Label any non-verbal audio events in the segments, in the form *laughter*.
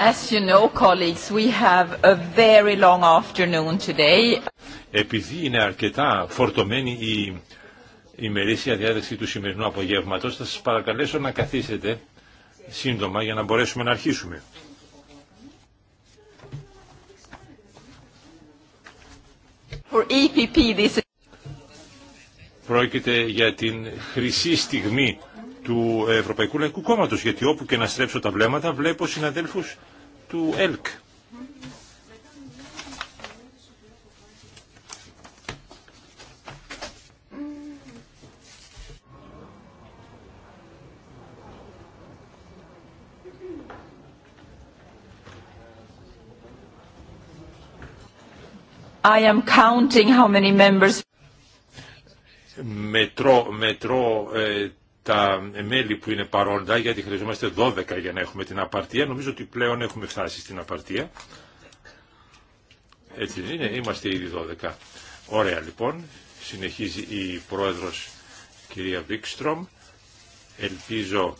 As you know, colleagues, we have a very long afternoon today. Επειδή είναι αρκετά φορτωμένη η ημερήσια διάθεση του σημερινού απογεύματος, θα σας παρακαλέσω να καθίσετε σύντομα για να μπορέσουμε να αρχίσουμε. For EPP, this... Πρόκειται για την χρυσή στιγμή του Ευρωπαϊκού Λαϊκού Κόμματο. γιατί όπου και να στρέψω τα βλέμματα βλέπω συναδέλφους του ΕΛΚ. I am counting how many members. Μετρώ, μετρώ ε, τα μέλη που είναι παρόντα, γιατί χρειαζόμαστε 12 για να έχουμε την απαρτία. Νομίζω ότι πλέον έχουμε φτάσει στην απαρτία. Έτσι είναι, είμαστε ήδη 12. Ωραία λοιπόν, συνεχίζει η πρόεδρος κυρία Βίκστρομ. Ελπίζω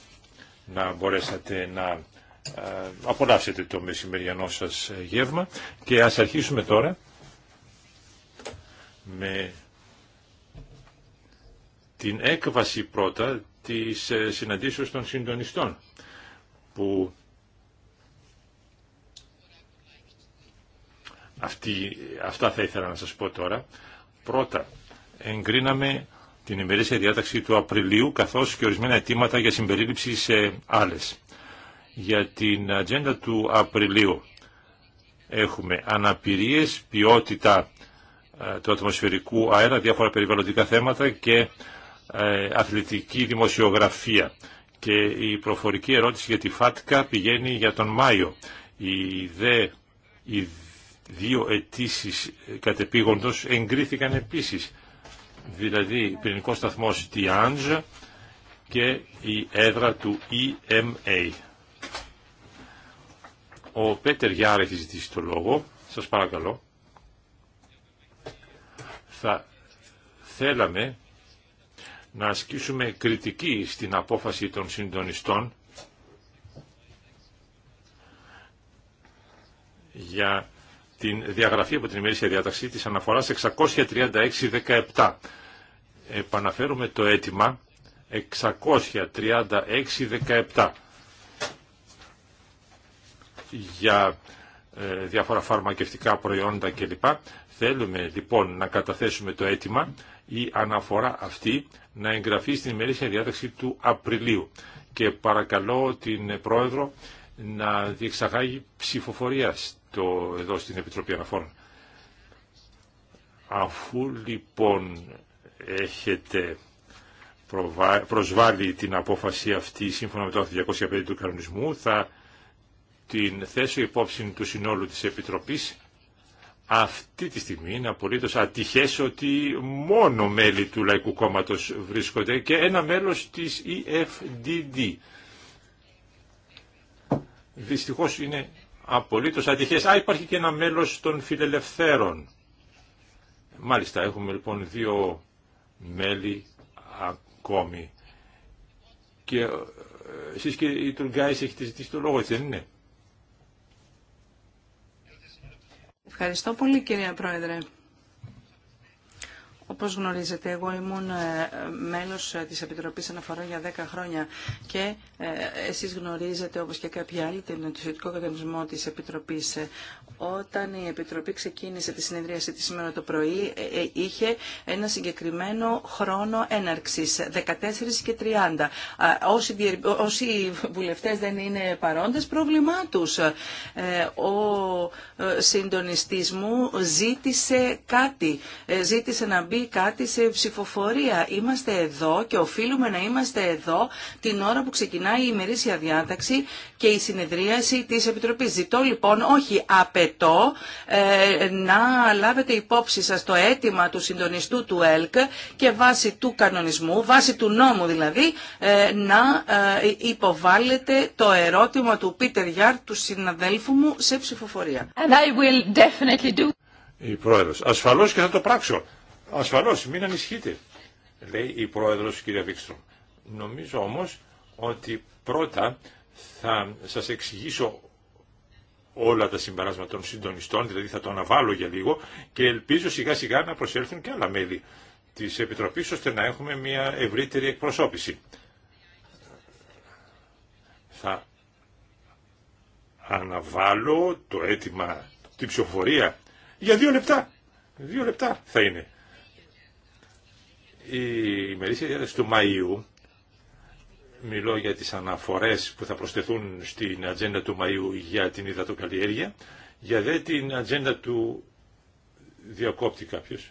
να μπορέσατε να ε, απολαύσετε το μεσημεριανό σας γεύμα και ας αρχίσουμε τώρα με την έκβαση πρώτα της ε, συναντήσεως των συντονιστών που αυτή, αυτά θα ήθελα να σας πω τώρα. Πρώτα, εγκρίναμε την ημερήσια διάταξη του Απριλίου καθώς και ορισμένα αιτήματα για συμπερίληψη σε άλλες. Για την ατζέντα του Απριλίου έχουμε αναπηρίες, ποιότητα ε, του ατμοσφαιρικού αέρα, διάφορα περιβαλλοντικά θέματα και ε, αθλητική δημοσιογραφία και η προφορική ερώτηση για τη ΦΑΤΚΑ πηγαίνει για τον Μάιο. Οι, δε, οι δύο αιτήσει κατεπήγοντος εγκρίθηκαν επίσης, δηλαδή πυρηνικός σταθμός Τιάντζ και η έδρα του EMA. Ο Πέτερ Γιάρ έχει ζητήσει το λόγο. Σας παρακαλώ. Θα θέλαμε να ασκήσουμε κριτική στην απόφαση των συντονιστών για την διαγραφή από την ημερήσια διάταξη της αναφοράς 636-17. Επαναφέρουμε το αίτημα 636-17 για ε, διάφορα φαρμακευτικά προϊόντα κλπ. Θέλουμε λοιπόν να καταθέσουμε το αίτημα η αναφορά αυτή να εγγραφεί στην ημερήσια διάταξη του Απριλίου. Και παρακαλώ την Πρόεδρο να διεξαγάγει ψηφοφορία στο, εδώ στην Επιτροπή Αναφόρων. Αφού λοιπόν έχετε προσβάλει την απόφαση αυτή σύμφωνα με το 205 του κανονισμού, θα την θέσω υπόψη του συνόλου της Επιτροπής αυτή τη στιγμή είναι απολύτως ατυχές ότι μόνο μέλη του Λαϊκού Κόμματος βρίσκονται και ένα μέλος της EFDD. Δυστυχώς είναι απολύτως ατυχές. Α, υπάρχει και ένα μέλος των φιλελευθέρων. Μάλιστα, έχουμε λοιπόν δύο μέλη ακόμη. Και ε, εσείς και η Τουργκάης έχετε ζητήσει το λόγο, έτσι δεν είναι. Ευχαριστώ πολύ κυρία Πρόεδρε. Όπως γνωρίζετε, εγώ ήμουν ε, μέλος ε, της Επιτροπής Αναφορών για 10 χρόνια και ε, εσείς γνωρίζετε, όπως και κάποιοι άλλοι, τον ενθουσιατικό κανονισμό της Επιτροπής. Όταν η Επιτροπή ξεκίνησε τη συνεδρίαση της σήμερα το πρωί, είχε ένα συγκεκριμένο χρόνο έναρξης, 14 και 30. Όσοι, όσοι βουλευτές δεν είναι παρόντες, πρόβλημά τους. Ο συντονιστής μου ζήτησε κάτι, ζήτησε να μπει κάτι σε ψηφοφορία. Είμαστε εδώ και οφείλουμε να είμαστε εδώ την ώρα που ξεκινάει η ημερήσια διάταξη και η συνεδρίαση της Επιτροπής. Ζητώ λοιπόν, όχι απαιτώ, ε, να λάβετε υπόψη σας το αίτημα του συντονιστού του ΕΛΚ και βάσει του κανονισμού, βάσει του νόμου δηλαδή, ε, να ε, υποβάλλετε το ερώτημα του Πίτερ Γιάρ, του συναδέλφου μου, σε ψηφοφορία. Ασφαλώς και θα το πράξω. Ασφαλώς, μην ανησυχείτε, λέει η πρόεδρος κυρία Βίξτρομ. Νομίζω όμως ότι πρώτα θα σας εξηγήσω όλα τα συμπεράσματα των συντονιστών, δηλαδή θα το αναβάλω για λίγο και ελπίζω σιγά σιγά να προσέλθουν και άλλα μέλη της Επιτροπής ώστε να έχουμε μια ευρύτερη εκπροσώπηση. Θα αναβάλω το αίτημα, την ψηφοφορία για δύο λεπτά. Δύο λεπτά θα είναι. Η ημερήσια διάταξη του Μαΐου, μιλώ για τις αναφορές που θα προσθεθούν στην ατζέντα του Μαΐου για την υδατοκαλλιέργεια, για δε την ατζέντα του διακόπτη κάποιος.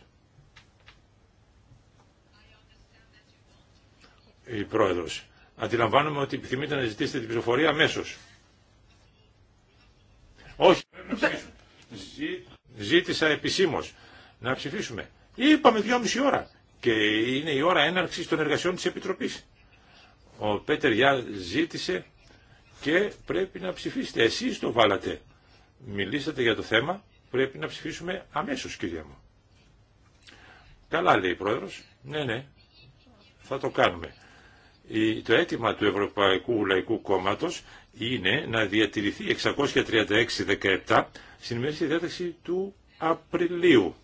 Η πρόεδρος. Αντιλαμβάνομαι ότι επιθυμείτε να ζητήσετε την πληροφορία αμέσω. Όχι, Ζήτησα επισήμω να ψηφίσουμε. Είπαμε δυόμιση ώρα και είναι η ώρα έναρξης των εργασιών της Επιτροπής. Ο Πέτερ Γιά ζήτησε και πρέπει να ψηφίσετε. Εσείς το βάλατε. Μιλήσατε για το θέμα, πρέπει να ψηφίσουμε αμέσως κυρία μου. Καλά λέει η Πρόεδρος. Ναι, ναι, θα το κάνουμε. Το αίτημα του Ευρωπαϊκού Λαϊκού Κόμματος είναι να διατηρηθεί 636-17 στην ημερήσια διάταξη του Απριλίου.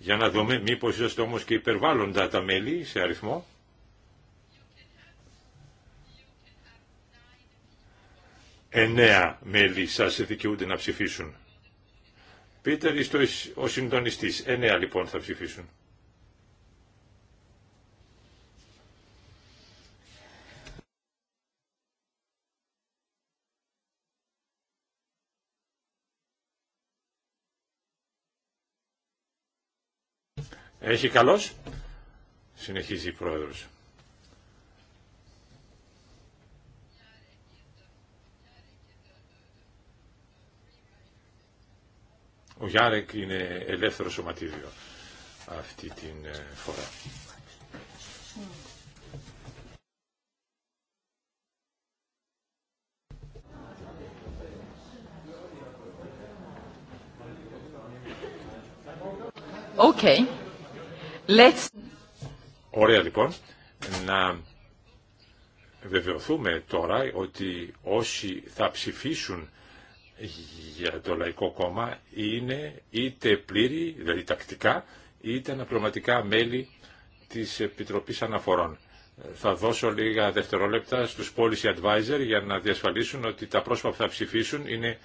Για να δούμε μήπως είσαστε όμως και υπερβάλλοντα τα μέλη σε αριθμό. Εννέα μέλη σας δικαιούνται να ψηφίσουν. Πίτερ, είστε ο συντονιστής. Εννέα λοιπόν θα ψηφίσουν. Έχει καλός. Συνεχίζει η πρόεδρος. Ο Γιάρεκ είναι ελεύθερο σωματίδιο αυτή την ε, φορά. Okay. Ωραία λοιπόν, να βεβαιωθούμε τώρα ότι όσοι θα ψηφίσουν για το Λαϊκό Κόμμα είναι είτε πλήρη, δηλαδή τακτικά, είτε αναπληρωματικά μέλη της Επιτροπής Αναφορών. Θα δώσω λίγα δευτερόλεπτα στους policy advisor για να διασφαλίσουν ότι τα πρόσωπα που θα ψηφίσουν είναι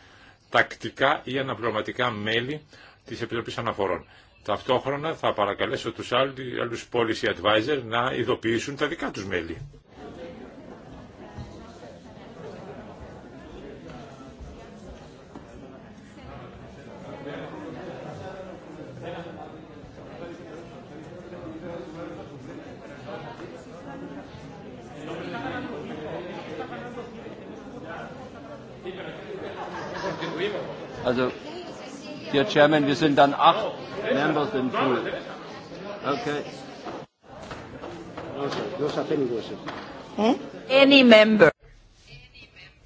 τακτικά ή αναπληρωματικά μέλη της Επιτροπής Αναφορών. Ταυτόχρονα θα παρακαλέσω τους άλλους, policy advisors να ειδοποιήσουν τα δικά τους μέλη. Also, dear Chairman, wir sind dann acht. Members Okay. Ε? Any member.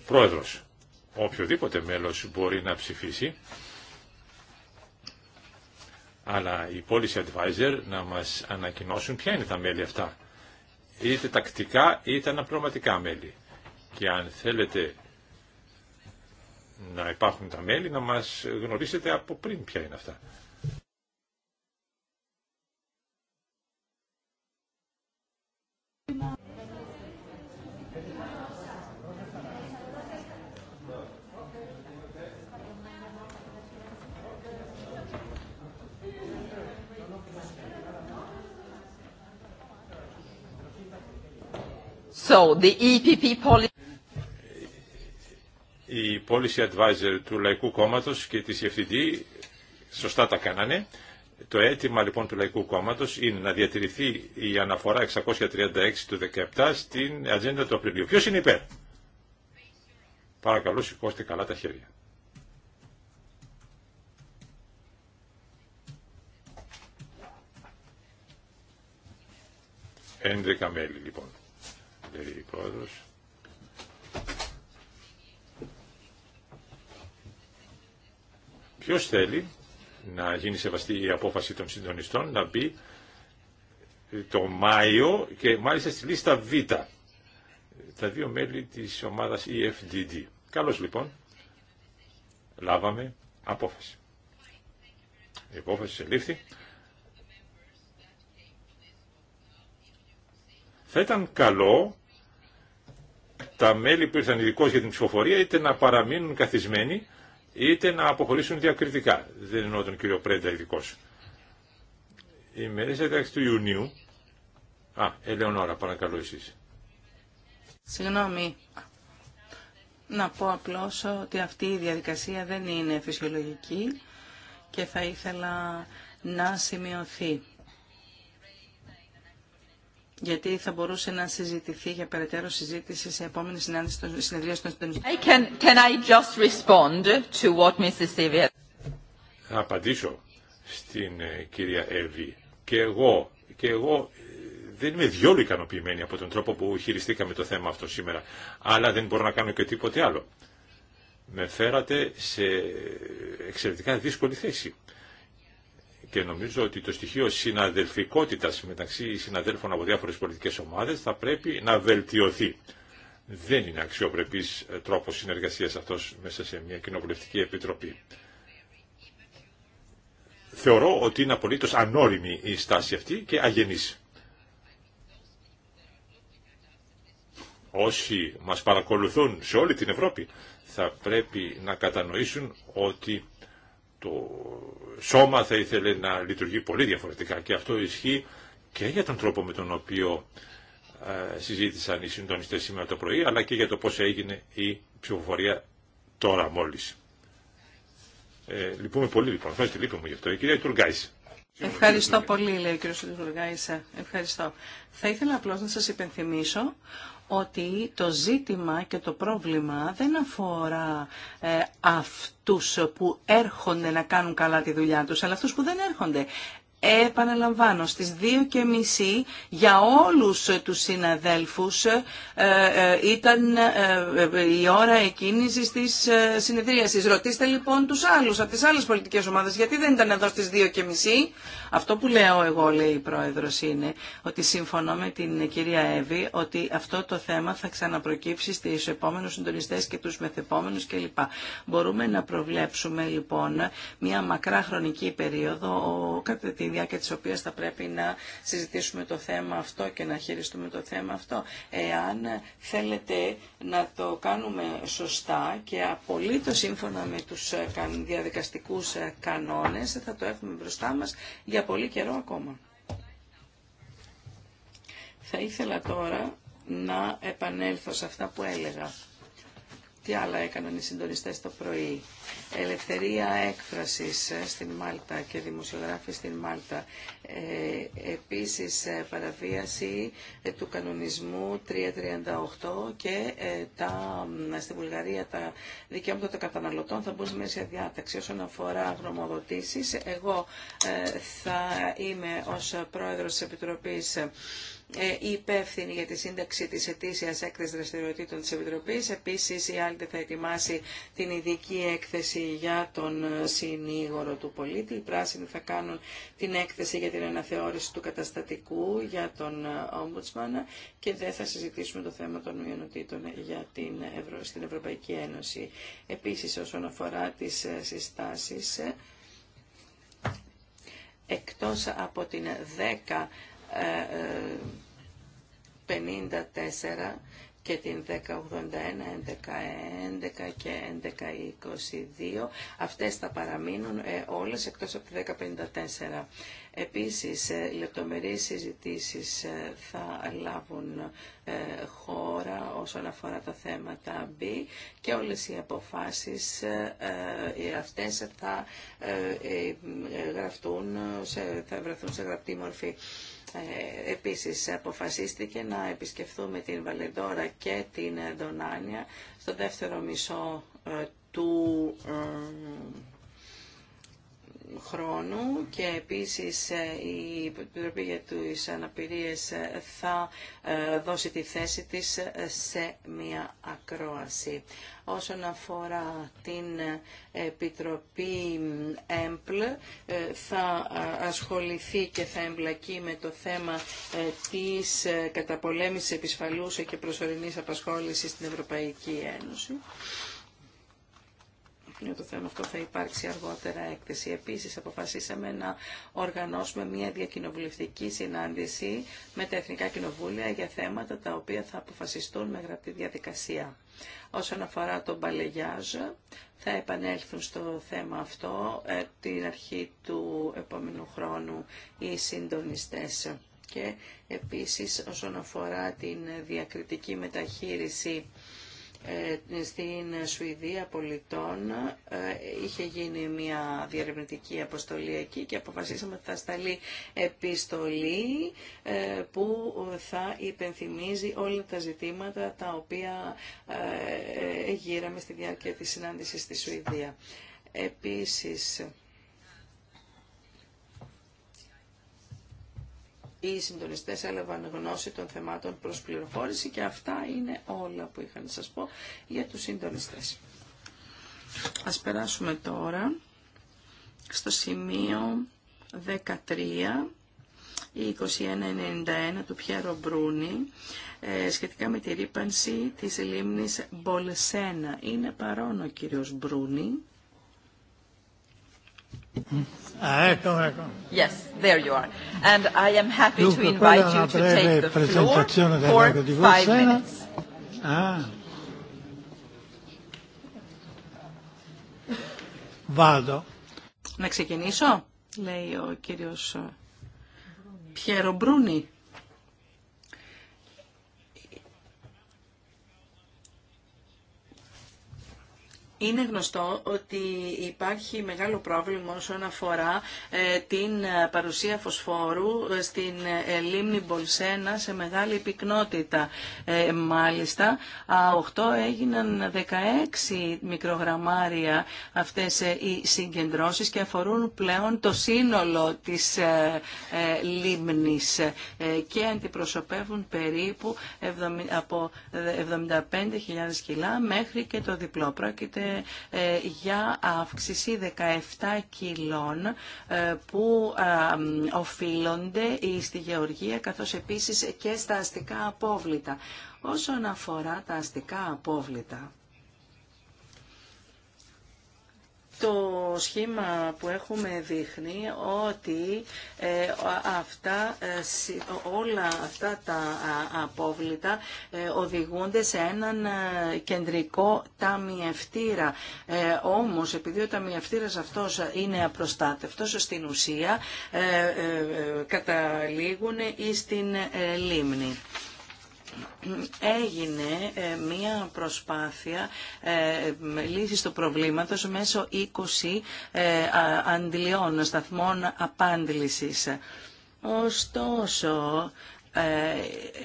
Πρόεδρος. Οποιοδήποτε μέλος μπορεί να ψηφίσει, αλλά οι policy advisor να μας ανακοινώσουν ποια είναι τα μέλη αυτά. Είτε τακτικά είτε αναπληρωματικά μέλη. Και αν θέλετε να υπάρχουν τα μέλη, να μας γνωρίσετε από πριν ποια είναι αυτά. E η policy advisor του Λαϊκού Κόμματος και της Ευθυντή σωστά τα κάνανε. Το αίτημα λοιπόν του Λαϊκού Κόμματος είναι να διατηρηθεί η αναφορά 636 του 17 στην ατζέντα του Απριλίου. Ποιος είναι υπέρ? Παρακαλώ σηκώστε καλά τα χέρια. Ένδεκα μέλη λοιπόν λέει θέλει να γίνει σεβαστή η απόφαση των συντονιστών να μπει το Μάιο και μάλιστα στη λίστα Β. Τα δύο μέλη της ομάδας EFDD. Καλώς λοιπόν. Λάβαμε απόφαση. Η απόφαση λήφθη. Θα ήταν καλό τα μέλη που ήρθαν ειδικώ για την ψηφοφορία είτε να παραμείνουν καθισμένοι είτε να αποχωρήσουν διακριτικά. Δεν εννοώ τον κύριο Πρέντα ειδικώ. Η μερίσια του Ιουνίου. Α, Ελεονόρα, παρακαλώ εσεί. Συγγνώμη. Να πω απλώ ότι αυτή η διαδικασία δεν είναι φυσιολογική και θα ήθελα να σημειωθεί γιατί θα μπορούσε να συζητηθεί για περαιτέρω συζήτηση σε επόμενη συνάντηση των συνεδρίων των συντονιστών. Can, Να απαντήσω στην ε, κυρία Εύη. Και εγώ, και εγώ ε, δεν είμαι διόλου ικανοποιημένη από τον τρόπο που χειριστήκαμε το θέμα αυτό σήμερα, αλλά δεν μπορώ να κάνω και τίποτε άλλο. Με φέρατε σε ε, εξαιρετικά δύσκολη θέση και νομίζω ότι το στοιχείο συναδελφικότητας μεταξύ συναδέλφων από διάφορες πολιτικές ομάδες θα πρέπει να βελτιωθεί. Δεν είναι αξιοπρεπής ε, τρόπος συνεργασίας αυτός μέσα σε μια κοινοβουλευτική επιτροπή. Θεωρώ ότι είναι απολύτως ανώριμη η στάση αυτή και αγενής. Όσοι μας παρακολουθούν σε όλη την Ευρώπη θα πρέπει να κατανοήσουν ότι το σώμα θα ήθελε να λειτουργεί πολύ διαφορετικά και αυτό ισχύει και για τον τρόπο με τον οποίο ε, συζήτησαν οι συντονιστές σήμερα το πρωί αλλά και για το πώς έγινε η ψηφοφορία τώρα μόλις. Ε, λυπούμε πολύ λοιπόν. Φέρετε τη λύπη μου γι' αυτό. Η κυρία Τουργκάης. Ευχαριστώ πολύ, λέει ο κύριος Τουργκάης. Ε, ευχαριστώ. Θα ήθελα απλώς να σας υπενθυμίσω ότι το ζήτημα και το πρόβλημα δεν αφορά ε, αυτούς που έρχονται να κάνουν καλά τη δουλειά τους, αλλά αυτούς που δεν έρχονται επαναλαμβάνω, στις 2 και μισή για όλους τους συναδέλφους ε, ε, ήταν ε, η ώρα εκκίνησης της συνεδρίασης. Ρωτήστε λοιπόν τους άλλους από τις άλλες πολιτικές ομάδες γιατί δεν ήταν εδώ στις δύο και μισή. Αυτό που λέω εγώ, λέει η Πρόεδρος, είναι ότι συμφωνώ με την κυρία Εύη ότι αυτό το θέμα θα ξαναπροκύψει στις επόμενους συντονιστές και τους μεθεπόμενους κλπ. Μπορούμε να προβλέψουμε λοιπόν μια μακρά χρονική περίοδο κατά τη διάρκεια της οποίας θα πρέπει να συζητήσουμε το θέμα αυτό και να χειριστούμε το θέμα αυτό. Εάν θέλετε να το κάνουμε σωστά και απολύτως σύμφωνα με τους ε, διαδικαστικούς ε, κανόνες, θα το έχουμε μπροστά μας για πολύ καιρό ακόμα. Θα ήθελα τώρα να επανέλθω σε αυτά που έλεγα. Τι άλλα έκαναν οι συντονιστές το πρωί. Ελευθερία έκφρασης ε, στην Μάλτα και δημοσιογράφη στην Μάλτα. Ε, επίσης ε, παραβίαση ε, του κανονισμού 338 και τα, στη Βουλγαρία τα δικαιώματα των καταναλωτών θα μπουν σε σε διάταξη. Όσον αφορά γνωμοδοτήσεις, εγώ θα είμαι ως πρόεδρος της Επιτροπής ε, υπεύθυνη για τη σύνταξη της ετήσιας έκθεσης δραστηριοτήτων της Επιτροπής. Επίσης η Άλτε θα ετοιμάσει την ειδική έκθεση για τον ε, συνήγορο του πολίτη. Οι πράσινοι θα κάνουν την έκθεση για την αναθεώρηση του καταστατικού για τον ε, Ombudsman και δεν θα συζητήσουμε το θέμα των μειονοτήτων για την Ευρω... στην Ευρωπαϊκή Ένωση. Επίσης όσον αφορά τις συστάσεις, εκτός από την 10 54 ε, ε, και την 1081, 1111 και 1122. Αυτές θα παραμείνουν ε, όλες εκτός από τη 1054. Επίσης, λεπτομερείς συζητήσεις θα λάβουν χώρα όσον αφορά τα θέματα B και όλες οι αποφάσεις αυτές θα γραφτούν, θα βρεθούν σε γραπτή μορφή. Ε, επίσης αποφασίστηκε να επισκεφθούμε την Βαλεντόρα και την Δονάνια στο δεύτερο μισό ε, του ε, χρόνου και επίσης ε, η Επιτροπή για τις Αναπηρίες ε, θα ε, δώσει τη θέση της σε μια ακρόαση. Όσον αφορά την Επιτροπή ΕΜΠΛ, θα ασχοληθεί και θα εμπλακεί με το θέμα της καταπολέμησης επισφαλούς και προσωρινής απασχόλησης στην Ευρωπαϊκή Ένωση για το θέμα αυτό θα υπάρξει αργότερα έκθεση. Επίσης αποφασίσαμε να οργανώσουμε μια διακοινοβουλευτική συνάντηση με τα Εθνικά Κοινοβούλια για θέματα τα οποία θα αποφασιστούν με γραπτή διαδικασία. Όσον αφορά τον παλεγιάζ, θα επανέλθουν στο θέμα αυτό ε, την αρχή του επόμενου χρόνου οι συντονιστές. Και επίσης όσον αφορά την διακριτική μεταχείριση ε, στην Σουηδία πολιτών ε, είχε γίνει μια διαρευνητική αποστολή εκεί και αποφασίσαμε ότι θα σταλεί επιστολή ε, που θα υπενθυμίζει όλα τα ζητήματα τα οποία γύραμε στη διάρκεια της συνάντησης στη Σουηδία. Επίσης, οι συντονιστές έλαβαν γνώση των θεμάτων προς πληροφόρηση και αυτά είναι όλα που είχα να σας πω για τους συντονιστές. Ας περάσουμε τώρα στο σημείο 13 η 2191 του Πιέρο Μπρούνι ε, σχετικά με τη ρήπανση της λίμνης Μπολσένα. Είναι παρόν ο κύριος Μπρούνι. Yes, there you are. And I am happy to invite you to take the floor for five minutes. Βάδο. Να ξεκινήσω, λέει ο κύριος Πιέρο Μπρούνι. Είναι γνωστό ότι υπάρχει μεγάλο πρόβλημα όσον αφορά ε, την παρουσία φωσφόρου ε, στην ε, λίμνη Μπολσένα σε μεγάλη πυκνότητα. Μάλιστα, 8 έγιναν 16 μικρογραμμάρια αυτές οι συγκεντρώσεις και αφορούν πλέον το σύνολο της λίμνης και αντιπροσωπεύουν περίπου από 75.000 κιλά μέχρι και το διπλό. Πρόκειται ε, για αύξηση 17 κιλών ε, που ε, οφείλονται στη γεωργία καθώς επίσης και στα αστικά απόβλητα. Όσον αφορά τα αστικά απόβλητα, Το σχήμα που έχουμε δείχνει ότι ε, αυτά, ε, όλα αυτά τα απόβλητα ε, οδηγούνται σε έναν κεντρικό ταμιευτήρα. Όμως, επειδή ο ταμιευτήρας αυτός είναι απροστάτευτος, στην ουσία καταλήγουν ή στην λίμνη έγινε ε, μία προσπάθεια ε, λύσης του προβλήματος μέσω 20 ε, αντιλιών, σταθμών απάντησης. Ωστόσο,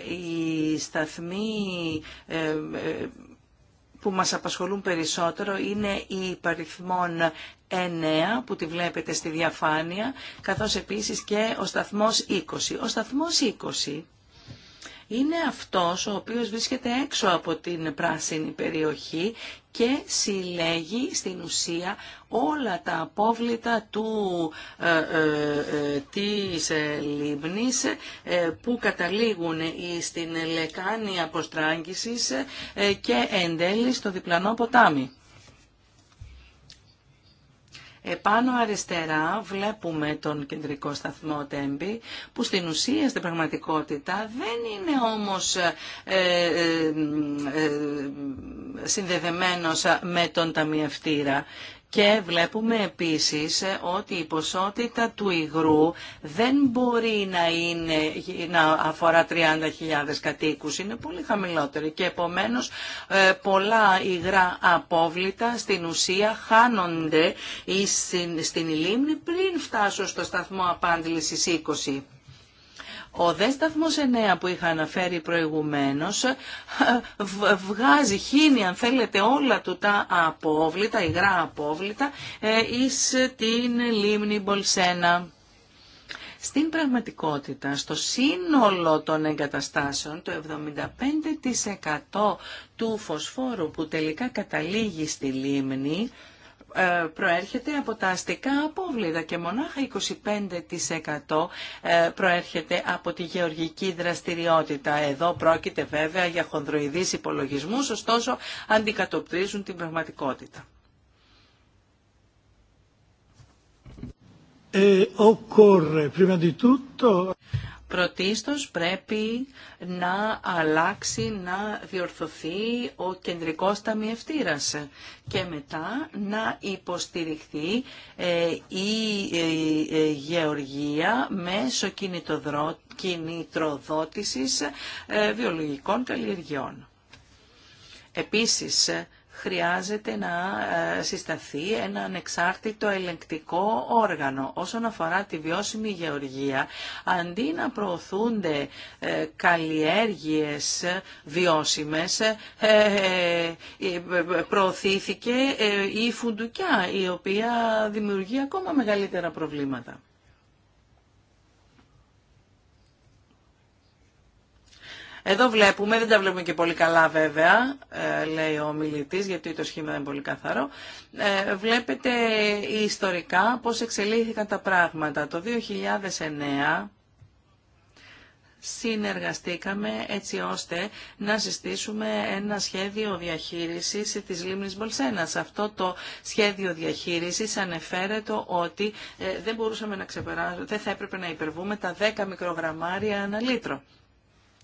οι σταθμοί που μας απασχολούν περισσότερο είναι οι παριθμών 9 που τη βλέπετε στη διαφάνεια, καθώς επίσης και ο σταθμός 20. Ο σταθμός 20 είναι αυτός ο οποίος βρίσκεται έξω από την πράσινη περιοχή και συλλέγει στην ουσία όλα τα απόβλητα του, ε, ε, ε της ε, λίμνης που καταλήγουν στην λεκάνη αποστράγγισης και εν τέλει στο διπλανό ποτάμι. Επάνω αριστερά βλέπουμε τον κεντρικό σταθμό Τέμπη που στην ουσία, στην πραγματικότητα δεν είναι όμως ε, ε, ε, ε συνδεδεμένος με τον ταμιευτήρα και βλέπουμε επίσης ε, ότι η ποσότητα του υγρού δεν μπορεί να, είναι, να αφορά 30.000 κατοίκους, είναι πολύ χαμηλότερη και επομένως ε, πολλά υγρά απόβλητα στην ουσία χάνονται στην, στην λίμνη πριν φτάσουν στο σταθμό απάντηλησης 20. Ο δεσταθμός 9 που είχα αναφέρει προηγουμένως βγάζει, χύνει αν θέλετε όλα του τα απόβλητα, υγρά απόβλητα, ε, εις την λίμνη Μπολσένα. Στην πραγματικότητα, στο σύνολο των εγκαταστάσεων, το 75% του φωσφόρου που τελικά καταλήγει στη λίμνη ε, προέρχεται από τα αστικά απόβλητα και μονάχα 25% ε, προέρχεται από τη γεωργική δραστηριότητα. Εδώ πρόκειται βέβαια για χονδροειδείς υπολογισμούς, ωστόσο αντικατοπτρίζουν την πραγματικότητα. Ε, occorre, prima di tutto πρωτίστως πρέπει να αλλάξει, να διορθωθεί ο κεντρικός ταμιευτήρας και μετά να υποστηριχθεί ε, η ε, ε, γεωργία μέσω κινητροδότησης βιολογικών καλλιεργιών. Επίσης, χρειάζεται να ε, συσταθεί ένα ανεξάρτητο ελεγκτικό όργανο. Όσον αφορά τη βιώσιμη γεωργία, αντί να προωθούνται ε, καλλιέργειες βιώσιμες, ε, προωθήθηκε η φουντουκιά, η οποία δημιουργεί ακόμα μεγαλύτερα προβλήματα. Εδώ βλέπουμε, δεν τα βλέπουμε και πολύ καλά βέβαια, ε, λέει ο μιλητή, γιατί το σχήμα δεν είναι πολύ καθαρό. Ε, βλέπετε ιστορικά πώς εξελίχθηκαν τα πράγματα. Το 2009 συνεργαστήκαμε έτσι ώστε να συστήσουμε ένα σχέδιο διαχείρισης της λίμνης Μπολσένας. Αυτό το σχέδιο διαχείρισης ανεφέρεται ότι ε, δεν μπορούσαμε να ξεπεράσουμε, δεν θα έπρεπε να υπερβούμε τα 10 μικρογραμμάρια ανά λίτρο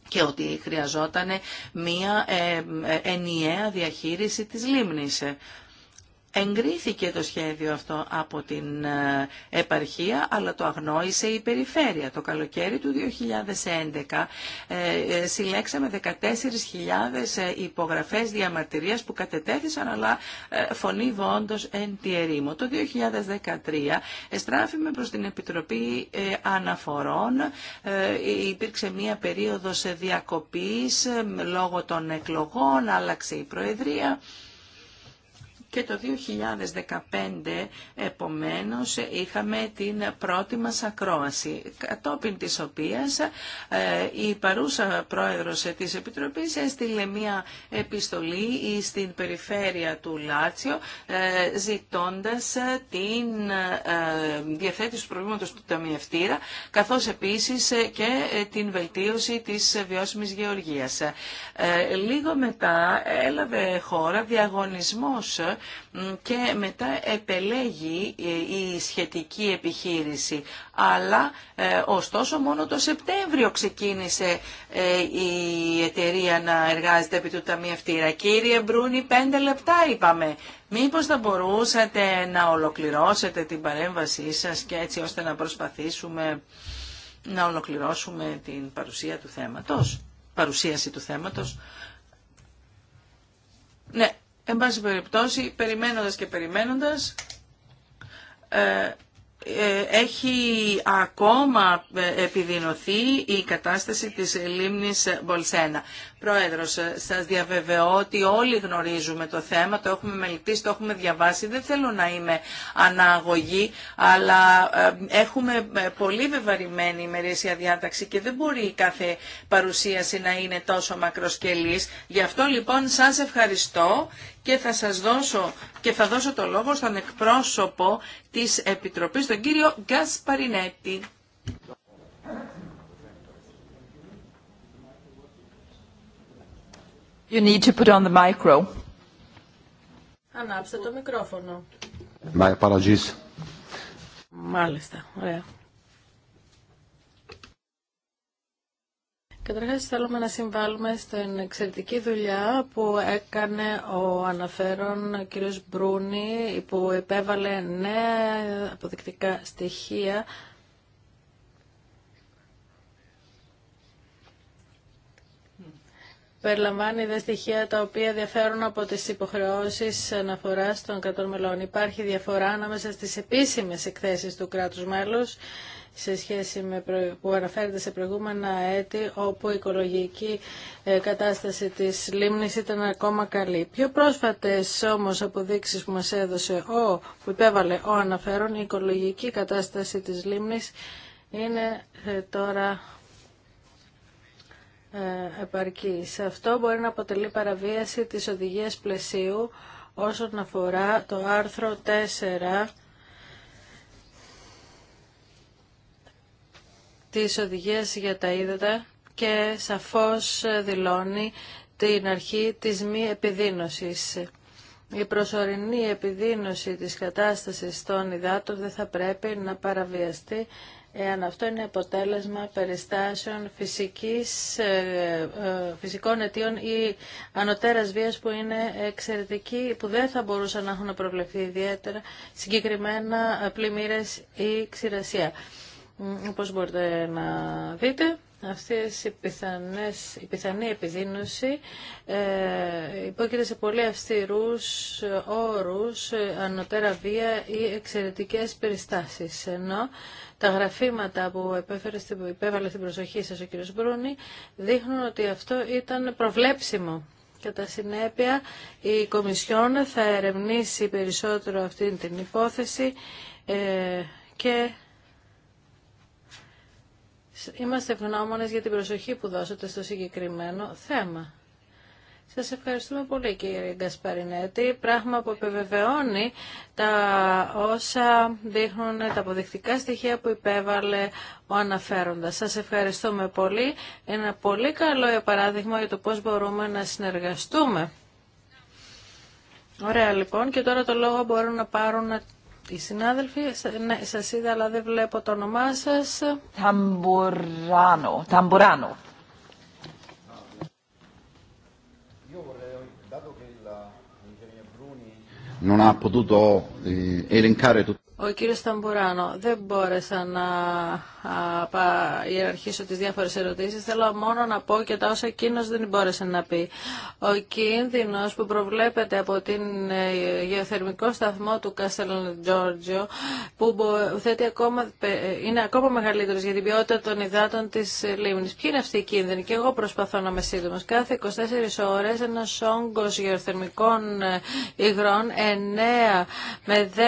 και ότι χρειαζόταν μία ε, ε, ενιαία διαχείριση της λίμνης. Εγκρίθηκε το σχέδιο αυτό από την ε, επαρχία, αλλά το αγνόησε η περιφέρεια. Το καλοκαίρι του 2011 ε, ε, συλλέξαμε 14.000 υπογραφές διαμαρτυρίας που κατετέθησαν, αλλά φωνή βόντος εν τη ερήμο. Το 2013 στράφημε προς την Επιτροπή Αναφορών. Υπήρξε μία περίοδος διακοπής λόγω των εκλογών, άλλαξε η Προεδρία και το 2015 επομένως είχαμε την πρώτη μας ακρόαση κατόπιν της οποίας ε, η παρούσα πρόεδρος της Επιτροπής έστειλε μια επιστολή στην περιφέρεια του Λάτσιο ε, ζητώντας ε, την διαθέτηση του προβλήματος του ταμιευτήρα καθώς επίσης και την βελτίωση της βιώσιμης γεωργίας. Λίγο μετά έλαβε χώρα διαγωνισμός και μετά επελέγει ε, η σχετική επιχείρηση. Αλλά ε, ωστόσο μόνο το Σεπτέμβριο ξεκίνησε ε, η εταιρεία να εργάζεται επί του ταμιευτήρα. Κύριε Μπρούνι, πέντε λεπτά είπαμε. Μήπως θα μπορούσατε να ολοκληρώσετε την παρέμβασή σας και έτσι ώστε να προσπαθήσουμε να ολοκληρώσουμε την παρουσία του θέματος, παρουσίαση του θέματος. Ναι, Εν πάση περιπτώσει, περιμένοντας και περιμένοντας, ε, ε, έχει ακόμα ε, επιδεινωθεί η κατάσταση της λίμνης Μπολσένα. Πρόεδρος, σας διαβεβαιώ ότι όλοι γνωρίζουμε το θέμα, το έχουμε μελετήσει, το έχουμε διαβάσει. Δεν θέλω να είμαι αναγωγή, αλλά έχουμε πολύ βεβαρημένη ημερήσια διάταξη και δεν μπορεί η κάθε παρουσίαση να είναι τόσο μακροσκελής. Γι' αυτό λοιπόν σας ευχαριστώ και θα σας δώσω και θα δώσω το λόγο στον εκπρόσωπο της Επιτροπής, τον κύριο Γκασπαρινέτη. You need to put on the micro. Ανάψτε το μικρόφωνο. My apologies. Μάλιστα, ωραία. Καταρχά θέλουμε να συμβάλλουμε στην εξαιρετική δουλειά που έκανε ο αναφέρον κ. Μπρούνι που επέβαλε νέα αποδεικτικά στοιχεία Περιλαμβάνει δε στοιχεία τα οποία διαφέρουν από τις υποχρεώσεις αναφοράς των κρατών μελών. Υπάρχει διαφορά ανάμεσα στις επίσημες εκθέσεις του κράτους μέλους σε σχέση με που αναφέρεται σε προηγούμενα έτη όπου η οικολογική ε, κατάσταση της λίμνης ήταν ακόμα καλή. Πιο πρόσφατες όμως αποδείξεις που μας έδωσε ο, που υπέβαλε ο αναφέρον, η οικολογική κατάσταση της λίμνης είναι ε, τώρα ε, επαρκή. Σε αυτό μπορεί να αποτελεί παραβίαση της οδηγίας πλαισίου όσον αφορά το άρθρο 4 τις οδηγίες για τα είδατα και σαφώς δηλώνει την αρχή της μη επιδίνωσης. Η προσωρινή επιδίνωση της κατάστασης των υδάτων δεν θα πρέπει να παραβιαστεί εάν αυτό είναι αποτέλεσμα περιστάσεων φυσικής, ε, ε, φυσικών αιτίων ή ανωτέρας βίας που είναι εξαιρετική, που δεν θα μπορούσαν να έχουν προβλεφθεί ιδιαίτερα συγκεκριμένα πλημμύρες ή ξηρασία. Όπως μπορείτε να δείτε, αυτές οι, η πιθανή επιδείνωση ε, υπόκειται σε πολύ αυστηρούς όρους, ε, ανωτέρα βία ή εξαιρετικές περιστάσεις. Ενώ τα γραφήματα που επέφερε, υπέβαλε στην προσοχή σας ο κ. Μπρούνη δείχνουν ότι αυτό ήταν προβλέψιμο. Κατά συνέπεια, η Κομισιόν θα ερευνήσει περισσότερο αυτή την υπόθεση ε, και Είμαστε ευγνώμονε για την προσοχή που δώσατε στο συγκεκριμένο θέμα. Σας ευχαριστούμε πολύ κύριε Γκασπαρινέτη, πράγμα που επιβεβαιώνει τα όσα δείχνουν τα αποδεικτικά στοιχεία που υπέβαλε ο αναφέροντας. Σας ευχαριστούμε πολύ. Ένα πολύ καλό παράδειγμα για το πώς μπορούμε να συνεργαστούμε. Ωραία λοιπόν και τώρα το λόγο μπορούν να πάρουν οι συνάδελφοι. Ναι, σας είδα, αλλά δεν βλέπω το όνομά σας. Ταμπουράνο. Ταμπουράνο. Non ha potuto eh, elencare tutto. Ο κύριο Σταμπουράνο. δεν μπόρεσα να ιεραρχήσω τι διάφορε ερωτήσει. Θέλω μόνο να πω και τα όσα εκείνο δεν μπόρεσε να πει. Ο κίνδυνο που προβλέπεται από την ε, γεωθερμικό σταθμό του Καστελ Τζόρτζιο, που θέτει ακόμα, είναι ακόμα μεγαλύτερο για την ποιότητα των υδάτων τη λίμνη. Ποιοι είναι αυτοί οι κίνδυνοι και εγώ προσπαθώ να είμαι σύντομο. Κάθε 24 ώρε ένα όγκο γεωθερμικών ε, υγρών, 9 με 10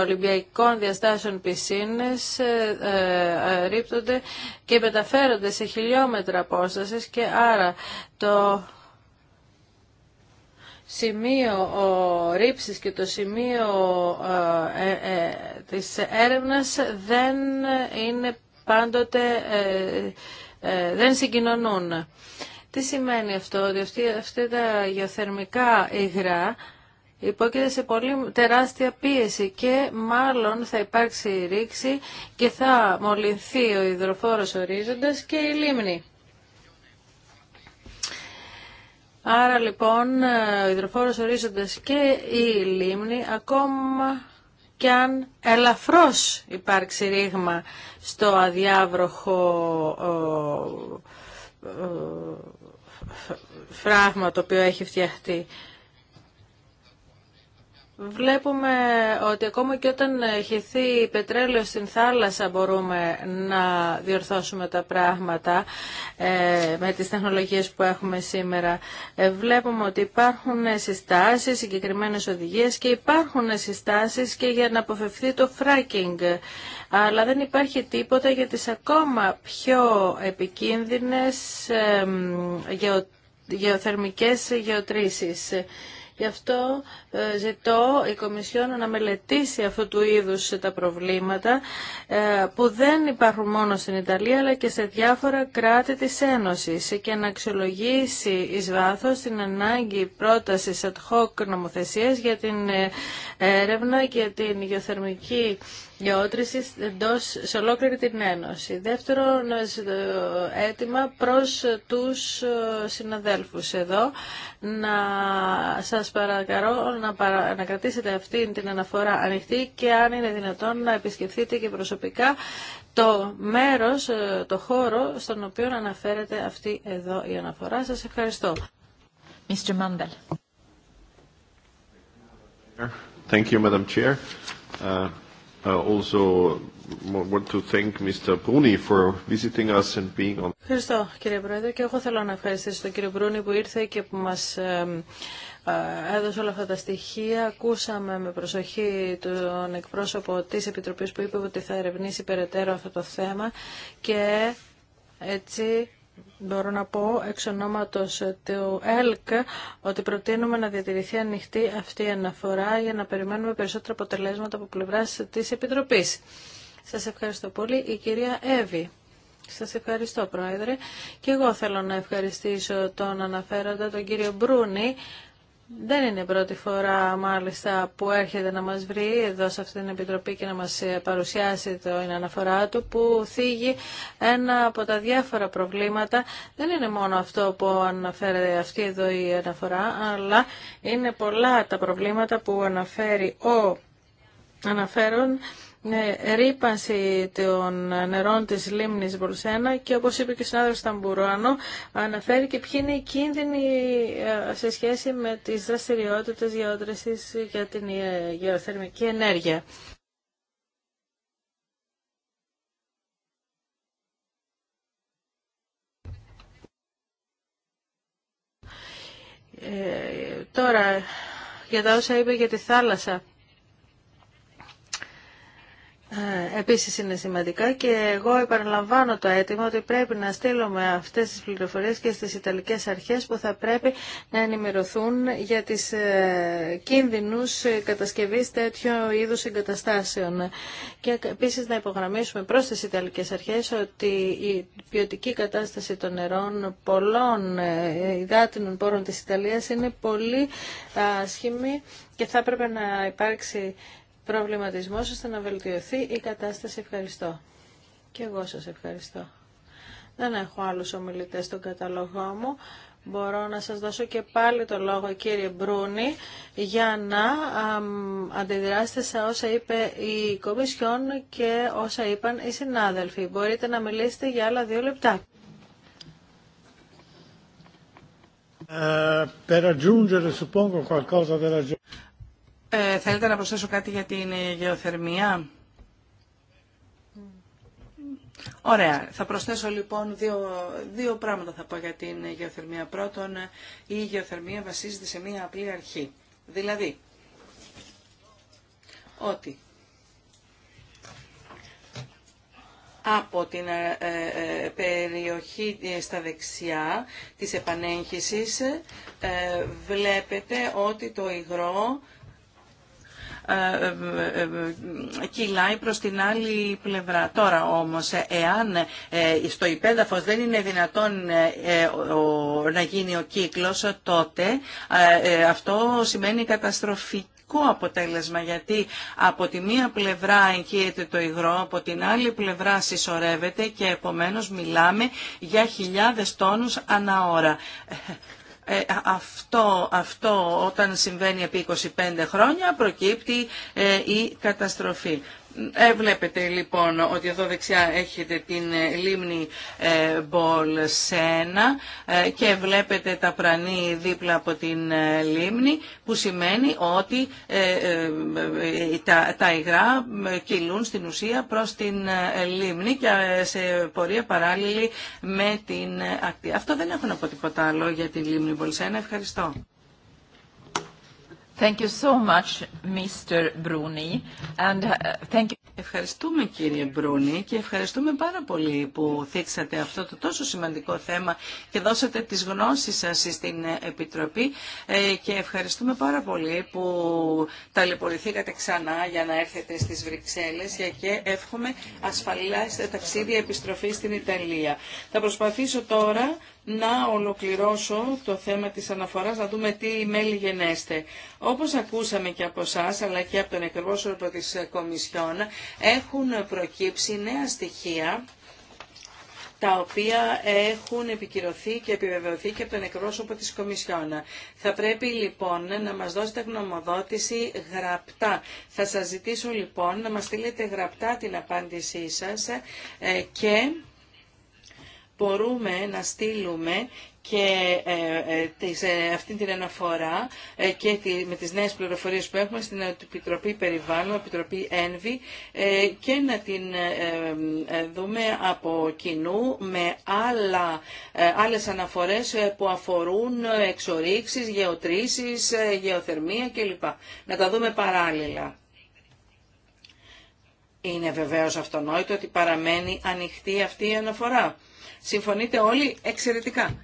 Ολυμπιακών ειδικών διαστάσεων πισίνες ε, ε, ε, ρίπτονται και μεταφέρονται σε χιλιόμετρα απόστασης και άρα το σημείο ρήψης και το σημείο ε, ε, της έρευνας δεν είναι πάντοτε δεν συγκοινωνούν. Τι σημαίνει αυτό, ότι αυτή, αυτή τα γεωθερμικά υγρά υπόκειται σε πολύ τεράστια πίεση και μάλλον θα υπάρξει ρήξη και θα μολυνθεί ο υδροφόρος ορίζοντας και η λίμνη. Άρα λοιπόν ο υδροφόρος ορίζοντας και η λίμνη ακόμα και αν ελαφρώς υπάρξει ρήγμα στο αδιάβροχο φράγμα το οποίο έχει φτιαχτεί. Βλέπουμε ότι ακόμα και όταν χυθεί πετρέλαιο στην θάλασσα μπορούμε να διορθώσουμε τα πράγματα ε, με τις τεχνολογίες που έχουμε σήμερα. Ε, βλέπουμε ότι υπάρχουν συστάσεις, συγκεκριμένες οδηγίες και υπάρχουν συστάσεις και για να αποφευθεί το φράκινγκ. Αλλά δεν υπάρχει τίποτα για τις ακόμα πιο επικίνδυνες γεωθερμικές γεωτρήσεις. Γι' αυτό ε, ζητώ η Κομισιόν να μελετήσει αυτού του είδους τα προβλήματα ε, που δεν υπάρχουν μόνο στην Ιταλία αλλά και σε διάφορα κράτη της Ένωσης και να αξιολογήσει εις βάθος την ανάγκη πρότασης ad hoc νομοθεσίας για την ε, έρευνα και την γεωθερμική γεώτρηση εντός, σε ολόκληρη την Ένωση. Δεύτερο αίτημα προς τους συναδέλφους εδώ να σας παρακαλώ να, παρα... να κρατήσετε αυτή την αναφορά ανοιχτή και αν είναι δυνατόν να επισκεφθείτε και προσωπικά το μέρος, ε, το χώρο στον οποίο αναφέρεται αυτή εδώ η αναφορά. Σας ευχαριστώ. Mr. Mandel. Thank you, Madam Chair. Uh, also want to thank Mr. Bruni for visiting us and being on. Ευχαριστώ, κύριε Πρόεδρε, και εγώ θέλω να ευχαριστήσω τον κύριο Μπρούνι που ήρθε και που μας ε, ε, έδωσε όλα αυτά τα στοιχεία. Ακούσαμε με προσοχή τον εκπρόσωπο της Επιτροπής που είπε ότι θα ερευνήσει περαιτέρω αυτό το θέμα και έτσι μπορώ να πω εξ ονόματος του ΕΛΚ ότι προτείνουμε να διατηρηθεί ανοιχτή αυτή η αναφορά για να περιμένουμε περισσότερα αποτελέσματα από πλευράς της Επιτροπής. Σας ευχαριστώ πολύ. Η κυρία Εύη. Σας ευχαριστώ Πρόεδρε και εγώ θέλω να ευχαριστήσω τον αναφέροντα τον κύριο Μπρούνη δεν είναι η πρώτη φορά μάλιστα που έρχεται να μας βρει εδώ σε αυτή την Επιτροπή και να μας ε, παρουσιάσει το είναι αναφορά του που θίγει ένα από τα διάφορα προβλήματα. Δεν είναι μόνο αυτό που αναφέρεται αυτή εδώ η αναφορά αλλά είναι πολλά τα προβλήματα που αναφέρει ο αναφέρον ναι, ρήπανση των νερών της λίμνης Βουρσένα και όπως είπε και ο συνάδελφος Ταμπουράνο αναφέρει και ποιοι είναι οι κίνδυνοι ε, σε σχέση με τις δραστηριότητες γεώτρεσης για την ε, γεωθερμική ενέργεια. Ε, τώρα, για τα όσα είπε για τη θάλασσα. Ε, επίσης είναι σημαντικά και εγώ επαναλαμβάνω το αίτημα ότι πρέπει να στείλουμε αυτές τις πληροφορίες και στις Ιταλικές αρχές που θα πρέπει να ενημερωθούν για τις ε, κίνδυνους κατασκευής τέτοιου είδους εγκαταστάσεων. Και επίσης να υπογραμμίσουμε προς τις Ιταλικές αρχές ότι η ποιοτική κατάσταση των νερών πολλών ε, υδάτινων πόρων της Ιταλίας είναι πολύ άσχημη και θα έπρεπε να υπάρξει Προβληματισμό ώστε να βελτιωθεί η κατάσταση. Ευχαριστώ. Και εγώ σας ευχαριστώ. Δεν έχω άλλους ομιλητές στον καταλογό μου. Μπορώ να σας δώσω και πάλι το λόγο κύριε Μπρούνη για να αντιδράσετε σε όσα είπε η Κομισιόν και όσα είπαν οι συνάδελφοι. Μπορείτε να μιλήσετε για άλλα δύο λεπτά. Ε, ε, θέλετε να προσθέσω κάτι για την γεωθερμία. Ωραία. Θα προσθέσω λοιπόν δύο, δύο πράγματα θα πω για την γεωθερμία. Πρώτον, η γεωθερμία βασίζεται σε μία απλή αρχή. Δηλαδή, ότι από την ε, ε, ε, περιοχή στα δεξιά της επανέγχυσης βλέπετε ότι το υγρό ε, ε, ε, κυλάει προς την άλλη πλευρά. Τώρα όμως, εάν στο υπέδαφος δεν είναι δυνατόν να γίνει ο κύκλος, τότε αυτό σημαίνει καταστροφικό αποτέλεσμα γιατί από τη μία πλευρά εγκύεται το υγρό, από την άλλη πλευρά συσσωρεύεται και επομένως μιλάμε για χιλιάδες τόνους ανά ώρα. Ε, αυτό, αυτό όταν συμβαίνει επί 25 χρόνια προκύπτει ε, η καταστροφή. Ε, βλέπετε λοιπόν ότι εδώ δεξιά έχετε την ε, λίμνη ε, Μπολσένα και βλέπετε τα πρανή δίπλα από την λίμνη που σημαίνει ότι τα, υγρά κυλούν στην ουσία προς την λίμνη και σε πορεία παράλληλη με την ακτή. Αυτό δεν έχω να πω τίποτα άλλο για την λίμνη Μπολσένα. Ευχαριστώ. Uh, thank you Ευχαριστούμε κύριε Μπρούνι και ευχαριστούμε πάρα πολύ που θίξατε αυτό το τόσο σημαντικό θέμα και δώσατε τις γνώσεις σας στην ε, Επιτροπή ε, και ευχαριστούμε πάρα πολύ που ταλαιπωρηθήκατε ξανά για να έρθετε στις Βρυξέλλες και εύχομαι ασφαλή ε, ταξίδια επιστροφή στην Ιταλία. Θα προσπαθήσω τώρα να ολοκληρώσω το θέμα της αναφοράς, να δούμε τι μέλη γενέστε. Όπως ακούσαμε και από εσά, αλλά και από τον εκπρόσωπο της Κομισιόν, έχουν προκύψει νέα στοιχεία τα οποία έχουν επικυρωθεί και επιβεβαιωθεί και από τον εκπρόσωπο της Κομισιόν. Θα πρέπει λοιπόν να μας δώσετε γνωμοδότηση γραπτά. Θα σας ζητήσω λοιπόν να μας στείλετε γραπτά την απάντησή σας ε, και μπορούμε να στείλουμε και ε, ε, ε, αυτή την αναφορά και με τις νέες πληροφορίες που έχουμε στην Επιτροπή Περιβάλλον, Επιτροπή Ένβη και να την δούμε από κοινού με άλλα, άλλες αναφορές που αφορούν εξορίξεις, γεωτρήσεις, γεωθερμία κλπ. Να τα δούμε παράλληλα. Είναι βεβαίως αυτονόητο ότι παραμένει ανοιχτή αυτή η αναφορά Συμφωνείτε όλοι εξαιρετικά.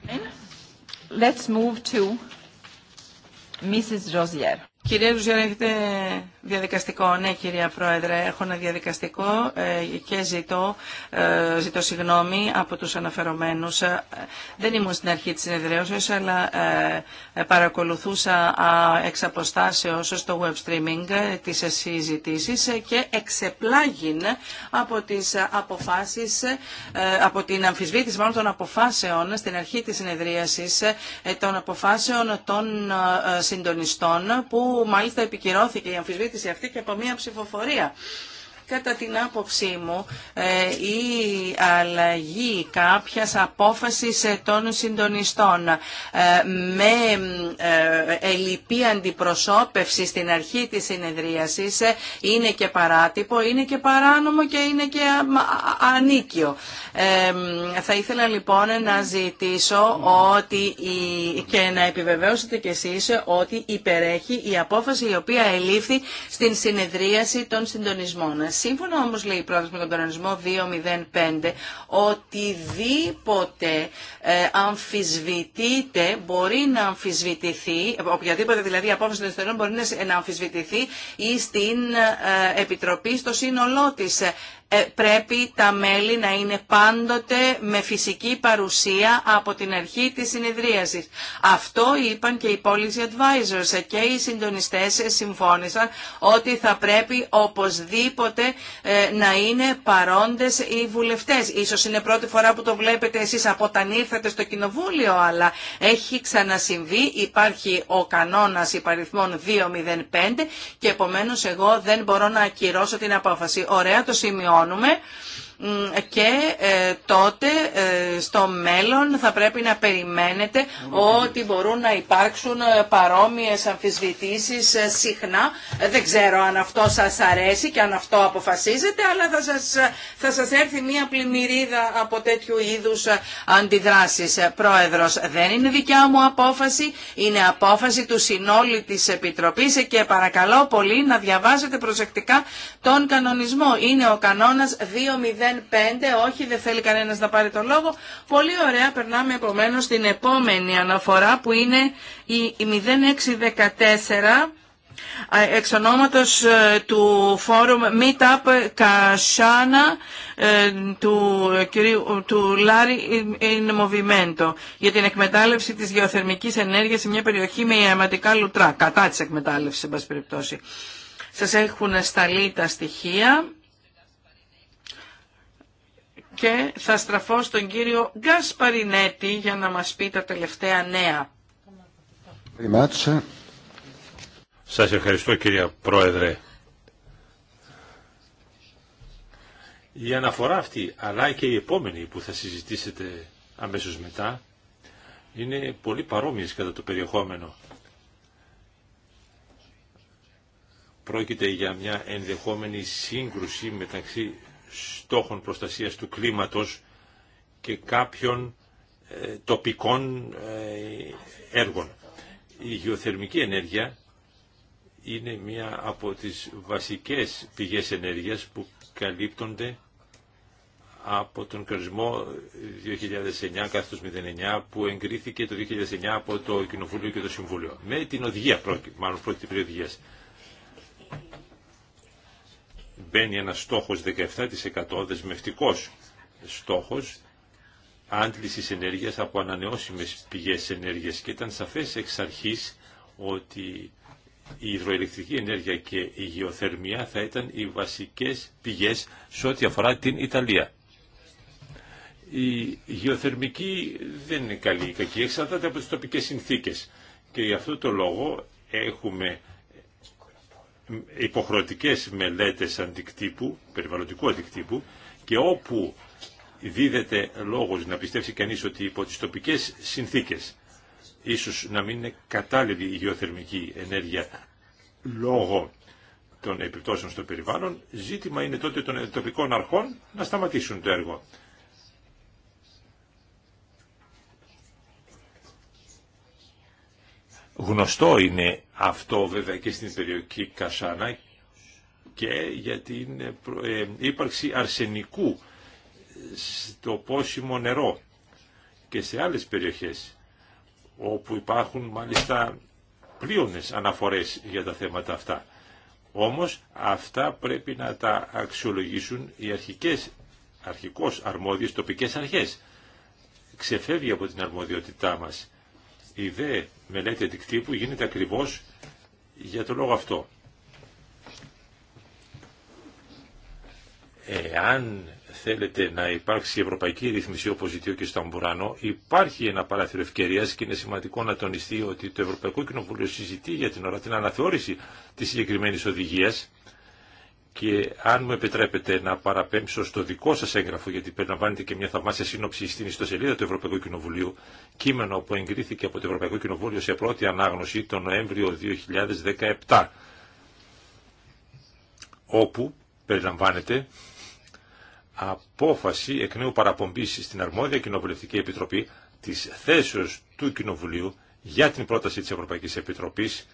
Let's move to Mrs. Rosier. Κυρία Ρουζιέρα, έχετε Διαδικαστικό, ναι κυρία Πρόεδρε, έχω ένα διαδικαστικό ε, και ζητώ, ε, ζητώ συγγνώμη από τους αναφερομένους. Ε, δεν ήμουν στην αρχή της συνεδρίασης, αλλά παρακολουθούσα εξ αποστάσεως στο web streaming τις συζητήσεις και εξεπλάγην από τις αποφάσεις, από την αμφισβήτηση μάλλον των αποφάσεων στην αρχή της συνεδρίασης, των αποφάσεων των συντονιστών που μάλιστα επικυρώθηκε η αμφισβήτηση συζήτηση αυτή και από μία ψηφοφορία. Κατά την άποψή μου, ε, η αλλαγή κάποιας απόφασης ε, των συντονιστών ε, με ελλειπή αντιπροσώπευση στην αρχή της συνεδρίασης είναι και παράτυπο, είναι και παράνομο και είναι και ανίκιο. Θα ήθελα λοιπόν να ζητήσω ότι και να επιβεβαιώσετε κι εσείς ότι υπερέχει η απόφαση η οποία ελήφθη στην συνεδρίαση των συντονισμών. Σύμφωνα όμως λέει η πρόταση με τον κανονισμό 205 οτιδήποτε ε, αμφισβητείται μπορεί να αμφισβητηθεί οποιαδήποτε δηλαδή απόφαση των ιστορών μπορεί να αμφισβητηθεί ή στην ε, Επιτροπή στο σύνολό της ε, πρέπει τα μέλη να είναι πάντοτε με φυσική παρουσία από την αρχή της συνεδρίασης. Αυτό είπαν και οι policy advisors και οι συντονιστές συμφώνησαν ότι θα πρέπει οπωσδήποτε ε, να είναι παρόντες οι βουλευτές. Ίσως είναι πρώτη φορά που το βλέπετε εσείς από όταν ήρθατε στο κοινοβούλιο, αλλά έχει ξανασυμβεί, υπάρχει ο κανόνας υπαριθμών 205 και επομένως εγώ δεν μπορώ να ακυρώσω την απόφαση. Ωραία το σημείο σημειώνουμε και ε, τότε ε, στο μέλλον θα πρέπει να περιμένετε ότι μπορούν να υπάρξουν ε, παρόμοιες αμφισβητήσεις συχνά. Δεν ξέρω αν αυτό σας αρέσει και αν αυτό αποφασίζετε, αλλά θα σας, θα σας έρθει μία πλημμυρίδα από τέτοιου είδους αντιδράσεις. Πρόεδρος, δεν είναι δικιά μου απόφαση, είναι απόφαση του συνόλου της Επιτροπής και παρακαλώ πολύ να διαβάσετε προσεκτικά τον κανονισμό. Είναι ο κανόνας 2.0 μηδέν Όχι, δεν θέλει κανένας να πάρει το λόγο. Πολύ ωραία, περνάμε επομένω στην επόμενη αναφορά που είναι η 0614 εξ ονόματος ε, του φόρουμ Meetup Κασάνα ε, του, ε, κυρίου, του Λάρι Movimento για την εκμετάλλευση της γεωθερμικής ενέργειας σε μια περιοχή με ιαματικά λουτρά, κατά της εκμετάλλευσης, σε πάση περιπτώσει. Σας έχουν σταλεί τα στοιχεία και θα στραφώ στον κύριο Γκάσπαρινέτη για να μας πει τα τελευταία νέα. Σας ευχαριστώ κυρία Πρόεδρε. Η αναφορά αυτή, αλλά και η επόμενη που θα συζητήσετε αμέσως μετά, είναι πολύ παρόμοιες κατά το περιεχόμενο. Πρόκειται για μια ενδεχόμενη σύγκρουση μεταξύ στόχων προστασίας του κλίματος και κάποιων ε, τοπικών ε, έργων. Η γεωθερμική ενέργεια είναι μία από τις βασικές πηγές ενέργειας που καλύπτονται από τον κορισμό 2009 2009-09 που εγκρίθηκε το 2009 από το Κοινοβούλιο και το Συμβούλιο. Με την οδηγία, μάλλον πρώτη οδηγίας μπαίνει ένας στόχος 17% δεσμευτικός στόχος άντλησης ενέργειας από ανανεώσιμες πηγές ενέργειας και ήταν σαφές εξ αρχής ότι η υδροελεκτρική ενέργεια και η γεωθερμία θα ήταν οι βασικές πηγές σε ό,τι αφορά την Ιταλία. Η γεωθερμική δεν είναι καλή ή κακή, εξαρτάται από τις τοπικές συνθήκες και γι' αυτό το λόγο έχουμε υποχρεωτικές μελέτες αντικτύπου, περιβαλλοντικού αντικτύπου και όπου δίδεται λόγος να πιστεύσει κανείς ότι υπό τις τοπικές συνθήκες ίσως να μην είναι κατάλληλη η γεωθερμική ενέργεια λόγω των επιπτώσεων στο περιβάλλον, ζήτημα είναι τότε των τοπικών αρχών να σταματήσουν το έργο. Γνωστό είναι αυτό βέβαια και στην περιοχή Κασάνα και για την ε, ε, ύπαρξη αρσενικού στο πόσιμο νερό και σε άλλες περιοχές όπου υπάρχουν μάλιστα πλήρωνες αναφορές για τα θέματα αυτά. Όμως αυτά πρέπει να τα αξιολογήσουν οι αρχικές, αρχικώς αρμόδιες τοπικές αρχές. Ξεφεύγει από την αρμοδιότητά μας. Η δε μελέτη αντικτύπου γίνεται ακριβώς για το λόγο αυτό. Εάν θέλετε να υπάρξει ευρωπαϊκή ρύθμιση όπως ζητεί ο κ. υπάρχει ένα παράθυρο ευκαιρίας και είναι σημαντικό να τονιστεί ότι το Ευρωπαϊκό Κοινοβούλιο συζητεί για την ώρα την αναθεώρηση της συγκεκριμένη οδηγίας και αν μου επιτρέπετε να παραπέμψω στο δικό σας έγγραφο, γιατί περιλαμβάνεται και μια θαυμάσια σύνοψη στην ιστοσελίδα του Ευρωπαϊκού Κοινοβουλίου, κείμενο που εγκρίθηκε από το Ευρωπαϊκό Κοινοβούλιο σε πρώτη ανάγνωση τον Νοέμβριο 2017, όπου περιλαμβάνεται απόφαση εκ νέου παραπομπής στην αρμόδια Κοινοβουλευτική Επιτροπή της θέσεως του Κοινοβουλίου για την πρόταση της Ευρωπαϊκής Επιτροπής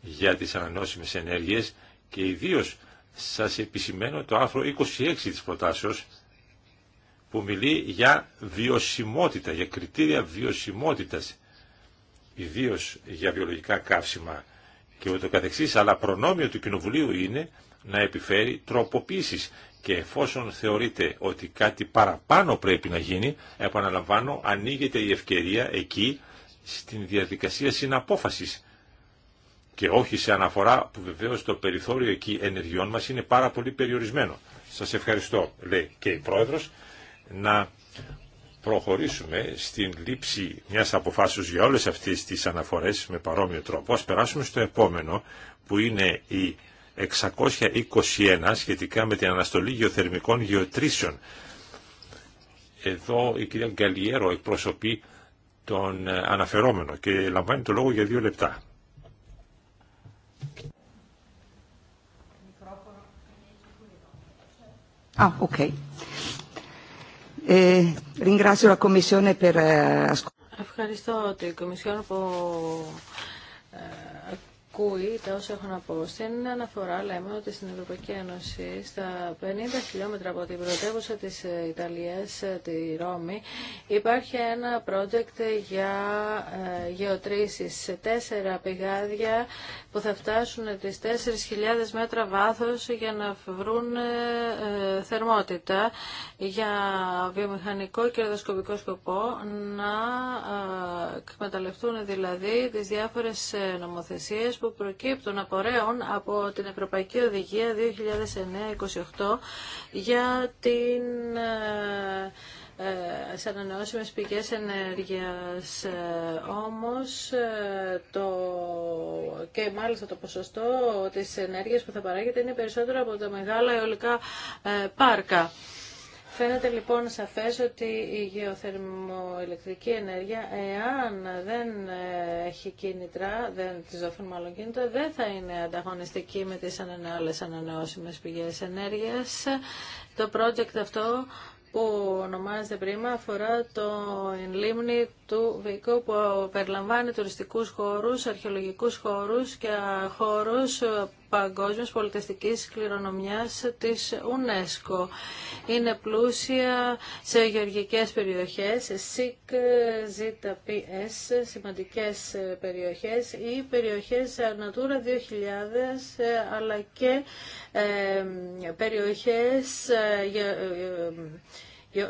για τις ανανεώσιμες ενέργειες και ιδίως σας επισημαίνω το άρθρο 26 της προτάσεως που μιλεί για βιωσιμότητα, για κριτήρια βιωσιμότητας, ιδίως για βιολογικά καύσιμα και ούτω καθεξής, αλλά προνόμιο του Κοινοβουλίου είναι να επιφέρει τροποποίησης και εφόσον θεωρείτε ότι κάτι παραπάνω πρέπει να γίνει, επαναλαμβάνω, ανοίγεται η ευκαιρία εκεί στην διαδικασία συναπόφασης και όχι σε αναφορά που βεβαίως το περιθώριο εκεί ενεργειών μας είναι πάρα πολύ περιορισμένο. Σας ευχαριστώ, λέει και η Πρόεδρος, να προχωρήσουμε στην λήψη μιας αποφάσεως για όλες αυτές τις αναφορές με παρόμοιο τρόπο. Ας περάσουμε στο επόμενο που είναι η 621 σχετικά με την αναστολή γεωθερμικών γεωτρήσεων. Εδώ η κυρία Γκαλιέρο εκπροσωπεί τον αναφερόμενο και λαμβάνει το λόγο για δύο λεπτά. Ah, ok. Eh, eh, Ευχαριστώ την Κομισιόν που ε, ακούει τα όσα έχω Στην αναφορά λέμε ότι στην Ευρωπαϊκή Ένωση στα 50 χιλιόμετρα από την πρωτεύουσα της ε, Ιταλίας, ε, τη Ρώμη, υπάρχει ένα project για ε, γεωτρήσεις σε τέσσερα πηγάδια που θα φτάσουν τις 4.000 μέτρα βάθος για να βρουν θερμότητα για βιομηχανικό και κερδοσκοπικό σκοπό να εκμεταλλευτούν δηλαδή τις διάφορες νομοθεσίες που προκύπτουν απορρέων από την Ευρωπαϊκή Οδηγία 2009-28 για την ε, ε, σε ανανεώσιμες πηγές ενέργειας. Ε, όμως το, και μάλιστα το ποσοστό της ενέργειας που θα παράγεται είναι περισσότερο από τα μεγάλα αιωλικά πάρκα. Φαίνεται λοιπόν σαφές ότι η γεωθερμοηλεκτρική ενέργεια, εάν δεν ε, έχει κίνητρα, δεν τη δόθουν μάλλον κίνητρα, δεν θα είναι ανταγωνιστική με τις άλλες ανανεώσιμες πηγές ενέργειας. Το project αυτό που ονομάζεται πρίμα αφορά το εν λίμνη του που περιλαμβάνει τουριστικούς χώρους, αρχαιολογικούς χώρους και χώρους παγκόσμιας πολιτιστικής κληρονομιάς της UNESCO. Είναι πλούσια σε γεωργικές περιοχές, SIC, ZPS, σημαντικές περιοχές ή περιοχές Natura 2000 αλλά και ε, περιοχές ε, ε,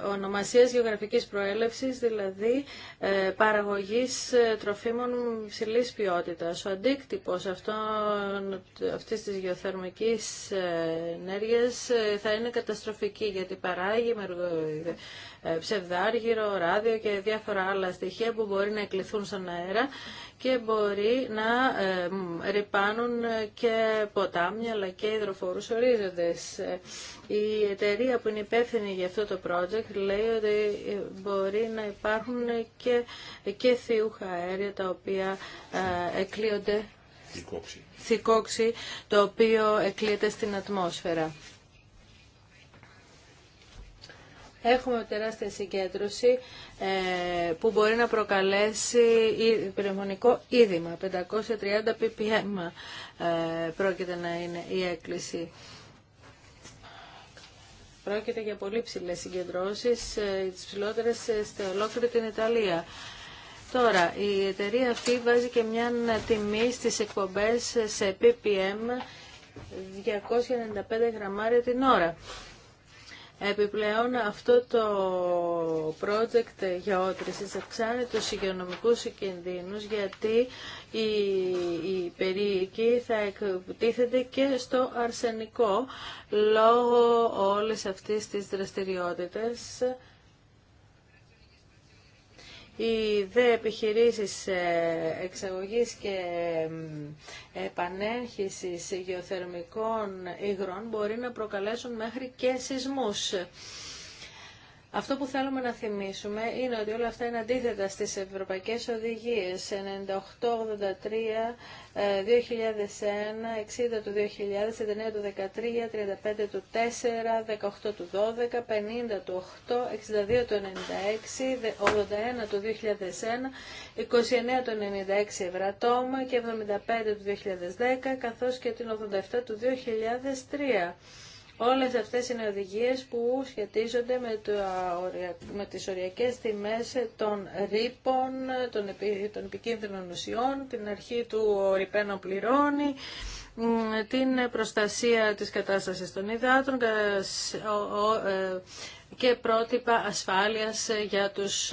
ονομασίας γεωγραφικής προέλευσης, δηλαδή ε, παραγωγής ε, τροφίμων ψηλή ποιότητας. Ο αντίκτυπος αυτών, αυτής της γεωθερμικής ε, ενέργειας θα είναι καταστροφική, γιατί παράγει ε, ψευδάργυρο, ράδιο και διάφορα άλλα στοιχεία που μπορεί να εκλειθούν στον αέρα και μπορεί να ε, ρηπάνουν και ποτάμια αλλά και υδροφόρους ορίζοντες. Ε, η εταιρεία που είναι υπεύθυνη για αυτό το project λέει ότι μπορεί να υπάρχουν και, και θείουχα αέρια τα οποία εκλείονται θικόξη, το οποίο εκλείεται στην ατμόσφαιρα. έχουμε τεράστια συγκέντρωση ε, που μπορεί να προκαλέσει πνευμονικό είδημα. 530 ppm ε, πρόκειται να είναι η έκκληση. Πρόκειται για πολύ ψηλές συγκεντρώσεις, ε, τις ψηλότερες σε ολόκληρη την Ιταλία. Τώρα, η εταιρεία αυτή βάζει και μια τιμή στις εκπομπές σε ppm 295 γραμμάρια την ώρα. Επιπλέον αυτό το project για αυξάνει τους υγειονομικούς κινδύνους γιατί η οι θα εκτίθεται και στο αρσενικό λόγω όλες αυτής της δραστηριότητας οι δε επιχειρήσεις ε, εξαγωγής και επανέρχησης γεωθερμικών υγρών μπορεί να προκαλέσουν μέχρι και σεισμούς. Αυτό που θέλουμε να θυμίσουμε είναι ότι όλα αυτά είναι αντίθετα στις ευρωπαϊκές οδηγίες 98, 83, 2001, 60 του 2000, 99 του 13, 35 του 4, 18 του 12, 50 του 8, 62 του 96, 81 του 2001, 29 του 96 ευρατόμα και 75 του 2010, καθώς και την 87 του 2003. Όλες αυτές είναι οδηγίες που σχετίζονται με, το, με τις οριακές τιμές των ρήπων, των, επικίνδυνων ουσιών, την αρχή του «ο πληρώνει», την προστασία της κατάστασης των υδάτων, ε, και πρότυπα ασφάλεια για, τους,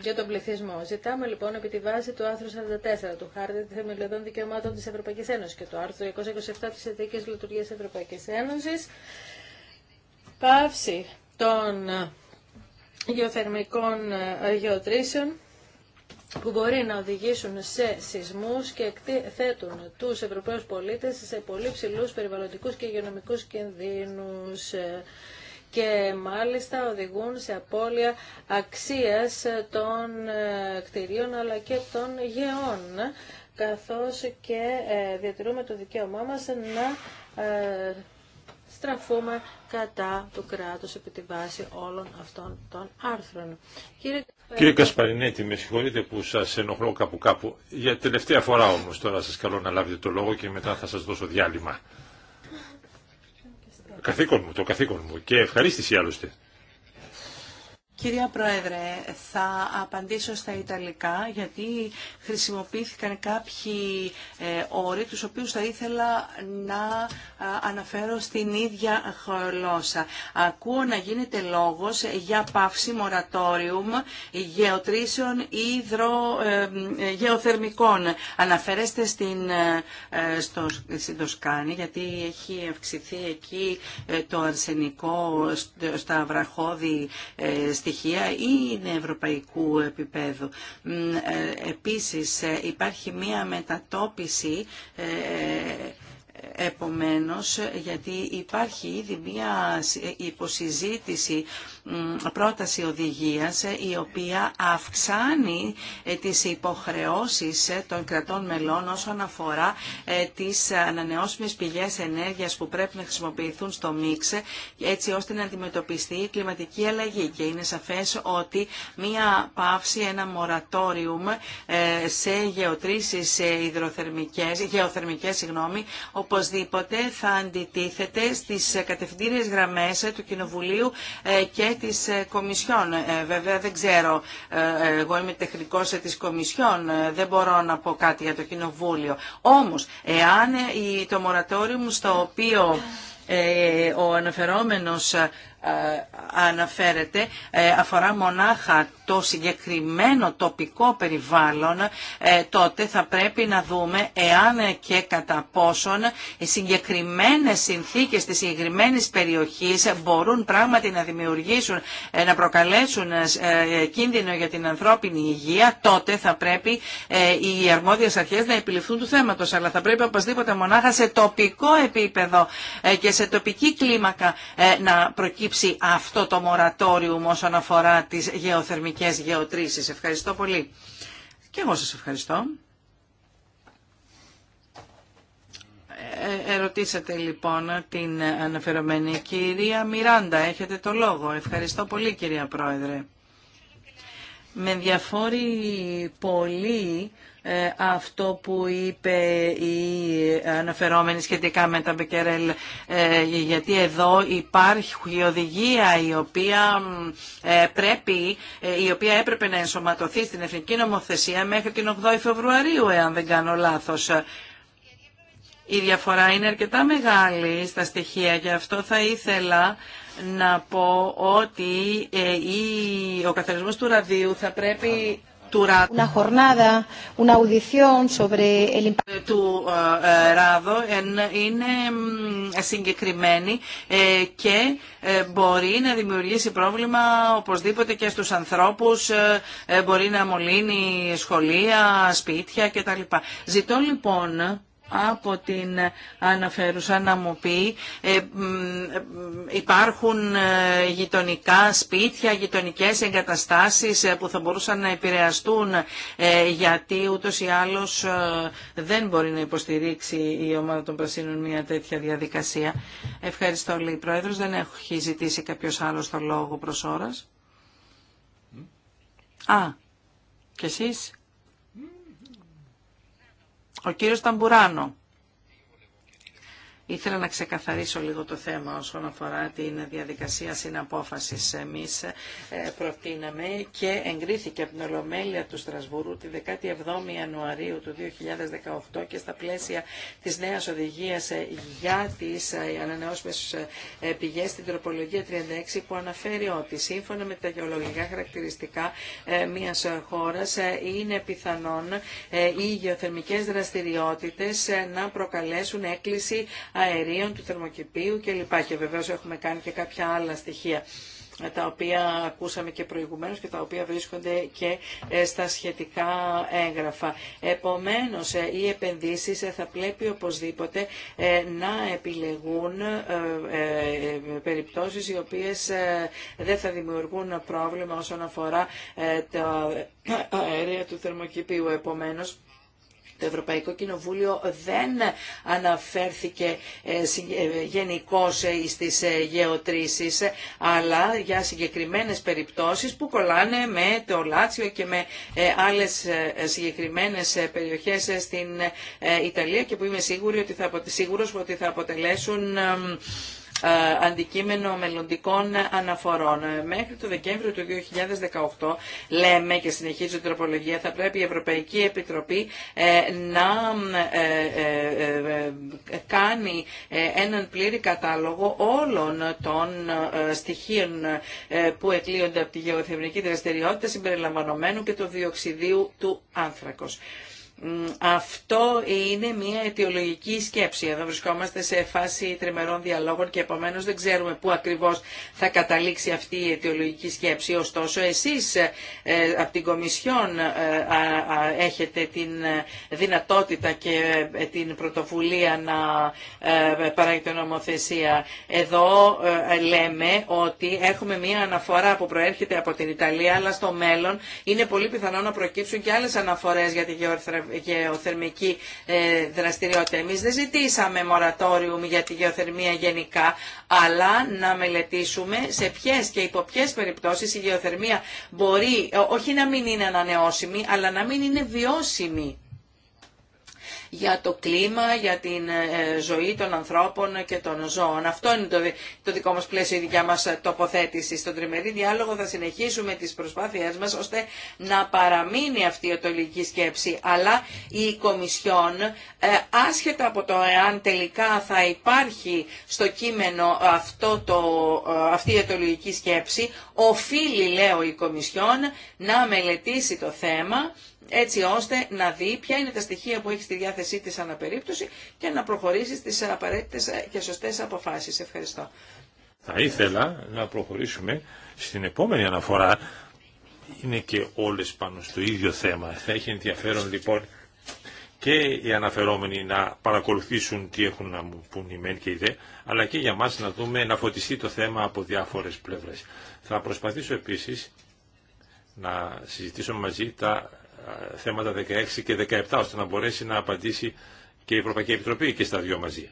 για τον πληθυσμό. Ζητάμε λοιπόν επί τη βάση του άρθρου 44 του Χάρτη Θεμελιωδών Δικαιωμάτων τη Ευρωπαϊκή Ένωση και του άρθρου 227 τη Εθνικής Λειτουργία Ευρωπαϊκή Ευρωπαϊκής Ένωσης πάυση των ε, γεωθερμικών ε, γεωτρήσεων που μπορεί να οδηγήσουν σε σεισμούς και θέτουν τους Ευρωπαίους πολίτες σε πολύ ψηλούς περιβαλλοντικούς και υγειονομικούς κινδύνους. Ε, και μάλιστα οδηγούν σε απώλεια αξίας των ε, κτηρίων αλλά και των γεών καθώς και ε, διατηρούμε το δικαίωμά μας να ε, στραφούμε κατά του κράτους επί τη βάση όλων αυτών των άρθρων. Κύριε, Κασπαρινέτη, με συγχωρείτε που σας ενοχλώ κάπου κάπου. Για τελευταία φορά όμως τώρα σας καλώ να λάβετε το λόγο και μετά θα σας δώσω διάλειμμα καθήκον μου, το καθήκον μου και ευχαρίστηση άλλωστε. Κυρία Πρόεδρε, θα απαντήσω στα Ιταλικά γιατί χρησιμοποιήθηκαν κάποιοι ε, όροι τους οποίους θα ήθελα να ε, αναφέρω στην ίδια γλώσσα. Ακούω να γίνεται λόγος για παύση μορατόριουμ γεωτρήσεων ή ε, γεωθερμικών. Αναφέρεστε στην, στο, γιατί έχει αυξηθεί εκεί το αρσενικό στα βραχώδη στοιχεία ή είναι ευρωπαϊκού επίπεδου. Ε, επίσης ε, υπάρχει μία μετατόπιση ε, Επομένως, γιατί υπάρχει ήδη μία υποσυζήτηση πρόταση οδηγίας ε, η οποία αυξάνει ε, τις υποχρεώσεις ε, των κρατών μελών όσον αφορά τις ανανεώσιμες πηγές ενέργειας που πρέπει να χρησιμοποιηθούν στο μίξ έτσι ώστε να αντιμετωπιστεί η κλιματική αλλαγή και είναι σαφές ότι μία παύση, ένα μορατόριουμ σε γεωτρήσεις υδροθερμικές, γεωθερμικές συγγνώμη, οπωσδήποτε θα αντιτίθεται στις κατευθυντήριες γραμμές του Κοινοβουλίου και της ε, Κομισιόν. Ε, βέβαια δεν ξέρω, ε, εγώ είμαι τεχνικός της Κομισιόν, δεν μπορώ να πω κάτι για το Κοινοβούλιο. Όμως, εάν το μορατόριο μου στο οποίο ο αναφερόμενος ε, αναφέρεται ε, αφορά μονάχα το συγκεκριμένο τοπικό περιβάλλον, ε, τότε θα πρέπει να δούμε εάν και κατά πόσον οι συγκεκριμένες συνθήκες της συγκεκριμένη περιοχής μπορούν πράγματι να δημιουργήσουν, να προκαλέσουν κίνδυνο για την ανθρώπινη υγεία, τότε θα πρέπει οι αρμόδιες αρχές να επιληφθούν του θέματος. Αλλά θα πρέπει οπωσδήποτε μονάχα σε τοπικό επίπεδο και σε τοπική κλίμακα να προκύψουν προκύψει αυτό το μορατόριου όσον αφορά τις γεωθερμικές γεωτρήσεις. Ευχαριστώ πολύ. Και εγώ σας ευχαριστώ. Ε, ερωτήσατε λοιπόν την αναφερομένη κυρία Μιράντα. Έχετε το λόγο. Ευχαριστώ πολύ κυρία Πρόεδρε. Με διαφορί πολύ ε, αυτό που είπε η αναφερόμενη σχετικά με τα Μπεκερέλ ε, γιατί εδώ υπάρχει η οδηγία η οποία ε, πρέπει η οποία έπρεπε να ενσωματωθεί στην Εθνική Νομοθεσία μέχρι την 8η Φεβρουαρίου εάν δεν κάνω λάθος η διαφορά είναι αρκετά μεγάλη στα στοιχεία γι' αυτό θα ήθελα να πω ότι ο καθαρισμός του ραδίου θα πρέπει una jornada, una audición sobre el του ε, ε, Ράδο είναι συγκεκριμένη ε, και μπορεί να δημιουργήσει πρόβλημα οπωσδήποτε και στους ανθρώπους, μπορεί να μολύνει σχολεία, σπίτια κτλ. Ζητώ λοιπόν από την αναφέρουσα να μου πει ε, ε, υπάρχουν ε, γειτονικά σπίτια, γειτονικές εγκαταστάσεις που θα μπορούσαν να επηρεαστούν γιατί ούτως ή άλλως δεν μπορεί να υποστηρίξει η ομάδα των Πρασίνων μια τέτοια διαδικασία. Ευχαριστώ λέει η Πρόεδρος. Δεν έχει ζητήσει κάποιος άλλος το λόγο προς ώρας. Α, και εσείς. Ο κύριος Ταμπουράνο. Ήθελα να ξεκαθαρίσω λίγο το θέμα όσον αφορά την διαδικασία συναπόφασης. Εμείς ε, προτείναμε και εγκρίθηκε από την Ολομέλεια του Στρασβούρου τη 17η Ιανουαρίου του 2018 και στα πλαίσια της νέας οδηγίας ε, για τι ε, ανανεώσιμε πηγέ στην τροπολογία 36 που αναφέρει ότι σύμφωνα με τα γεωλογικά χαρακτηριστικά μιας χώρα, είναι πιθανόν οι γεωθερμικέ δραστηριότητε να προκαλέσουν έκκληση αερίων, του θερμοκηπίου κλπ. Και βεβαίως έχουμε κάνει και κάποια άλλα στοιχεία ε, τα οποία ακούσαμε και προηγουμένως και τα οποία βρίσκονται και ε, στα σχετικά έγγραφα. Επομένως, ε, οι επενδύσεις θα πρέπει οπωσδήποτε να επιλεγούν περιπτώσεις οι οποίες δεν θα δημιουργούν πρόβλημα όσον αφορά τα αέρια του θερμοκηπίου. Επομένως, το Ευρωπαϊκό Κοινοβούλιο δεν αναφέρθηκε ε, ε, γενικώ ε, στις γεωτρήσεις, αλλά για συγκεκριμένες περιπτώσεις που κολλάνε με το Λάτσιο και με άλλες συγκεκριμένες περιοχές στην Ιταλία και που είμαι σίγουρο ότι θα, ότι θα αποτελέσουν ε, αντικείμενο μελλοντικών αναφορών. Ε, μέχρι το Δεκέμβριο του 2018 λέμε και συνεχίζει η τροπολογία θα πρέπει η Ευρωπαϊκή Επιτροπή ε, να κάνει έναν πλήρη κατάλογο όλων των στοιχείων που εκλείονται από τη γεωθερμική δραστηριότητα συμπεριλαμβανομένου και του διοξιδίου του άνθρακος. Αυτό είναι μια αιτιολογική σκέψη. Εδώ βρισκόμαστε σε φάση τριμερών διαλόγων και επομένως δεν ξέρουμε πού ακριβώς θα καταλήξει αυτή η αιτιολογική σκέψη. Ωστόσο, εσείς ε, από την Κομισιόν ε, έχετε την ε, δυνατότητα και την πρωτοβουλία να παράγετε νομοθεσία. Εδώ λέμε ότι έχουμε μια αναφορά που προέρχεται από την Ιταλία, αλλά στο μέλλον είναι πολύ πιθανό να προκύψουν και άλλε αναφορέ για τη γεωθερμική ε, δραστηριότητα. Εμείς δεν ζητήσαμε μορατόριου για τη γεωθερμία γενικά, αλλά να μελετήσουμε σε ποιες και υπό ποιες περιπτώσεις η γεωθερμία μπορεί ε, όχι να μην είναι ανανεώσιμη, αλλά να μην είναι βιώσιμη για το κλίμα, για την ε, ζωή των ανθρώπων και των ζώων. Αυτό είναι το, το δικό μας πλαίσιο, η δικιά μας τοποθέτηση. Στον τριμερή διάλογο θα συνεχίσουμε τις προσπάθειές μας ώστε να παραμείνει αυτή η ατολική σκέψη, αλλά η Κομισιόν, ε, άσχετα από το εάν τελικά θα υπάρχει στο κείμενο αυτό το, ε, αυτή η ατολική σκέψη, οφείλει, λέω, η Κομισιόν να μελετήσει το θέμα έτσι ώστε να δει ποια είναι τα στοιχεία που έχει στη διάθεσή της αναπερίπτωση και να προχωρήσει στις απαραίτητες και σωστές αποφάσεις. Ευχαριστώ. Θα ήθελα να προχωρήσουμε στην επόμενη αναφορά. Είναι και όλες πάνω στο ίδιο θέμα. Θα έχει ενδιαφέρον λοιπόν και οι αναφερόμενοι να παρακολουθήσουν τι έχουν να μου πούν οι μεν και οι δε, αλλά και για μας να δούμε να φωτιστεί το θέμα από διάφορες πλευρές. Θα προσπαθήσω επίσης να συζητήσω μαζί τα θέματα 16 και 17, ώστε να μπορέσει να απαντήσει και η Ευρωπαϊκή Επιτροπή και στα δυο μαζί.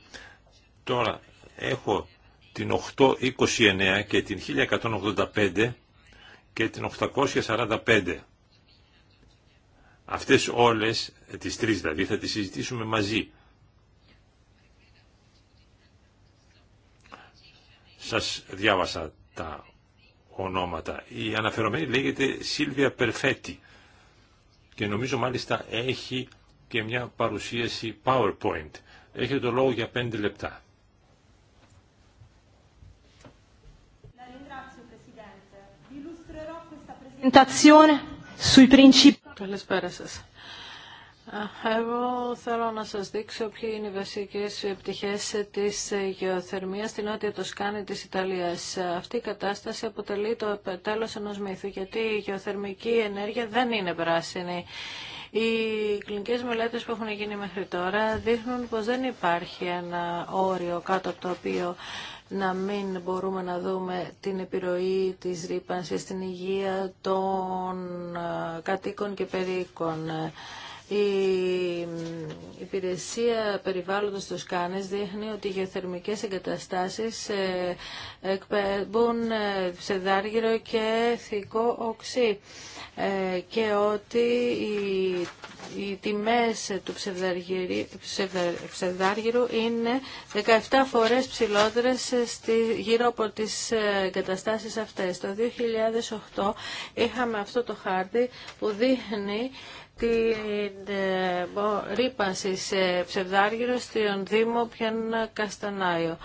Τώρα έχω την 829 και την 1185 και την 845. Αυτές όλες, τις τρεις δηλαδή, θα τις συζητήσουμε μαζί. Σας διάβασα τα ονόματα. Η αναφερομένη λέγεται Σίλβια Περφέτη και νομίζω μάλιστα έχει και μια παρουσίαση PowerPoint. Έχετε το λόγο για πέντε λεπτά. Καλησπέρα σας. Εγώ θέλω να σας δείξω ποιοι είναι οι βασικές πτυχές της γεωθερμίας στην νότια Τοσκάνη της Ιταλίας. Αυτή η κατάσταση αποτελεί το τέλος ενός μύθου, γιατί η γεωθερμική ενέργεια δεν είναι πράσινη. Οι κλινικές μελέτες που έχουν γίνει μέχρι τώρα δείχνουν πως δεν υπάρχει ένα όριο κάτω από το οποίο να μην μπορούμε να δούμε την επιρροή της ρήπανσης στην υγεία των ε, κατοίκων και περίκων. Η υπηρεσία περιβάλλοντος του Σκάνες δείχνει ότι οι γεωθερμικές εγκαταστάσεις ε, εκπέμπουν ε, σε δάργυρο και θικό οξύ ε, και ότι οι, οι τιμές του ψευδάργυρου είναι 17 φορές ψηλότερες στη, γύρω από τις εγκαταστάσεις αυτές. Το 2008 είχαμε αυτό το χάρτη που δείχνει την ε, ρήπανση σε ψευδάργυρο στον Δήμο Πιαν Καστανάιο.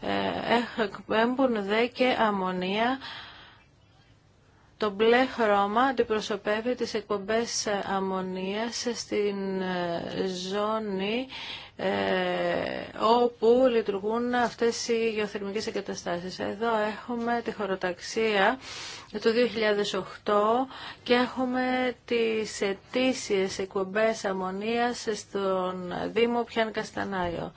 Ε, Έχουν δε και αμμονία το μπλε χρώμα αντιπροσωπεύει τις εκπομπές αμμονίας στην ε, ζώνη ε, όπου λειτουργούν αυτές οι γεωθερμικές εγκαταστάσεις. Εδώ έχουμε τη χωροταξία του 2008 και έχουμε τις ετήσιες εκπομπές αμμονίας στον Δήμο Πιάν Καστανάριο.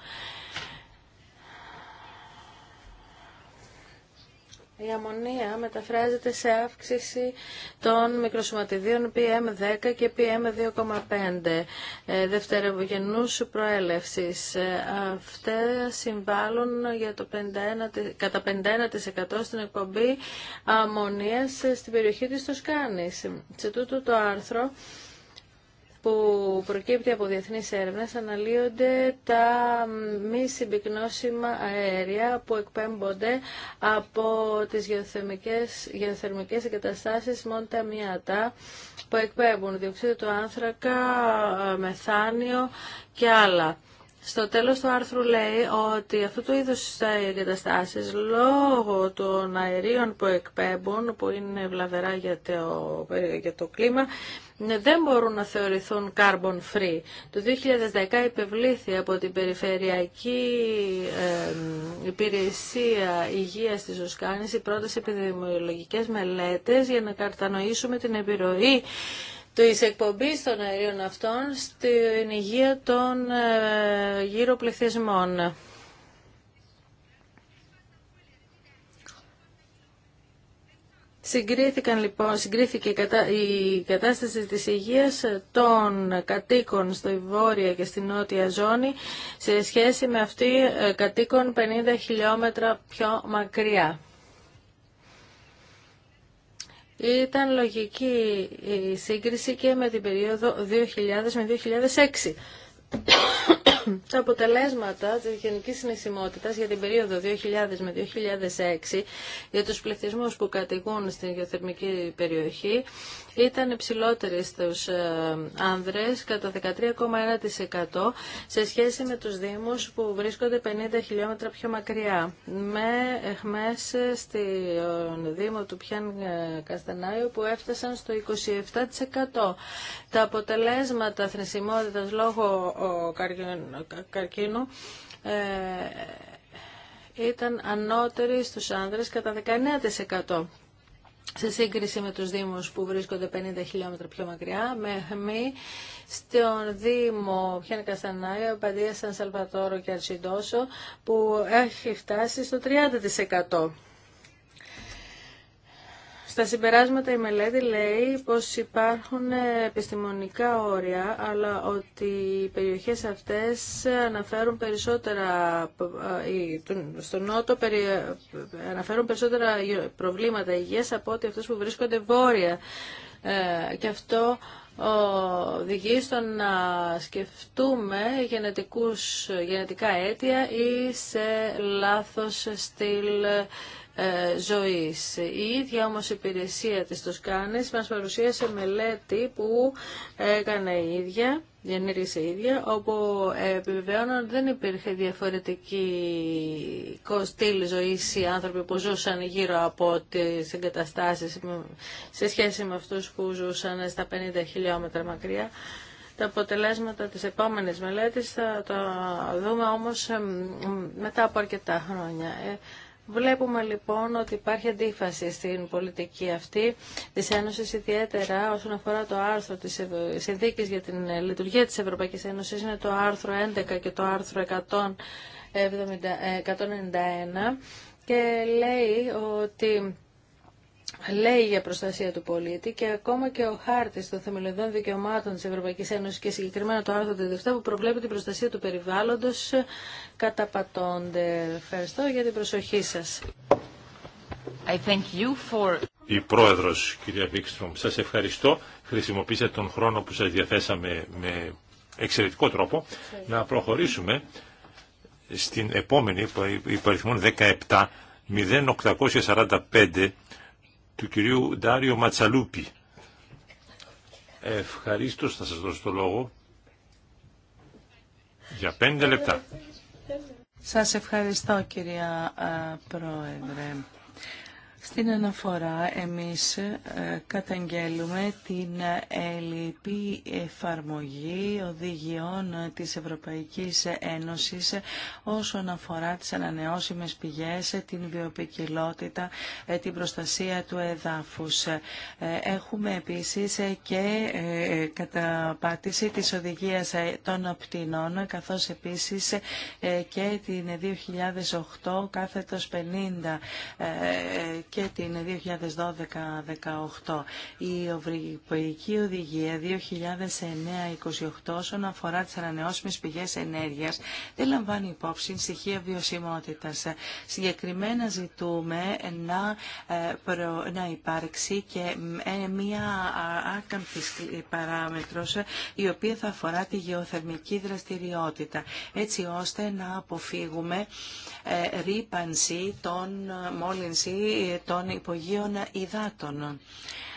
Η αμμονία μεταφράζεται σε αύξηση των μικροσωματιδίων PM10 και PM2,5 ε, δευτερογενούς προέλευσης. Ε, αυτά συμβάλλουν για το 51, κατά 51% στην εκπομπή αμμονίας ε, στην περιοχή της Τοσκάνης. Σε τούτο το άρθρο που προκύπτει από διεθνείς έρευνες αναλύονται τα μη συμπυκνώσιμα αέρια που εκπέμπονται από τις γεωθερμικές, γεωθερμικές εγκαταστάσεις Μοντα Μιάτα που εκπέμπουν διοξείδιο του άνθρακα, ε, μεθάνιο και άλλα. Στο τέλος του άρθρου λέει ότι αυτού του είδους τα εγκαταστάσεις λόγω των αερίων που εκπέμπουν, που είναι βλαβερά για το, ε, για το κλίμα, ναι, δεν μπορούν να θεωρηθούν carbon free. Το 2010 υπευλήθη από την Περιφερειακή Υπηρεσία Υγείας της Ζωσκάνης η πρόταση επιδημιολογικές μελέτες για να κατανοήσουμε την επιρροή της εκπομπής των αερίων αυτών στην υγεία των ε, γύρω πληθυσμών. Συγκρίθηκαν λοιπόν, συγκρίθηκε η κατάσταση της υγείας των κατοίκων στο βόρεια και στη νότια ζώνη σε σχέση με αυτή ε, κατοίκων 50 χιλιόμετρα πιο μακριά. Ήταν λογική η σύγκριση και με την περίοδο 2000 με 2006 τα αποτελέσματα της γενικής συναισιμότητας για την περίοδο 2000 με 2006 για τους πληθυσμούς που κατηγούν στην γεωθερμική περιοχή ήταν υψηλότερη στους ε, άνδρες κατά 13,1% σε σχέση με τους δήμους που βρίσκονται 50 χιλιόμετρα πιο μακριά. Με εχμές στον δήμο του Πιάν ε, Καστανάιου που έφτασαν στο 27%. Τα αποτελέσματα θρησιμότητας λόγω καρκίνου ε, ήταν ανώτεροι στους άνδρες κατά 19% σε σύγκριση με τους Δήμους που βρίσκονται 50 χιλιόμετρα πιο μακριά, με χμή στον Δήμο Πιάν Καστανάγια, Παντία Σαν Σαλβατόρο και Αρσιντόσο, που έχει φτάσει στο 30%. Στα συμπεράσματα η μελέτη λέει πως υπάρχουν επιστημονικά όρια, αλλά ότι οι περιοχές αυτές αναφέρουν περισσότερα, ε, ε, στο νότο ε, αναφέρουν περισσότερα προβλήματα υγείας από ότι αυτές που βρίσκονται βόρεια. Και αυτό οδηγεί στο να σκεφτούμε γενετικούς, γενετικά αίτια ή σε λάθος στυλ ε, ζωής. Η ίδια όμως υπηρεσία της Τοσκάνης μας παρουσίασε μελέτη που έκανε η ίδια διενήργησε η ίδια, όπου επιβεβαιώνω ότι δεν υπήρχε διαφορετική στυλ ζωή οι άνθρωποι που ζούσαν γύρω από τις εγκαταστάσεις σε σχέση με αυτούς που ζούσαν στα 50 χιλιόμετρα μακριά. Τα αποτελέσματα της επόμενης μελέτης θα τα δούμε όμως μετά από αρκετά χρόνια. Ε, Βλέπουμε λοιπόν ότι υπάρχει αντίφαση στην πολιτική αυτή τη Ένωση ιδιαίτερα όσον αφορά το άρθρο τη συνθήκη για την ε, Λειτουργία της Ευρωπαϊκής Ένωση, είναι το άρθρο 11 και το άρθρο 191 ε, και λέει ότι λέει για προστασία του πολίτη και ακόμα και ο χάρτη των θεμελιωδών δικαιωμάτων τη Ευρωπαϊκή Ένωση και συγκεκριμένα το άρθρο 37 που προβλέπει την προστασία του περιβάλλοντο καταπατώνται. Ευχαριστώ για την προσοχή σα. For... Η πρόεδρο, κυρία Βίξτρομ, σα ευχαριστώ. Χρησιμοποίησατε τον χρόνο που σα διαθέσαμε με εξαιρετικό τρόπο. Να προχωρήσουμε στην επόμενη, υπαριθμόν 17, 0845 του κυρίου Ντάριο Ματσαλούπη. Ευχαρίστω θα σας δώσω το λόγο για πέντε λεπτά. Σας ευχαριστώ κυρία ε, Πρόεδρε. Στην αναφορά εμείς ε, καταγγέλουμε την έλλειπη εφαρμογή οδηγιών της Ευρωπαϊκής Ένωσης όσον αφορά τις ανανεώσιμες πηγές, την βιοπικιλότητα, ε, την προστασία του εδάφους. Ε, έχουμε επίσης και καταπάτηση της οδηγίας των πτηνών, καθώς επίσης και την 2008 κάθετος 50 και την 2012-18. Η Ευρωπαϊκή Οδηγία 2009-28 όσον αφορά τις ανανεώσιμες πηγές ενέργειας δεν λαμβάνει υπόψη στοιχεία βιωσιμότητας. Συγκεκριμένα ζητούμε να, ε, προ... να υπάρξει και ε, μία άκαμπτη παράμετρος η οποία θα αφορά τη γεωθερμική δραστηριότητα έτσι ώστε να αποφύγουμε ε, ρήπανση των μόλυνση των υπογείων υδάτων.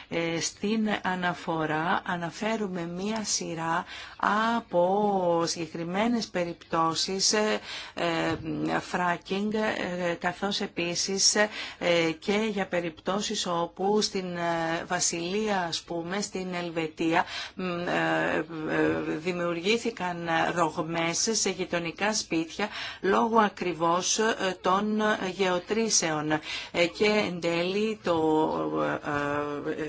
Ε, στην αναφορά αναφέρουμε μία σειρά από συγκεκριμένες περιπτώσεις φράκινγκ ε, ε, καθώς επίσης και για περιπτώσεις όπου στην Βασιλεία ας πούμε στην Ελβετία δημιουργήθηκαν ρογμές σε γειτονικά σπίτια λόγω ακριβώς των γεωτρήσεων και εν τέλει το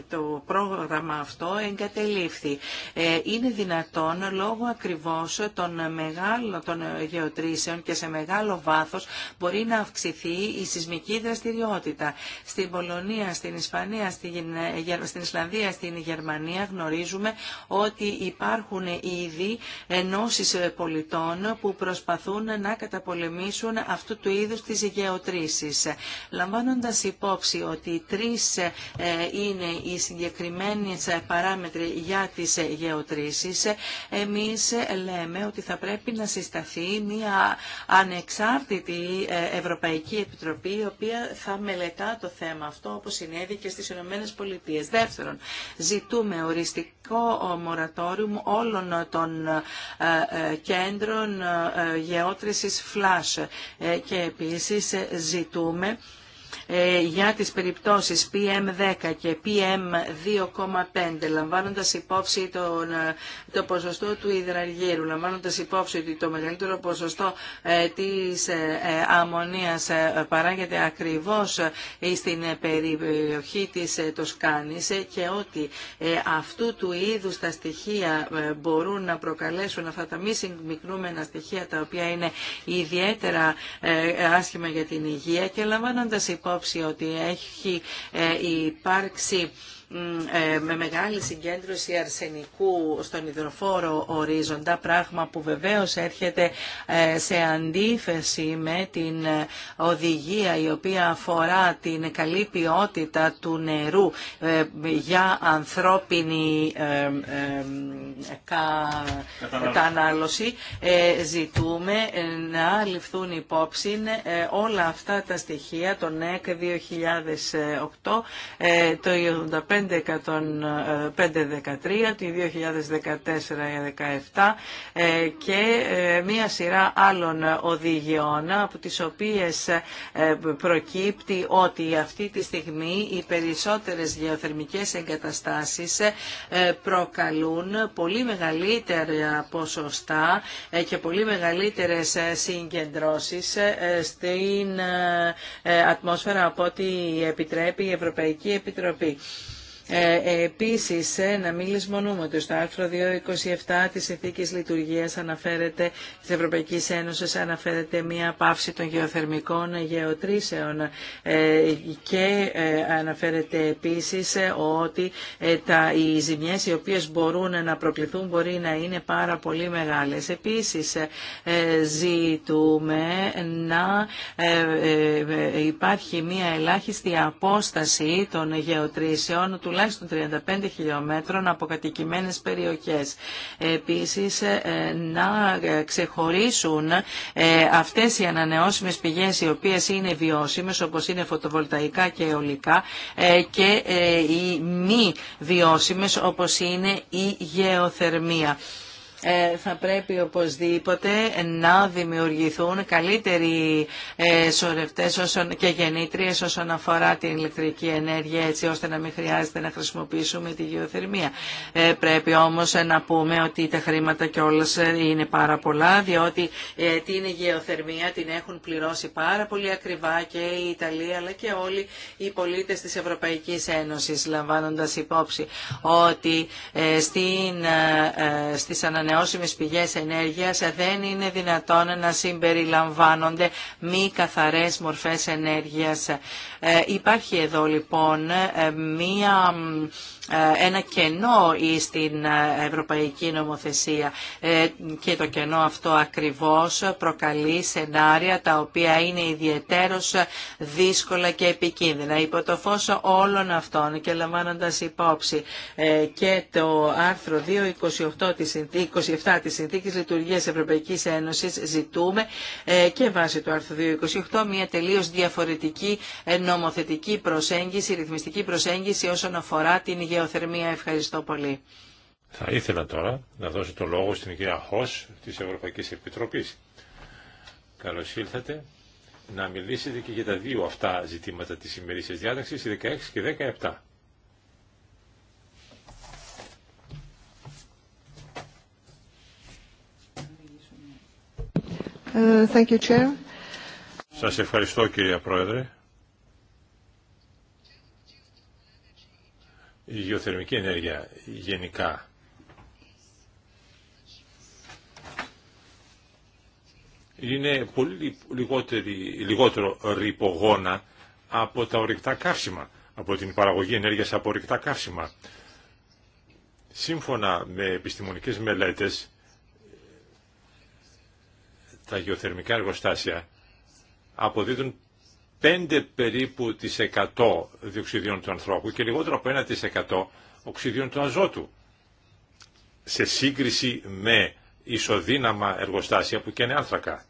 το πρόγραμμα αυτό εγκατελείφθη. Ε, είναι δυνατόν λόγω ακριβώς των μεγάλων των γεωτρήσεων και σε μεγάλο βάθος μπορεί να αυξηθεί η σεισμική δραστηριότητα. Στην Πολωνία, στην Ισπανία, στην Ισλανδία, στην Γερμανία γνωρίζουμε ότι υπάρχουν ήδη ενώσεις πολιτών που προσπαθούν να καταπολεμήσουν αυτού του είδους τις γεωτρήσεις. Λαμβάνοντας υπόψη ότι τρεις ε, είναι οι οι συγκεκριμένες παράμετροι για τις γεωτρήσεις, εμείς λέμε ότι θα πρέπει να συσταθεί μια ανεξάρτητη ε, Ευρωπαϊκή Επιτροπή, η οποία θα μελετά το θέμα αυτό, όπως συνέβη και στις Ηνωμένες Πολιτείες. Δεύτερον, ζητούμε οριστικό μορατόριο όλων των ε, ε, κέντρων γεώτρησης flash και επίσης ζητούμε ε, για τις περιπτώσεις PM10 και PM2,5 λαμβάνοντας υπόψη τον, ε, το ποσοστό του υδραργύρου, λαμβάνοντας υπόψη ότι το μεγαλύτερο ποσοστό ε, της αμμονίας παράγεται ακριβώς στην περιοχή της Τοσκάνης και ότι αυτού του είδους τα στοιχεία μπορούν να προκαλέσουν αυτά τα μη συγκμικρούμενα στοιχεία τα οποία είναι ιδιαίτερα άσχημα για την υγεία και λαμβάνοντας υπόψη ότι έχει ε, υπάρξει ε, με μεγάλη συγκέντρωση αρσενικού στον υδροφόρο ορίζοντα, πράγμα που βεβαίως έρχεται ε, σε αντίθεση με την ε, οδηγία η οποία αφορά την καλή ποιότητα του νερού για ανθρώπινη κατανάλωση. Ζητούμε να ληφθούν υπόψη όλα αυτά τα στοιχεία, τον ΕΚ 2008, το 513, του 2014-17 και ε, μία σειρά άλλων οδηγιών από τις οποίες ε, προκύπτει ότι αυτή τη στιγμή οι περισσότερες γεωθερμικές εγκαταστάσεις ε, προκαλούν πολύ μεγαλύτερα ποσοστά και πολύ μεγαλύτερες συγκεντρώσεις στην ατμόσφαιρα από ό,τι επιτρέπει η Ευρωπαϊκή Επιτροπή. Ε, επίσης, ε, να μην λησμονούμε ότι στο άρθρο 227 της Συνθήκης Λειτουργίας αναφέρεται, της Ευρωπαϊκής Ένωσης αναφέρεται μία πάυση των γεωθερμικών γεωτρήσεων ε, και αναφέρεται επίσης ότι τα, οι ζημιές οι οποίες μπορούν να προκληθούν μπορεί να είναι πάρα πολύ μεγάλες. Επίσης, ζητούμε να υπάρχει μία ελάχιστη απόσταση των γεωτρήσεων του τουλάχιστον 35 χιλιόμετρων από κατοικημένες περιοχές. Επίσης, ε, να ε, ξεχωρίσουν ε, αυτές οι ανανεώσιμες πηγές οι οποίες είναι βιώσιμες, όπως είναι φωτοβολταϊκά και αιωλικά και οι μη βιώσιμες, όπως είναι η γεωθερμία. Ε, θα πρέπει οπωσδήποτε να δημιουργηθούν καλύτεροι ε, σωρευτές και γεννήτριες όσον αφορά την ηλεκτρική ενέργεια έτσι ώστε να μην χρειάζεται να χρησιμοποιήσουμε τη γεωθερμία. Ε, πρέπει όμως να πούμε ότι τα χρήματα κιόλας είναι πάρα πολλά διότι την γεωθερμία την έχουν πληρώσει πάρα πολύ ακριβά και η Ιταλία αλλά και όλοι οι πολίτες της Ευρωπαϊκής Ένωσης λαμβάνοντας υπόψη ότι στην, στις ανανεώσιμες πηγές ενέργειας δεν είναι δυνατόν να συμπεριλαμβάνονται μη καθαρές μορφές ενέργειας. Ε, υπάρχει εδώ λοιπόν ε, μία ε, ένα κενό στην ευρωπαϊκή νομοθεσία και το κενό αυτό ακριβώς προκαλεί σενάρια τα οποία είναι ιδιαιτέρως δύσκολα και επικίνδυνα. Υπό το φως όλων αυτών και λαμβάνοντας υπόψη και το άρθρο 2.27 της Συνθήκης Λειτουργίας Ευρωπαϊκής Ένωσης ζητούμε και βάσει του άρθρου 2.28 μια τελείως διαφορετική νομοθετική προσέγγιση, ρυθμιστική προσέγγιση όσον αφορά την γεωθερμία. Ευχαριστώ πολύ. Θα ήθελα τώρα να δώσω το λόγο στην κυρία Χος της Ευρωπαϊκής Επιτροπής. Καλώς ήλθατε να μιλήσετε και για τα δύο αυτά ζητήματα της ημερήσιας διάταξης, 16 και 17. Ε, thank you, Chair. Σας ευχαριστώ κυρία Πρόεδρε. η γεωθερμική ενέργεια γενικά. Είναι πολύ λιγότερο ρηπογόνα από τα ορυκτά καύσιμα, από την παραγωγή ενέργειας από ορυκτά καύσιμα. Σύμφωνα με επιστημονικές μελέτες, τα γεωθερμικά εργοστάσια αποδίδουν 5 περίπου τις 100 διοξιδίων του ανθρώπου και λιγότερο από 1% οξυδίων του αζότου. Σε σύγκριση με ισοδύναμα εργοστάσια που και άνθρακα.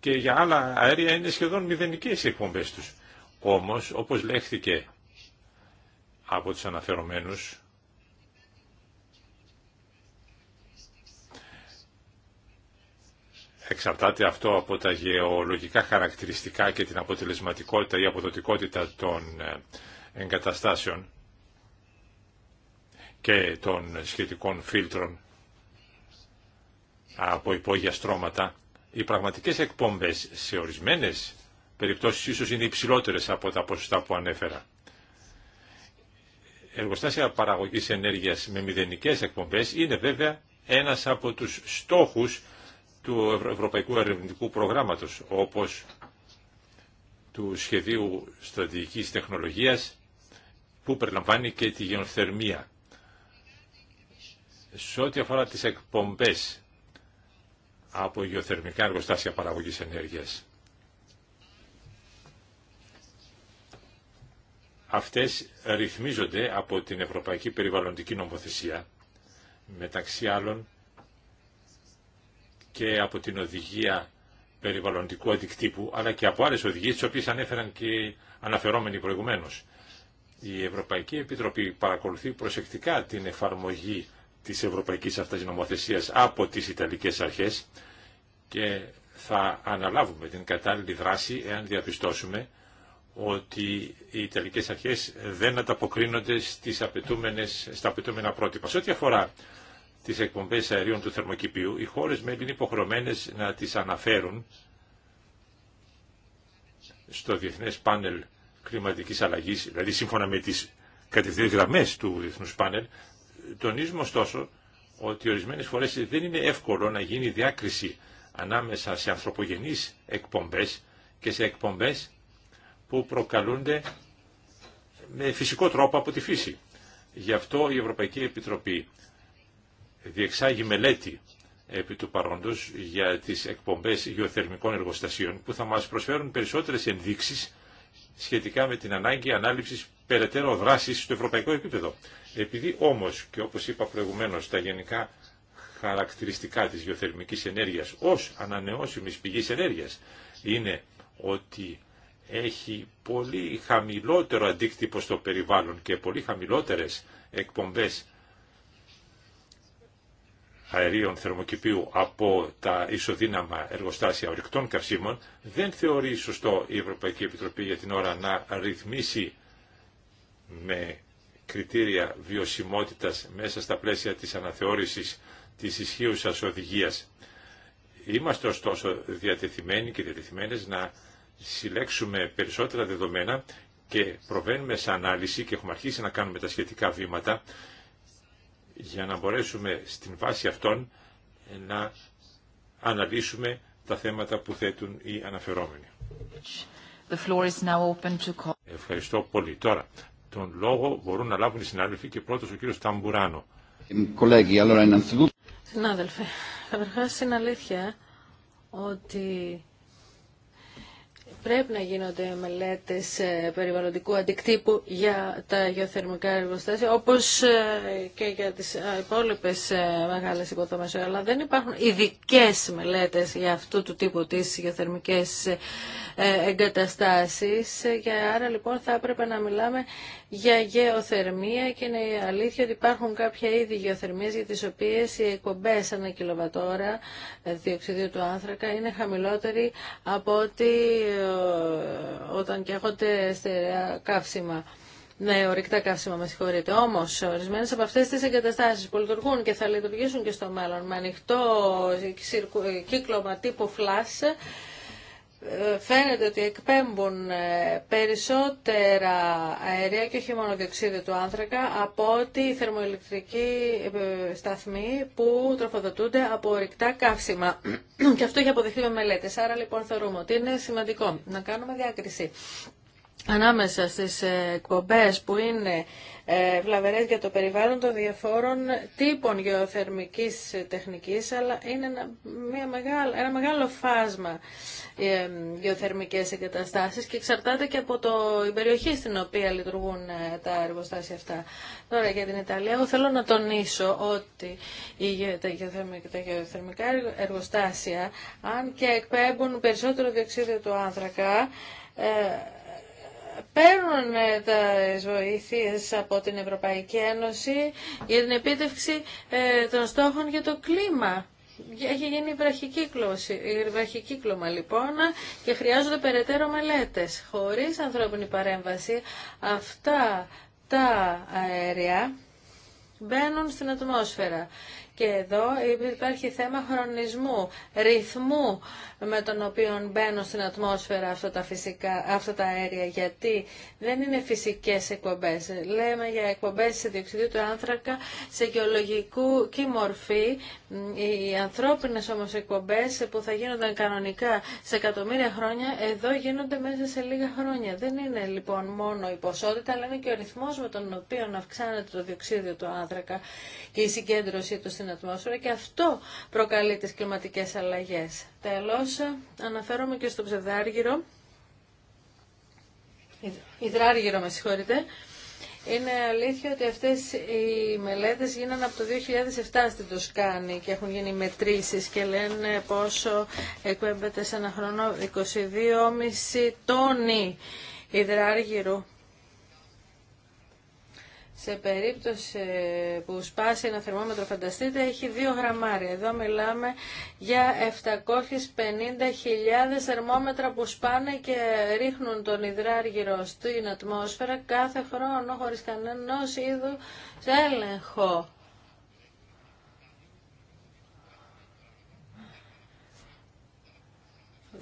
Και για άλλα αέρια είναι σχεδόν μηδενικές οι εκπομπές τους. Όμως, όπως λέχθηκε από τους αναφερομένους, Εξαρτάται αυτό από τα γεωλογικά χαρακτηριστικά και την αποτελεσματικότητα ή αποδοτικότητα των ε, εγκαταστάσεων και των σχετικών φίλτρων από υπόγεια στρώματα. Οι πραγματικές εκπομπές σε ορισμένες περιπτώσεις ίσως είναι υψηλότερες από τα ποσοστά που ανέφερα. Εργοστάσια παραγωγής ενέργειας με μηδενικές εκπομπές είναι βέβαια ένας από τους στόχους του Ευρωπαϊκού Ερευνητικού Προγράμματος, όπως του Σχεδίου Στρατηγικής Τεχνολογίας, που περιλαμβάνει και τη γεωθερμία Σε ό,τι αφορά τις εκπομπές από γεωθερμικά εργοστάσια παραγωγής ενέργειας, αυτές ρυθμίζονται από την Ευρωπαϊκή Περιβαλλοντική Νομοθεσία, μεταξύ άλλων και από την οδηγία περιβαλλοντικού αντικτύπου, αλλά και από άλλες οδηγίες, τις οποίες ανέφεραν και αναφερόμενοι προηγουμένως. Η Ευρωπαϊκή Επιτροπή παρακολουθεί προσεκτικά την εφαρμογή της Ευρωπαϊκής Αυτάς Νομοθεσίας από τις Ιταλικές Αρχές και θα αναλάβουμε την κατάλληλη δράση εάν διαπιστώσουμε ότι οι Ιταλικές Αρχές δεν ανταποκρίνονται στις απαιτούμενες, στα απαιτούμενα πρότυπα. Σε ό,τι αφορά τι εκπομπέ αερίων του θερμοκηπίου, οι χώρε μέλη είναι υποχρεωμένε να τις αναφέρουν στο διεθνέ Πάνελ Κλιματικής Αλλαγής, δηλαδή σύμφωνα με τις κατευθυντές γραμμέ του διεθνού Πάνελ, τονίζουμε ωστόσο ότι ορισμένες φορές δεν είναι εύκολο να γίνει διάκριση ανάμεσα σε ανθρωπογενείς εκπομπές και σε εκπομπέ που προκαλούνται με φυσικό τρόπο από τη φύση. Γι' αυτό η Ευρωπαϊκή Επιτροπή διεξάγει μελέτη επί του παρόντος για τις εκπομπές γεωθερμικών εργοστασίων που θα μας προσφέρουν περισσότερες ενδείξεις σχετικά με την ανάγκη ανάληψης περαιτέρω δράσης στο ευρωπαϊκό επίπεδο. Επειδή όμως και όπως είπα προηγουμένως τα γενικά χαρακτηριστικά της γεωθερμικής ενέργειας ως ανανεώσιμης πηγής ενέργειας είναι ότι έχει πολύ χαμηλότερο αντίκτυπο στο περιβάλλον και πολύ χαμηλότερες εκπομπές αερίων θερμοκηπίου από τα ισοδύναμα εργοστάσια ορυκτών καυσίμων, δεν θεωρεί σωστό η Ευρωπαϊκή Επιτροπή για την ώρα να ρυθμίσει με κριτήρια βιωσιμότητας μέσα στα πλαίσια της αναθεώρησης της ισχύουσας οδηγίας. Είμαστε ωστόσο διατεθειμένοι και διατεθειμένες να συλλέξουμε περισσότερα δεδομένα και προβαίνουμε σε ανάλυση και έχουμε αρχίσει να κάνουμε τα σχετικά βήματα για να μπορέσουμε στην βάση αυτών να αναλύσουμε τα θέματα που θέτουν οι αναφερόμενοι. Ευχαριστώ πολύ. Τώρα, τον λόγο μπορούν να λάβουν οι συνάδελφοι και πρώτος ο κύριος Ταμπουράνο. Συνάδελφε, καταρχά είναι αλήθεια ότι πρέπει να γίνονται μελέτες ε, περιβαλλοντικού αντικτύπου για τα γεωθερμικά εργοστάσια, όπως ε, και για τις ε, υπόλοιπε μεγάλε υποδομέ, Αλλά δεν υπάρχουν ειδικέ μελέτες για αυτού του τύπου τις γεωθερμικές εγκαταστάσεις. Και άρα λοιπόν θα έπρεπε να μιλάμε για γεωθερμία και είναι αλήθεια ότι υπάρχουν κάποια είδη γεωθερμίες για τις οποίες οι εκπομπές ανά κιλοβατόρα διοξιδίου του άνθρακα είναι χαμηλότεροι από ότι όταν και έχονται στερεά καύσιμα. Ναι, ορυκτά καύσιμα, με συγχωρείτε. Όμω, ορισμένε από αυτέ τι εγκαταστάσει που λειτουργούν και θα λειτουργήσουν και στο μέλλον με ανοιχτό ε, ε, κύκλωμα τύπου flash φαίνεται ότι εκπέμπουν ε, περισσότερα αέρια και όχι μόνο διοξείδιο του άνθρακα από ότι οι θερμοελεκτρικοί ε, σταθμοί που τροφοδοτούνται από ορυκτά καύσιμα. *clears throat* και αυτό έχει αποδειχθεί με μελέτες. Άρα λοιπόν θεωρούμε ότι είναι σημαντικό να κάνουμε διάκριση ανάμεσα στις ε, εκπομπέ που είναι ε, βλαβερές για το περιβάλλον των διαφόρων τύπων γεωθερμικής τεχνικής, αλλά είναι ένα, μια μεγάλο, ένα μεγάλο φάσμα ε, γεωθερμικές εγκαταστάσεις και εξαρτάται και από το, περιοχή στην οποία λειτουργούν τα εργοστάσια αυτά. Τώρα για την Ιταλία, εγώ θέλω να τονίσω ότι τα γεωθερμικά, τα γεωθερμικά εργοστάσια, αν και εκπέμπουν περισσότερο διοξίδιο του άνθρακα, παίρνουν ε, τα βοήθειες από την Ευρωπαϊκή Ένωση για την επίτευξη ε, των στόχων για το κλίμα. Έχει γίνει βραχικύκλωμα λοιπόν και χρειάζονται περαιτέρω μελέτες. Χωρίς ανθρώπινη παρέμβαση αυτά τα αέρια μπαίνουν στην ατμόσφαιρα και εδώ υπάρχει θέμα χρονισμού, ρυθμού με τον οποίο μπαίνουν στην ατμόσφαιρα αυτά τα, φυσικά, αυτά τα αέρια, γιατί δεν είναι φυσικές εκπομπές. Λέμε για εκπομπές σε διοξιδίου του άνθρακα, σε γεωλογικού και μορφή. Οι ανθρώπινες όμως εκπομπές που θα γίνονταν κανονικά σε εκατομμύρια χρόνια, εδώ γίνονται μέσα σε λίγα χρόνια. Δεν είναι λοιπόν μόνο η ποσότητα, αλλά είναι και ο ρυθμός με τον οποίο αυξάνεται το διοξίδιο του άνθρακα και η συγκέντρωσή του στην και αυτό προκαλεί τις κλιματικές αλλαγές. Τέλος, αναφέρομαι και στο ψευδάργυρο. Ιδράργυρο, με συγχωρείτε. Είναι αλήθεια ότι αυτές οι μελέτες γίνανε από το 2007 στην Τοσκάνη και έχουν γίνει μετρήσεις και λένε πόσο εκπέμπεται σε ένα χρόνο 22,5 τόνοι υδράργυρου σε περίπτωση που σπάσει ένα θερμόμετρο, φανταστείτε, έχει 2 γραμμάρια. Εδώ μιλάμε για 750.000 θερμόμετρα που σπάνε και ρίχνουν τον υδράργυρο στην ατμόσφαιρα κάθε χρόνο χωρίς κανένα είδου έλεγχο.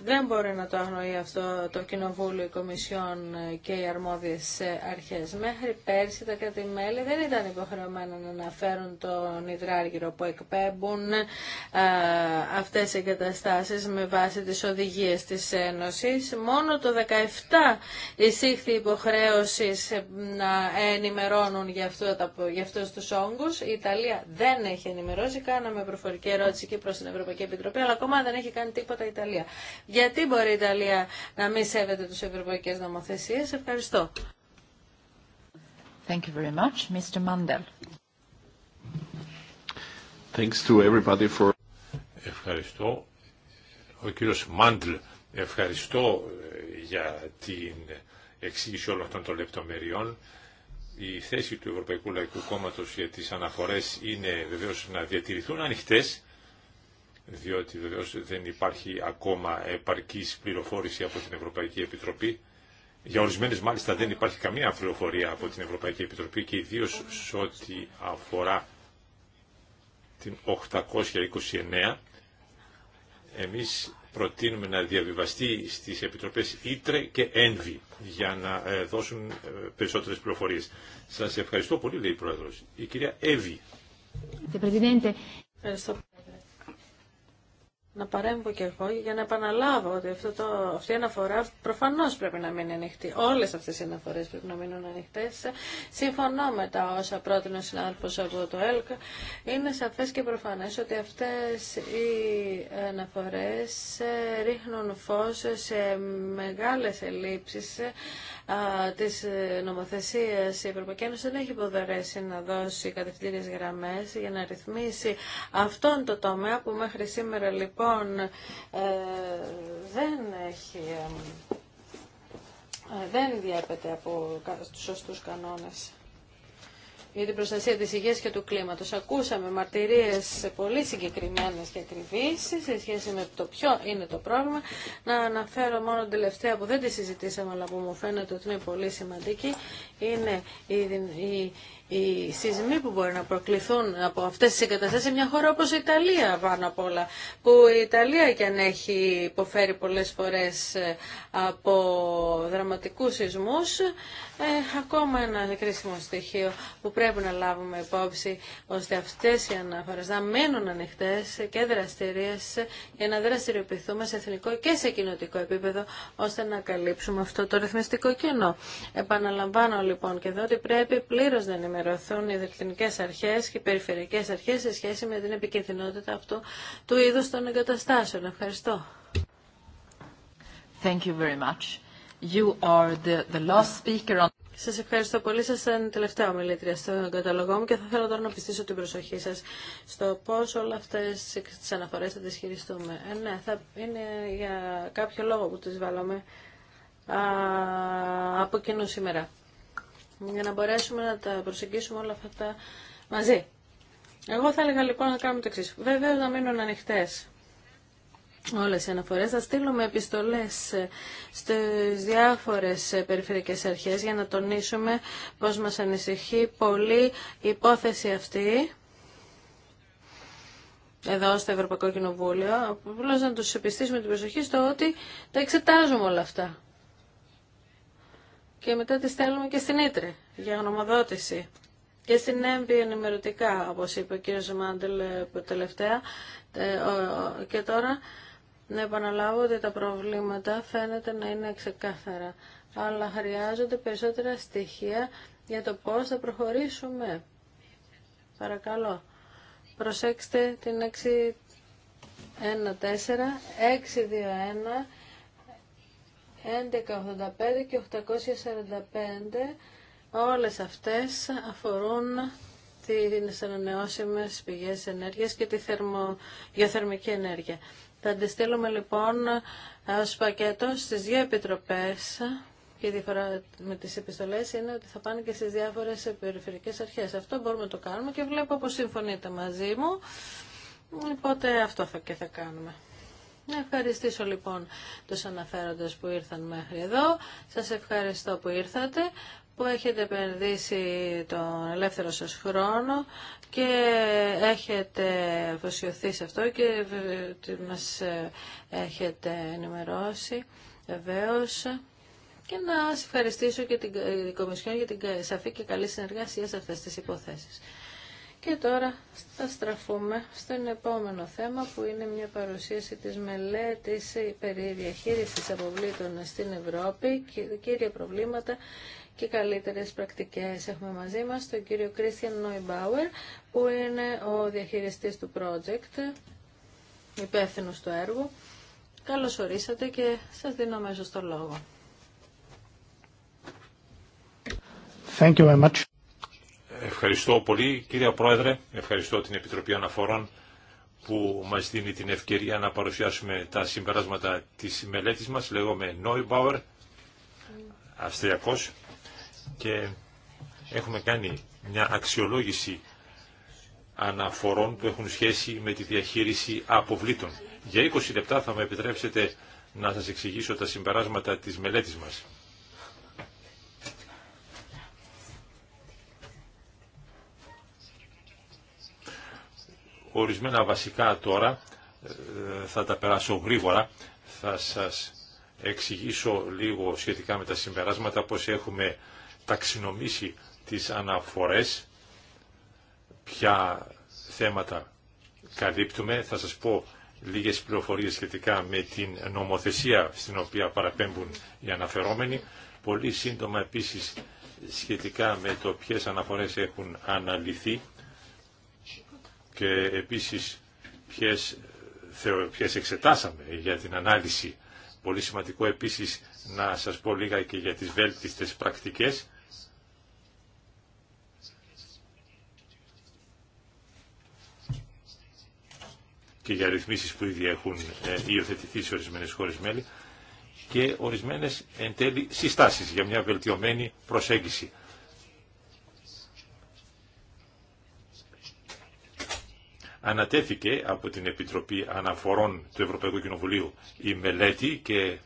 Δεν μπορεί να το αγνοεί αυτό το Κοινοβούλιο, η Κομισιόν και οι αρμόδιες αρχές. Μέχρι πέρσι τα κράτη-μέλη δεν ήταν υποχρεωμένα να αναφέρουν τον υδράργυρο που εκπέμπουν ε, αυτές οι εγκαταστάσεις με βάση τις οδηγίες της Ένωσης. Μόνο το 2017 εισήχθη υποχρέωση να ενημερώνουν για, αυτό, για αυτούς τους όγκους. Η Ιταλία δεν έχει ενημερώσει. Κάναμε προφορική ερώτηση και προς την Ευρωπαϊκή Επιτροπή, αλλά ακόμα δεν έχει κάνει τίποτα η Ιταλία γιατί μπορεί η Ιταλία να μην σέβεται τους ευρωπαϊκές νομοθεσίες. Ευχαριστώ. Thank you very much. Mr. Mandel. Thanks to everybody for... Ευχαριστώ. Ο κύριος Μάντλ, ευχαριστώ ε, για την εξήγηση όλων αυτών των λεπτομεριών. Η θέση του Ευρωπαϊκού Λαϊκού Κόμματος για τις αναφορές είναι βεβαίως να διατηρηθούν ανοιχτές διότι βεβαίως δεν υπάρχει ακόμα επαρκής πληροφόρηση από την Ευρωπαϊκή Επιτροπή. Για ορισμένες μάλιστα δεν υπάρχει καμία πληροφορία από την Ευρωπαϊκή Επιτροπή και ιδίως σε ό,τι αφορά την 829 εμείς προτείνουμε να διαβιβαστεί στις Επιτροπές Ήτρε και ΕΝΒΙ για να ε, δώσουν ε, περισσότερες πληροφορίες. Σας ευχαριστώ πολύ, λέει η Πρόεδρος. Η κυρία Εύη. Ευχαριστώ, να παρέμβω και εγώ για να επαναλάβω ότι αυτό το, αυτή η αναφορά προφανώς πρέπει να μείνει ανοιχτή. Όλες αυτές οι αναφορές πρέπει να μείνουν ανοιχτές. Συμφωνώ με τα όσα πρότεινε ο συνάδελφος από το ΕΛΚ. Είναι σαφές και προφανές ότι αυτές οι αναφορές ε, ρίχνουν φως σε μεγάλες ελλείψεις ε, της ε, νομοθεσίας. Η Ευρωπαϊκή Ένωση δεν έχει υποδορέσει να δώσει κατευθυντήριες γραμμές για να ρυθμίσει αυτόν το τομέα που μέχρι σήμερα λοιπόν λοιπόν ε, δεν έχει ε, ε, δεν διέπεται από τους σωστούς κανόνες για την προστασία της υγείας και του κλίματος. Ακούσαμε μαρτυρίες πολύ συγκεκριμένες και ακριβείς σε σχέση με το ποιο είναι το πρόβλημα. Να αναφέρω μόνο τελευταία που δεν τη συζητήσαμε αλλά που μου φαίνεται ότι είναι πολύ σημαντική είναι η, η οι σεισμοί που μπορεί να προκληθούν από αυτές τις εγκαταστάσεις σε μια χώρα όπως η Ιταλία πάνω απ' όλα, που η Ιταλία κι αν έχει υποφέρει πολλές φορές ε, από δραματικούς σεισμούς, ε, ακόμα ένα κρίσιμο στοιχείο που πρέπει να λάβουμε υπόψη, ώστε αυτές οι αναφορές να μένουν ανοιχτές και δραστηρίες για να δραστηριοποιηθούμε σε εθνικό και σε κοινωτικό επίπεδο, ώστε να καλύψουμε αυτό το ρυθμιστικό κενό. Επαναλαμβάνω λοιπόν και εδώ ότι πρέπει πλήρως να ενημερώσουμε ενημερωθούν οι διεθνικές αρχέ και οι περιφερειακέ αρχέ σε σχέση με την επικίνδυνοτητα αυτού του είδου των εγκαταστάσεων. Ευχαριστώ. Thank you very much. You are the, the last speaker on... Σας ευχαριστώ πολύ. Σας ήταν τελευταία ομιλήτρια στον καταλογό μου και θα θέλω τώρα να πιστήσω την προσοχή σας στο πώς όλα αυτές τις αναφορές θα τις χειριστούμε. Ε, ναι, θα είναι για κάποιο λόγο που τις βάλαμε από κοινού σήμερα για να μπορέσουμε να τα προσεγγίσουμε όλα αυτά μαζί. Εγώ θα έλεγα λοιπόν να κάνουμε το εξή. Βεβαίω να μείνουν ανοιχτέ όλε οι αναφορέ. Θα στείλουμε επιστολέ στι διάφορε περιφερειακέ αρχέ για να τονίσουμε πώ μα ανησυχεί πολύ η υπόθεση αυτή εδώ στο Ευρωπαϊκό Κοινοβούλιο, απλώς να τους επιστήσουμε την προσοχή στο ότι τα εξετάζουμε όλα αυτά και μετά τις στέλνουμε και στην Ήτρε για γνωμοδότηση. Και στην ΕΜΠΗ ενημερωτικά, όπως είπε ο κ. Μάντελ ε, τελευταία, ε, και τώρα να επαναλάβω ότι τα προβλήματα φαίνεται να είναι ξεκάθαρα, αλλά χρειάζονται περισσότερα στοιχεία για το πώς θα προχωρήσουμε. Παρακαλώ, προσέξτε την 614, 621 1185 και 845. Όλες αυτές αφορούν τις ανανεώσιμες πηγές ενέργειας και τη θερμο... γεωθερμική ενέργεια. Θα αντιστείλουμε λοιπόν ως πακέτο στις δύο επιτροπές και η διαφορά με τις επιστολές είναι ότι θα πάνε και στις διάφορες περιφερειακές αρχές. Αυτό μπορούμε να το κάνουμε και βλέπω πως συμφωνείτε μαζί μου. Οπότε αυτό θα και θα κάνουμε. Να ευχαριστήσω λοιπόν τους αναφέροντες που ήρθαν μέχρι εδώ. Σας ευχαριστώ που ήρθατε, που έχετε επενδύσει τον ελεύθερο σας χρόνο και έχετε αφοσιωθεί σε αυτό και μας ε, έχετε ενημερώσει βεβαίω. Και να σας ευχαριστήσω και την ε, Κομισιόν για την σαφή και καλή συνεργασία σε αυτές τις υποθέσεις. Και τώρα θα στραφούμε στο επόμενο θέμα που είναι μια παρουσίαση της μελέτης περί διαχείρισης αποβλήτων στην Ευρώπη, κύρια προβλήματα και καλύτερες πρακτικές. Έχουμε μαζί μας τον κύριο Κρίστιαν Νόιμπάουερ που είναι ο διαχειριστής του project, υπεύθυνο του έργου. Καλώς ορίσατε και σας δίνω αμέσως στο λόγο. Thank you very Ευχαριστώ πολύ κύριε Πρόεδρε, ευχαριστώ την Επιτροπή Αναφορών που μας δίνει την ευκαιρία να παρουσιάσουμε τα συμπεράσματα της μελέτης μας. Λέγομαι Νόιμπαουερ, Αυστριακός και έχουμε κάνει μια αξιολόγηση αναφορών που έχουν σχέση με τη διαχείριση αποβλήτων. Για 20 λεπτά θα με επιτρέψετε να σας εξηγήσω τα συμπεράσματα της μελέτης μας. ορισμένα βασικά τώρα, ε, θα τα περάσω γρήγορα, θα σας εξηγήσω λίγο σχετικά με τα συμπεράσματα πώς έχουμε ταξινομήσει τις αναφορές, ποια θέματα καλύπτουμε. Θα σας πω λίγες πληροφορίες σχετικά με την νομοθεσία στην οποία παραπέμπουν οι αναφερόμενοι. Πολύ σύντομα επίσης σχετικά με το ποιες αναφορές έχουν αναλυθεί και επίσης ποιες, θεω, εξετάσαμε για την ανάλυση. Πολύ σημαντικό επίσης να σας πω λίγα και για τις βέλτιστες πρακτικές. και για ρυθμίσεις που ήδη έχουν ε, υιοθετηθεί σε ορισμένες χώρες μέλη και ορισμένες εν τέλει συστάσεις για μια βελτιωμένη προσέγγιση. ανατέθηκε από την Επιτροπή Αναφορών του Ευρωπαϊκού Κοινοβουλίου η μελέτη και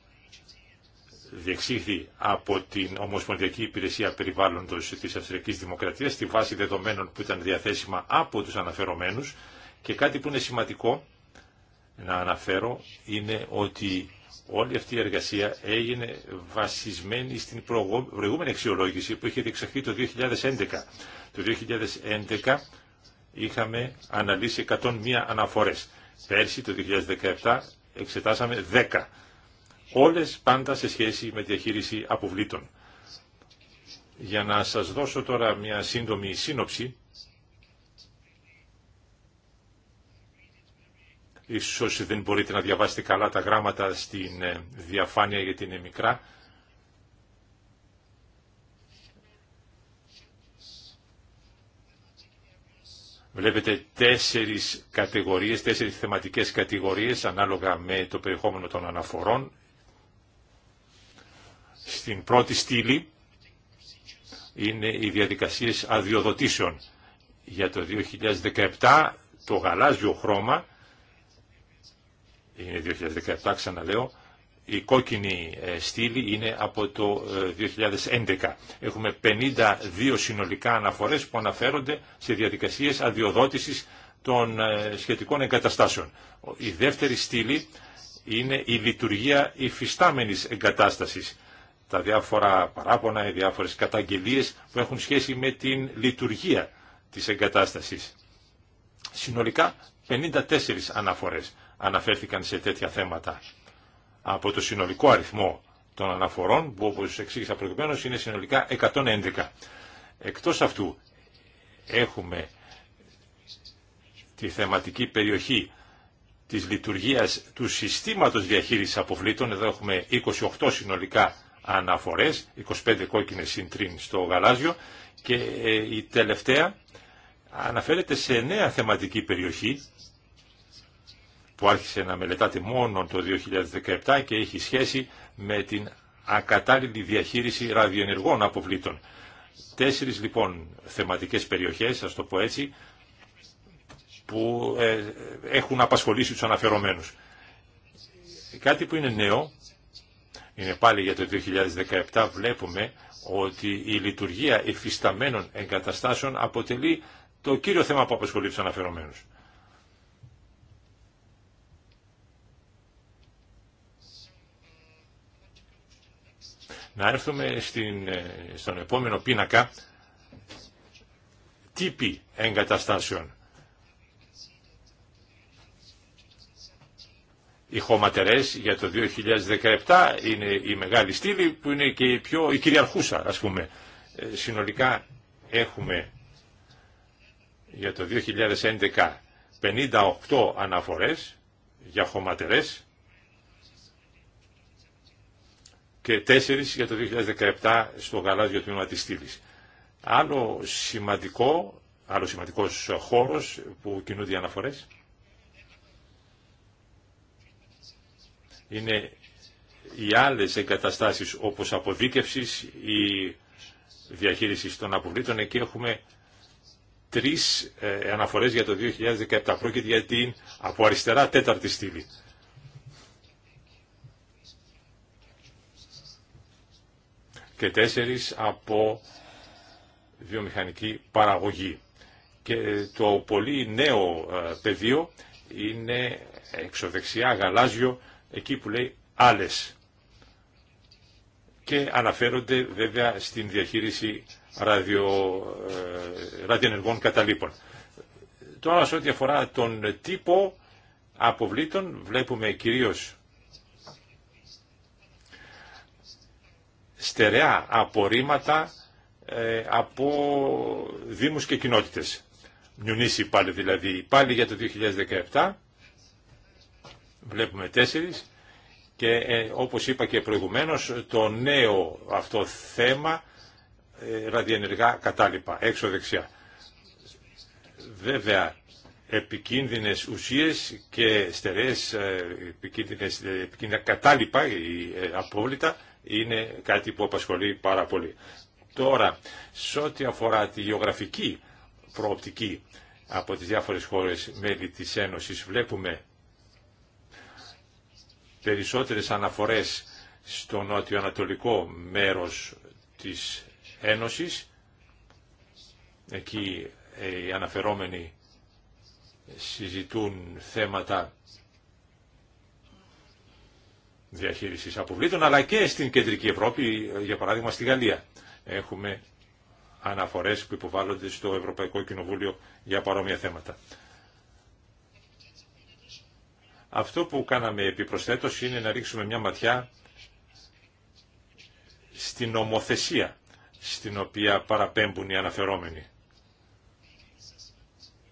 διεξήχθη από την Ομοσπονδιακή Υπηρεσία Περιβάλλοντος της Αυστριακής Δημοκρατίας στη βάση δεδομένων που ήταν διαθέσιμα από τους αναφερομένους και κάτι που είναι σημαντικό να αναφέρω είναι ότι όλη αυτή η εργασία έγινε βασισμένη στην προηγούμενη αξιολόγηση που είχε διεξαχθεί το 2011. Το 2011 είχαμε αναλύσει 101 αναφορές. Πέρσι το 2017 εξετάσαμε 10. Όλες πάντα σε σχέση με διαχείριση αποβλήτων. Για να σας δώσω τώρα μια σύντομη σύνοψη, ίσως δεν μπορείτε να διαβάσετε καλά τα γράμματα στην ε, διαφάνεια γιατί είναι μικρά, Βλέπετε τέσσερις κατηγορίες, τέσσερις θεματικές κατηγορίες ανάλογα με το περιεχόμενο των αναφορών. Στην πρώτη στήλη είναι οι διαδικασίες αδειοδοτήσεων. Για το 2017 το γαλάζιο χρώμα, είναι 2017 ξαναλέω, η κόκκινη ε, στήλη είναι από το 2011. Ε, Έχουμε 52 συνολικά αναφορές που αναφέρονται σε διαδικασίες αδειοδότησης των ε, σχετικών εγκαταστάσεων. Η δεύτερη στήλη είναι η λειτουργία υφιστάμενης εγκατάστασης. Τα διάφορα παράπονα, οι διάφορες καταγγελίες που έχουν σχέση με την λειτουργία της εγκατάστασης. Συνολικά 54 αναφορές αναφέρθηκαν σε τέτοια θέματα από το συνολικό αριθμό των αναφορών που όπως εξήγησα προηγουμένως είναι συνολικά 111. Εκτός αυτού έχουμε τη θεματική περιοχή της λειτουργίας του συστήματος διαχείρισης αποβλήτων. Εδώ έχουμε 28 συνολικά αναφορές, 25 κόκκινες συντριν στο γαλάζιο και ε, η τελευταία αναφέρεται σε νέα θεματική περιοχή που άρχισε να μελετάται μόνο το 2017 και έχει σχέση με την ακατάλληλη διαχείριση ραδιοενεργών αποβλήτων. Τέσσερις λοιπόν θεματικές περιοχές, ας το πω έτσι, που ε, έχουν απασχολήσει τους αναφερομένους. Κάτι που είναι νέο, είναι πάλι για το 2017, βλέπουμε ότι η λειτουργία εφισταμένων εγκαταστάσεων αποτελεί το κύριο θέμα που απασχολεί τους αναφερομένους. Να έρθουμε ε, στον επόμενο πίνακα τύποι εγκαταστάσεων. Οι χωματερές για το 2017 είναι η μεγάλη στήλη που είναι και η πιο η κυριαρχούσα ας πούμε. Ε, συνολικά έχουμε για το 2011 58 αναφορές για χωματερές και 4 για το 2017 στο γαλάζιο τμήμα της στήλης. Άλλο σημαντικό, άλλο σημαντικός χώρος που κινούνται οι αναφορές είναι οι άλλες εγκαταστάσεις όπως αποδίκευσης ή διαχείριση των αποβλήτων. Εκεί έχουμε τρεις ε, αναφορές για το 2017. Πρόκειται για την από αριστερά τέταρτη στήλη. και τέσσερις από βιομηχανική παραγωγή. Και το πολύ νέο ε, πεδίο είναι εξωδεξιά, γαλάζιο, εκεί που λέει άλλες. Και αναφέρονται βέβαια στην διαχείριση ραδιο, ε, ραδιενεργών καταλήπων. Τώρα σε ό,τι αφορά τον τύπο αποβλήτων, βλέπουμε κυρίως στερεά απορρίμματα ε, από δήμους και κοινότητες. Μιουνίσι πάλι δηλαδή, πάλι για το 2017, βλέπουμε τέσσερις και ε, όπως είπα και προηγουμένως το νέο αυτό θέμα ε, ραδιενεργά κατάλοιπα, έξω δεξιά. Βέβαια επικίνδυνες ουσίες και στερεές επικίνδυνες, επικίνδυνα κατάλοιπα ή απόλυτα είναι κάτι που απασχολεί πάρα πολύ. Τώρα, σε ό,τι αφορά τη γεωγραφική προοπτική από τις διάφορες χώρες μέλη της Ένωσης, βλέπουμε περισσότερες αναφορές στο νότιο-ανατολικό μέρος της Ένωσης. Εκεί ε, οι αναφερόμενοι συζητούν θέματα διαχείρισης αποβλήτων, αλλά και στην κεντρική Ευρώπη, ε, για παράδειγμα στη Γαλλία. Έχουμε αναφορές που υποβάλλονται στο Ευρωπαϊκό Κοινοβούλιο για παρόμοια θέματα. Αυτό που κάναμε επιπροσθέτως είναι να ρίξουμε μια ματιά στην ομοθεσία στην οποία παραπέμπουν οι αναφερόμενοι.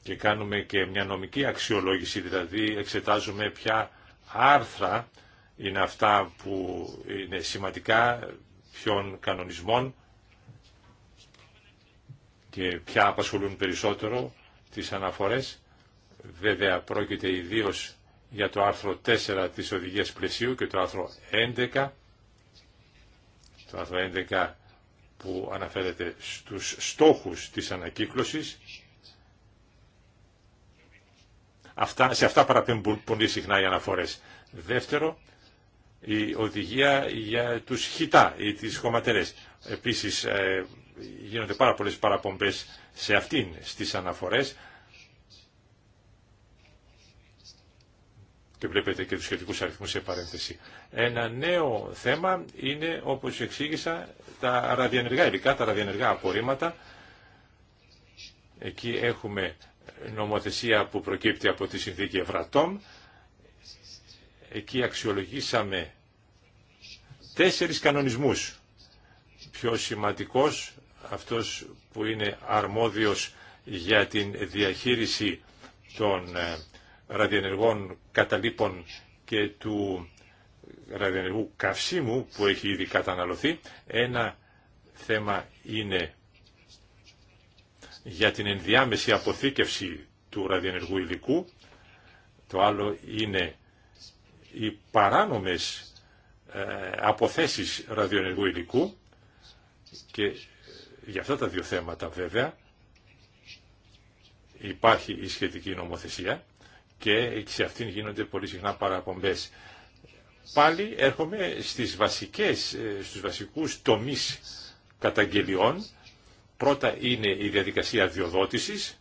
Και κάνουμε και μια νομική αξιολόγηση, δηλαδή εξετάζουμε ποια άρθρα είναι αυτά που είναι σημαντικά, ποιων κανονισμών και ποια απασχολούν περισσότερο τις αναφορές. Βέβαια πρόκειται ιδίω για το άρθρο 4 της Οδηγίας Πλαισίου και το άρθρο 11, το άρθρο 11 που αναφέρεται στους στόχους της ανακύκλωσης. Αυτά, σε αυτά παραπέμπουν πολύ συχνά οι αναφορές. Δεύτερο, η οδηγία για τους χιτά ή τις χωματερές. Επίσης ε, γίνονται πάρα πολλές παραπομπές σε αυτήν στις αναφορές και βλέπετε και τους σχετικούς αριθμούς σε παρένθεση. Ένα νέο θέμα είναι, όπως εξήγησα, τα ραδιενεργά υλικά, τα ραδιενεργά απορρίμματα. Εκεί έχουμε νομοθεσία που προκύπτει από τη συνθήκη Ευρατόμ Εκεί αξιολογήσαμε τέσσερις κανονισμούς. Πιο σημαντικός, αυτός που είναι αρμόδιος για την διαχείριση των ε, ραδιενεργών καταλήπων και του ραδιενεργού καυσίμου που έχει ήδη καταναλωθεί. Ένα θέμα είναι για την ενδιάμεση αποθήκευση του ραδιενεργού υλικού. Το άλλο είναι οι παράνομες ε, αποθέσεις ραδιοενεργού υλικού και για αυτά τα δύο θέματα βέβαια υπάρχει η σχετική νομοθεσία και σε αυτήν γίνονται πολύ συχνά παραπομπές. Πάλι έρχομαι στις βασικές, ε, στους βασικούς τομείς καταγγελιών. Πρώτα είναι η διαδικασία διοδότησης,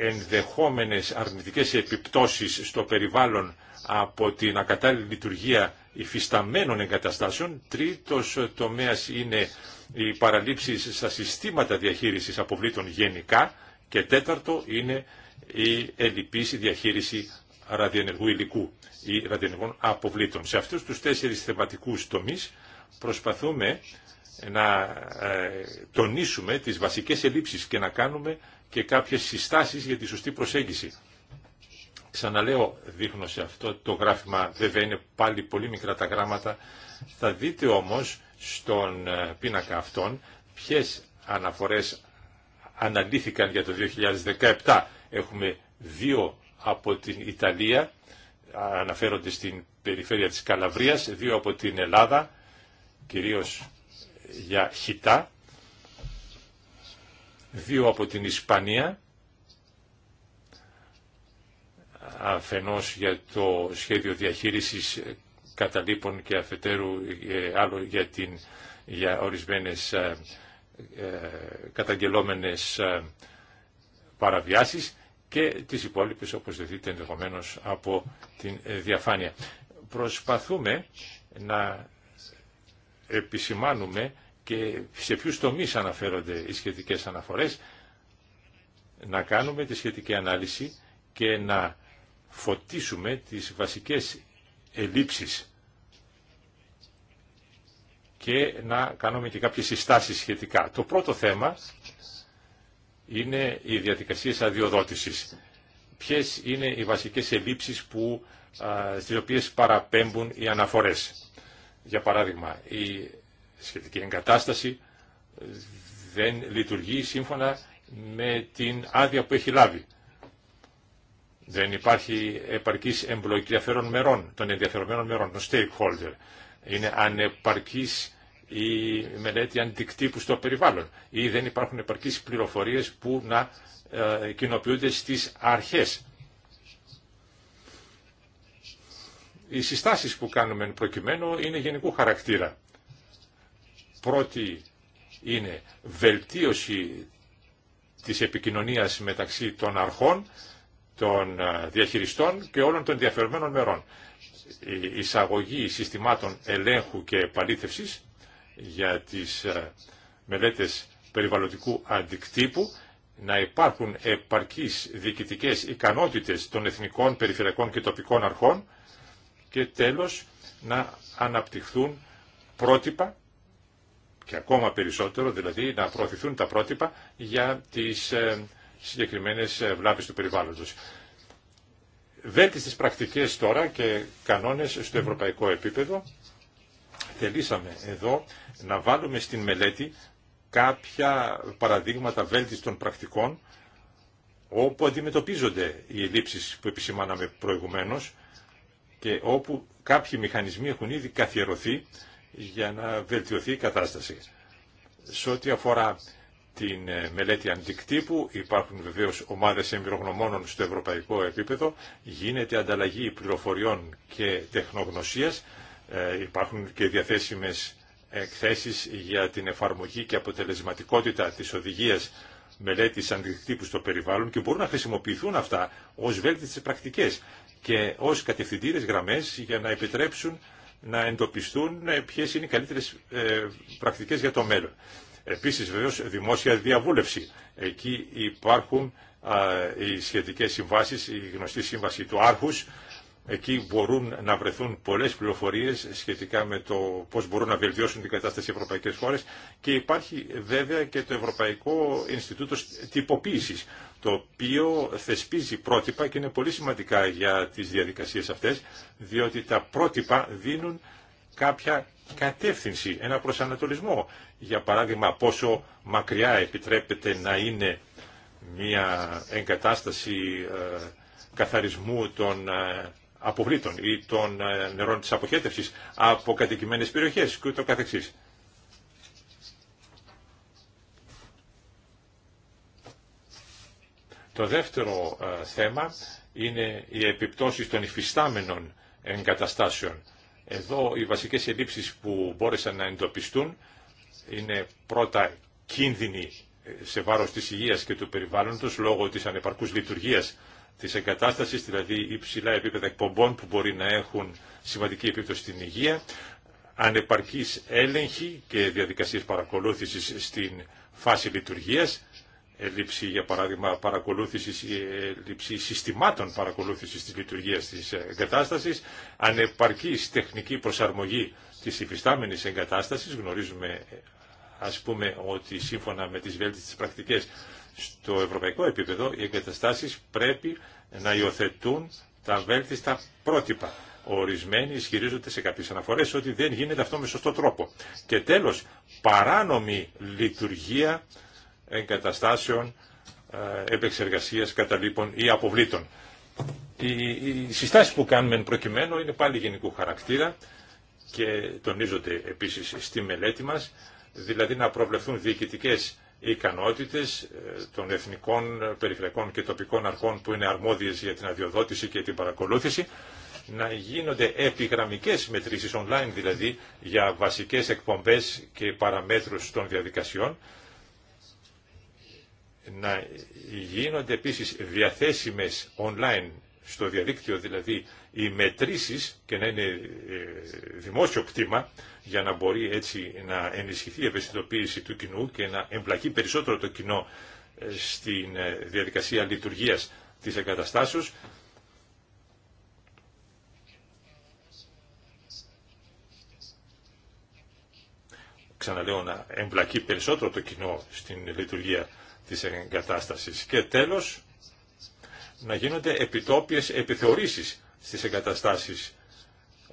ενδεχόμενες αρνητικές επιπτώσεις στο περιβάλλον από την ακατάλληλη λειτουργία υφισταμένων εγκαταστάσεων. Τρίτος τομέας είναι οι παραλήψεις στα συστήματα διαχείρισης αποβλήτων γενικά και τέταρτο είναι η ελλειπής διαχείριση ραδιενεργού υλικού ή ραδιενεργών αποβλήτων. Σε αυτούς τους τέσσερις θεματικούς τομείς προσπαθούμε να ε, τονίσουμε τις βασικές ελλείψεις και να κάνουμε και κάποιες συστάσεις για τη σωστή προσέγγιση. Ξαναλέω, δείχνω σε αυτό το γράφημα, βέβαια είναι πάλι πολύ μικρά τα γράμματα, θα δείτε όμως στον ε, πίνακα αυτών ποιες αναφορές αναλύθηκαν για το 2017. Έχουμε δύο από την Ιταλία, αναφέρονται στην περιφέρεια της Καλαβρίας, δύο από την Ελλάδα, κυρίως για χιτά, δύο από την Ισπανία, αφενός για το σχέδιο διαχείρισης καταλήπων και αφετέρου ε, άλλο για, την, για ορισμένες ε, ε καταγγελόμενες ε, παραβιάσεις και τις υπόλοιπες όπως δείτε, ενδεχομένω από την διαφάνεια. Προσπαθούμε να επισημάνουμε και σε ποιους τομείς αναφέρονται οι σχετικές αναφορές, να κάνουμε τη σχετική ανάλυση και να φωτίσουμε τις βασικές ελλείψεις και να κάνουμε και κάποιες συστάσεις σχετικά. Το πρώτο θέμα είναι οι διαδικασίες αδειοδότησης. Ποιες είναι οι βασικές ελλείψεις που, στις οποίες παραπέμπουν οι αναφορές. Για παράδειγμα, σχετική εγκατάσταση δεν λειτουργεί σύμφωνα με την άδεια που έχει λάβει. Δεν υπάρχει επαρκής εμπλοκή μερών, των ενδιαφερομένων μερών, των stakeholder. Είναι ανεπαρκής η μελέτη αντικτύπου στο περιβάλλον ή δεν υπάρχουν επαρκείς πληροφορίες που να ε, κοινοποιούνται στις αρχές. Οι συστάσεις που κάνουμε προκειμένου είναι γενικού χαρακτήρα. Πρώτη είναι βελτίωση της επικοινωνίας μεταξύ των αρχών, των ε, διαχειριστών και όλων των διαφερμένων μερών. Η εισαγωγή συστημάτων ελέγχου και επαλήθευσης για τις ε, μελέτες περιβαλλοντικού αντικτύπου, να υπάρχουν επαρκείς διοικητικές ικανότητες των εθνικών, περιφερειακών και τοπικών αρχών και τέλος να αναπτυχθούν πρότυπα και ακόμα περισσότερο, δηλαδή να προωθηθούν τα πρότυπα για τις ε, συγκεκριμένες ε, βλάβες του περιβάλλοντος. Βέλτιστες πρακτικές τώρα και κανόνες στο ευρωπαϊκό επίπεδο. Θελήσαμε εδώ να βάλουμε στην μελέτη κάποια παραδείγματα βέλτιστων πρακτικών όπου αντιμετωπίζονται οι ελλείψεις που επισημάναμε προηγουμένως και όπου κάποιοι μηχανισμοί έχουν ήδη καθιερωθεί για να βελτιωθεί η κατάσταση. Σε ό,τι αφορά την ε, μελέτη αντικτύπου, υπάρχουν βεβαίως ομάδες εμπειρογνωμόνων στο ευρωπαϊκό επίπεδο, γίνεται ανταλλαγή πληροφοριών και τεχνογνωσίας, ε, υπάρχουν και διαθέσιμες εκθέσεις για την εφαρμογή και αποτελεσματικότητα της οδηγίας μελέτης αντικτύπου στο περιβάλλον και μπορούν να χρησιμοποιηθούν αυτά ως βέλτιστες πρακτικές και ως κατευθυντήρες γραμμές για να επιτρέψουν να εντοπιστούν ε, ποιες είναι οι καλύτερες ε, πρακτικές για το μέλλον. Επίσης βεβαίως δημόσια διαβούλευση. Εκεί υπάρχουν οι σχετικές συμβάσει, η γνωστή σύμβαση του Άρχους Εκεί μπορούν να βρεθούν πολλές πληροφορίες σχετικά με το πώς μπορούν να βελτιώσουν την κατάσταση οι ευρωπαϊκές χώρες και υπάρχει βέβαια και το Ευρωπαϊκό Ινστιτούτο Τυποποίησης το οποίο θεσπίζει πρότυπα και είναι πολύ σημαντικά για τις διαδικασίες αυτές διότι τα πρότυπα δίνουν κάποια κατεύθυνση, ένα προσανατολισμό. Για παράδειγμα πόσο μακριά επιτρέπεται να είναι μια εγκατάσταση ε, καθαρισμού των ε, αποβλήτων ή των ε, νερών της αποχέτευσης από κατοικημένες περιοχές και ούτω καθεξής. Το δεύτερο ε, θέμα είναι οι επιπτώσεις των υφιστάμενων εγκαταστάσεων. Εδώ οι βασικές ελλείψεις που μπόρεσαν να εντοπιστούν είναι πρώτα κίνδυνοι ε, σε βάρος της υγείας και του περιβάλλοντος λόγω της ανεπαρκούς λειτουργίας της εγκατάστασης, δηλαδή υψηλά επίπεδα εκπομπών που μπορεί να έχουν σημαντική επίπτωση στην υγεία, ανεπαρκής έλεγχη και διαδικασίες παρακολούθησης στην φάση λειτουργίας, έλλειψη για παράδειγμα παρακολούθησης ή ε, συστημάτων παρακολούθησης της λειτουργίας της εγκατάστασης, ανεπαρκής τεχνική προσαρμογή της υφιστάμενης εγκατάστασης, γνωρίζουμε ας πούμε ότι σύμφωνα με τις βέλτιστες πρακτικές στο ευρωπαϊκό επίπεδο οι εγκαταστάσεις πρέπει να υιοθετούν τα βέλτιστα πρότυπα. Ορισμένοι ισχυρίζονται σε κάποιες αναφορές ότι δεν γίνεται αυτό με σωστό τρόπο. Και τέλος, παράνομη λειτουργία εγκαταστάσεων ε, επεξεργασίας καταλήπων ή αποβλήτων. Οι συστάσεις που κάνουμε προκειμένου είναι πάλι γενικού χαρακτήρα και τονίζονται επίσης στη μελέτη μας, δηλαδή να προβλεφθούν διοικητικές ικανότητες ε, των εθνικών, ε, περιφερειακών και τοπικών αρχών που είναι αρμόδιες για την αδειοδότηση και την παρακολούθηση να γίνονται επιγραμμικές μετρήσεις online δηλαδή για βασικές εκπομπές και παραμέτρους των διαδικασιών να γίνονται επίσης διαθέσιμες online στο διαδίκτυο δηλαδή οι μετρήσεις και να είναι ε, δημόσιο κτήμα για να μπορεί έτσι να ενισχυθεί η ευαισθητοποίηση του κοινού και να εμπλακεί περισσότερο το κοινό ε, στην ε, διαδικασία λειτουργίας της εγκαταστάσεως. Ξαναλέω να εμπλακεί περισσότερο το κοινό στην λειτουργία της εγκατάστασης. Και τέλος, να γίνονται επιτόπιες επιθεωρήσεις στις εγκαταστάσεις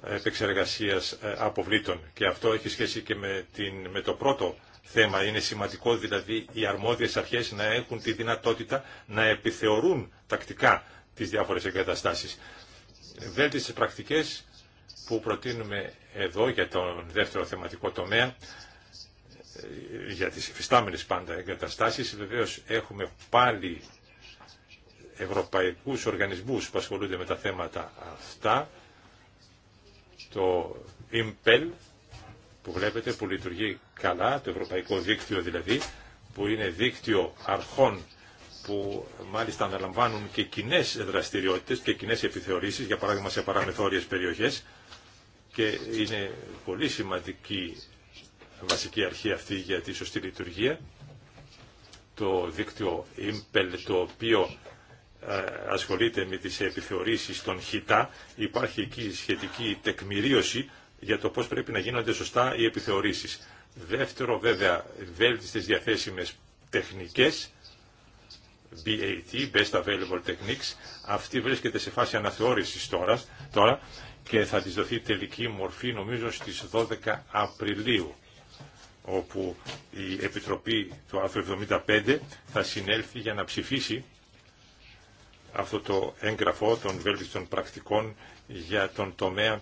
επεξεργασίας ε, αποβλήτων. Και αυτό έχει σχέση και με, την, με το πρώτο θέμα. Είναι σημαντικό δηλαδή οι αρμόδιες αρχές να έχουν τη δυνατότητα να επιθεωρούν τακτικά τις διάφορες εγκαταστάσεις. Βέλτιστες πρακτικές που προτείνουμε εδώ για τον δεύτερο θεματικό τομέα, ε, για τις υφιστάμενες πάντα εγκαταστάσεις, βεβαίως έχουμε πάλι ευρωπαϊκούς οργανισμούς που ασχολούνται με τα θέματα αυτά, το ΙΜΠΕΛ που βλέπετε που λειτουργεί καλά, το Ευρωπαϊκό Δίκτυο δηλαδή, που είναι δίκτυο αρχών που μάλιστα αναλαμβάνουν και κοινέ δραστηριότητες και κοινέ επιθεωρήσεις, για παράδειγμα σε παραμεθόριες περιοχές και είναι πολύ σημαντική βασική αρχή αυτή για τη σωστή λειτουργία. Το δίκτυο ΙΜΠΕΛ το οποίο ε, ασχολείται με τις επιθεωρήσεις των ΧΙΤΑ, υπάρχει εκεί σχετική τεκμηρίωση για το πώς πρέπει να γίνονται σωστά οι επιθεωρήσεις. Δεύτερο, βέβαια, βέλτιστες διαθέσιμες τεχνικές, BAT, Best Available Techniques, αυτή βρίσκεται σε φάση αναθεώρησης τώρα, τώρα και θα της δοθεί τελική μορφή νομίζω στις 12 Απριλίου όπου η Επιτροπή του άρθρου 75 θα συνέλθει για να ψηφίσει αυτό το έγγραφο των βέλτιστων πρακτικών για τον τομέα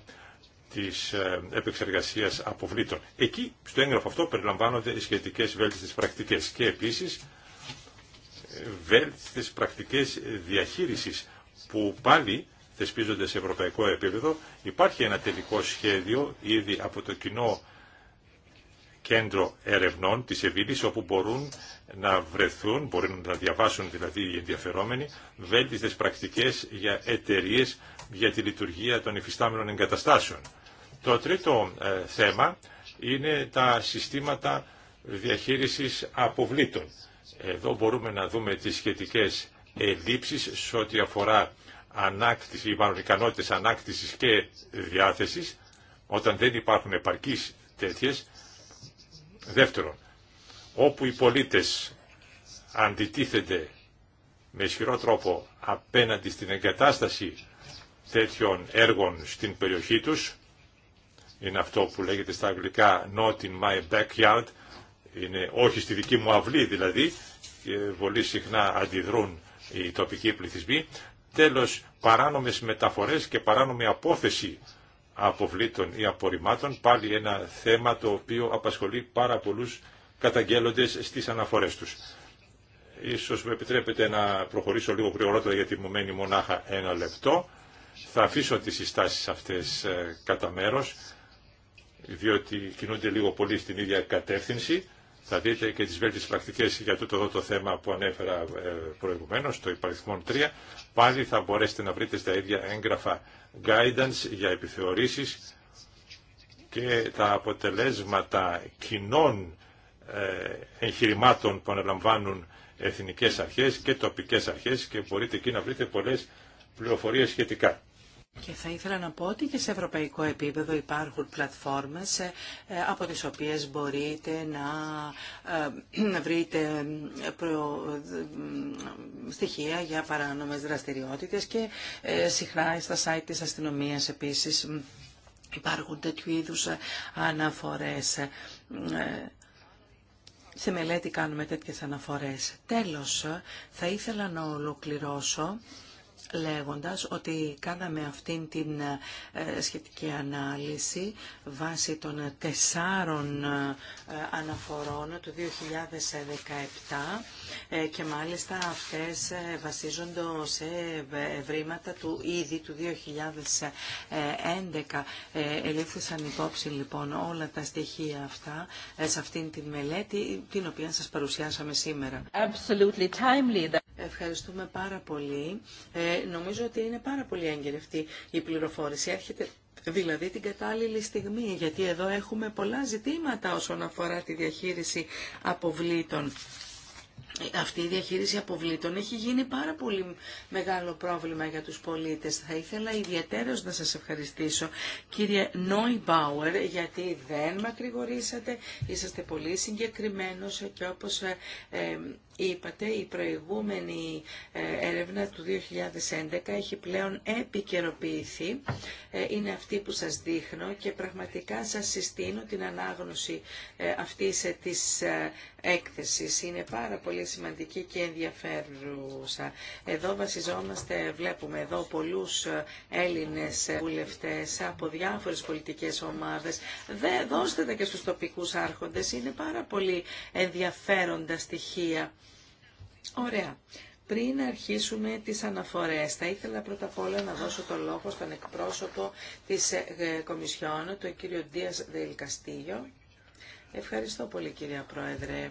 της ε, επεξεργασίας αποβλήτων. Εκεί, στο έγγραφο αυτό, περιλαμβάνονται οι σχετικές βέλτιστες πρακτικές και επίσης ε, βέλτιστες πρακτικές διαχείρισης που πάλι θεσπίζονται σε ευρωπαϊκό επίπεδο. Υπάρχει ένα τελικό σχέδιο ήδη από το κοινό κέντρο ερευνών της Ευήλης όπου μπορούν να βρεθούν, μπορεί να διαβάσουν δηλαδή οι ενδιαφερόμενοι, βέλτιστες πρακτικές για εταιρείε για τη λειτουργία των υφιστάμενων εγκαταστάσεων. Το τρίτο ε, θέμα είναι τα συστήματα διαχείρισης αποβλήτων. Εδώ μπορούμε να δούμε τις σχετικές ελλείψεις σε ό,τι αφορά ανάκτηση, ή μάλλον ανάκτησης και διάθεσης, όταν δεν υπάρχουν επαρκείς τέτοιες. Δεύτερον, όπου οι πολίτες αντιτίθενται με ισχυρό τρόπο απέναντι στην εγκατάσταση τέτοιων έργων στην περιοχή τους. Είναι αυτό που λέγεται στα αγγλικά not in my backyard, είναι όχι στη δική μου αυλή δηλαδή, και πολύ συχνά αντιδρούν οι τοπικοί πληθυσμοί. Τέλος, παράνομες μεταφορές και παράνομη απόθεση αποβλήτων ή απορριμμάτων, πάλι ένα θέμα το οποίο απασχολεί πάρα πολλούς καταγγέλλοντες στις αναφορές τους. Ίσως με επιτρέπετε να προχωρήσω λίγο γρηγορότερα γιατί μου μένει μονάχα ένα λεπτό. Θα αφήσω τις συστάσεις αυτές ε, κατά μέρο, διότι κινούνται λίγο πολύ στην ίδια κατεύθυνση. Θα δείτε και τις βέλτιες πρακτικές για τούτο εδώ το θέμα που ανέφερα ε, προηγουμένως, το υπαριθμόν 3. Πάλι θα μπορέσετε να βρείτε στα ίδια έγγραφα guidance για επιθεωρήσεις και τα αποτελέσματα κοινών ε, εγχειρημάτων που αναλαμβάνουν εθνικές αρχές και τοπικές αρχές και μπορείτε εκεί να βρείτε πολλές πληροφορίες σχετικά. Και θα ήθελα να πω ότι και σε ευρωπαϊκό επίπεδο υπάρχουν πλατφόρμες ε, ε, από τις οποίες μπορείτε να βρείτε στοιχεία για παράνομες δραστηριότητες και συχνά στα site της αστυνομίας επίσης υπάρχουν τέτοιου είδους αναφορές σε μελέτη κάνουμε τέτοιες αναφορές. Τέλος, θα ήθελα να ολοκληρώσω λέγοντας ότι κάναμε αυτήν την ε, σχετική ανάλυση βάσει των τεσσάρων ε, αναφορών του 2017 ε, και μάλιστα αυτές βασίζονται σε ευρήματα του ήδη του 2011. Ελήφθησαν υπόψη λοιπόν όλα τα στοιχεία αυτά σε αυτήν την μελέτη την οποία σας παρουσιάσαμε σήμερα. Absolutely timely. Ευχαριστούμε πάρα πολύ. Ε, νομίζω ότι είναι πάρα πολύ έγκαιρη η πληροφόρηση. Έρχεται δηλαδή την κατάλληλη στιγμή, γιατί εδώ έχουμε πολλά ζητήματα όσον αφορά τη διαχείριση αποβλήτων αυτή η διαχείριση αποβλήτων έχει γίνει πάρα πολύ μεγάλο πρόβλημα για τους πολίτες. Θα ήθελα ιδιαίτερως να σας ευχαριστήσω κύριε Μπάουερ, γιατί δεν μακρηγορήσατε, είσαστε πολύ συγκεκριμένος και όπως ε, ε, είπατε η προηγούμενη ε, έρευνα του 2011 έχει πλέον επικαιροποιηθεί. Είναι αυτή που σας δείχνω και πραγματικά σας συστήνω την ανάγνωση αυτής της έκθεσης. Είναι πάρα πολύ σημαντική και ενδιαφέρουσα. Εδώ βασιζόμαστε, βλέπουμε εδώ πολλούς ε, Έλληνες βουλευτές από διάφορες πολιτικές ομάδες. Δε, δώστε τα και στους τοπικούς άρχοντες, είναι πάρα πολύ ενδιαφέροντα στοιχεία. Ωραία. Πριν αρχίσουμε τις αναφορές, θα ήθελα πρώτα απ' όλα να δώσω το λόγο στον εκπρόσωπο της ε, ε, Κομισιόν, τον κύριο Ντίας Δελκαστήγιο. Ευχαριστώ πολύ κυρία Πρόεδρε.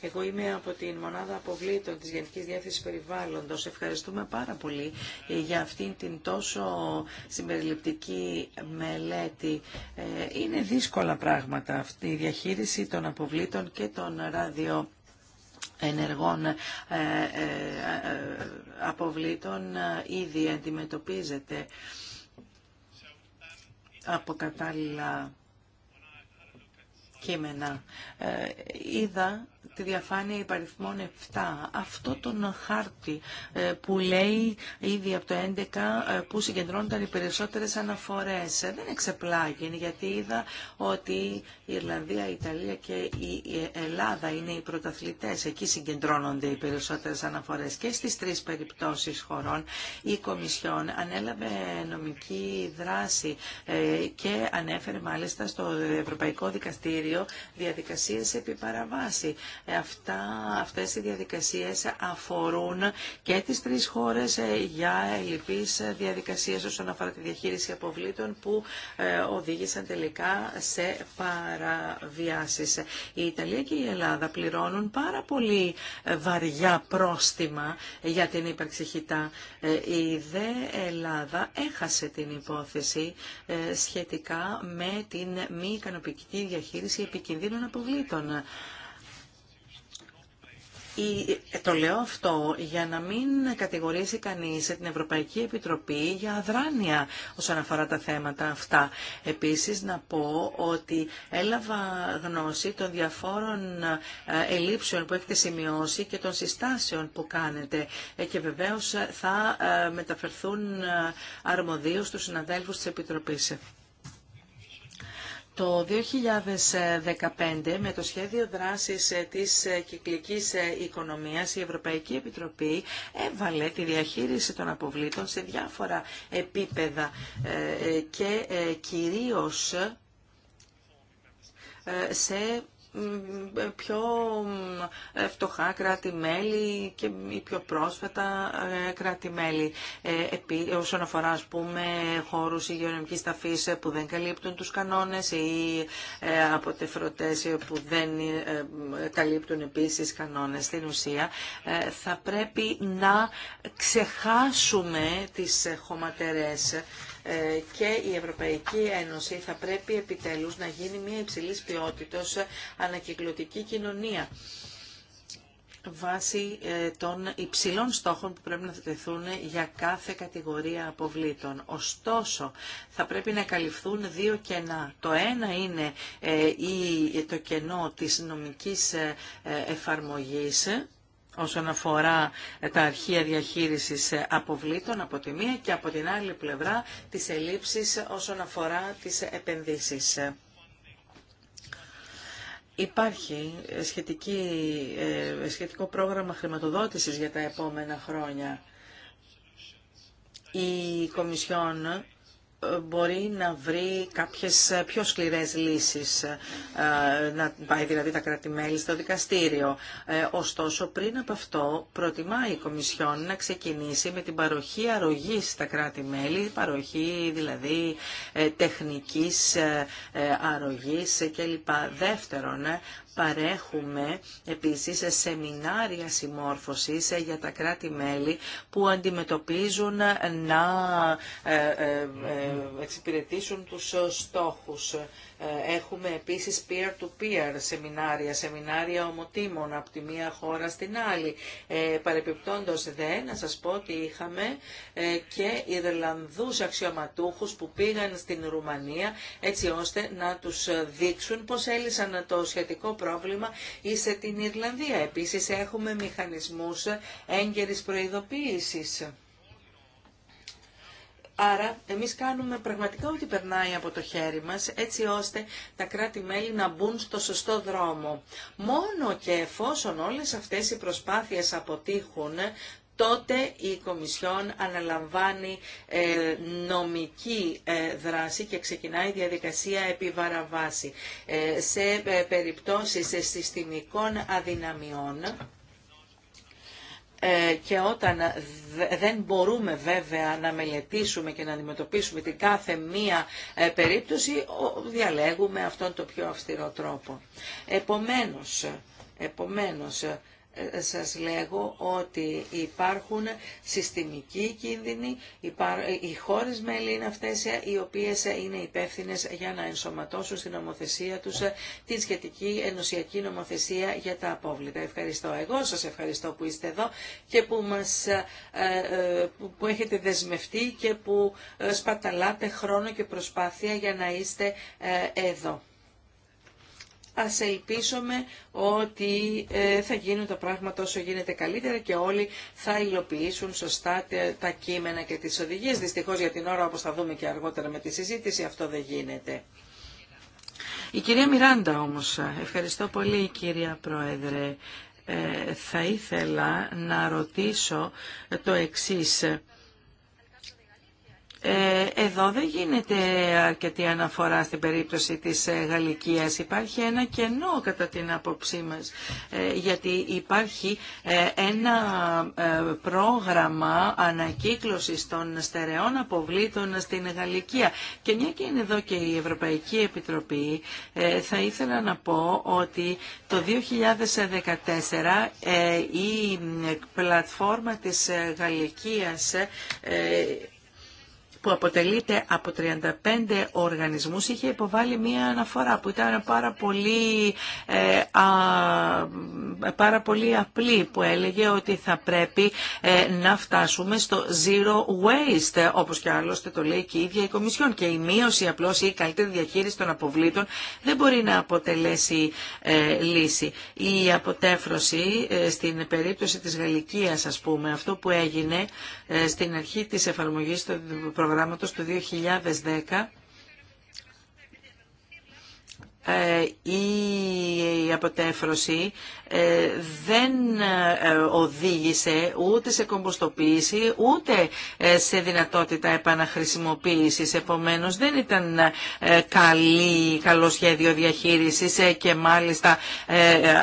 Εγώ είμαι από την Μονάδα Αποβλήτων της Γενικής Διεύθυνσης Περιβάλλοντος. Ευχαριστούμε πάρα πολύ για αυτήν την τόσο συμπεριληπτική μελέτη. Ε, είναι δύσκολα πράγματα αυτή η διαχείριση των αποβλήτων και των ράδιο ενεργών ε, ε, αποβλήτων ήδη αντιμετωπίζεται από κατάλληλα κείμενα. Είδα τη διαφάνεια υπαριθμών 7, αυτό τον χάρτη ε, που λέει ήδη από το 11 ε, που συγκεντρώνονταν οι περισσότερες αναφορές. Ε, δεν εξεπλάγει γιατί είδα ότι η Ιρλανδία, η Ιταλία και η Ελλάδα είναι οι πρωταθλητές. Εκεί συγκεντρώνονται οι περισσότερες αναφορές και στις τρεις περιπτώσεις χωρών η Κομισιόν ανέλαβε νομική δράση και ανέφερε μάλιστα στο Ευρωπαϊκό Δικαστήριο διαδικασίες επί παραβάση. Αυτά, αυτές οι διαδικασίες αφορούν και τις τρεις χώρες ε, για ελληπείς διαδικασίες όσον αφορά τη διαχείριση αποβλήτων που ε, οδήγησαν τελικά σε παραβιάσεις. Η Ιταλία και η Ελλάδα πληρώνουν πάρα πολύ ε, βαριά πρόστιμα για την ύπαρξη χιτά. Η δε Ελλάδα έχασε την υπόθεση σχετικά με την μη ικανοποιητική διαχείριση επικινδύνων αποβλήτων. Το λέω αυτό για να μην κατηγορήσει κανείς την Ευρωπαϊκή Επιτροπή για αδράνεια όσον αφορά τα θέματα αυτά. Επίσης να πω ότι έλαβα γνώση των διαφόρων ε, ελλείψεων που έχετε σημειώσει και των συστάσεων που κάνετε ε, και βεβαίως θα ε, μεταφερθούν αρμοδίως στους συναδέλφους της Επιτροπής. Το 2015 με το σχέδιο δράσης ε, της ε, κυκλικής ε, οικονομίας η Ευρωπαϊκή Επιτροπή έβαλε τη διαχείριση των αποβλήτων σε διάφορα επίπεδα και κυρίως σε ε, πιο ε, φτωχά κράτη-μέλη και οι πιο πρόσφατα ε, κράτη-μέλη. όσον αφορά, ας πούμε, χώρους υγειονομικής ταφής που δεν καλύπτουν τους κανόνες ή ε, που δεν καλύπτουν επίσης κανόνες. Στην ουσία, θα πρέπει να ξεχάσουμε τις χωματερές ε, και η Ευρωπαϊκή Ένωση θα πρέπει επιτέλους να γίνει μια υψηλής ποιότητος ανακυκλωτική κοινωνία βάσει ε, των υψηλών στόχων που πρέπει να θετεθούν για κάθε κατηγορία αποβλήτων. Ωστόσο, θα πρέπει να καλυφθούν δύο κενά. Το ένα είναι ε, το κενό της νομικής εφαρμογής όσον αφορά ε, τα αρχεία διαχείρισης ε, αποβλήτων από τη μία και από την άλλη πλευρά τις ελλείψεις όσον αφορά τις επενδύσεις. Υπάρχει ε, σχετική, σχετικό πρόγραμμα χρηματοδότησης για τα επόμενα χρόνια. Η Κομισιόν μπορεί να βρει κάποιες πιο σκληρές λύσεις, ε, να πάει δηλαδή τα κρατημέλη στο δικαστήριο. Ε, ωστόσο, πριν από αυτό, προτιμάει η Κομισιόν να ξεκινήσει με την παροχή αρρωγής στα κράτη-μέλη, παροχή δηλαδή ε, τεχνικής αρρωγής κλπ. Δεύτερον, Παρέχουμε επίσης σεμινάρια συμμόρφωσης για τα κράτη-μέλη που αντιμετωπίζουν να ε, ε, ε, εξυπηρετήσουν τους στόχους ε, έχουμε επίσης peer-to-peer -peer σεμινάρια, σεμιναρια ομοτήμων από τη μία χώρα στην άλλη. Ε, παρεπιπτόντως δε, να σας πω ότι είχαμε ε, και Ιρλανδούς αξιωματούχους που πήγαν στην Ρουμανία έτσι ώστε να τους ε, δείξουν πώς έλυσαν το σχετικό πρόβλημα ή σε την Ιρλανδία. Επίσης έχουμε μηχανισμούς έγκαιρης προειδοποίησης. Άρα εμείς κάνουμε πραγματικά ό,τι περνάει από το χέρι μας έτσι ώστε τα κράτη-μέλη να μπουν στο σωστό δρόμο. Μόνο και εφόσον όλες αυτές οι προσπάθειες αποτύχουν τότε η Κομισιόν αναλαμβάνει ε, νομική ε, δράση και ξεκινάει διαδικασία επιβαραβάση. Ε, σε περιπτώσεις συστημικών αδυναμιών ε, και όταν δεν μπορούμε βέβαια να μελετήσουμε και να αντιμετωπίσουμε την κάθε μία ε, περίπτωση, διαλέγουμε αυτόν τον πιο αυστηρό τρόπο. Επομένως, επομένως σας λέγω ότι υπάρχουν συστημικοί κίνδυνοι, οι χώρες μέλη είναι αυτές οι οποίες είναι υπεύθυνε για να ενσωματώσουν στην νομοθεσία τους την σχετική ενωσιακή νομοθεσία για τα απόβλητα. Ευχαριστώ. Εγώ σας ευχαριστώ που είστε εδώ και που, μας, ε, ε, που έχετε δεσμευτεί και που ε, σπαταλάτε χρόνο και προσπάθεια για να είστε εδώ. Ας ελπίσουμε ότι ε, θα γίνουν τα πράγματα όσο γίνεται καλύτερα και όλοι θα υλοποιήσουν σωστά τα κείμενα και τις οδηγίες. Δυστυχώς για την ώρα, όπως θα δούμε και αργότερα με τη συζήτηση, αυτό δεν γίνεται. Η κυρία Μιράντα όμως, ε, ευχαριστώ πολύ κυρία Πρόεδρε, ε, θα ήθελα να ρωτήσω το εξής. Ε, εδώ δεν γίνεται αρκετή αναφορά στην περίπτωση της ε, Γαλλικίας. Υπάρχει ένα κενό κατά την άποψή μας, ε, γιατί υπάρχει ένα πρόγραμμα ανακύκλωσης των στερεών αποβλήτων στην Γαλλικία. Και μια και είναι εδώ και η Ευρωπαϊκή Επιτροπή, θα ήθελα να πω ότι το 2014 η πλατφόρμα της Γαλλικίας που αποτελείται από 35 οργανισμούς είχε υποβάλει μία αναφορά που ήταν πάρα πολύ, ε, α, πάρα πολύ απλή που έλεγε ότι θα πρέπει ε, να φτάσουμε στο zero waste όπως και άλλωστε το λέει και η ίδια η Κομισιόν και η μείωση απλώς ή η καλύτερη διαχείριση των αποβλήτων δεν μπορεί να αποτελέσει ε, λύση. Η καλυτερη διαχειριση των αποβλητων δεν μπορει να αποτελεσει λυση η αποτεφρωση ε, στην περίπτωση της Γαλλικίας ας πούμε αυτό που έγινε στην αρχή της εφαρμογής του προγραμματικού προγράμματος του 2010 ε, η αποτέφρωση ε, δεν ε, οδήγησε ούτε σε κομποστοποίηση ούτε ε, σε δυνατότητα επαναχρησιμοποίησης. Επομένως δεν ήταν καλή, καλό σχέδιο διαχείρισης και μάλιστα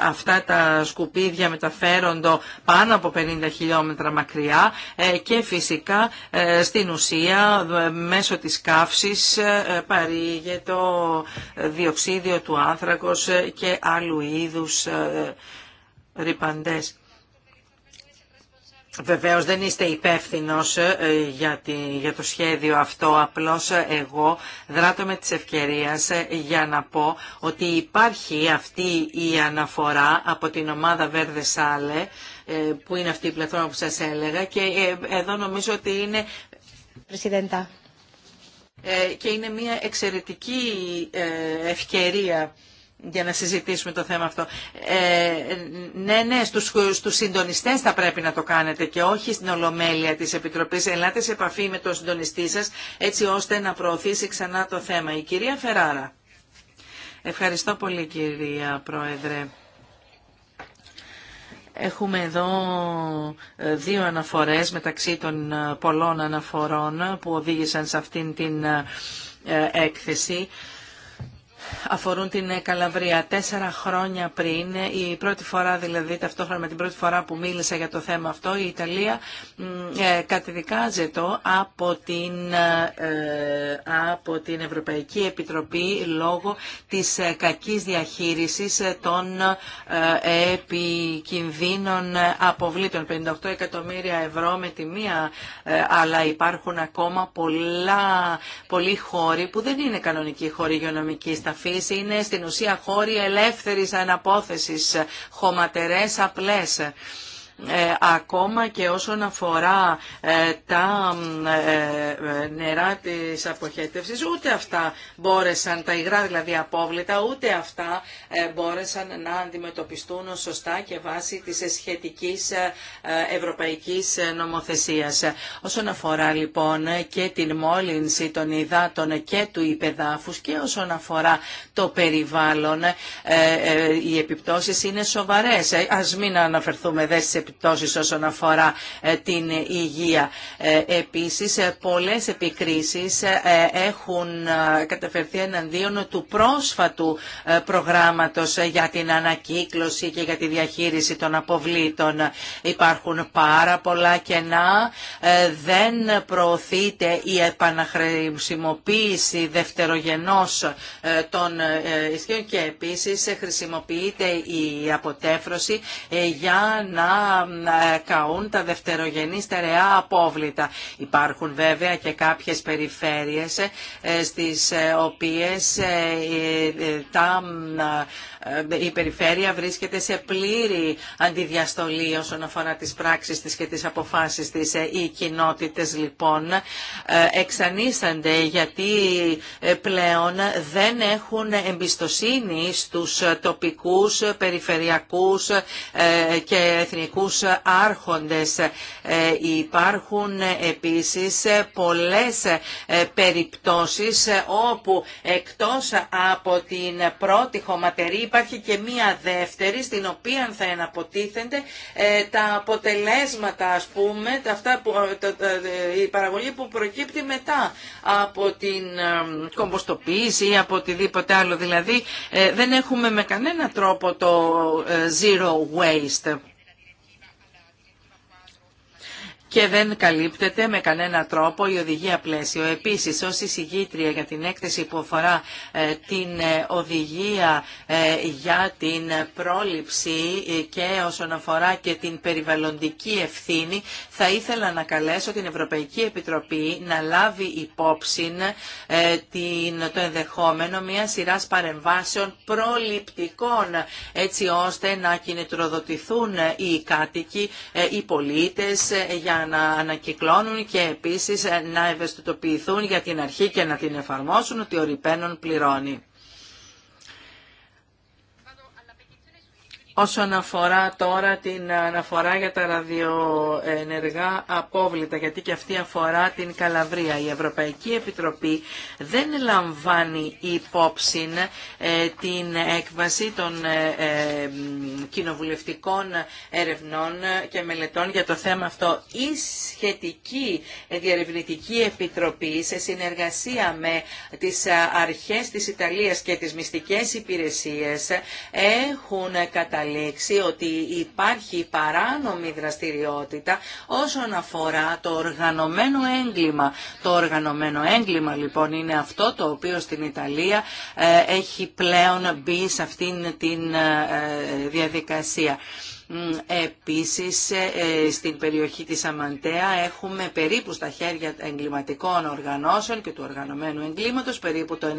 αυτά τα σκουπίδια μεταφέροντο πάνω από 50 χιλιόμετρα μακριά και φυσικά στην ουσία μέσω της καύσης παρήγεται το διοξίδιο του άνθρακος και άλλου είδους ρηπαντές. Βεβαίως δεν είστε υπεύθυνος ε, για το σχέδιο αυτό, απλώς ε, εγώ δράτω με τις ευκαιρίας ε, για να πω ότι υπάρχει αυτή η αναφορά από την ομάδα Βέρδε Σάλε, που είναι αυτή η πλατφόρμα που σας έλεγα και εδώ νομίζω ότι είναι... Και είναι μια εξαιρετική ευκαιρία για να συζητήσουμε το θέμα αυτό. Ε, ναι, ναι, στους, στους συντονιστές θα πρέπει να το κάνετε και όχι στην Ολομέλεια της Επιτροπής. Ελάτε σε επαφή με τον συντονιστή σας έτσι ώστε να προωθήσει ξανά το θέμα. Η κυρία Φεράρα. Ευχαριστώ πολύ κυρία Πρόεδρε. Έχουμε εδώ ε, δύο αναφορές μεταξύ των ε, πολλών αναφορών που οδήγησαν σε αυτήν την ε, έκθεση αφορούν την Καλαβρία. Τέσσερα χρόνια πριν, η πρώτη φορά δηλαδή, ταυτόχρονα με την πρώτη φορά που μίλησα για το θέμα αυτό, η Ιταλία ε, κατεδικάζεται από την, ε, από την Ευρωπαϊκή Επιτροπή λόγω της ε, κακής διαχείρισης των επικινδύνων αποβλήτων. 58 εκατομμύρια ευρώ με τη μία, αλλά υπάρχουν ακόμα πολλά, πολλοί χώροι που δεν είναι κανονικοί χώροι υγειονομικής είναι στην ουσία χώροι ελεύθερης αναπόθεσης, χωματερές απλές. Ε, ακόμα και όσον αφορά ε, τα ε, νερά της αποχέτευσης, ούτε αυτά μπόρεσαν, τα υγρά δηλαδή απόβλητα, ούτε αυτά μπόρεσαν να αντιμετωπιστούν σωστά και βάσει της σχετικής ευρωπαϊκής νομοθεσίας. Όσον αφορά λοιπόν και την μόλυνση των υδάτων και του υπεδάφους και όσον αφορά το περιβάλλον, οι επιπτώσεις είναι σοβαρές. Ας μην αναφερθούμε δε επιπτώσεις όσον αφορά ε, την υγεία. Ε, επίσης, ε, πολλές επικρίσεις έχουν καταφερθεί εναντίον του πρόσφατου προγράμματος για την ανακύκλωση και για τη διαχείριση των αποβλήτων. Υπάρχουν πάρα πολλά κενά, δεν προωθείται η επαναχρησιμοποίηση δευτερογενώς των ισχύων και επίσης χρησιμοποιείται η αποτέφρωση για να καούν τα δευτερογενή στερεά απόβλητα. Υπάρχουν βέβαια και κάποιες περιφέρειες ε, στις ε, οποίες ε, τα ε, η περιφέρεια βρίσκεται σε πλήρη αντιδιαστολή όσον αφορά τις πράξεις της και τις αποφάσεις της. Ε, οι κοινότητες λοιπόν ε, εξανίστανται γιατί πλέον δεν έχουν εμπιστοσύνη στους τοπικούς, περιφερειακούς και εθνικούς άρχοντες. Υπάρχουν επίσης πολλές περιπτώσεις όπου εκτός από την πρώτη χωματερή υπάρχει και μία δεύτερη στην οποία θα εναποτίθενται ε, τα αποτελέσματα ας πούμε, τα αυτά που, ε, ε, η παραγωγή που προκύπτει μετά από την κομποστοποίηση ή από οτιδήποτε άλλο. Δηλαδή δεν έχουμε με κανένα τρόπο το zero waste και δεν καλύπτεται με κανένα τρόπο η οδηγία πλαίσιο. Επίσης, ως εισηγήτρια για την έκθεση που αφορά ε, την ε, οδηγία ε, για την πρόληψη και όσον αφορά και την περιβαλλοντική ευθύνη, θα ήθελα να καλέσω την Ευρωπαϊκή Επιτροπή να λάβει υπόψη το ενδεχόμενο μια σειράς παρεμβάσεων προληπτικών, έτσι ώστε να κινητροδοτηθούν οι κάτοικοι, οι πολίτες για να ανακυκλώνουν και επίσης να ευαισθητοποιηθούν για την αρχή και να την εφαρμόσουν ότι ο πληρώνει. Όσον αφορά τώρα την αναφορά για τα ραδιοενεργά απόβλητα, γιατί και αυτή αφορά την Καλαβρία, η Ευρωπαϊκή Επιτροπή δεν λαμβάνει υπόψη ε, την έκβαση των ε, ε, κοινοβουλευτικών ερευνών και μελετών για το θέμα αυτό. Η σχετική διερευνητική επιτροπή σε συνεργασία με τις αρχές της Ιταλίας και τις μυστικές υπηρεσίες έχουν καταλήξει καταλήξει ότι υπάρχει παράνομη δραστηριότητα όσον αφορά το οργανωμένο έγκλημα. Το οργανωμένο έγκλημα λοιπόν είναι αυτό το οποίο στην Ιταλία ε, έχει πλέον μπει σε αυτήν την ε, ε, διαδικασία. Επίσης ε, στην περιοχή της Αμαντέα έχουμε περίπου στα χέρια εγκληματικών οργανώσεων και του οργανωμένου εγκλήματος περίπου το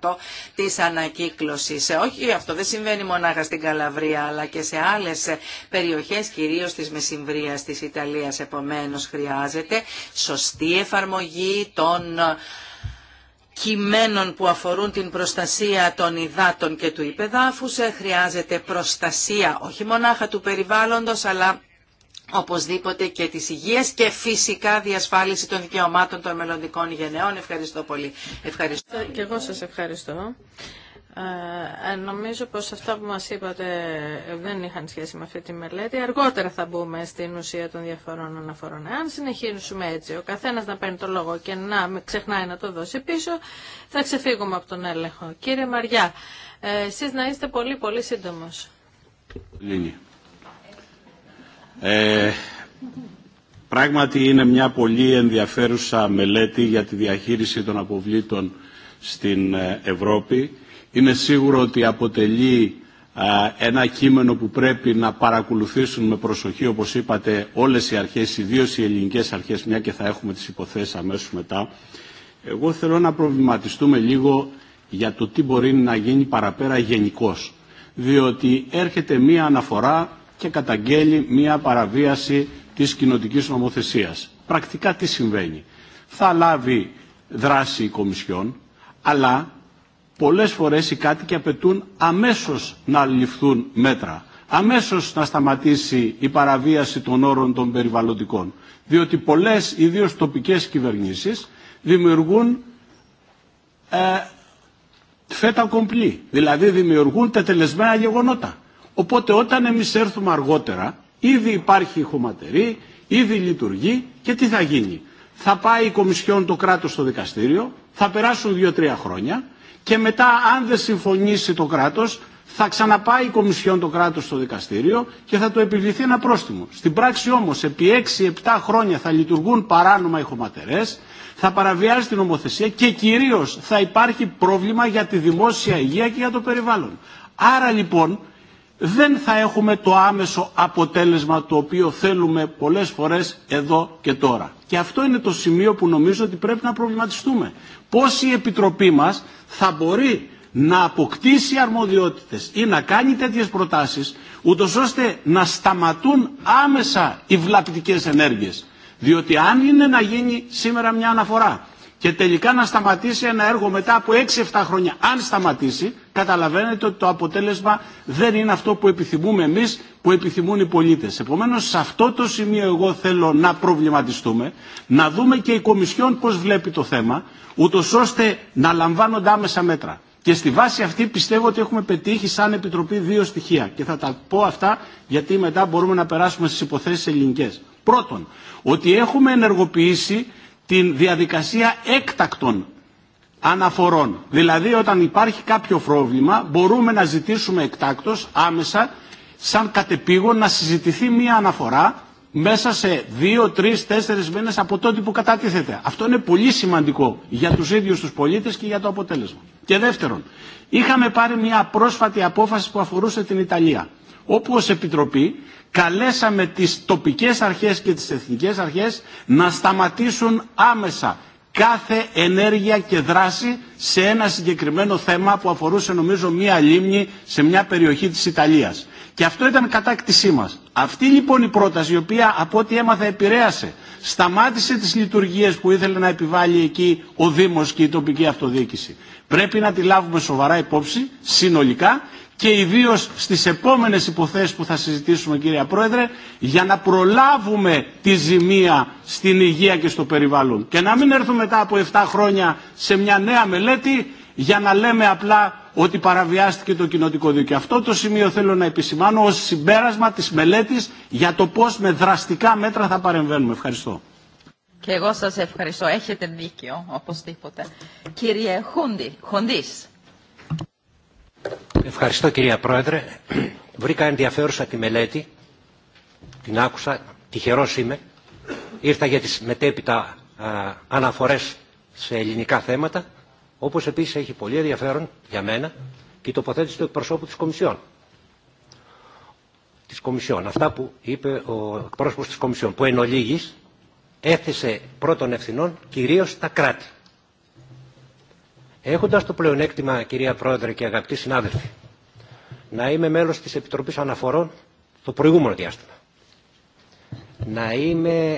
90% της ανακύκλωσης. Ε, όχι αυτό δεν συμβαίνει μονάχα στην Καλαβρία αλλά και σε άλλες ε, περιοχές κυρίως της Μεσημβρίας της Ιταλίας. Επομένως χρειάζεται σωστή εφαρμογή των κειμένων που αφορούν την προστασία των υδάτων και του υπεδάφους. Ε, χρειάζεται προστασία όχι μονάχα του περιβάλλοντος αλλά οπωσδήποτε και της υγείας και φυσικά διασφάλιση των δικαιωμάτων των μελλοντικών γενεών. Ευχαριστώ πολύ. Ευχαριστώ. Και εγώ σας ευχαριστώ. Ε, ε, νομίζω πως αυτά που μας είπατε δεν είχαν σχέση με αυτή τη μελέτη. Αργότερα θα μπούμε στην ουσία των διαφορών αναφορών. Αν συνεχίσουμε έτσι, ο καθένας να παίρνει το λόγο και να ξεχνάει να το δώσει πίσω, θα ξεφύγουμε από τον έλεγχο. Κύριε Μαριά, ε, εσείς να είστε πολύ πολύ σύντομος. Ε, πράγματι είναι μια πολύ ενδιαφέρουσα μελέτη για τη διαχείριση των αποβλήτων στην ε, Ευρώπη είναι σίγουρο ότι αποτελεί ένα κείμενο που πρέπει να παρακολουθήσουν με προσοχή, όπως είπατε, όλες οι αρχές, ιδίω οι ελληνικές αρχές, μια και θα έχουμε τις υποθέσεις αμέσως μετά. Εγώ θέλω να προβληματιστούμε λίγο για το τι μπορεί να γίνει παραπέρα γενικώ. Διότι έρχεται μία αναφορά και καταγγέλει μία παραβίαση της κοινοτική νομοθεσίας. Πρακτικά τι συμβαίνει. Θα λάβει δράση η Κομισιόν, αλλά πολλές φορές οι κάτοικοι απαιτούν αμέσως να ληφθούν μέτρα. Αμέσως να σταματήσει η παραβίαση των όρων των περιβαλλοντικών. Διότι πολλές, ιδίως τοπικές κυβερνήσεις, δημιουργούν ε, φέτα κομπλή. Δηλαδή δημιουργούν τετελεσμένα γεγονότα. Οπότε όταν εμείς έρθουμε αργότερα, ήδη υπάρχει η χωματερή, ήδη λειτουργεί και τι θα γίνει. Θα πάει η Κομισιόν το κράτος στο δικαστήριο, θα περάσουν δύο-τρία χρόνια και μετά αν δεν συμφωνήσει το κράτος θα ξαναπάει η Κομισιόν το κράτος στο δικαστήριο και θα του επιβληθεί ένα πρόστιμο. Στην πράξη όμως επί 6-7 χρόνια θα λειτουργούν παράνομα οι χωματερές, θα παραβιάζει την νομοθεσία και κυρίως θα υπάρχει πρόβλημα για τη δημόσια υγεία και για το περιβάλλον. Άρα λοιπόν δεν θα έχουμε το άμεσο αποτέλεσμα το οποίο θέλουμε πολλές φορές εδώ και τώρα. Και αυτό είναι το σημείο που νομίζω ότι πρέπει να προβληματιστούμε. Πώς η Επιτροπή μας θα μπορεί να αποκτήσει αρμοδιότητες ή να κάνει τέτοιες προτάσεις, ούτω ώστε να σταματούν άμεσα οι βλαπτικές ενέργειες. Διότι αν είναι να γίνει σήμερα μια αναφορά και τελικά να σταματήσει ένα έργο μετά από 6-7 χρόνια. Αν σταματήσει, καταλαβαίνετε ότι το αποτέλεσμα δεν είναι αυτό που επιθυμούμε εμείς, που επιθυμούν οι πολίτες. Επομένως, σε αυτό το σημείο εγώ θέλω να προβληματιστούμε, να δούμε και η Κομισιόν πώς βλέπει το θέμα, ούτω ώστε να λαμβάνονται άμεσα μέτρα. Και στη βάση αυτή πιστεύω ότι έχουμε πετύχει σαν Επιτροπή δύο στοιχεία. Και θα τα πω αυτά γιατί μετά μπορούμε να περάσουμε στις υποθέσεις ελληνικέ. Πρώτον, ότι έχουμε ενεργοποιήσει την διαδικασία έκτακτων αναφορών. Δηλαδή όταν υπάρχει κάποιο πρόβλημα μπορούμε να ζητήσουμε εκτάκτως άμεσα σαν κατεπήγον να συζητηθεί μία αναφορά μέσα σε δύο, τρεις, τέσσερις μήνες από τότε που κατατίθεται. Αυτό είναι πολύ σημαντικό για τους ίδιους τους πολίτες και για το αποτέλεσμα. Και δεύτερον, είχαμε πάρει μια πρόσφατη απόφαση που αφορούσε την Ιταλία όπου ως Επιτροπή καλέσαμε τις τοπικές αρχές και τις εθνικές αρχές να σταματήσουν άμεσα κάθε ενέργεια και δράση σε ένα συγκεκριμένο θέμα που αφορούσε νομίζω μία λίμνη σε μια περιοχή της Ιταλίας. Και αυτό ήταν κατάκτησή μας. Αυτή λοιπόν η πρόταση η οποία από ό,τι έμαθα επηρέασε, σταμάτησε τις λειτουργίες που ήθελε να επιβάλλει εκεί ο Δήμος και η τοπική αυτοδιοίκηση. Πρέπει να τη λάβουμε σοβαρά υπόψη συνολικά και ιδίω στι επόμενε υποθέσει που θα συζητήσουμε κύριε Πρόεδρε για να προλάβουμε τη ζημία στην υγεία και στο περιβάλλον και να μην έρθουμε μετά από 7 χρόνια σε μια νέα μελέτη για να λέμε απλά ότι παραβιάστηκε το κοινοτικό δίκαιο. Αυτό το σημείο θέλω να επισημάνω ως συμπέρασμα της μελέτης για το πώς με δραστικά μέτρα θα παρεμβαίνουμε. Ευχαριστώ. Και εγώ σας ευχαριστώ. Έχετε δίκιο, οπωσδήποτε. Κύριε Χούντι, Χοντής. Ευχαριστώ κυρία Πρόεδρε. Βρήκα ενδιαφέρουσα τη μελέτη. Την άκουσα. Τυχερός είμαι. Ήρθα για τις μετέπειτα αναφορές σε ελληνικά θέματα. Όπως επίσης έχει πολύ ενδιαφέρον για μένα και η τοποθέτηση του εκπροσώπου της Κομισιόν. Της Κομισιόν. Αυτά που είπε ο εκπρόσωπος της Κομισιόν που εν ολίγης έθεσε πρώτων ευθυνών κυρίως τα κράτη. Έχοντας το πλεονέκτημα, κυρία Πρόεδρε και αγαπητοί συνάδελφοι, να είμαι μέλος της Επιτροπής Αναφορών το προηγούμενο διάστημα. Να είμαι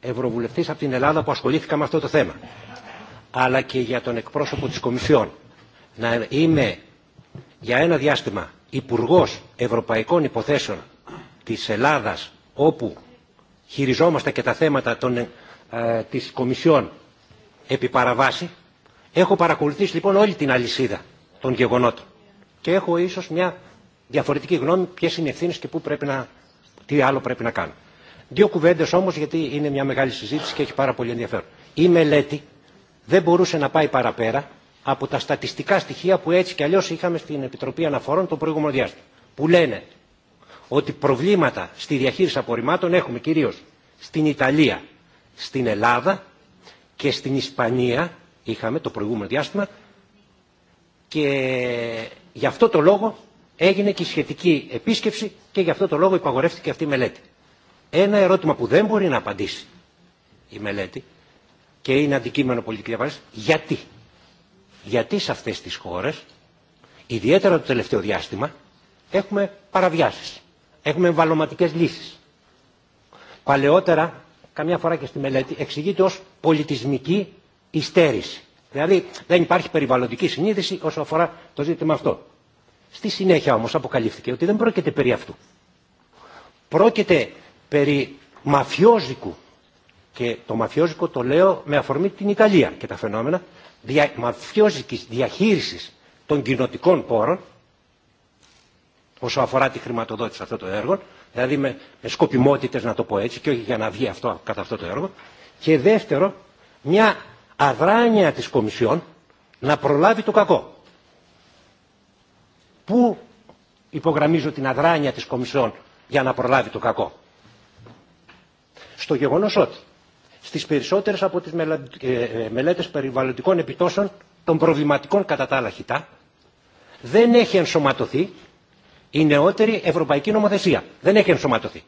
ε, ευρωβουλευτής από την Ελλάδα που ασχολήθηκα με αυτό το θέμα. Αλλά και για τον εκπρόσωπο της Κομισιόν. Να είμαι για ένα διάστημα υπουργό Ευρωπαϊκών Υποθέσεων της Ελλάδας όπου χειριζόμαστε και τα θέματα των, ε, της Κομισιόν επί παραβάση Έχω παρακολουθήσει λοιπόν όλη την αλυσίδα των γεγονότων και έχω ίσως μια διαφορετική γνώμη ποιες είναι οι και πού πρέπει να, τι άλλο πρέπει να κάνω. Δύο κουβέντες όμως γιατί είναι μια μεγάλη συζήτηση και έχει πάρα πολύ ενδιαφέρον. Η μελέτη δεν μπορούσε να πάει παραπέρα από τα στατιστικά στοιχεία που έτσι κι αλλιώς είχαμε στην Επιτροπή Αναφορών το προηγούμενο διάστημα. Που λένε ότι προβλήματα στη διαχείριση απορριμμάτων έχουμε κυρίως στην Ιταλία, στην Ελλάδα και στην Ισπανία είχαμε το προηγούμενο διάστημα και γι' αυτό το λόγο έγινε και η σχετική επίσκεψη και γι' αυτό το λόγο υπαγορεύτηκε αυτή η μελέτη. Ένα ερώτημα που δεν μπορεί να απαντήσει η μελέτη και είναι αντικείμενο πολιτική απαντήση, γιατί. Γιατί σε αυτές τις χώρες, ιδιαίτερα το τελευταίο διάστημα, έχουμε παραβιάσεις, έχουμε εμβαλωματικές λύσεις. Παλαιότερα, καμιά φορά και στη μελέτη, εξηγείται ως πολιτισμική υστέρηση. Δηλαδή δεν υπάρχει περιβαλλοντική συνείδηση όσο αφορά το ζήτημα αυτό. Στη συνέχεια όμως αποκαλύφθηκε ότι δεν πρόκειται περί αυτού. Πρόκειται περί μαφιόζικου και το μαφιόζικο το λέω με αφορμή την Ιταλία και τα φαινόμενα δια, μαφιόζικης διαχείρισης των κοινοτικών πόρων όσο αφορά τη χρηματοδότηση αυτών των έργων δηλαδή με, με σκοπιμότητες να το πω έτσι και όχι για να βγει αυτό, κατά αυτό το έργο και δεύτερο μια αδράνεια της Κομισιόν να προλάβει το κακό. Πού υπογραμμίζω την αδράνεια της Κομισιόν για να προλάβει το κακό. Στο γεγονός ότι στις περισσότερες από τις ε, ε, μελέτες περιβαλλοντικών επιτόσεων των προβληματικών κατά τα άλλα χιτά, δεν έχει ενσωματωθεί η νεότερη ευρωπαϊκή νομοθεσία. Δεν έχει ενσωματωθεί.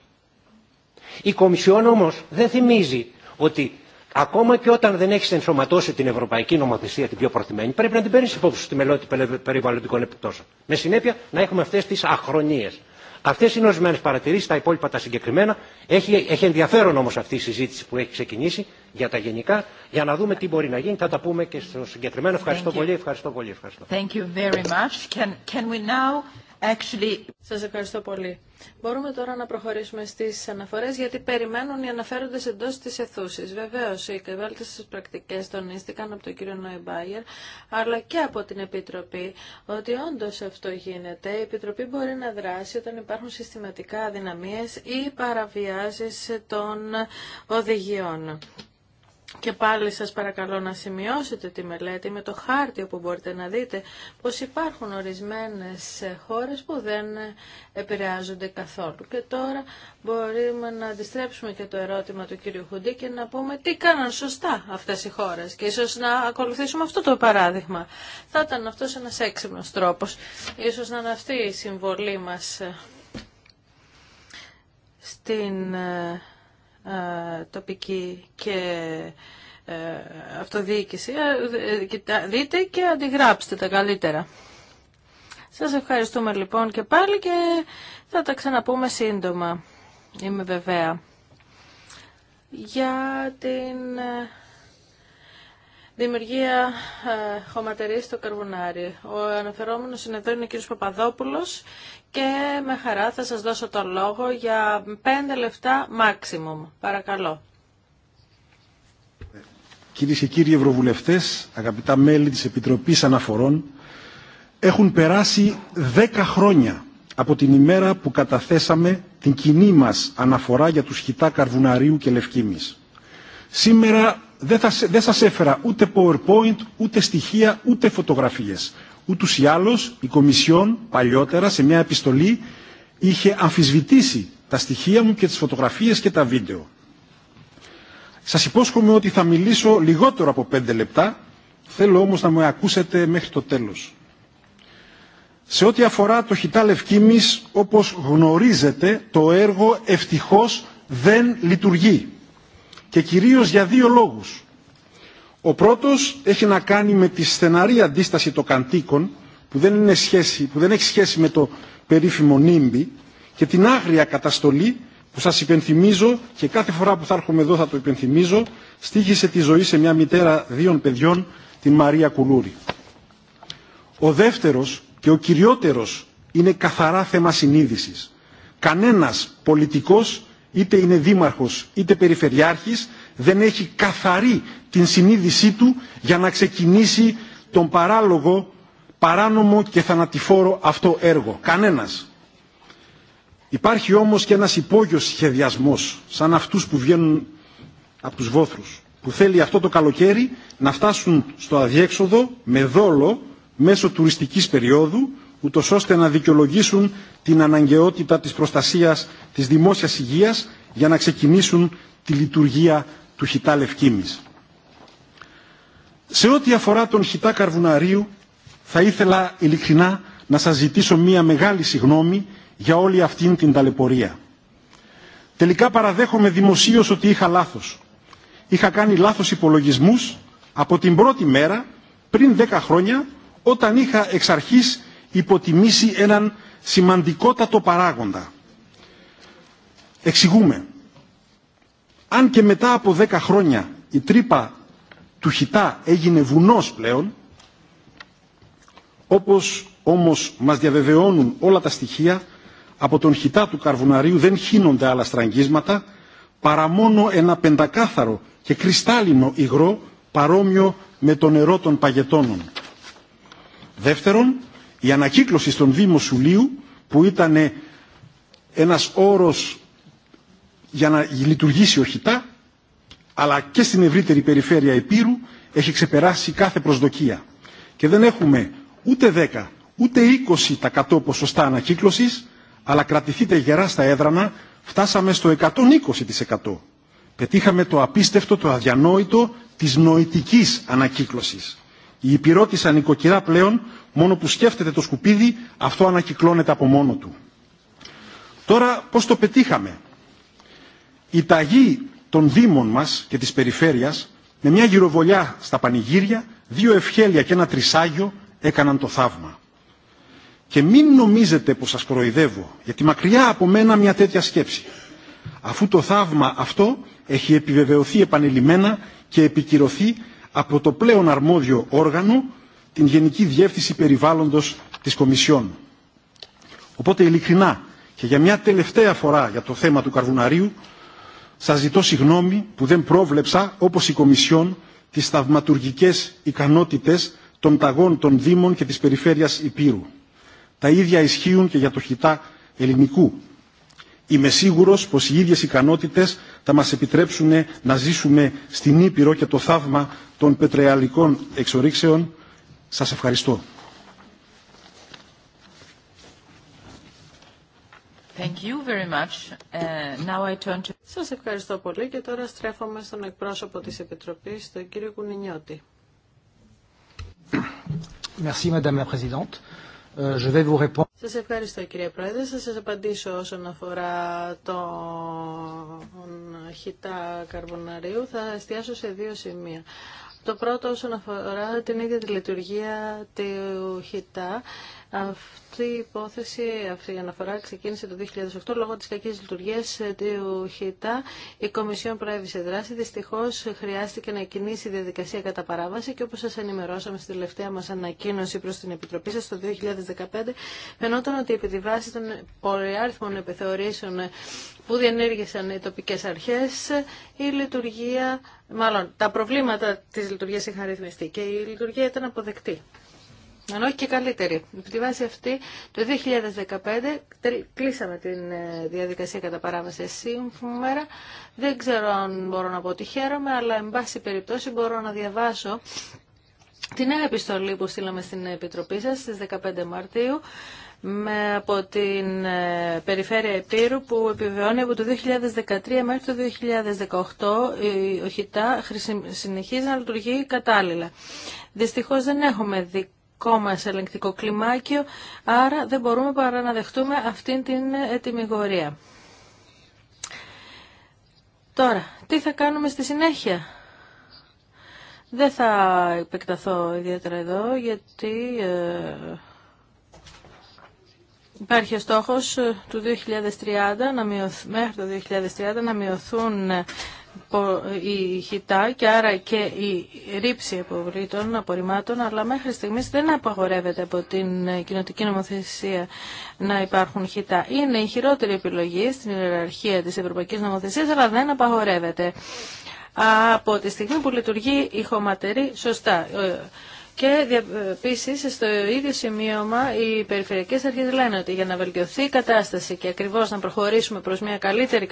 Η Κομισιόν όμως δεν θυμίζει ότι Ακόμα και όταν δεν έχει ενσωματώσει την ευρωπαϊκή νομοθεσία την πιο προθυμένη, πρέπει να την παίρνει υπόψη στη μελέτη περιβαλλοντικών επιπτώσεων. Με συνέπεια να έχουμε αυτέ τι αχρονίε. Αυτέ είναι ορισμένε παρατηρήσει, τα υπόλοιπα τα συγκεκριμένα. Έχει, έχει ενδιαφέρον όμω αυτή η συζήτηση που έχει ξεκινήσει για τα γενικά, για να δούμε τι μπορεί να γίνει. Θα τα πούμε και στο συγκεκριμένο. Ευχαριστώ πολύ, ευχαριστώ πολύ. Ευχαριστώ. Thank you very much. Can, can we now... Actually... Σας ευχαριστώ πολύ. Μπορούμε τώρα να προχωρήσουμε στις αναφορές γιατί περιμένουν οι αναφέροντες εντός της αιθούσης. Βεβαίως, οι στις πρακτικές τονίστηκαν από τον κύριο Νόϊμπάγερ, αλλά και από την Επιτροπή ότι όντως αυτό γίνεται. Η Επιτροπή μπορεί να δράσει όταν υπάρχουν συστηματικά αδυναμίες ή παραβιάσεις των οδηγιών. Και πάλι σας παρακαλώ να σημειώσετε τη μελέτη με το χάρτη όπου μπορείτε να δείτε πως υπάρχουν ορισμένες χώρες που δεν επηρεάζονται καθόλου. Και τώρα μπορούμε να αντιστρέψουμε και το ερώτημα του κύριου Χουντή και να πούμε τι κάναν σωστά αυτές οι χώρες και ίσως να ακολουθήσουμε αυτό το παράδειγμα. Θα ήταν αυτός ένας έξυπνος τρόπος. Ίσως να είναι αυτή η συμβολή μας στην ε, ε, τοπική και ε, αυτοδιοίκηση. Ε, δείτε και αντιγράψτε τα καλύτερα. Σας ευχαριστούμε λοιπόν και πάλι και θα τα ξαναπούμε σύντομα. Είμαι βεβαία. Για την δημιουργία χωματερής στο Καρβουνάρι. Ο αναφερόμενος είναι εδώ είναι ο κ. Παπαδόπουλος και με χαρά θα σας δώσω τον λόγο για 5 λεπτά maximum. Παρακαλώ. Κυρίε και κύριοι Ευρωβουλευτές, αγαπητά μέλη της Επιτροπής Αναφορών, έχουν περάσει 10 χρόνια από την ημέρα που καταθέσαμε την κοινή μας αναφορά για τους χιτά καρβουναρίου και λευκίμης. Σήμερα δεν, θα, δεν σας έφερα ούτε PowerPoint, ούτε στοιχεία, ούτε φωτογραφίες. Ούτως ή άλλως η Κομισιόν παλιότερα σε μια επιστολή είχε αμφισβητήσει τα στοιχεία μου και τις φωτογραφίες και τα βίντεο. Σας υπόσχομαι ότι θα μιλήσω λιγότερο από πέντε λεπτά, θέλω όμως να με ακούσετε μέχρι το τέλος. Σε ό,τι αφορά το Χιτά Λευκήμης, όπως γνωρίζετε, το έργο ευτυχώς δεν λειτουργεί. Και κυρίως για δύο λόγους. Ο πρώτος έχει να κάνει με τη στεναρή αντίσταση των καντίκων που δεν, σχέση, που δεν έχει σχέση με το περίφημο νύμπι και την άγρια καταστολή που σας υπενθυμίζω και κάθε φορά που θα έρχομαι εδώ θα το υπενθυμίζω στήχησε τη ζωή σε μια μητέρα δύο παιδιών, την Μαρία Κουλούρη. Ο δεύτερος και ο κυριότερος είναι καθαρά θέμα συνείδησης. Κανένας πολιτικός, είτε είναι δήμαρχος είτε περιφερειάρχης, δεν έχει καθαρή την συνείδησή του για να ξεκινήσει τον παράλογο, παράνομο και θανατηφόρο αυτό έργο. Κανένας. Υπάρχει όμως και ένας υπόγειος σχεδιασμός, σαν αυτούς που βγαίνουν από τους βόθρους, που θέλει αυτό το καλοκαίρι να φτάσουν στο αδιέξοδο με δόλο μέσω τουριστικής περίοδου, ούτως ώστε να δικαιολογήσουν την αναγκαιότητα της προστασίας της δημόσιας υγείας για να ξεκινήσουν τη λειτουργία του χιτά Σε ό,τι αφορά τον χιτά Καρβουναρίου, θα ήθελα ειλικρινά να σας ζητήσω μία μεγάλη συγνώμη για όλη αυτήν την ταλαιπωρία. Τελικά παραδέχομαι δημοσίως ότι είχα λάθος. Είχα κάνει λάθος υπολογισμούς από την πρώτη μέρα, πριν 10 χρόνια, όταν είχα εξ αρχής υποτιμήσει έναν σημαντικότατο παράγοντα. Εξηγούμε αν και μετά από 10 χρόνια η τρύπα του χιτά έγινε βουνός πλέον, όπως όμως μας διαβεβαιώνουν όλα τα στοιχεία, από τον χιτά του καρβουναρίου δεν χύνονται άλλα στραγγίσματα, παρά μόνο ένα πεντακάθαρο και κρυστάλλινο υγρό παρόμοιο με το νερό των παγετώνων. Δεύτερον, η ανακύκλωση στον Δήμο Σουλίου, που ήταν ένας όρος για να λειτουργήσει οχητά, αλλά και στην ευρύτερη περιφέρεια Επίρου έχει ξεπεράσει κάθε προσδοκία. Και δεν έχουμε ούτε 10, ούτε 20% ποσοστά ανακύκλωσης, αλλά κρατηθείτε γερά στα έδρανα, φτάσαμε στο 120%. Πετύχαμε το απίστευτο, το αδιανόητο της νοητικής ανακύκλωσης. Η υπηρώτησα νοικοκυρά πλέον, μόνο που σκέφτεται το σκουπίδι, αυτό ανακυκλώνεται από μόνο του. Τώρα πώς το πετύχαμε η ταγή των Δήμων μας και της περιφέρειας με μια γυροβολιά στα πανηγύρια, δύο ευχέλια και ένα τρισάγιο έκαναν το θαύμα. Και μην νομίζετε πως σας κοροϊδεύω, γιατί μακριά από μένα μια τέτοια σκέψη. Αφού το θαύμα αυτό έχει επιβεβαιωθεί επανειλημμένα και επικυρωθεί από το πλέον αρμόδιο όργανο, την Γενική Διεύθυνση Περιβάλλοντος της Κομισιόν. Οπότε ειλικρινά και για μια τελευταία φορά για το θέμα του Καρβουναρίου, σας ζητώ συγγνώμη που δεν πρόβλεψα, όπως η Κομισιόν, τις θαυματουργικές ικανότητες των ταγών των Δήμων και της Περιφέρειας Υπήρου. Τα ίδια ισχύουν και για το χιτά ελληνικού. Είμαι σίγουρος πως οι ίδιες ικανότητες θα μας επιτρέψουν να ζήσουμε στην Ήπειρο και το θαύμα των πετρεαλικών εξορίξεων. Σας ευχαριστώ. Thank you very much. Uh, now I turn to... Σας ευχαριστώ πολύ και τώρα στρέφομαι στον εκπρόσωπο της Επιτροπής, τον κύριο Κουνινιώτη. Merci, Madame la Présidente. Euh, je vais vous répondre. Σας ευχαριστώ κύριε Πρόεδρε. Θα σας απαντήσω όσον αφορά τον χιτά καρβοναρίου. Θα εστιάσω σε δύο σημεία. Το πρώτο όσον αφορά την ίδια τη λειτουργία του χιτά. Αυτή η υπόθεση, αυτή η αναφορά ξεκίνησε το 2008 λόγω της κακής λειτουργίας ε, του ΧΙΤΑ. Η Κομισιόν προέβησε δράση. Δυστυχώς χρειάστηκε να κινήσει η διαδικασία κατά παράβαση και όπως σας ενημερώσαμε στη τελευταία μας ανακοίνωση προς την Επιτροπή σας το 2015 φαινόταν ότι επί τη βάση των πολυάριθμων επιθεωρήσεων που διενέργησαν οι τοπικές αρχές η λειτουργία, μάλλον τα προβλήματα της λειτουργίας είχαν ρυθμιστεί και η λειτουργία ήταν αποδεκτή αν όχι και καλύτερη. Επί τη βάση αυτή, το 2015 κλείσαμε την ε, διαδικασία κατά παράβαση σήμερα. Δεν ξέρω αν μπορώ να πω ότι χαίρομαι, αλλά εν πάση περιπτώσει μπορώ να διαβάσω την νέα επιστολή που στείλαμε στην Επιτροπή σας στις 15 Μαρτίου με από την ε, περιφέρεια Επίρου που επιβεβαιώνει από το 2013 μέχρι το 2018 η οχητά συνεχίζει να λειτουργεί κατάλληλα. Δυστυχώς δεν έχουμε δει ακόμα σε ελεγκτικό κλιμάκιο, άρα δεν μπορούμε παρά να δεχτούμε αυτήν την ετοιμιγορία. Τώρα, τι θα κάνουμε στη συνέχεια. Δεν θα επεκταθώ ιδιαίτερα εδώ, γιατί ε, υπάρχει ο στόχος ε, του 2030, να μειωθ, μέχρι το 2030 να μειωθούν ε, η χιτά και άρα και η ρήψη αποβλήτων, απορριμμάτων, αλλά μέχρι στιγμής δεν απαγορεύεται από την κοινοτική νομοθεσία να υπάρχουν χιτά. Είναι η χειρότερη επιλογή στην ιεραρχία της Ευρωπαϊκής Νομοθεσίας, αλλά δεν απαγορεύεται. Από τη στιγμή που λειτουργεί η χωματερή σωστά. Ε, και επίση στο ίδιο σημείωμα οι περιφερειακέ αρχέ λένε ότι για να βελτιωθεί η κατάσταση και ακριβώς να προχωρήσουμε προ μια καλύτερη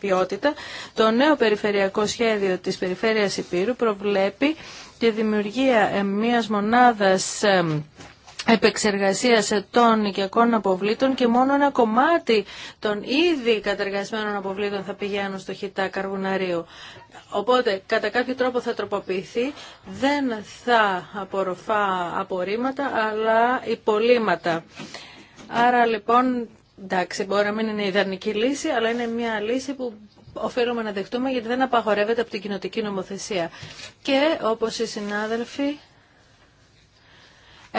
ποιότητα, το νέο περιφερειακό σχέδιο της Περιφέρειας Υπήρου προβλέπει τη δημιουργία ε, μιας μονάδας ε, επεξεργασίας των οικιακών αποβλήτων και μόνο ένα κομμάτι των ήδη κατεργασμένων αποβλήτων θα πηγαίνουν στο χιτά καρβουναρίου. Οπότε, κατά κάποιο τρόπο θα τροποποιηθεί, δεν θα απορροφά απορρίμματα, αλλά υπολείμματα. Άρα, λοιπόν, εντάξει, μπορεί να μην είναι ιδανική λύση, αλλά είναι μια λύση που οφείλουμε να δεχτούμε γιατί δεν απαγορεύεται από την κοινοτική νομοθεσία. Και, όπως οι συνάδελφοι,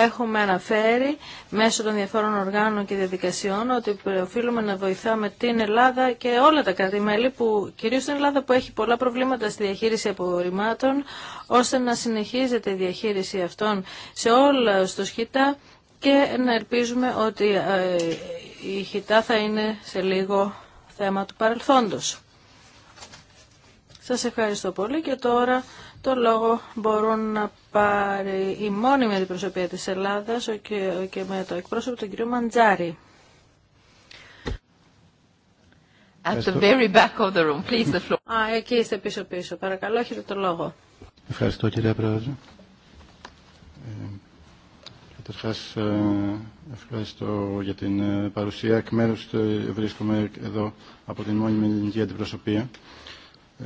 Έχουμε αναφέρει μέσω των διαφόρων οργάνων και διαδικασιών ότι οφείλουμε να βοηθάμε την Ελλάδα και όλα τα κράτη-μέλη, κυρίως την Ελλάδα που έχει πολλά προβλήματα στη διαχείριση απορριμμάτων, ώστε να συνεχίζεται η διαχείριση αυτών σε όλα στο ΣΧΙΤΑ και να ελπίζουμε ότι ε, η ΧΙΤΑ θα είναι σε λίγο θέμα του παρελθόντος. Σας ευχαριστώ πολύ και τώρα... Το λόγο μπορούν να πάρει η μόνιμη αντιπροσωπεία της Ελλάδας και, και με το εκπρόσωπο του κύριο Μαντζάρη. At the very back of the room, please the floor. Α, εκεί είστε πίσω πίσω. Παρακαλώ, έχετε το λόγο. Ευχαριστώ κύριε Πρόεδρε. Ε, Καταρχά ε, ευχαριστώ για την ε, παρουσία. Εκ μέρους βρίσκομαι εδώ από την μόνιμη ελληνική αντιπροσωπεία.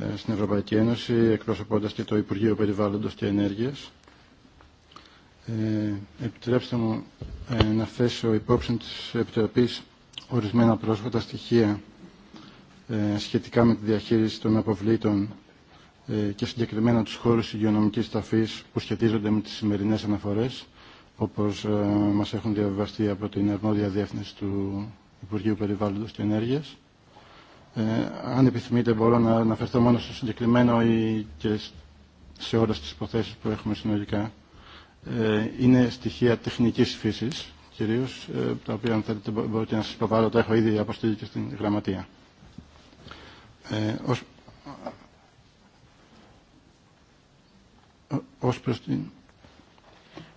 Ε, στην Ευρωπαϊκή Ένωση, εκπροσωπώντας και το Υπουργείο Περιβάλλοντος και Ενέργειας. Ε, επιτρέψτε μου ε, να θέσω υπόψη της Επιτροπής ορισμένα πρόσφατα στοιχεία ε, σχετικά με τη διαχείριση των αποβλήτων και συγκεκριμένα τους χώρους υγειονομικής ταφής που σχετίζονται με τις σημερινές αναφορές, όπως μας έχουν διαβεβαστεί από την αρμόδια διεύθυνση του Υπουργείου Περιβάλλοντος και Ενέργειας. Ε, αν επιθυμείτε μπορώ να αναφερθώ μόνο στο συγκεκριμένο ή και σε όλες τις υποθέσεις που έχουμε συνολικά. Ε, είναι στοιχεία τεχνικής φύσης κυρίως, ε, τα οποία αν θέλετε μπορείτε να σας προβάλλω, τα έχω ήδη αποστείλει και στην γραμματεία. Ε, ως, ως προς την...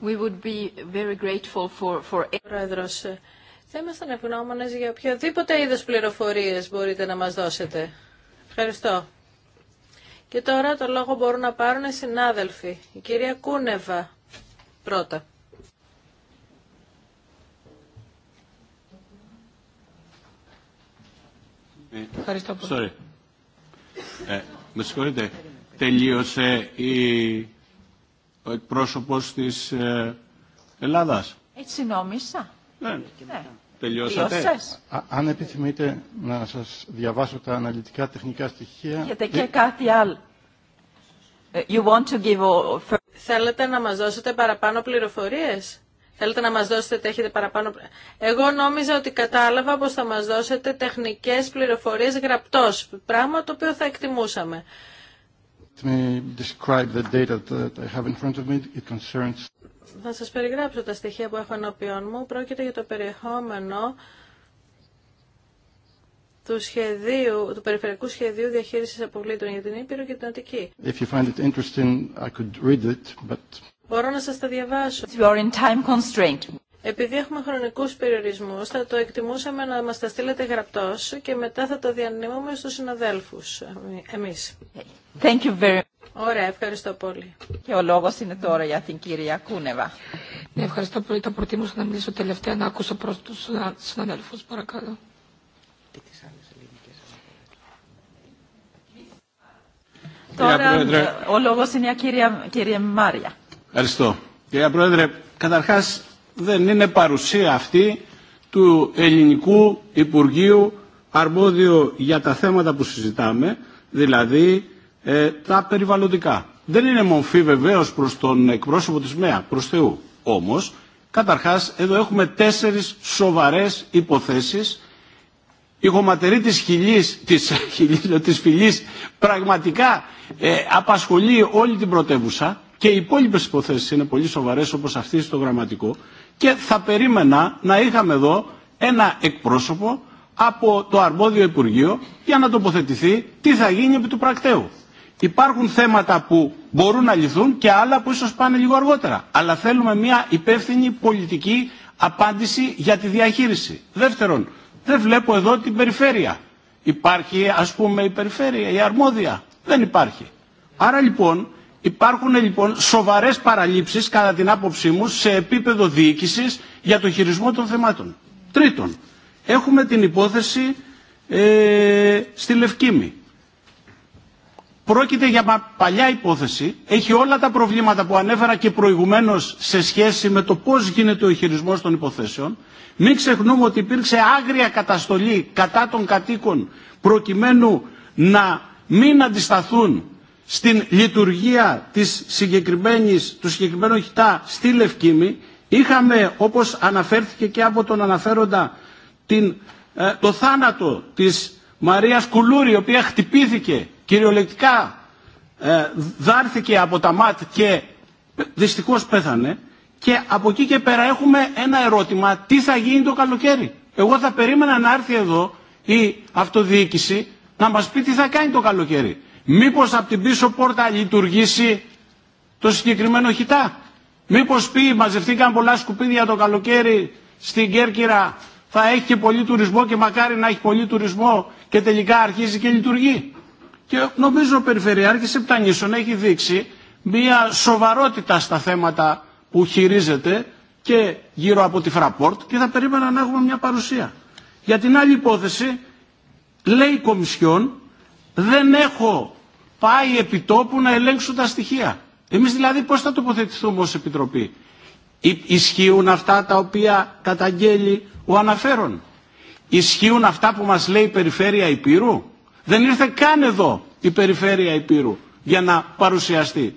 We would be very grateful for, for... Θα ήμασταν ευγνώμονες για οποιοδήποτε είδος πληροφορίες μπορείτε να μας δώσετε. Ευχαριστώ. Και τώρα το λόγο μπορούν να πάρουν οι συνάδελφοι. Η κυρία Κούνεβα πρώτα. Ευχαριστώ πολύ. Ε, με συγχωρείτε. Τελείωσε η... ο εκπρόσωπος της ε, Ελλάδας. Έτσι νόμισα. Ναι, Τελειώσατε. Αν επιθυμείτε να σας διαβάσω τα αναλυτικά τεχνικά στοιχεία. Γιατί και κάτι άλλο. Ε, you want to give Θέλετε να μας δώσετε παραπάνω πληροφορίες. Θέλετε να μας δώσετε ότι έχετε παραπάνω. Εγώ νόμιζα ότι κατάλαβα πως θα μας δώσετε τεχνικές πληροφορίες γραπτός. Πράγμα το οποίο θα εκτιμούσαμε. Θα σας περιγράψω τα στοιχεία που έχω ενώπιον μου. Πρόκειται για το περιεχόμενο του, σχεδίου, του περιφερειακού σχεδίου διαχείρισης αποβλήτων για την Ήπειρο και την Αττική. Μπορώ να σας τα διαβάσω. Επειδή έχουμε χρονικούς περιορισμούς, θα το εκτιμούσαμε να μας τα στείλετε γραπτός και μετά θα το διανύμουμε στους συναδέλφους εμείς. Thank you very much. Ωραία, ευχαριστώ πολύ. Και ο λόγο είναι τώρα για την κυρία Κούνεβα. Ναι, ευχαριστώ πολύ. Το προτιμούσα να μιλήσω τελευταία, να ακούσω προ τους συναδέλφου, παρακαλώ. Τώρα ο λόγο είναι η κυρία, κυρία Μάρια. Ευχαριστώ. Κυρία Πρόεδρε, καταρχά δεν είναι παρουσία αυτή του ελληνικού Υπουργείου αρμόδιο για τα θέματα που συζητάμε, δηλαδή ε, τα περιβαλλοντικά. Δεν είναι μορφή βεβαίω προ τον εκπρόσωπο τη ΜΕΑ, προ Θεού. Όμω, καταρχά, εδώ έχουμε τέσσερι σοβαρέ υποθέσει. Η χωματερή της χιλής, της, *laughs* της φυλής πραγματικά ε, απασχολεί όλη την πρωτεύουσα και οι υπόλοιπε υποθέσεις είναι πολύ σοβαρές όπως αυτή στο γραμματικό και θα περίμενα να είχαμε εδώ ένα εκπρόσωπο από το αρμόδιο Υπουργείο για να τοποθετηθεί τι θα γίνει επί του πρακτέου. Υπάρχουν θέματα που μπορούν να λυθούν και άλλα που ίσως πάνε λίγο αργότερα. Αλλά θέλουμε μια υπεύθυνη πολιτική απάντηση για τη διαχείριση. Δεύτερον, δεν βλέπω εδώ την περιφέρεια. Υπάρχει ας πούμε η περιφέρεια, η αρμόδια. Δεν υπάρχει. Άρα λοιπόν υπάρχουν λοιπόν σοβαρές παραλήψεις κατά την άποψή μου σε επίπεδο διοίκησης για το χειρισμό των θεμάτων. Τρίτον, έχουμε την υπόθεση ε, στη Λευκήμη. Πρόκειται για παλιά υπόθεση, έχει όλα τα προβλήματα που ανέφερα και προηγουμένως σε σχέση με το πώς γίνεται ο χειρισμός των υποθέσεων. Μην ξεχνούμε ότι υπήρξε άγρια καταστολή κατά των κατοίκων προκειμένου να μην αντισταθούν στην λειτουργία της συγκεκριμένης, του συγκεκριμένου χιτά στη Λευκήμη. Είχαμε, όπως αναφέρθηκε και από τον αναφέροντα, την, ε, το θάνατο της Μαρίας Κουλούρη, η οποία χτυπήθηκε κυριολεκτικά ε, δάρθηκε από τα ΜΑΤ και δυστυχώς πέθανε και από εκεί και πέρα έχουμε ένα ερώτημα τι θα γίνει το καλοκαίρι. Εγώ θα περίμενα να έρθει εδώ η αυτοδιοίκηση να μας πει τι θα κάνει το καλοκαίρι. Μήπως από την πίσω πόρτα λειτουργήσει το συγκεκριμένο χιτά. Μήπως πει μαζευτήκαν πολλά σκουπίδια το καλοκαίρι στην Κέρκυρα θα έχει και πολύ τουρισμό και μακάρι να έχει πολύ τουρισμό και τελικά αρχίζει και λειτουργεί. Και νομίζω ο Περιφερειάρχης Επτανήσων έχει δείξει μία σοβαρότητα στα θέματα που χειρίζεται και γύρω από τη Φραπόρτ και θα περίμενα να έχουμε μια παρουσία. Για την άλλη υπόθεση, λέει η Κομισιόν, δεν έχω πάει επί τόπου να ελέγξω τα στοιχεία. Εμείς δηλαδή πώς θα τοποθετηθούμε ως Επιτροπή. Ισχύουν αυτά τα οποία καταγγέλει ο αναφέρον. Ισχύουν αυτά που μας λέει η Περιφέρεια Υπήρου. Δεν ήρθε καν εδώ η περιφέρεια Υπήρου για να παρουσιαστεί.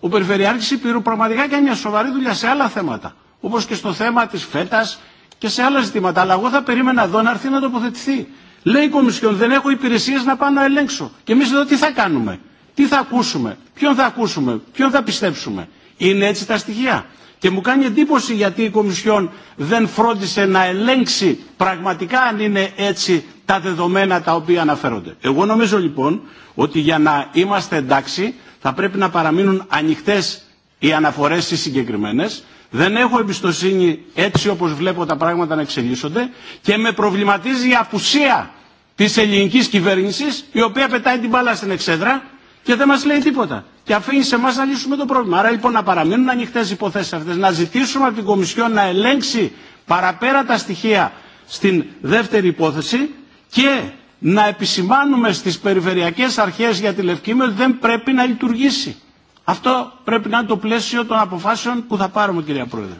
Ο Περιφερειάρχης Υπήρου πραγματικά κάνει μια σοβαρή δουλειά σε άλλα θέματα. Όπως και στο θέμα της ΦΕΤΑ και σε άλλα ζητήματα. Αλλά εγώ θα περίμενα εδώ να έρθει να τοποθετηθεί. Λέει η Κομισιόν, δεν έχω υπηρεσίε να πάω να ελέγξω. Και εμεί εδώ τι θα κάνουμε, τι θα ακούσουμε, ποιον θα ακούσουμε, ποιον θα πιστέψουμε. Είναι έτσι τα στοιχεία. Και μου κάνει εντύπωση γιατί η Κομισιόν δεν φρόντισε να ελέγξει πραγματικά αν είναι έτσι τα δεδομένα τα οποία αναφέρονται. Εγώ νομίζω λοιπόν ότι για να είμαστε εντάξει θα πρέπει να παραμείνουν ανοιχτές οι αναφορές οι συγκεκριμένες. Δεν έχω εμπιστοσύνη έτσι όπως βλέπω τα πράγματα να εξελίσσονται και με προβληματίζει η απουσία της ελληνικής κυβέρνησης η οποία πετάει την μπάλα στην εξέδρα και δεν μας λέει τίποτα. Και αφήνει σε εμά να λύσουμε το πρόβλημα. Άρα λοιπόν να παραμείνουν ανοιχτές οι υποθέσεις να ζητήσουμε από την Κομισιόν να ελέγξει παραπέρα τα στοιχεία στην δεύτερη υπόθεση και να επισημάνουμε στις περιφερειακές αρχές για τη Λευκή ότι δεν πρέπει να λειτουργήσει. Αυτό πρέπει να είναι το πλαίσιο των αποφάσεων που θα πάρουμε κυρία Πρόεδρε.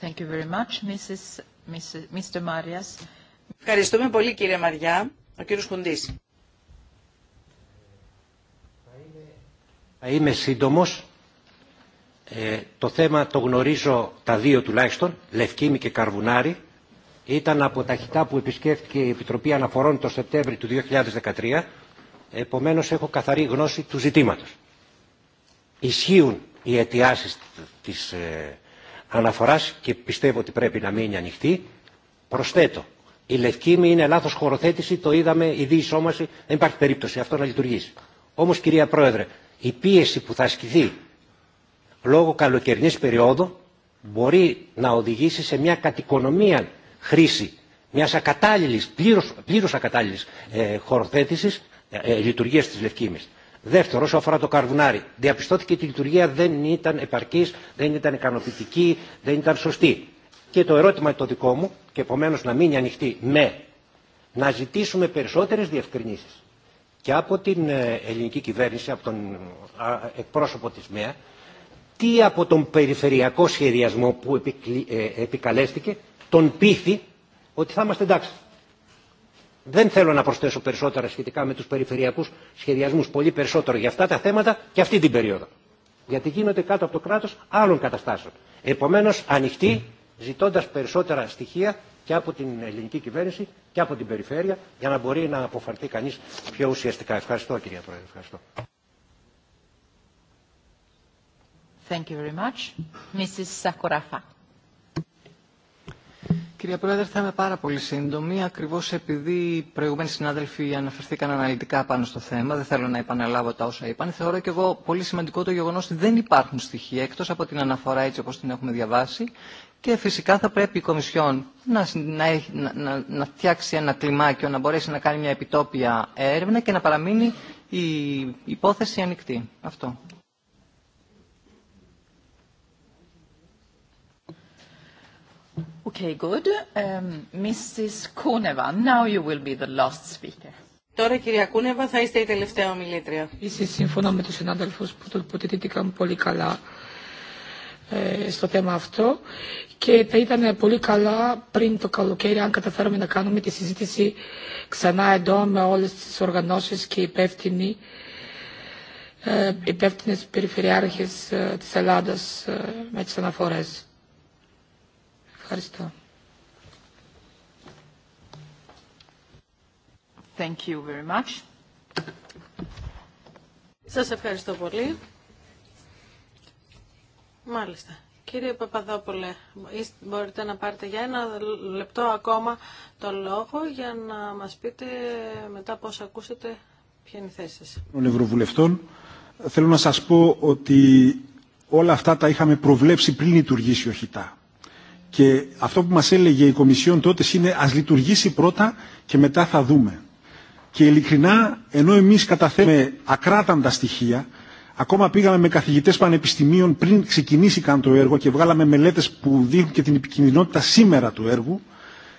Thank you very much, Mrs. Mr. Marias. Ευχαριστούμε πολύ κύριε Μαριά. Ο κύριος Χουντής. Θα είμαι σύντομος ε, το θέμα το γνωρίζω τα δύο τουλάχιστον, Λευκήμη και Καρβουνάρη. Ήταν από τα που επισκέφθηκε η Επιτροπή Αναφορών το Σεπτέμβριο του 2013. Επομένως έχω καθαρή γνώση του ζητήματος. Ισχύουν οι αιτιάσει της ε, αναφοράς και πιστεύω ότι πρέπει να μείνει ανοιχτή. Προσθέτω, η Λευκήμη είναι λάθος χωροθέτηση, το είδαμε, η διεισόμαση, δεν υπάρχει περίπτωση αυτό να λειτουργήσει. Όμως κυρία Πρόεδρε, η πίεση που θα ασκηθεί λόγω καλοκαιρινής περίοδου μπορεί να οδηγήσει σε μια κατοικονομία χρήση μιας ακατάλληλης, πλήρως, πλήρως ακατάλληλης ε, χωροθέτησης ε, ε, λειτουργίας της Λευκήμης. Δεύτερο, όσο αφορά το καρβουνάρι, διαπιστώθηκε ότι η λειτουργία δεν ήταν επαρκής, δεν ήταν ικανοποιητική, δεν ήταν σωστή. Και το ερώτημα το δικό μου, και επομένως να μείνει ανοιχτή, με, να ζητήσουμε περισσότερες διευκρινήσεις και από την ε, ελληνική κυβέρνηση, από τον εκπρόσωπο της ΜΕΑ, τι από τον περιφερειακό σχεδιασμό που ε, επικαλέστηκε τον πείθη ότι θα είμαστε εντάξει. Δεν θέλω να προσθέσω περισσότερα σχετικά με τους περιφερειακούς σχεδιασμούς, πολύ περισσότερο για αυτά τα θέματα και αυτή την περίοδο. Γιατί γίνονται κάτω από το κράτος άλλων καταστάσεων. Επομένως, ανοιχτή, ζητώντας περισσότερα στοιχεία και από την ελληνική κυβέρνηση και από την περιφέρεια, για να μπορεί να αποφαρθεί κανείς πιο ουσιαστικά. Ευχαριστώ, κυρία Πρόεδρε. Ευχαριστώ. Thank you very much. Mrs. Πρόεδρε, θα είμαι πάρα πολύ σύντομη, ακριβώ επειδή οι προηγούμενοι συνάδελφοι αναφερθήκαν αναλυτικά πάνω στο θέμα, δεν θέλω να επαναλάβω τα όσα είπαν. Θεωρώ και εγώ πολύ σημαντικό το γεγονό ότι δεν υπάρχουν στοιχεία, εκτό από την αναφορά έτσι όπω την έχουμε διαβάσει, και φυσικά θα πρέπει η Κομισιόν να, να, να, να φτιάξει ένα κλιμάκιο, να μπορέσει να κάνει μια επιτόπια έρευνα και να παραμείνει η υπόθεση ανοιχτή. Αυτό. Okay, Τώρα, κυρία Κούνεβα, θα είστε η τελευταία ομιλήτρια. Είσαι σύμφωνα με τους συνάδελφους που τοποθετήθηκαν πολύ καλά ε, στο θέμα αυτό και θα ήταν πολύ καλά πριν το καλοκαίρι αν καταφέρουμε να κάνουμε τη συζήτηση ξανά εδώ με όλες τις οργανώσεις και υπεύθυνοι ε, υπεύθυνες περιφερειάρχες ε, της Ελλάδας ε, με τις αναφορές. Ευχαριστώ. Thank you very much. Σας ευχαριστώ πολύ. Μάλιστα. Κύριε Παπαδόπουλε, μπορείτε να πάρετε για ένα λεπτό ακόμα το λόγο για να μας πείτε μετά πώς ακούσετε ποια είναι η θέση σας. Των Ευρωβουλευτών, θέλω να σας πω ότι όλα αυτά τα είχαμε προβλέψει πριν λειτουργήσει ο ΧΙΤΑ. Και αυτό που μας έλεγε η Κομισιόν τότε είναι ας λειτουργήσει πρώτα και μετά θα δούμε. Και ειλικρινά, ενώ εμείς καταθέμε ακράταντα στοιχεία, ακόμα πήγαμε με καθηγητές πανεπιστημίων πριν ξεκινήσει καν το έργο και βγάλαμε μελέτες που δείχνουν και την επικινδυνότητα σήμερα του έργου,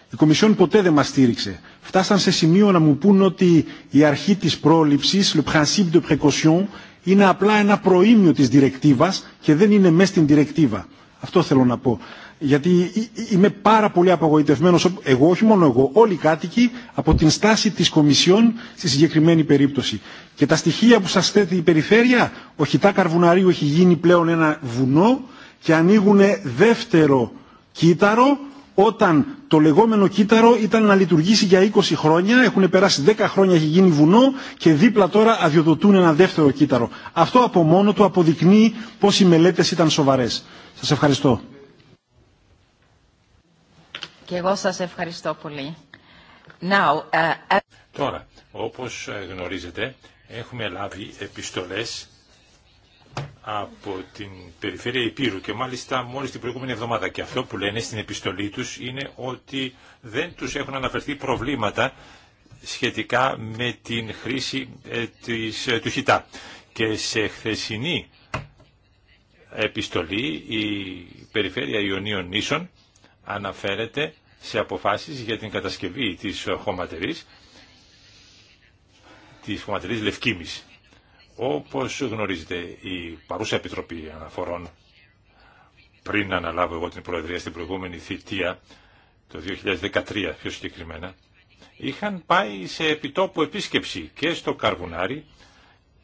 η Κομισιόν ποτέ δεν μας στήριξε. Φτάσαν σε σημείο να μου πούν ότι η αρχή της πρόληψης, le principe de précaution, είναι απλά ένα προήμιο της διρεκτίβας και δεν είναι μέσα στην διρεκτίβα. Αυτό θέλω να πω γιατί είμαι πάρα πολύ απογοητευμένος, εγώ, όχι μόνο εγώ, όλοι οι κάτοικοι, από την στάση της Κομισιόν στη συγκεκριμένη περίπτωση. Και τα στοιχεία που σας θέτει η περιφέρεια, ο Χιτά Καρβουναρίου έχει γίνει πλέον ένα βουνό και ανοίγουν δεύτερο κύτταρο, όταν το λεγόμενο κύτταρο ήταν να λειτουργήσει για 20 χρόνια, έχουν περάσει 10 χρόνια, έχει γίνει βουνό και δίπλα τώρα αδειοδοτούν ένα δεύτερο κύτταρο. Αυτό από μόνο του αποδεικνύει πώς οι μελέτες ήταν σοβαρές. Σας ευχαριστώ. Και εγώ σας ευχαριστώ πολύ. Now, ε, ε, Τώρα, όπως ε, γνωρίζετε, έχουμε λάβει επιστολές από την περιφέρεια Υπήρου και μάλιστα μόλις την προηγούμενη εβδομάδα και αυτό που λένε στην επιστολή τους είναι ότι δεν τους έχουν αναφερθεί προβλήματα σχετικά με την χρήση της, του χιτά. Και σε χθεσινή επιστολή η Περιφέρεια Ιωνίων Νήσων αναφέρεται σε αποφάσεις για την κατασκευή της χωματερής, της χωματερής Λευκήμης. Όπως γνωρίζετε, η παρούσα Επιτροπή Αναφορών, πριν αναλάβω εγώ την Προεδρία στην προηγούμενη θητεία, το 2013 πιο συγκεκριμένα, είχαν πάει σε επιτόπου επίσκεψη και στο Καρβουνάρι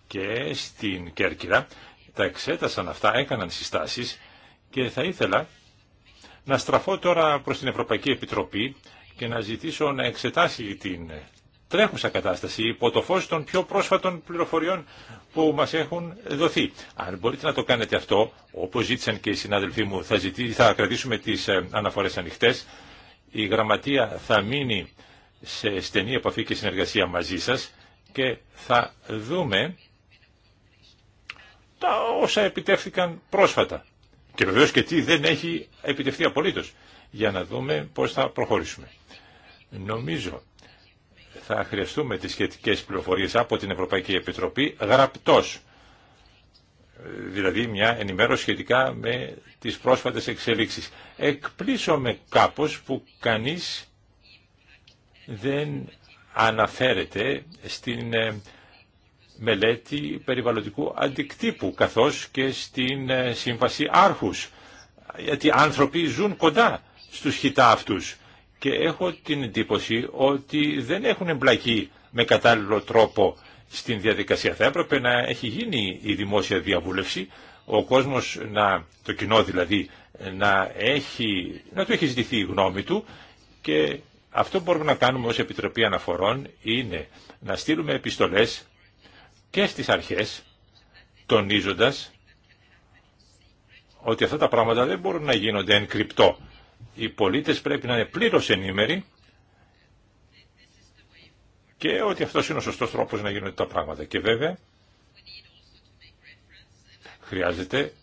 και στην Κέρκυρα. Τα εξέτασαν αυτά, έκαναν συστάσεις και θα ήθελα να στραφώ τώρα προς την Ευρωπαϊκή Επιτροπή και να ζητήσω να εξετάσει την τρέχουσα κατάσταση υπό το φως των πιο πρόσφατων πληροφοριών που μας έχουν δοθεί. Αν μπορείτε να το κάνετε αυτό, όπως ζήτησαν και οι συνάδελφοί μου, θα, ζητή, θα κρατήσουμε τις ε, αναφορές ανοιχτές. Η γραμματεία θα μείνει σε στενή επαφή και συνεργασία μαζί σας και θα δούμε τα όσα επιτεύχθηκαν πρόσφατα. Και βεβαίω και τι δεν έχει επιτευχθεί απολύτω. Για να δούμε πώ θα προχωρήσουμε. Νομίζω θα χρειαστούμε τις σχετικές πληροφορίες από την Ευρωπαϊκή Επιτροπή γραπτός. Δηλαδή μια ενημέρωση σχετικά με τις πρόσφατες εξελίξεις. Εκπλήσωμε κάπως που κανείς δεν αναφέρεται στην ε, μελέτη περιβαλλοντικού αντικτύπου καθώς και στην ε, σύμβαση άρχους γιατί άνθρωποι ζουν κοντά στους χιτά αυτούς και έχω την εντύπωση ότι δεν έχουν εμπλακεί με κατάλληλο τρόπο στην διαδικασία. Θα έπρεπε να έχει γίνει η δημόσια διαβούλευση, ο κόσμος, να, το κοινό δηλαδή, να, έχει, να του έχει ζητηθεί η γνώμη του και αυτό που μπορούμε να κάνουμε ως Επιτροπή Αναφορών είναι να στείλουμε επιστολές και στις αρχές, τονίζοντας ότι αυτά τα πράγματα δεν μπορούν να γίνονται εν κρυπτό. Οι πολίτες πρέπει να είναι πλήρως ενήμεροι και ότι αυτός είναι ο σωστός τρόπος να γίνονται τα πράγματα. Και βέβαια, χρειάζεται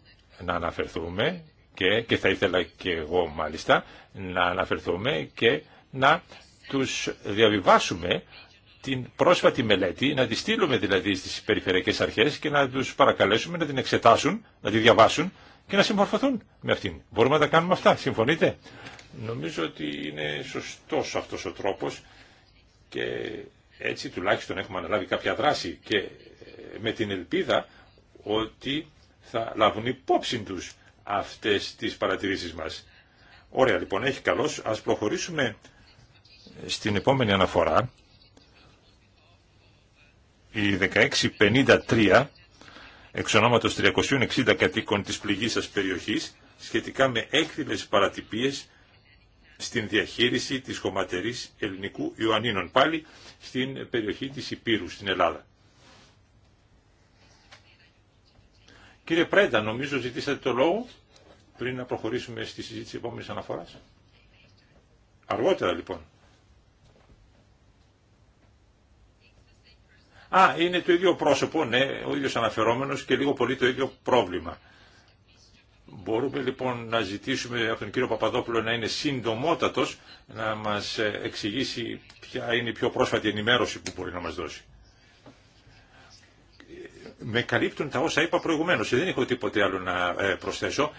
να αναφερθούμε και, και θα ήθελα και εγώ μάλιστα να αναφερθούμε και να τους διαβιβάσουμε την πρόσφατη μελέτη, να τη στείλουμε δηλαδή στις περιφερειακές αρχές και να τους παρακαλέσουμε να την εξετάσουν, να τη διαβάσουν και να συμμορφωθούν με αυτήν. Μπορούμε να τα κάνουμε αυτά, συμφωνείτε. Νομίζω ότι είναι σωστός αυτός ο τρόπος και έτσι τουλάχιστον έχουμε αναλάβει κάποια δράση και ε, με την ελπίδα ότι θα λάβουν υπόψη τους αυτές τις παρατηρήσεις μας. Ωραία λοιπόν, έχει καλώς. Ας προχωρήσουμε στην επόμενη αναφορά η 1653 εξ ονόματος 360 κατοίκων της πληγής σας περιοχής σχετικά με έκθυμες παρατυπίες στην διαχείριση της χωματερής ελληνικού Ιωαννίνων πάλι στην περιοχή της Υπήρου στην Ελλάδα. Κύριε Πρέντα, νομίζω ζητήσατε το λόγο πριν να προχωρήσουμε στη συζήτηση επόμενης αναφοράς. Αργότερα λοιπόν. Α, είναι το ίδιο πρόσωπο, ναι, ο ίδιος αναφερόμενος και λίγο πολύ το ίδιο πρόβλημα. Μπορούμε λοιπόν να ζητήσουμε από τον κύριο Παπαδόπουλο να είναι συντομότατος, να μας εξηγήσει ποια είναι η πιο πρόσφατη ενημέρωση που μπορεί να μας δώσει. Με καλύπτουν τα όσα είπα προηγουμένως, δεν έχω τίποτε άλλο να ε, προσθέσω.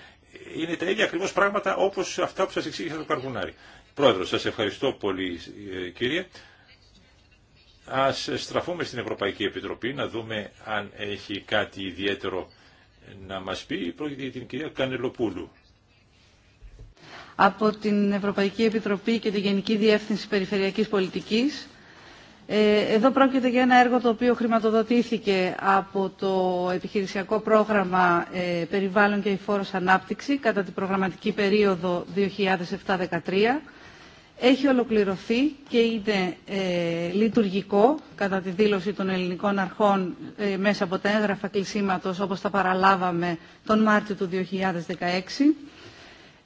Είναι τα ίδια ακριβώς πράγματα όπως αυτά που σας εξήγησα το Καρβουνάρι. Πρόεδρο, σας ευχαριστώ πολύ ε, κύριε. Ας στραφούμε στην Ευρωπαϊκή Επιτροπή να δούμε αν έχει κάτι ιδιαίτερο να μας πει. Πρόκειται για την κυρία Κανελοπούλου. Από την Ευρωπαϊκή Επιτροπή και τη Γενική Διεύθυνση Περιφερειακής Πολιτικής. Ε, εδώ πρόκειται για ένα έργο το οποίο χρηματοδοτήθηκε από το επιχειρησιακό πρόγραμμα ε, Περιβάλλον και Υφόρος Ανάπτυξη κατά την προγραμματική περίοδο 2007-2013 έχει ολοκληρωθεί και είναι ε, λειτουργικό κατά τη δήλωση των ελληνικών αρχών ε, μέσα από τα έγγραφα κλεισίματος όπως τα παραλάβαμε τον Μάρτιο του 2016.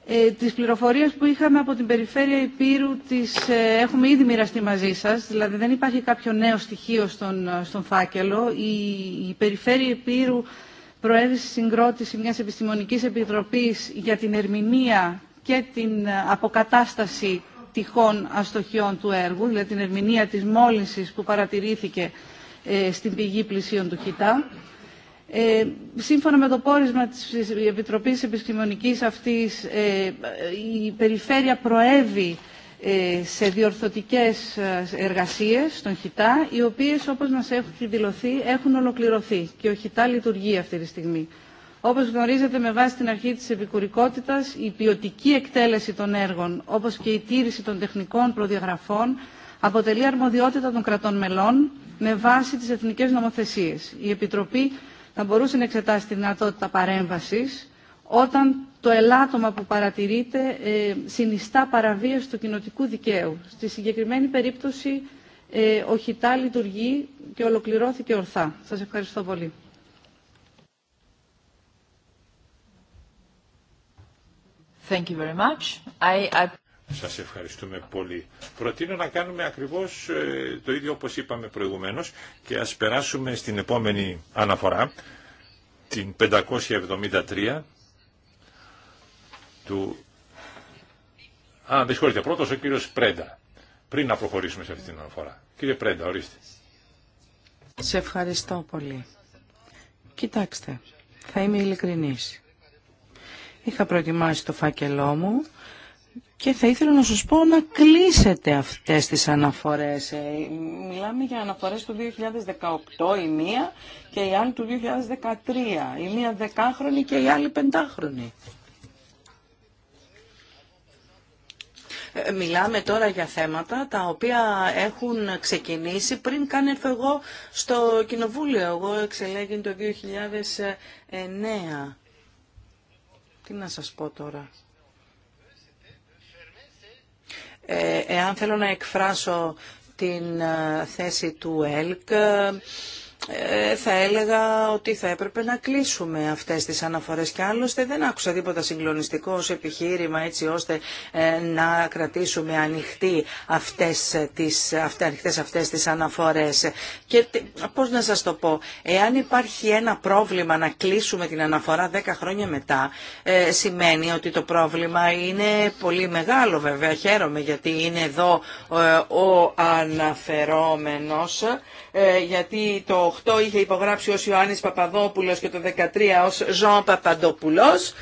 Ε, τις πληροφορίες που είχαμε από την περιφέρεια Υπήρου τις ε, έχουμε ήδη μοιραστεί μαζί σας, δηλαδή δεν υπάρχει κάποιο νέο στοιχείο στον, ε, στον φάκελο. Η, η περιφέρεια Υπήρου προέβησε συγκρότηση μιας επιστημονικής επιτροπής για την ερμηνεία και την αποκατάσταση τυχόν αστοχιών του έργου, δηλαδή την ερμηνεία της μόλυνσης που παρατηρήθηκε ε, στην πηγή πλησίων του ΧΙΤΑ. Ε, σύμφωνα με το πόρισμα της Επιτροπής Επιστημονικής αυτής, ε, η περιφέρεια προέβη ε, σε διορθωτικές εργασίες στον ΧΙΤΑ, οι οποίες όπως μας έχουν δηλωθεί έχουν ολοκληρωθεί και ο ΧΙΤΑ λειτουργεί αυτή τη στιγμή. Όπως γνωρίζετε, με βάση την αρχή της επικουρικότητας, η ποιοτική εκτέλεση των έργων, όπως και η τήρηση των τεχνικών προδιαγραφών, αποτελεί αρμοδιότητα των κρατών μελών με βάση τις εθνικές νομοθεσίες. Η Επιτροπή θα μπορούσε να εξετάσει τη δυνατότητα παρέμβασης όταν το ελάττωμα που παρατηρείται ε, συνιστά παραβίαση του κοινοτικού δικαίου. Στη συγκεκριμένη περίπτωση ε, ο ΧΙΤΑ λειτουργεί και ολοκληρώθηκε ορθά. Σας ευχαριστώ πολύ. Thank Σας ευχαριστούμε πολύ. Προτείνω να κάνουμε ακριβώς ε, το ίδιο όπως είπαμε προηγουμένως και ας περάσουμε στην επόμενη αναφορά, την 573 του... Α, δεν συγχωρείτε, πρώτος ο κύριος Πρέντα, πριν να προχωρήσουμε σε αυτή την αναφορά. Κύριε Πρέντα, ορίστε. Σε ευχαριστώ πολύ. Κοιτάξτε, θα είμαι ειλικρινής. Είχα προετοιμάσει το φάκελό μου και θα ήθελα να σας πω να κλείσετε αυτές τις αναφορές. Ε. Μιλάμε για αναφορές του 2018 η μία και η άλλη του 2013. Η μία δεκάχρονη και η άλλη πεντάχρονη. Ε, μιλάμε τώρα για θέματα τα οποία έχουν ξεκινήσει πριν καν έρθω εγώ στο Κοινοβούλιο. Εγώ εξελέγην το 2009. Τι να σας πω τώρα. Ε, εάν θέλω να εκφράσω την ε, θέση του ΕΛΚ, ε, θα έλεγα ότι θα έπρεπε να κλείσουμε αυτές τις αναφορές και άλλωστε δεν άκουσα τίποτα συγκλονιστικό ως επιχείρημα έτσι ώστε ε, να κρατήσουμε ανοιχτή αυτές ε, τις, αυτές, ανοιχτές αυτές τις αναφορές και πώς να σας το πω εάν υπάρχει ένα πρόβλημα να κλείσουμε την αναφορά δέκα χρόνια μετά σημαίνει ότι το πρόβλημα είναι πολύ μεγάλο βέβαια χαίρομαι γιατί είναι εδώ ο αναφερόμενος ε, γιατί το 8 είχε υπογράψει ως Ιωάννης Παπαδόπουλος και το 13 ως Ζων Παπαντοπουλός.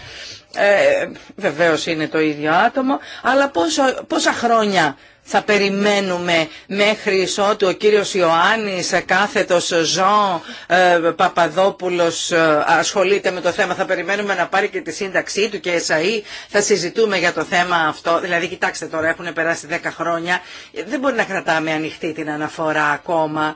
Ε, βεβαίως είναι το ίδιο άτομο, αλλά πόσο, πόσα χρόνια θα περιμένουμε μέχρι ότου ο κύριος Ιωάννης, ε, κάθετος Ζων ε, Παπαδόπουλος ε, ασχολείται με το θέμα. Θα περιμένουμε να πάρει και τη σύνταξή του και εσαΐ. E. Θα συζητούμε για το θέμα αυτό. Δηλαδή, κοιτάξτε τώρα, έχουν περάσει 10 χρόνια. Δεν μπορεί να κρατάμε ανοιχτή την αναφορά ακόμα.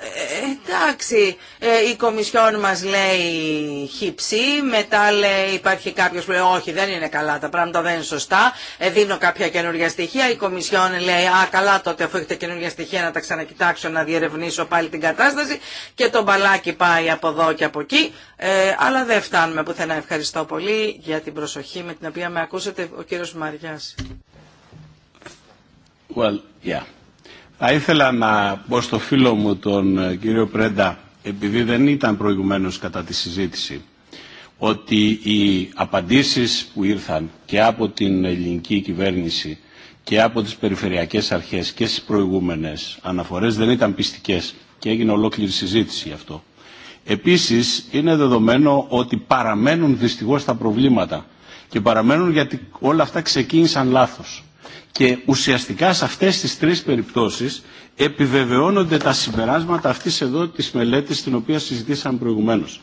Ε, εντάξει, ε, η Κομισιόν μας λέει χύψη, μετά λέει υπάρχει κάποιος που λέει όχι δεν είναι καλά τα πράγματα, δεν είναι σωστά, ε, δίνω κάποια καινούργια στοιχεία, η Κομισιόν λέει α καλά τότε αφού έχετε καινούργια στοιχεία να τα ξανακοιτάξω, να διερευνήσω πάλι την κατάσταση και το μπαλάκι πάει από εδώ και από εκεί, ε, αλλά δεν φτάνουμε πουθενά. Ευχαριστώ πολύ για την προσοχή με την οποία με ακούσατε ο κύριος Μαριάς. Well, yeah. Θα ήθελα να πω στο φίλο μου τον ε, κύριο Πρέντα, επειδή δεν ήταν προηγουμένως κατά τη συζήτηση, ότι οι απαντήσεις που ήρθαν και από την ελληνική κυβέρνηση και από τις περιφερειακές αρχές και στις προηγούμενες αναφορές δεν ήταν πιστικές και έγινε ολόκληρη συζήτηση γι' αυτό. Επίσης είναι δεδομένο ότι παραμένουν δυστυχώς τα προβλήματα και παραμένουν γιατί όλα αυτά ξεκίνησαν λάθος. Και ουσιαστικά σε αυτές τις τρεις περιπτώσεις επιβεβαιώνονται τα συμπεράσματα αυτής εδώ της μελέτης την οποία συζητήσαμε προηγουμένως.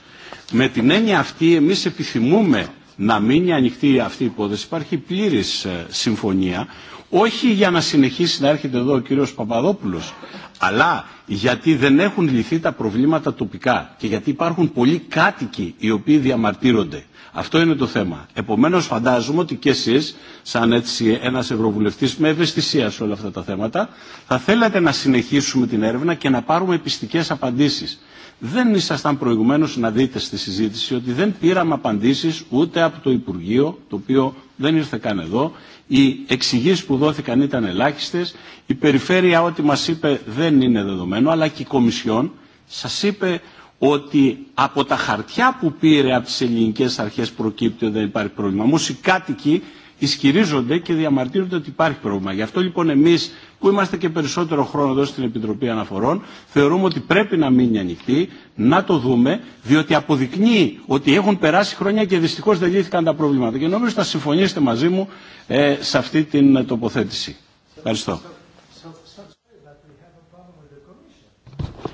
Με την έννοια αυτή εμείς επιθυμούμε να μείνει ανοιχτή αυτή η υπόθεση. Υπάρχει πλήρης ε, συμφωνία, όχι για να συνεχίσει να έρχεται εδώ ο κύριος Παπαδόπουλος, αλλά γιατί δεν έχουν λυθεί τα προβλήματα τοπικά και γιατί υπάρχουν πολλοί κάτοικοι οι οποίοι διαμαρτύρονται. Αυτό είναι το θέμα. Επομένω, φαντάζομαι ότι και εσεί, σαν έτσι ένα ευρωβουλευτή με ευαισθησία σε όλα αυτά τα θέματα, θα θέλατε να συνεχίσουμε την έρευνα και να πάρουμε πιστικέ απαντήσει. Δεν ήσασταν προηγουμένω να δείτε στη συζήτηση ότι δεν πήραμε απαντήσει ούτε από το Υπουργείο, το οποίο δεν ήρθε καν εδώ. Οι εξηγήσει που δόθηκαν ήταν ελάχιστε. Η περιφέρεια, ό,τι μα είπε, δεν είναι δεδομένο, αλλά και η Κομισιόν σα είπε ότι από τα χαρτιά που πήρε από τις ελληνικές αρχές προκύπτει ότι δεν υπάρχει πρόβλημα. Όμως οι κάτοικοι ισχυρίζονται και διαμαρτύρονται ότι υπάρχει πρόβλημα. Γι' αυτό λοιπόν εμείς που είμαστε και περισσότερο χρόνο εδώ στην Επιτροπή Αναφορών θεωρούμε ότι πρέπει να μείνει ανοιχτή, να το δούμε, διότι αποδεικνύει ότι έχουν περάσει χρόνια και δυστυχώ δεν λύθηκαν τα προβλήματα. Και νομίζω ότι θα συμφωνήσετε μαζί μου ε, σε αυτή την τοποθέτηση. Ευχαριστώ.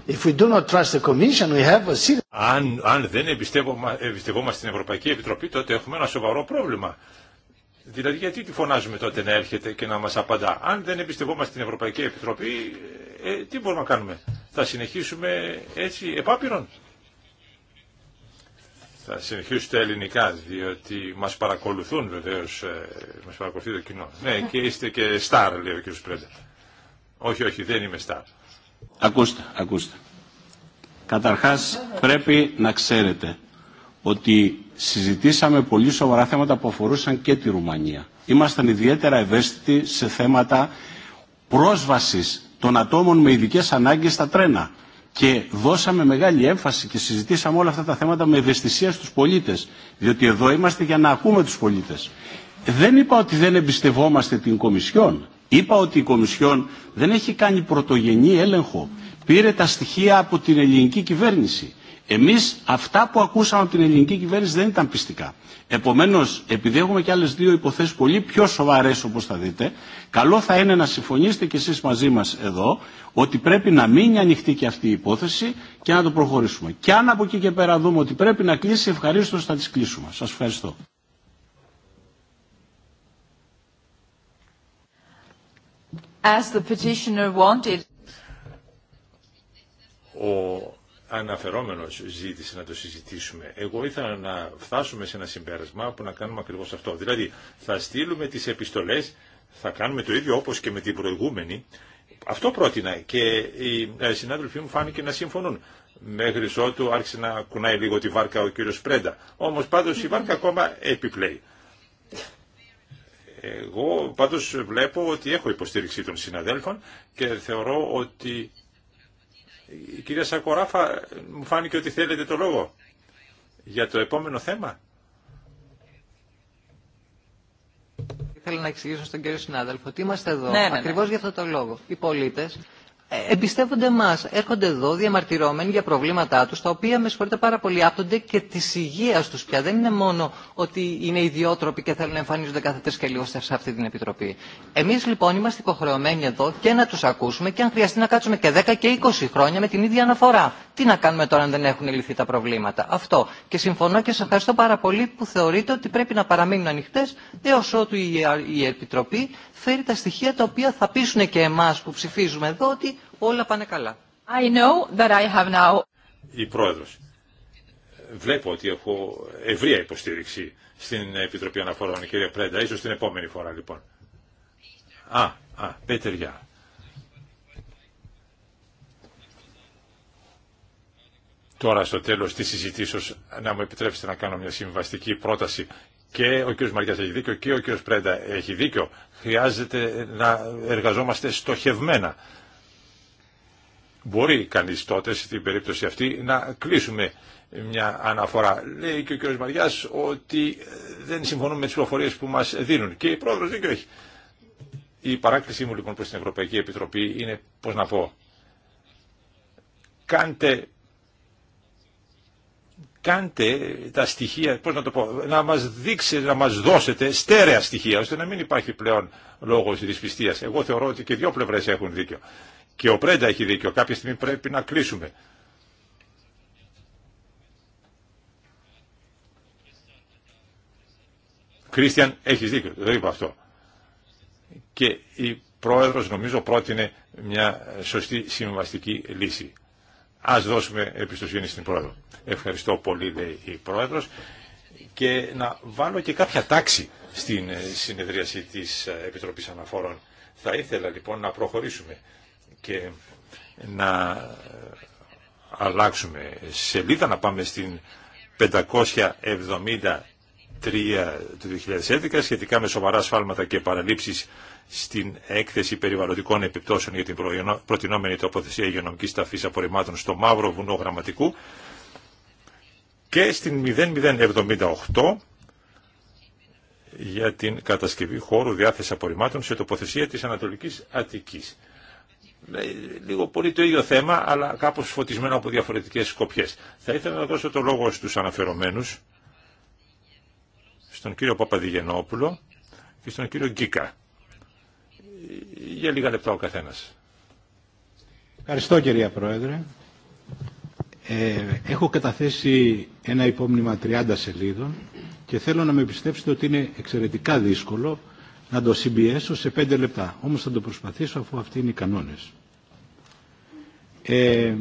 If we do not trust the Commission, we have αν, δεν εμπιστευόμαστε την Ευρωπαϊκή Επιτροπή, τότε έχουμε ένα σοβαρό πρόβλημα. Δηλαδή, γιατί τη φωνάζουμε τότε να έρχεται και να μας απαντά. Αν δεν εμπιστευόμαστε την Ευρωπαϊκή Επιτροπή, ε, τι μπορούμε να κάνουμε. Θα συνεχίσουμε έτσι επάπειρον. Θα συνεχίσουμε τα ελληνικά, διότι μας παρακολουθούν βεβαίως, ε, μας παρακολουθεί το κοινό. Ναι, και είστε και στάρ, λέει ο κ. Πρέντερ. Όχι, όχι, δεν είμαι στάρ. Ακούστε, ακούστε. Καταρχάς πρέπει να ξέρετε ότι συζητήσαμε πολύ σοβαρά θέματα που αφορούσαν και τη Ρουμανία. Ήμασταν ιδιαίτερα ευαίσθητοι σε θέματα πρόσβασης των ατόμων με ειδικές ανάγκες στα τρένα. Και δώσαμε μεγάλη έμφαση και συζητήσαμε όλα αυτά τα θέματα με ευαισθησία στους πολίτες. Διότι εδώ είμαστε για να ακούμε τους πολίτες. Δεν είπα ότι δεν εμπιστευόμαστε την Κομισιόν. Είπα ότι η Κομισιόν δεν έχει κάνει πρωτογενή έλεγχο. Πήρε τα στοιχεία από την ελληνική κυβέρνηση. Εμείς αυτά που ακούσαμε από την ελληνική κυβέρνηση δεν ήταν πιστικά. Επομένως, επειδή έχουμε και άλλες δύο υποθέσεις πολύ πιο σοβαρές όπως θα δείτε, καλό θα είναι να συμφωνήσετε κι εσείς μαζί μας εδώ ότι πρέπει να μείνει ανοιχτή και αυτή η υπόθεση και να το προχωρήσουμε. Και αν από εκεί και πέρα δούμε ότι πρέπει να κλείσει, ευχαρίστως θα τις κλείσουμε. σα ευχαριστώ. As the petitioner wanted. Ο αναφερόμενος ζήτησε να το συζητήσουμε. Εγώ ήθελα να φτάσουμε σε ένα συμπέρασμα που να κάνουμε ακριβώς αυτό. Δηλαδή θα στείλουμε τις επιστολές, θα κάνουμε το ίδιο όπως και με την προηγούμενη. Αυτό πρότεινα και οι ε, συνάδελφοί μου φάνηκε να συμφωνούν. Μέχρι ότου άρχισε να κουνάει λίγο τη βάρκα ο κύριος Πρέντα. Όμως πάντως η βάρκα ακόμα επιπλέει. Εγώ πάντως βλέπω ότι έχω υποστήριξη των συναδέλφων και θεωρώ ότι η κυρία Σακοράφα μου φάνηκε ότι θέλετε το λόγο για το επόμενο θέμα. Θέλω να εξηγήσω στον κύριο συνάδελφο ότι είμαστε εδώ ναι, ναι, ναι. ακριβώς για αυτό το λόγο. Οι πολίτες ε, εμπιστεύονται εμά. Έρχονται εδώ διαμαρτυρώμενοι για προβλήματά του, τα οποία με συγχωρείτε πάρα πολύ άπτονται και τη υγεία του πια. Δεν είναι μόνο ότι είναι ιδιότροποι και θέλουν να εμφανίζονται κάθε τρει και λίγο σε αυτή την επιτροπή. Εμεί λοιπόν είμαστε υποχρεωμένοι εδώ και να του ακούσουμε και αν χρειαστεί να κάτσουμε και 10 και 20 χρόνια με την ίδια αναφορά. Τι να κάνουμε τώρα αν δεν έχουν λυθεί τα προβλήματα. Αυτό. Και συμφωνώ και σα ευχαριστώ πάρα πολύ που θεωρείτε ότι πρέπει να παραμείνουν ανοιχτέ έω ότου η Επιτροπή φέρει τα στοιχεία τα οποία θα πείσουν και εμάς που ψηφίζουμε εδώ ότι όλα πάνε καλά. I know that I have now... Η Πρόεδρος. Βλέπω ότι έχω ευρία υποστήριξη στην Επιτροπή Αναφορών, κυρία Πρέντα, ίσως την επόμενη φορά λοιπόν. Α, α, πέτεριά. Τώρα στο τέλος της συζητήσεως να μου επιτρέψετε να κάνω μια συμβαστική πρόταση και ο κ. Μαριάς έχει δίκιο και ο κ. Πρέντα έχει δίκιο χρειάζεται να εργαζόμαστε στοχευμένα. Μπορεί κανεί τότε, στην περίπτωση αυτή, να κλείσουμε μια αναφορά. Λέει και ο κ. Μαριάς ότι ε, δεν συμφωνούμε με τις πληροφορίες που μας δίνουν. Και η δεν δίκιο έχει. Η παράκλησή μου λοιπόν προ την Ευρωπαϊκή Επιτροπή είναι, πώ να πω, κάντε κάντε τα στοιχεία, πώς να το πω, να μας δείξετε, να μας δώσετε στέρεα στοιχεία, ώστε να μην υπάρχει πλέον λόγος δυσπιστίας. Εγώ θεωρώ ότι και δύο πλευρές έχουν δίκιο. Και ο Πρέντα έχει δίκιο. Κάποια στιγμή πρέπει να κλείσουμε. Κρίστιαν, έχει δίκιο. Δεν είπα αυτό. Και η πρόεδρος νομίζω πρότεινε μια σωστή συμβαστική λύση. Ας δώσουμε εμπιστοσύνη στην Πρόεδρο. Ευχαριστώ πολύ, λέει η Πρόεδρος. Και να βάλω και κάποια τάξη στην ε, συνεδρίαση τη ε, Επιτροπής Αναφόρων. Θα ήθελα λοιπόν να προχωρήσουμε και να ε, αλλάξουμε σελίδα, να πάμε στην 573 του 2011 σχετικά με σοβαρά σφάλματα και παραλήψεις στην έκθεση περιβαλλοντικών επιπτώσεων για την προτινόμενη τοποθεσία υγειονομική ταφής απορριμμάτων στο Μαύρο Βουνό Γραμματικού και στην 0078 για την κατασκευή χώρου διάθεση απορριμμάτων σε τοποθεσία της Ανατολικής Αττικής. Λίγο πολύ το ίδιο θέμα, αλλά κάπως φωτισμένο από διαφορετικές σκοπιές. Θα ήθελα να δώσω το λόγο στους αναφερομένους, στον κύριο Παπαδηγενόπουλο και στον κύριο Γκίκα για λίγα λεπτά ο καθένας. Ευχαριστώ κυρία Πρόεδρε. Ε, έχω καταθέσει ένα υπόμνημα 30 σελίδων και θέλω να με πιστέψετε ότι είναι εξαιρετικά δύσκολο να το συμπιέσω σε 5 λεπτά. Όμως θα το προσπαθήσω αφού αυτοί είναι οι κανόνες. Ε,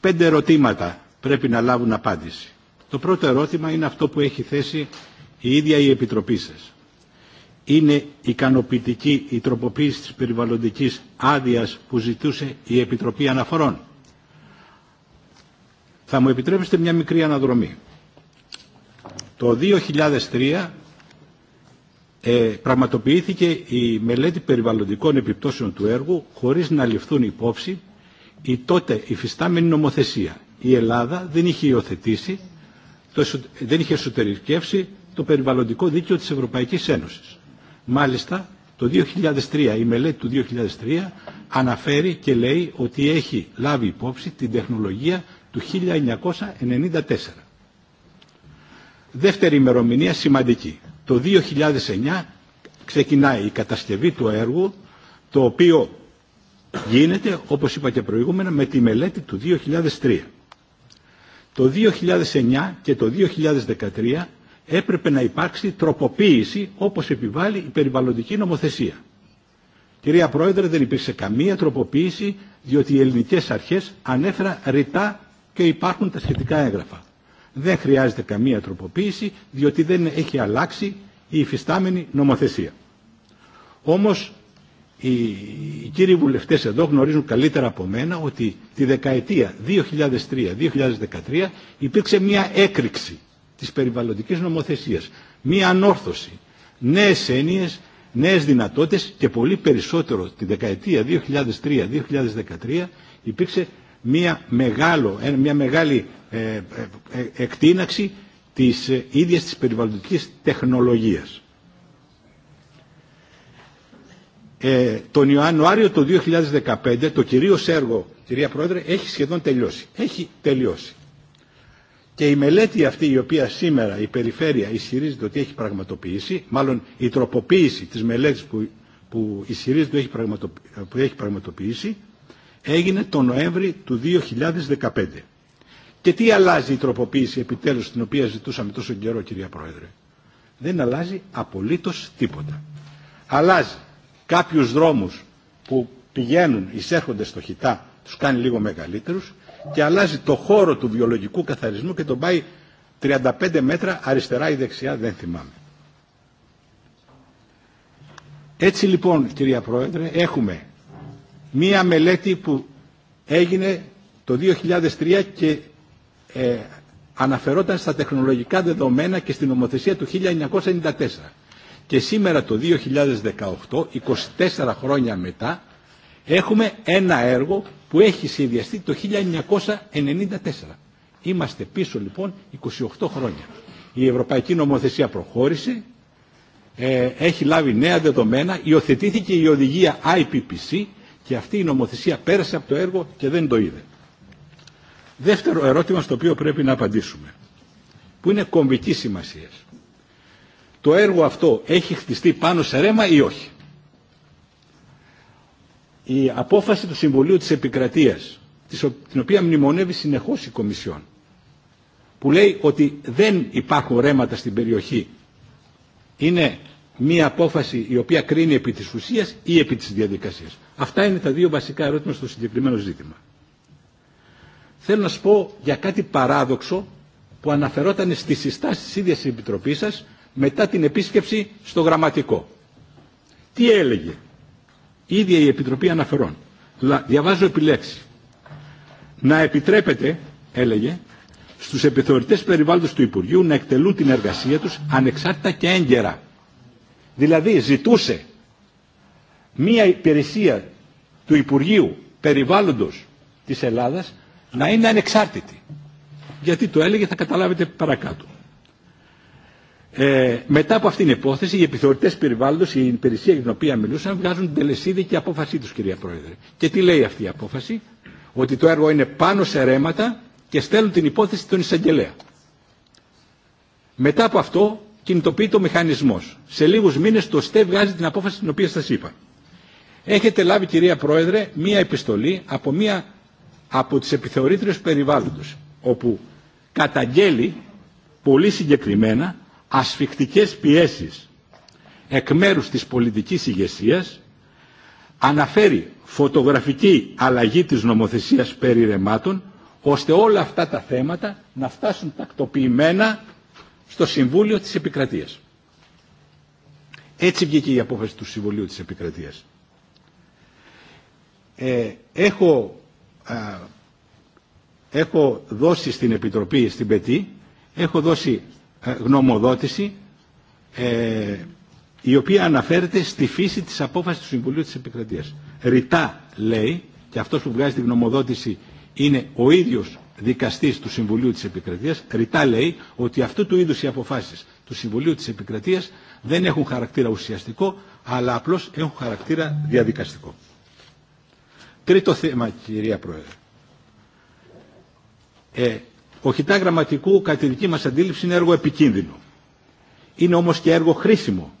πέντε ερωτήματα πρέπει να λάβουν απάντηση. Το πρώτο ερώτημα είναι αυτό που έχει θέσει η ίδια η Επιτροπή σας είναι ικανοποιητική η τροποποίηση της περιβαλλοντικής άδειας που ζητούσε η Επιτροπή Αναφορών. Θα μου επιτρέψετε μια μικρή αναδρομή. Το 2003 ε, πραγματοποιήθηκε η μελέτη περιβαλλοντικών επιπτώσεων του έργου χωρίς να ληφθούν υπόψη η τότε υφιστάμενη νομοθεσία. Η Ελλάδα δεν είχε υιοθετήσει, δεν είχε εσωτερικεύσει το περιβαλλοντικό δίκαιο της Ευρωπαϊκής Ένωσης. Μάλιστα, το 2003, η μελέτη του 2003 αναφέρει και λέει ότι έχει λάβει υπόψη την τεχνολογία του 1994. Δεύτερη ημερομηνία σημαντική. Το 2009 ξεκινάει η κατασκευή του έργου, το οποίο γίνεται, όπως είπα και προηγούμενα, με τη μελέτη του 2003. Το 2009 και το 2013 έπρεπε να υπάρξει τροποποίηση όπως επιβάλλει η περιβαλλοντική νομοθεσία. Κυρία Πρόεδρε, δεν υπήρξε καμία τροποποίηση διότι οι ελληνικές αρχές ανέφεραν ρητά και υπάρχουν τα σχετικά έγγραφα. Δεν χρειάζεται καμία τροποποίηση διότι δεν έχει αλλάξει η υφιστάμενη νομοθεσία. Όμως οι, οι κύριοι βουλευτές εδώ γνωρίζουν καλύτερα από μένα ότι τη δεκαετία 2003-2013 υπήρξε μια έκρηξη της περιβαλλοντικής νομοθεσίας. Μία ανόρθωση, νέες έννοιες, νέες δυνατότητες και πολύ περισσότερο την δεκαετία 2003-2013 υπήρξε μία, μεγάλο, ε, μία μεγάλη ε, ε, ε, εκτείναξη της ε, ίδιας της περιβαλλοντικής τεχνολογίας. Ε, τον Ιανουάριο του 2015 το κυρίως έργο, κυρία Πρόεδρε, έχει σχεδόν τελειώσει. Έχει τελειώσει. Και η μελέτη αυτή η οποία σήμερα η περιφέρεια ισχυρίζεται ότι έχει πραγματοποιήσει, μάλλον η τροποποίηση της μελέτης που, που ισχυρίζεται ότι έχει που έχει πραγματοποιήσει, έγινε το Νοέμβρη του 2015. Και τι αλλάζει η τροποποίηση επιτέλους την οποία ζητούσαμε τόσο καιρό κυρία Πρόεδρε. Δεν αλλάζει απολύτως τίποτα. Αλλάζει κάποιους δρόμους που πηγαίνουν, εισέρχονται στο χιτά, τους κάνει λίγο μεγαλύτερους και αλλάζει το χώρο του βιολογικού καθαρισμού και τον πάει 35 μέτρα αριστερά ή δεξιά, δεν θυμάμαι. Έτσι λοιπόν, κυρία Πρόεδρε, έχουμε μία μελέτη που έγινε το 2003 και ε, αναφερόταν στα τεχνολογικά δεδομένα και στην ομοθεσία του 1994. Και σήμερα το 2018, 24 χρόνια μετά, έχουμε ένα έργο που έχει σχεδιαστεί το 1994. Είμαστε πίσω λοιπόν 28 χρόνια. Η Ευρωπαϊκή Νομοθεσία προχώρησε, ε, έχει λάβει νέα δεδομένα, υιοθετήθηκε η οδηγία IPPC και αυτή η νομοθεσία πέρασε από το έργο και δεν το είδε. Δεύτερο ερώτημα στο οποίο πρέπει να απαντήσουμε, που είναι κομβική σημασία. Το έργο αυτό έχει χτιστεί πάνω σε ρέμα ή όχι η απόφαση του Συμβουλίου της Επικρατείας, την οποία μνημονεύει συνεχώς η Κομισιόν, που λέει ότι δεν υπάρχουν ρέματα στην περιοχή, είναι μία απόφαση η οποία κρίνει επί της ουσίας ή επί της διαδικασίας. Αυτά είναι τα δύο βασικά ερώτημα στο συγκεκριμένο ζήτημα. Θέλω να σας πω για κάτι παράδοξο που αναφερόταν στις συστάσεις της ίδιας Επιτροπής σας μετά την επίσκεψη στο γραμματικό. Τι έλεγε ίδια η Επιτροπή Αναφερών. Διαβάζω επιλέξει. Να επιτρέπεται, έλεγε, στους επιθεωρητές περιβάλλοντος του Υπουργείου να εκτελούν την εργασία τους ανεξάρτητα και έγκαιρα. Δηλαδή ζητούσε μία υπηρεσία του Υπουργείου Περιβάλλοντος της Ελλάδας να είναι ανεξάρτητη. Γιατί το έλεγε θα καταλάβετε παρακάτω. Ε, μετά από αυτήν την υπόθεση, οι επιθεωρητέ περιβάλλοντο, η υπηρεσία για την οποία μιλούσαν, βγάζουν την τελεσίδικη και απόφασή του, κυρία Πρόεδρε. Και τι λέει αυτή η απόφαση, ότι το έργο είναι πάνω σε ρέματα και στέλνουν την υπόθεση στον εισαγγελέα. Μετά από αυτό, κινητοποιείται ο μηχανισμό. Σε λίγου μήνε το ΣΤΕ βγάζει την απόφαση την οποία σα είπα. Έχετε λάβει, κυρία Πρόεδρε, μία επιστολή από, μία, από τι επιθεωρήτριε περιβάλλοντος, όπου καταγγέλει πολύ συγκεκριμένα ασφικτικές πιέσεις εκ μέρους της πολιτικής ηγεσία αναφέρει φωτογραφική αλλαγή της νομοθεσίας περί ρεμάτων, ώστε όλα αυτά τα θέματα να φτάσουν τακτοποιημένα στο Συμβούλιο της Επικρατείας. Έτσι βγήκε η απόφαση του Συμβουλίου της Επικρατείας. Ε, έχω, έχω δώσει στην Επιτροπή, στην ΠΕΤΗ, έχω δώσει ε, γνωμοδότηση ε, η οποία αναφέρεται στη φύση της απόφασης του Συμβουλίου της Επικρατείας. Ρητά λέει, και αυτός που βγάζει τη γνωμοδότηση είναι ο ίδιος δικαστής του Συμβουλίου της Επικρατείας, ρητά λέει ότι αυτού του είδους οι αποφάσεις του Συμβουλίου της Επικρατείας δεν έχουν χαρακτήρα ουσιαστικό, αλλά απλώς έχουν χαρακτήρα διαδικαστικό. Τρίτο θέμα, κυρία Πρόεδρε. Ε, Οχητά γραμματικού, κατά τη δική μα αντίληψη, είναι έργο επικίνδυνο. Είναι όμω και έργο χρήσιμο.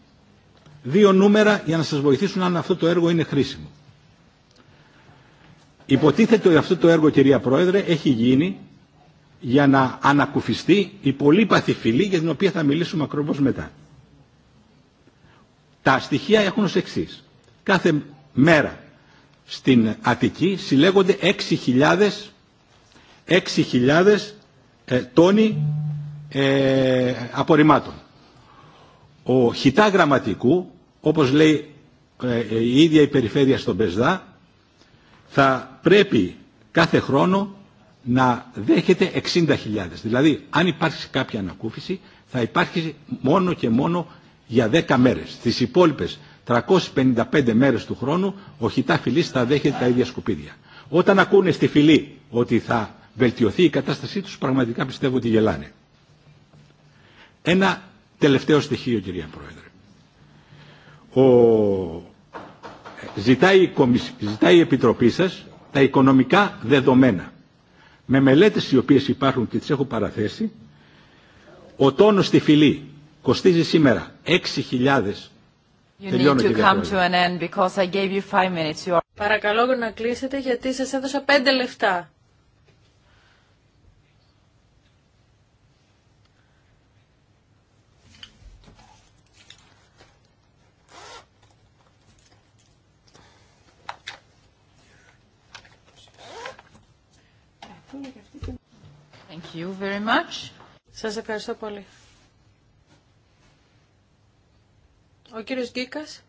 Δύο νούμερα για να σα βοηθήσουν αν αυτό το έργο είναι χρήσιμο. Υποτίθεται ότι αυτό το έργο, κυρία Πρόεδρε, έχει γίνει για να ανακουφιστεί η πολύπαθη φυλή για την οποία θα μιλήσουμε ακριβώ μετά. Τα στοιχεία έχουν ως εξή. Κάθε μέρα στην Αττική συλλέγονται 6.000 6.000 ε, τόνοι ε, απορριμμάτων. Ο χιτά γραμματικού, όπως λέει ε, η ίδια η περιφέρεια στον Πεσδά, θα πρέπει κάθε χρόνο να δέχεται 60.000. Δηλαδή, αν υπάρχει κάποια ανακούφιση, θα υπάρχει μόνο και μόνο για 10 μέρες. Στις υπόλοιπες 355 μέρες του χρόνου, ο χιτά φυλής θα δέχεται τα ίδια σκουπίδια. Όταν ακούνε στη φυλή ότι θα βελτιωθεί η κατάστασή τους, πραγματικά πιστεύω ότι γελάνε. Ένα τελευταίο στοιχείο, κυρία Πρόεδρε. Ο... Ζητάει, η Επιτροπή σας τα οικονομικά δεδομένα. Με μελέτες οι οποίες υπάρχουν και τις έχω παραθέσει, ο τόνος στη φυλή κοστίζει σήμερα 6.000 Παρακαλώ να κλείσετε γιατί σας έδωσα 5 λεφτά. Σας ευχαριστώ πολύ. Ο κύριος Γκίκας.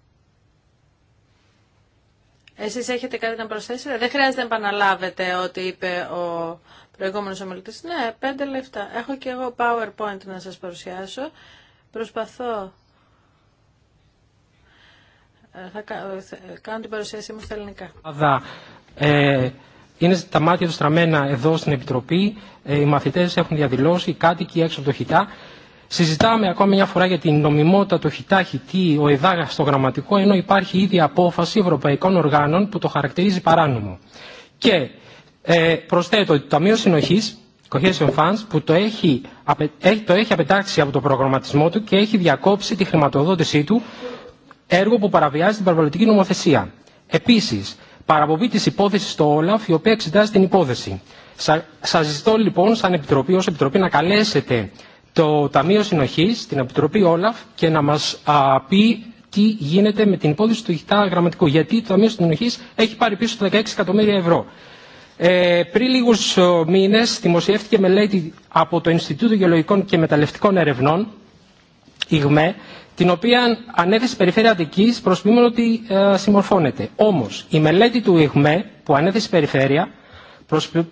Εσείς έχετε κάτι να προσθέσετε. Δεν χρειάζεται να επαναλάβετε ότι είπε ο προηγούμενος ομιλητής. Ναι, πέντε λεπτά. Έχω και εγώ PowerPoint να σας παρουσιάσω. Προσπαθώ. Ε, θα κάνω την παρουσίασή μου στα ελληνικά. Ε, είναι τα μάτια του στραμμένα εδώ στην Επιτροπή. Ε, οι μαθητέ έχουν διαδηλώσει, οι κάτοικοι έξω από το χιτά. Συζητάμε ακόμα μια φορά για την νομιμότητα του χιτά χιτή, ο εδάγα στο γραμματικό, ενώ υπάρχει ήδη απόφαση ευρωπαϊκών οργάνων που το χαρακτηρίζει παράνομο. Και ε, προσθέτω ότι το Ταμείο Συνοχή, Cohesion Funds, που το έχει, το έχει απετάξει από το προγραμματισμό του και έχει διακόψει τη χρηματοδότησή του, έργο που παραβιάζει την παραβολητική νομοθεσία. Επίσης, παραπομπή τη υπόθεση στο Όλαφ, η οποία εξετάζει την υπόθεση. Σα ζητώ λοιπόν, σαν Επιτροπή, ω Επιτροπή, να καλέσετε το Ταμείο Συνοχή, την Επιτροπή Όλαφ και να μα πει τι γίνεται με την υπόθεση του Ιχτά Γραμματικού. Γιατί το Ταμείο Συνοχή έχει πάρει πίσω τα 16 εκατομμύρια ευρώ. Ε, πριν λίγου μήνε δημοσιεύτηκε μελέτη από το Ινστιτούτο Γεωλογικών και Μεταλλευτικών Ερευνών, ΙΓΜΕ, την οποία ανέθεσε η Περιφέρεια Αττικής προσποιούμενο ότι ε, συμμορφώνεται. Όμως, η μελέτη του ΙΓΜΕ που ανέθεσε η Περιφέρεια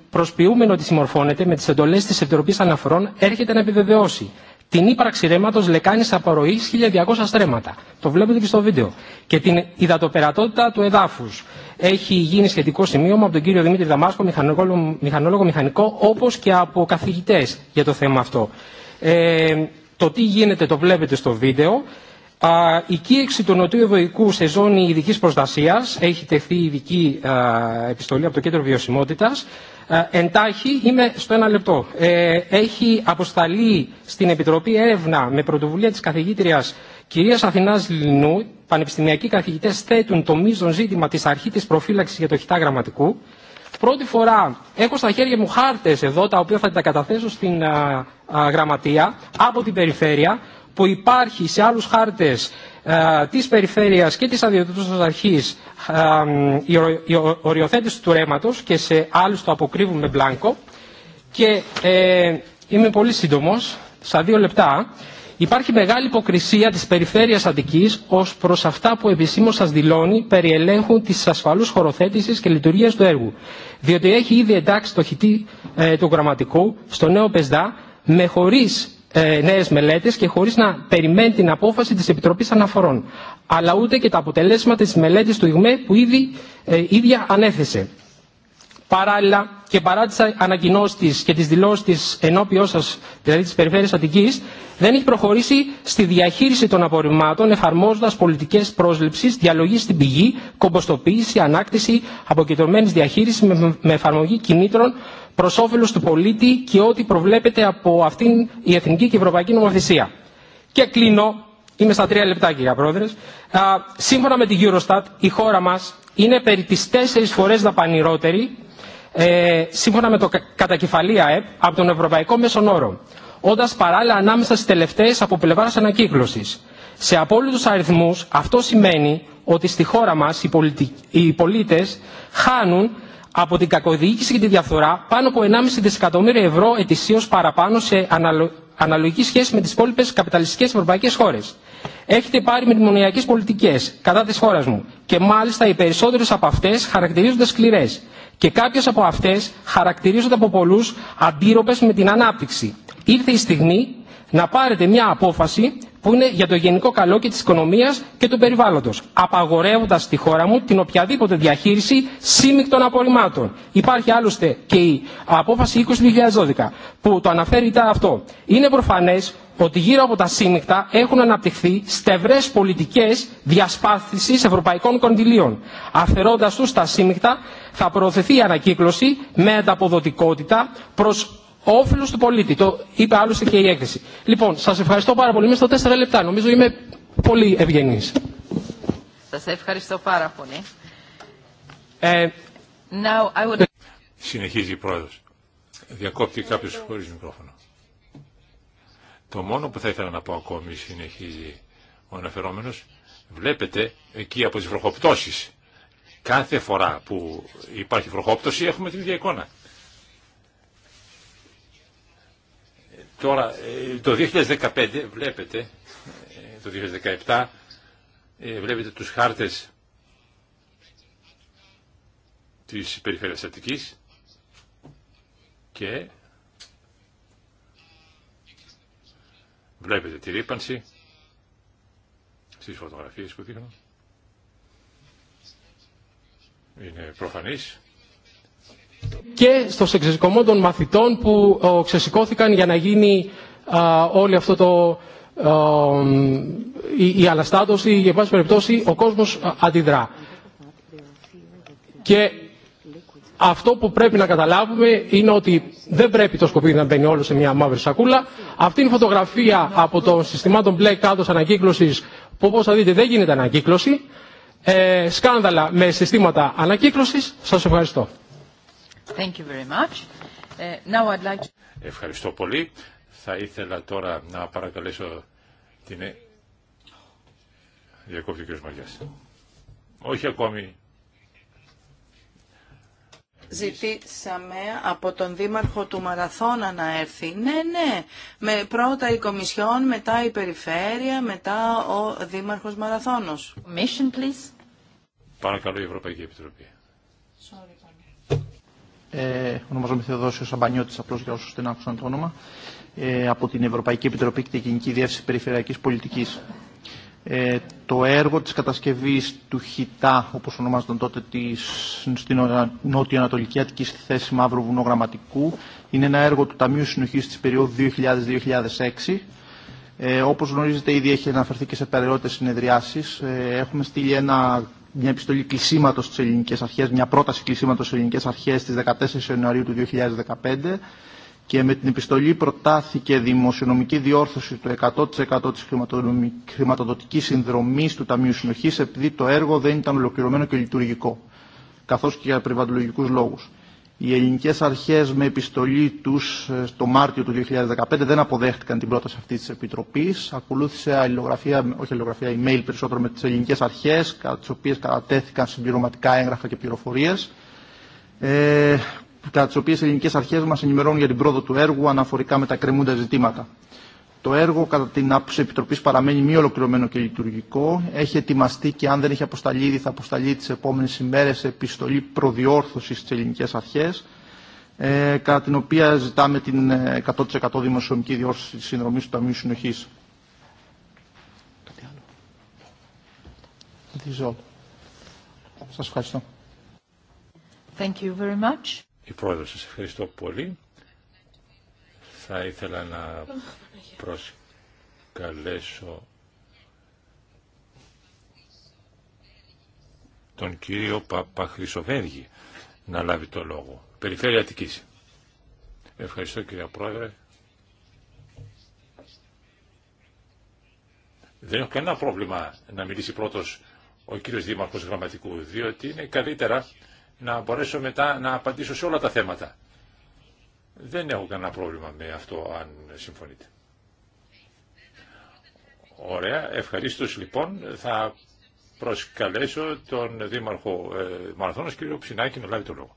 προσποιούμενο ότι συμμορφώνεται με τις εντολές της Επιτροπής Αναφορών έρχεται να επιβεβαιώσει την ύπαρξη ρέματος λεκάνης απορροής 1200 στρέμματα. Το βλέπετε και στο βίντεο. Και την υδατοπερατότητα του εδάφους. Έχει γίνει σχετικό σημείωμα από τον κύριο Δημήτρη Δαμάσκο, μηχανολόγο μηχανικό, όπως και από καθηγητές για το θέμα αυτό. Ε, το τι γίνεται το βλέπετε στο βίντεο. Η κήρυξη του Νοτιού Ευρωϊκού σε ζώνη ειδική προστασία έχει τεθεί ειδική επιστολή από το Κέντρο Βιωσιμότητα. Εντάχει, είμαι στο ένα λεπτό. Ε, έχει αποσταλεί στην Επιτροπή Έρευνα με πρωτοβουλία τη καθηγήτρια κυρία Αθηνά Λινού. Πανεπιστημιακοί καθηγητέ θέτουν το μείζον ζήτημα τη αρχή τη προφύλαξη για το χιτά γραμματικού. Πρώτη φορά έχω στα χέρια μου χάρτες εδώ, τα οποία θα τα καταθέσω στην γραμματεία από την περιφέρεια, που υπάρχει σε άλλους χάρτες τη της και της αδειοδοτούσας αρχής η, ο, η οριοθέτηση του ρέματο και σε άλλου το αποκρύβουν με μπλάνκο. Και ε, είμαι πολύ σύντομος, στα δύο λεπτά. Υπάρχει μεγάλη υποκρισία της περιφέρειας Αττικής ως προς αυτά που επισήμως σας δηλώνει περί ελέγχου της ασφαλούς χωροθέτησης και λειτουργίας του έργου, διότι έχει ήδη εντάξει το χιτή ε, του γραμματικού στο νέο ΠΕΣΔΑ με χωρίς ε, νέες μελέτες και χωρίς να περιμένει την απόφαση της Επιτροπής Αναφορών, αλλά ούτε και τα αποτελέσματα της μελέτης του ΙΓΜΕ που ήδη ε, ίδια ανέθεσε. Παράλληλα και παρά τι ανακοινώσει και τι δηλώσει τη ενώπιό σα, δηλαδή τη Περιφέρεια Αττικής, δεν έχει προχωρήσει στη διαχείριση των απορριμμάτων εφαρμόζοντα πολιτικέ πρόσληψη, διαλογή στην πηγή, κομποστοποίηση, ανάκτηση αποκεντρωμένη διαχείριση με εφαρμογή κινήτρων προ όφελο του πολίτη και ό,τι προβλέπεται από αυτήν η εθνική και ευρωπαϊκή νομοθεσία. Και κλείνω, είμαι στα τρία λεπτά κύριε Πρόεδρε. Σύμφωνα με την Eurostat, η χώρα μα είναι περί τι τέσσερι φορέ δαπανηρότερη ε, σύμφωνα με το κατακεφαλή ΑΕΠ από τον Ευρωπαϊκό Μέσον Όρο, όντα παράλληλα ανάμεσα στι τελευταίε από πλευρά ανακύκλωση. Σε απόλυτου αριθμού αυτό σημαίνει ότι στη χώρα μα οι, πολιτι... πολίτε χάνουν από την κακοδιοίκηση και τη διαφθορά πάνω από 1,5 δισεκατομμύρια ευρώ ετησίω παραπάνω σε αναλογικό αναλογική σχέση με τι υπόλοιπε καπιταλιστικέ ευρωπαϊκέ χώρε. Έχετε πάρει μνημονιακέ πολιτικέ κατά τη χώρα μου και μάλιστα οι περισσότερε από αυτέ χαρακτηρίζονται σκληρέ και κάποιε από αυτέ χαρακτηρίζονται από πολλού αντίρροπε με την ανάπτυξη. Ήρθε η στιγμή να πάρετε μια απόφαση που είναι για το γενικό καλό και της οικονομίας και του περιβάλλοντος, απαγορεύοντας στη χώρα μου την οποιαδήποτε διαχείριση σύμμικτων απορριμμάτων. Υπάρχει άλλωστε και η απόφαση 2012 που το αναφέρει τα αυτό. Είναι προφανές ότι γύρω από τα σύμμικτα έχουν αναπτυχθεί στευρές πολιτικές διασπάθησης ευρωπαϊκών κοντιλίων. Αφαιρώντας τους τα σύμμικτα θα προωθηθεί η ανακύκλωση με ανταποδοτικότητα προς όφελο του πολίτη. Το είπε άλλωστε και η έκθεση. Λοιπόν, σα ευχαριστώ πάρα πολύ. Είμαι στα τέσσερα λεπτά. Νομίζω είμαι πολύ ευγενή. Σα ευχαριστώ πάρα πολύ. Ε, would... Συνεχίζει η πρόεδρος. Διακόπτει κάποιος χωρίς μικρόφωνο. Το μόνο που θα ήθελα να πω ακόμη συνεχίζει ο αναφερόμενος. Βλέπετε εκεί από τις βροχοπτώσει Κάθε φορά που υπάρχει βροχόπτωση έχουμε την ίδια εικόνα. Τώρα, ε, το 2015 βλέπετε, ε, το 2017, ε, βλέπετε τους χάρτες της περιφέρειας Αττικής και βλέπετε τη ρήπανση στις φωτογραφίες που δείχνω. Είναι προφανής και στο σεξισμό των μαθητών που ε, ξεσηκώθηκαν για να γίνει όλη αυτό το ε, η, η αναστάτωση, για πάση περιπτώσει ο κόσμος ε, αντιδρά. Και αυτό που πρέπει να καταλάβουμε είναι ότι δεν πρέπει το σκοπίδι να μπαίνει όλο σε μια μαύρη σακούλα. Αυτή είναι η φωτογραφία από το συστημάτων μπλε κάτω ανακύκλωσης που όπως θα δείτε δεν γίνεται ανακύκλωση. Ε, σκάνδαλα με συστήματα ανακύκλωσης. Σας ευχαριστώ. Uh, Ευχαριστώ πολύ. Θα ήθελα τώρα να παρακαλέσω την... Ε- Διακόπτει ο κ. Μαριάς. Όχι ακόμη. Ζητήσαμε από τον Δήμαρχο του Μαραθώνα να έρθει. Ναι, ναι. Με πρώτα η Κομισιόν, μετά η Περιφέρεια, μετά ο Δήμαρχος Μαραθώνος. please. Παρακαλώ η Ευρωπαϊκή Επιτροπή ε, ονομαζόμαι Θεοδόσιο Σαμπανιώτη, απλώ για όσου δεν άκουσαν το όνομα, ε, από την Ευρωπαϊκή Επιτροπή και την Γενική Διεύθυνση Περιφερειακή Πολιτική. Ε, το έργο τη κατασκευή του ΧΙΤΑ, όπω ονομάζονταν τότε, της, στην Νότια ανατολικη Αττική στη θέση Μαύρου Βουνό Γραμματικού, είναι ένα έργο του Ταμείου Συνοχή τη περίοδου 2000-2006. Ε, Όπω γνωρίζετε, ήδη έχει αναφερθεί και σε περιότητε συνεδριάσει. Ε, έχουμε στείλει ένα μια επιστολή κλεισίματος στις ελληνικές αρχές, μια πρόταση κλεισίματος στις ελληνικές αρχές στις 14 Ιανουαρίου του 2015 και με την επιστολή προτάθηκε δημοσιονομική διόρθωση του 100% της χρηματοδοτικής συνδρομής του Ταμείου Συνοχής επειδή το έργο δεν ήταν ολοκληρωμένο και λειτουργικό, καθώς και για περιβαλλοντολογικούς λόγους οι ελληνικές αρχές με επιστολή τους ε, το Μάρτιο του 2015 δεν αποδέχτηκαν την πρόταση αυτή της Επιτροπής. Ακολούθησε αλληλογραφία, όχι αλληλογραφία, email περισσότερο με τις ελληνικές αρχές, κατά τις οποίες κατατέθηκαν συμπληρωματικά έγγραφα και πληροφορίες. Ε, κατά τις οποίες οι ελληνικές αρχές μας ενημερώνουν για την πρόοδο του έργου αναφορικά με τα κρεμούντα ζητήματα. Το έργο, κατά την άποψη τη Επιτροπή, παραμένει μη ολοκληρωμένο και λειτουργικό. Έχει ετοιμαστεί και αν δεν έχει αποσταλεί ήδη, θα αποσταλεί τι επόμενε ημέρε επιστολή προδιόρθωση στι ελληνικέ αρχέ, ε, κατά την οποία ζητάμε την 100% ε, δημοσιονομική διόρθωση τη συνδρομή του Ταμείου Συνοχή. Σας ευχαριστώ. Thank you very much. Η σας ευχαριστώ πολύ. Θα ήθελα να προσκαλέσω τον κύριο Παπαχρυσοβέργη να λάβει το λόγο. Περιφέρεια Αττικής. Ευχαριστώ κύριε Πρόεδρε. Δεν έχω κανένα πρόβλημα να μιλήσει πρώτος ο κύριος Δήμαρχος Γραμματικού, διότι είναι καλύτερα να μπορέσω μετά να απαντήσω σε όλα τα θέματα. Δεν έχω κανένα πρόβλημα με αυτό αν συμφωνείτε. Ωραία, ευχαριστώ. λοιπόν θα προσκαλέσω τον Δήμαρχο ε, Μαραθώνος κύριο Ψινάκη να λάβει το λόγο.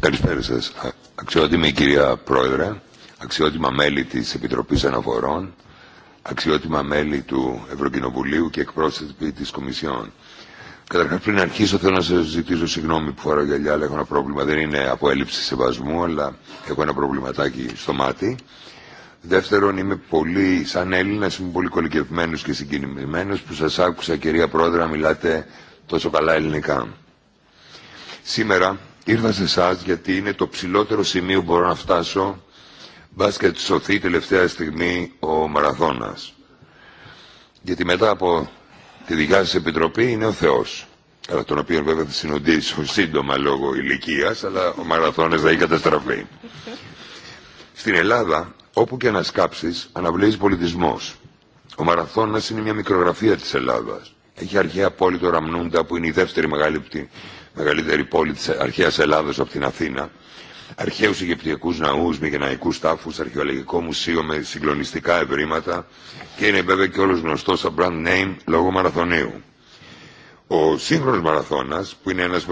Καλησπέρα σας. Αξιότιμη κυρία Πρόεδρε, αξιότιμα μέλη της Επιτροπής Αναφορών, αξιότιμα μέλη του Ευρωκοινοβουλίου και εκπρόσωποι της Κομισιόν. Καταρχάς πριν αρχίσω θέλω να σας ζητήσω συγγνώμη που φοράω γυαλιά, αλλά έχω ένα πρόβλημα. Δεν είναι από έλλειψη σεβασμού, αλλά έχω ένα προβληματάκι στο μάτι. Δεύτερον, είμαι πολύ, σαν Έλληνα, είμαι πολύ κολυκευμένο και συγκινημένο που σα άκουσα, κυρία Πρόεδρε, να μιλάτε τόσο καλά ελληνικά. Σήμερα ήρθα σε εσά γιατί είναι το ψηλότερο σημείο που μπορώ να φτάσω, μπα και σωθεί τελευταία στιγμή ο Μαραθώνα. Γιατί μετά από τη δικιά σα επιτροπή είναι ο Θεό. Αλλά τον οποίο βέβαια θα συνοντήσω σύντομα λόγω ηλικία, αλλά ο Μαραθώνα θα έχει καταστραφεί. Στην Ελλάδα Όπου και να σκάψεις, αναβλέει πολιτισμός. Ο Μαραθώνας είναι μια μικρογραφία της Ελλάδας. Έχει αρχαία πόλη το Ραμνούντα που είναι η δεύτερη μεγαλύτερη πόλη της αρχαίας Ελλάδος από την Αθήνα. Αρχαίους Αιγυπτιακούς ναούς με τάφου, τάφους, αρχαιολογικό μουσείο με συγκλονιστικά ευρήματα και είναι βέβαια και όλος γνωστό σαν brand name λόγω μαραθωνίου. Ο σύγχρονος μαραθώνας που είναι ένας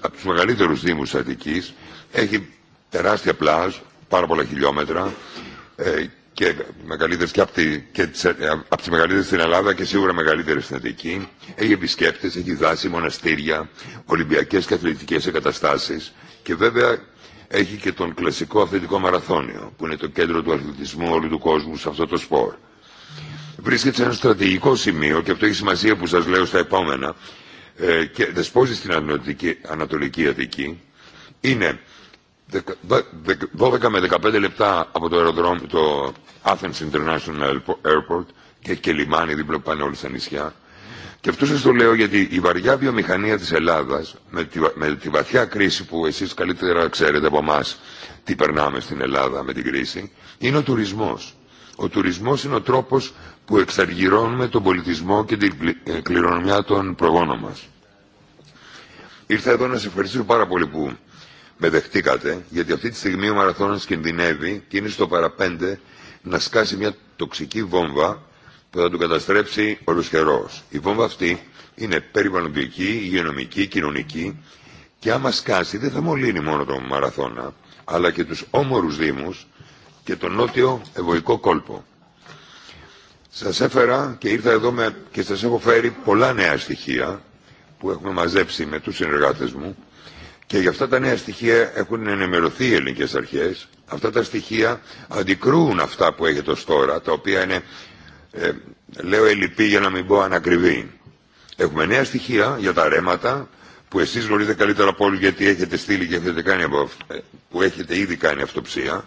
από τους μεγαλύτερου δήμους της έχει τεράστια πλάζ, πάρα πολλά χιλιόμετρα ε, και και, από τη, και ε, τις στην Ελλάδα και σίγουρα μεγαλύτερε στην Αττική. Έχει επισκέπτε, έχει δάση, μοναστήρια, Ολυμπιακέ και αθλητικέ εγκαταστάσει και βέβαια έχει και τον κλασικό αθλητικό μαραθώνιο που είναι το κέντρο του αθλητισμού όλου του κόσμου σε αυτό το σπορ. Βρίσκεται σε ένα στρατηγικό σημείο και αυτό έχει σημασία που σα λέω στα επόμενα ε, και δεσπόζει στην Ανατολική Αττική. Είναι 12 με 15 λεπτά από το αεροδρόμιο, το Athens International Airport και, και λιμάνι δίπλα που πάνε όλοι στα νησιά. Και αυτό σας το λέω γιατί η βαριά βιομηχανία της Ελλάδας με τη, με τη βαθιά κρίση που εσείς καλύτερα ξέρετε από εμά τι περνάμε στην Ελλάδα με την κρίση είναι ο τουρισμός. Ο τουρισμός είναι ο τρόπος που εξαργυρώνουμε τον πολιτισμό και την ε, κληρονομιά των προγόνων μας. Ήρθα εδώ να σε ευχαριστήσω πάρα πολύ που με δεχτήκατε, γιατί αυτή τη στιγμή ο μαραθώνας κινδυνεύει και είναι στο παραπέντε να σκάσει μια τοξική βόμβα που θα του καταστρέψει ολοσχερός. Η βόμβα αυτή είναι περιβαλλοντική, υγειονομική, κοινωνική και άμα σκάσει δεν θα μολύνει μόνο τον μαραθώνα, αλλά και τους όμορους δήμους και τον νότιο ευωικό κόλπο. Σας έφερα και ήρθα εδώ και σας έχω φέρει πολλά νέα στοιχεία που έχουμε μαζέψει με τους συνεργάτες μου και γι' αυτά τα νέα στοιχεία έχουν ενημερωθεί οι ελληνικέ αρχέ. Αυτά τα στοιχεία αντικρούουν αυτά που έχετε ω τώρα, τα οποία είναι, ε, λέω, ελλειπή για να μην πω ανακριβή. Έχουμε νέα στοιχεία για τα ρέματα, που εσεί γνωρίζετε καλύτερα από όλου γιατί έχετε στείλει και έχετε κάνει από, ε, που έχετε ήδη κάνει αυτοψία.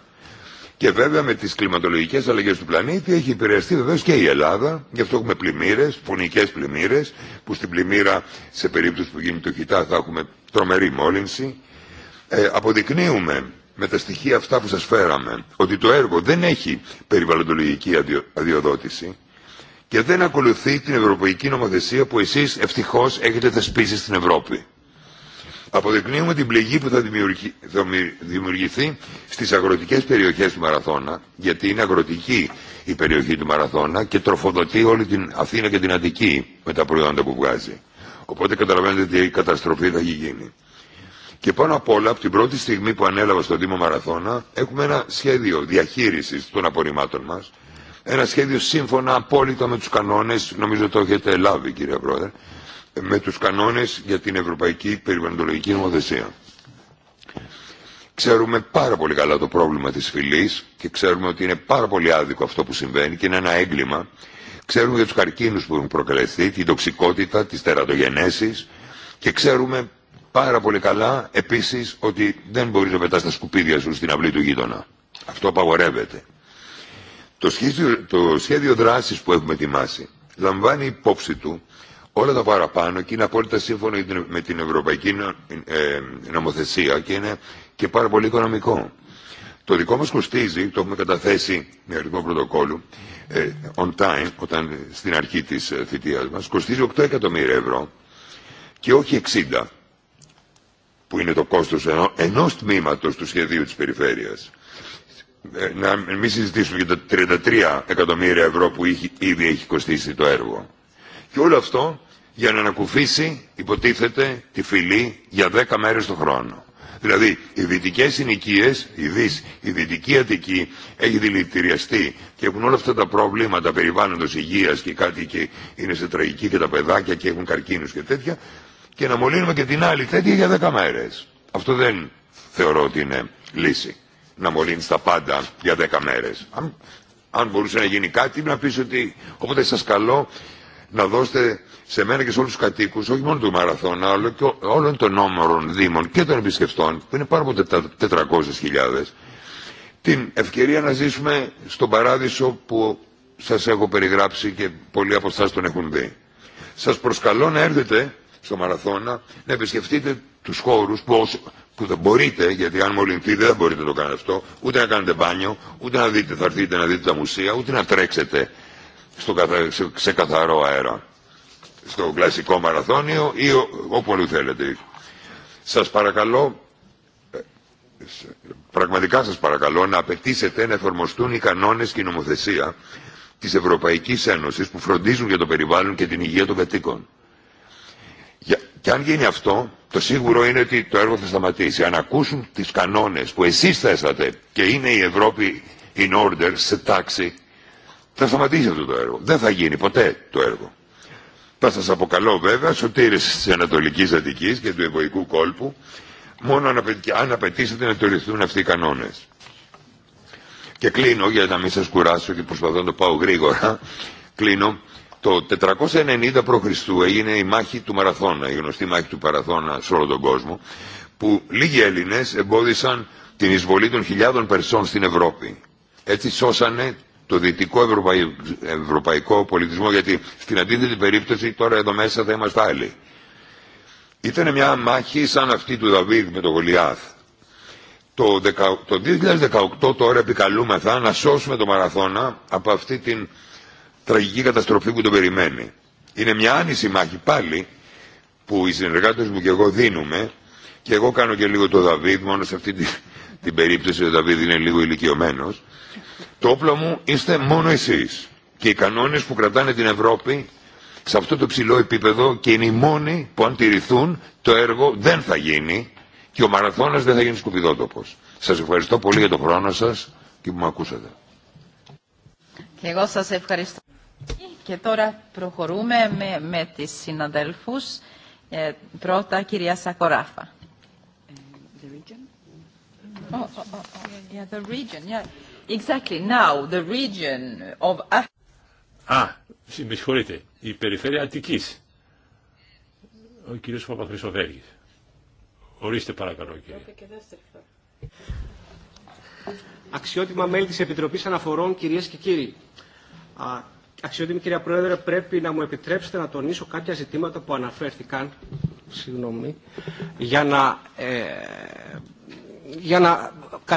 Και βέβαια με τι κλιματολογικέ αλλαγέ του πλανήτη έχει επηρεαστεί βεβαίω και η Ελλάδα. Γι' αυτό έχουμε πλημμύρε, φωνικέ πλημμύρε, που στην πλημμύρα, σε περίπτωση που γίνει το χιτά, θα έχουμε τρομερή μόλυνση. Ε, αποδεικνύουμε με τα στοιχεία αυτά που σας φέραμε ότι το έργο δεν έχει περιβαλλοντολογική αδειοδότηση και δεν ακολουθεί την ευρωπαϊκή νομοθεσία που εσείς ευτυχώς έχετε θεσπίσει στην Ευρώπη. Αποδεικνύουμε την πληγή που θα δημιουργηθεί στις αγροτικές περιοχές του Μαραθώνα, γιατί είναι αγροτική η περιοχή του Μαραθώνα και τροφοδοτεί όλη την Αθήνα και την Αττική με τα προϊόντα που βγάζει. Οπότε καταλαβαίνετε τι η καταστροφή θα έχει γίνει. Και πάνω απ' όλα, από την πρώτη στιγμή που ανέλαβα στον Δήμο Μαραθώνα, έχουμε ένα σχέδιο διαχείριση των απορριμμάτων μα. ένα σχέδιο σύμφωνα απόλυτα με του κανόνε, νομίζω το έχετε λάβει κύριε Πρόεδρε, με του κανόνε για την Ευρωπαϊκή Περιβαλλοντολογική Νομοθεσία. Ξέρουμε πάρα πολύ καλά το πρόβλημα της φυλής και ξέρουμε ότι είναι πάρα πολύ άδικο αυτό που συμβαίνει και είναι ένα έγκλημα Ξέρουμε για τους καρκίνους που έχουν προκαλεστεί, την τοξικότητα, τις τερατογενέσεις και ξέρουμε πάρα πολύ καλά επίσης ότι δεν μπορείς να πετάς τα σκουπίδια σου στην αυλή του γείτονα. Αυτό απαγορεύεται. Το σχέδιο, το σχέδιο δράσης που έχουμε ετοιμάσει λαμβάνει υπόψη του όλα τα παραπάνω και είναι απόλυτα σύμφωνο με την ευρωπαϊκή ε, νομοθεσία και είναι και πάρα πολύ οικονομικό. Το δικό μας κοστίζει, το έχουμε καταθέσει με αριθμό πρωτοκόλλου, ε, on time, όταν στην αρχή της ε, θητείας μας, κοστίζει 8 εκατομμύρια ευρώ και όχι 60, που είναι το κόστος ενός τμήματος του σχεδίου της περιφέρειας. Ε, να μην συζητήσουμε για τα 33 εκατομμύρια ευρώ που ήδη έχει κοστίσει το έργο. Και όλο αυτό για να ανακουφίσει, υποτίθεται, τη φυλή για 10 μέρες το χρόνο. Δηλαδή, οι δυτικέ συνοικίε, η η δυτική Αττική έχει δηλητηριαστεί και έχουν όλα αυτά τα προβλήματα περιβάλλοντο υγεία και κάτι και είναι σε τραγική και τα παιδάκια και έχουν καρκίνους και τέτοια. Και να μολύνουμε και την άλλη τέτοια για δέκα μέρε. Αυτό δεν θεωρώ ότι είναι λύση. Να μολύνει τα πάντα για δέκα μέρε. Αν, αν μπορούσε να γίνει κάτι, να πει ότι. Οπότε σα καλώ να δώστε σε μένα και σε όλου του κατοίκου, όχι μόνο του Μαραθώνα, αλλά και όλων των όμορων Δήμων και των επισκεφτών, που είναι πάνω από 400.000, την ευκαιρία να ζήσουμε στον παράδεισο που σας έχω περιγράψει και πολλοί από εσά τον έχουν δει. Σας προσκαλώ να έρθετε στο Μαραθώνα, να επισκεφτείτε τους χώρους που, που δεν μπορείτε, γιατί αν μολυνθείτε δεν μπορείτε να το κάνετε αυτό, ούτε να κάνετε μπάνιο, ούτε να δείτε, θα έρθετε να δείτε τα μουσεία, ούτε να τρέξετε στο, σε καθαρό αέρα στο κλασικό μαραθώνιο ή όπου αλλού θέλετε. Σας παρακαλώ, πραγματικά σας παρακαλώ να απαιτήσετε να εφαρμοστούν οι κανόνες και η νομοθεσία της Ευρωπαϊκής Ένωσης που φροντίζουν για το περιβάλλον και την υγεία των κατοίκων. Και αν γίνει αυτό, το σίγουρο είναι ότι το έργο θα σταματήσει. Αν ακούσουν τις κανόνες που εσείς θέσατε και είναι η Ευρώπη in order σε τάξη, θα σταματήσει αυτό το έργο. Δεν θα γίνει ποτέ το έργο. Θα σα αποκαλώ βέβαια σωτήρες τη Ανατολική Αττική και του Εβοϊκού Κόλπου μόνο αν απαιτήσετε να τηρηθούν αυτοί οι κανόνε. Και κλείνω για να μην σα κουράσω και προσπαθώ να το πάω γρήγορα. Κλείνω. Το 490 π.Χ. έγινε η μάχη του Μαραθώνα, η γνωστή μάχη του Μαραθώνα σε όλο τον κόσμο, που λίγοι Έλληνε εμπόδισαν την εισβολή των χιλιάδων Περσών στην Ευρώπη. Έτσι σώσανε το δυτικό ευρωπαϊκό πολιτισμό, γιατί στην αντίθετη περίπτωση τώρα εδώ μέσα θα είμαστε άλλοι. Ήταν μια μάχη σαν αυτή του Δαβίδ με τον Γολιάθ. Το, το 2018 τώρα επικαλούμεθα να σώσουμε τον μαραθώνα από αυτή την τραγική καταστροφή που τον περιμένει. Είναι μια άνηση μάχη πάλι που οι συνεργάτες μου και εγώ δίνουμε και εγώ κάνω και λίγο το Δαβίδ, μόνο σε αυτή την, την περίπτωση ο Δαβίδ είναι λίγο ηλικιωμένος το όπλο μου είστε μόνο εσείς. Και οι κανόνες που κρατάνε την Ευρώπη σε αυτό το ψηλό επίπεδο και είναι οι μόνοι που αν τηρηθούν το έργο δεν θα γίνει και ο μαραθώνας δεν θα γίνει σκουπιδότοπος. Σας ευχαριστώ πολύ για τον χρόνο σας και που με ακούσατε. Και εγώ σας ευχαριστώ. Και τώρα προχωρούμε με, με τις συναδέλφους. Ε, πρώτα, κυρία Σακοράφα. Exactly now, Α, με η περιφέρεια Αττικής. Ο κύριος Παπαχρυσοβέργης. Ορίστε παρακαλώ κύριε. Αξιότιμα μέλη της Επιτροπής Αναφορών, κυρίες και κύριοι. Αξιότιμη κυρία Πρόεδρε, πρέπει να μου επιτρέψετε να τονίσω κάποια ζητήματα που αναφέρθηκαν συγγνώμη, για να ε, για να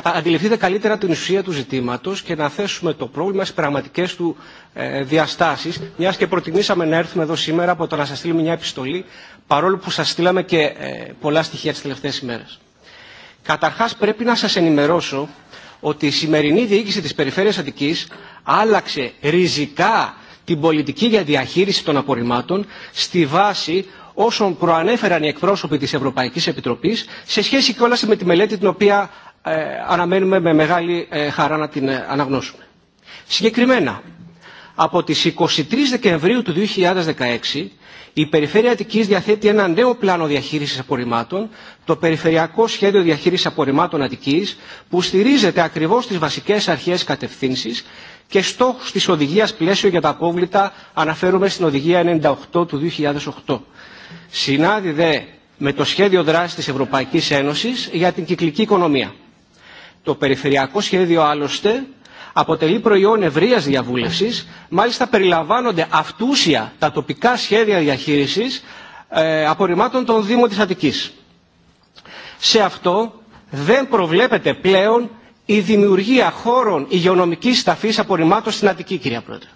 αντιληφθείτε καλύτερα την ουσία του ζητήματος και να θέσουμε το πρόβλημα στις πραγματικές του ε, διαστάσεις, μιας και προτιμήσαμε να έρθουμε εδώ σήμερα από το να σας στείλουμε μια επιστολή, παρόλο που σας στείλαμε και ε, πολλά στοιχεία τις τελευταίες ημέρες. Καταρχάς πρέπει να σας ενημερώσω ότι η σημερινή διοίκηση της Περιφέρειας Αττικής άλλαξε ριζικά την πολιτική για διαχείριση των απορριμμάτων στη βάση όσων προανέφεραν οι εκπρόσωποι της Ευρωπαϊκής Επιτροπής σε σχέση και όλα με τη μελέτη την οποία ε, αναμένουμε με μεγάλη ε, χαρά να την ε, αναγνώσουμε. Συγκεκριμένα, από τις 23 Δεκεμβρίου του 2016 η Περιφέρεια Αττικής διαθέτει ένα νέο πλάνο διαχείρισης απορριμμάτων, το Περιφερειακό Σχέδιο Διαχείρισης Απορριμμάτων Αττικής, που στηρίζεται ακριβώς στις βασικές αρχές κατευθύνσεις και στόχους της οδηγίας πλαίσιο για τα απόβλητα αναφέρουμε στην οδηγία 98 του 2008 συνάδει με το σχέδιο δράσης της Ευρωπαϊκής Ένωσης για την κυκλική οικονομία. Το περιφερειακό σχέδιο άλλωστε αποτελεί προϊόν ευρείας διαβούλευσης, μάλιστα περιλαμβάνονται αυτούσια τα τοπικά σχέδια διαχείρισης ε, απορριμμάτων των Δήμων της Αττικής. Σε αυτό δεν προβλέπεται πλέον η δημιουργία χώρων υγειονομικής σταφής απορριμμάτων στην Αττική, κυρία Πρόεδρε.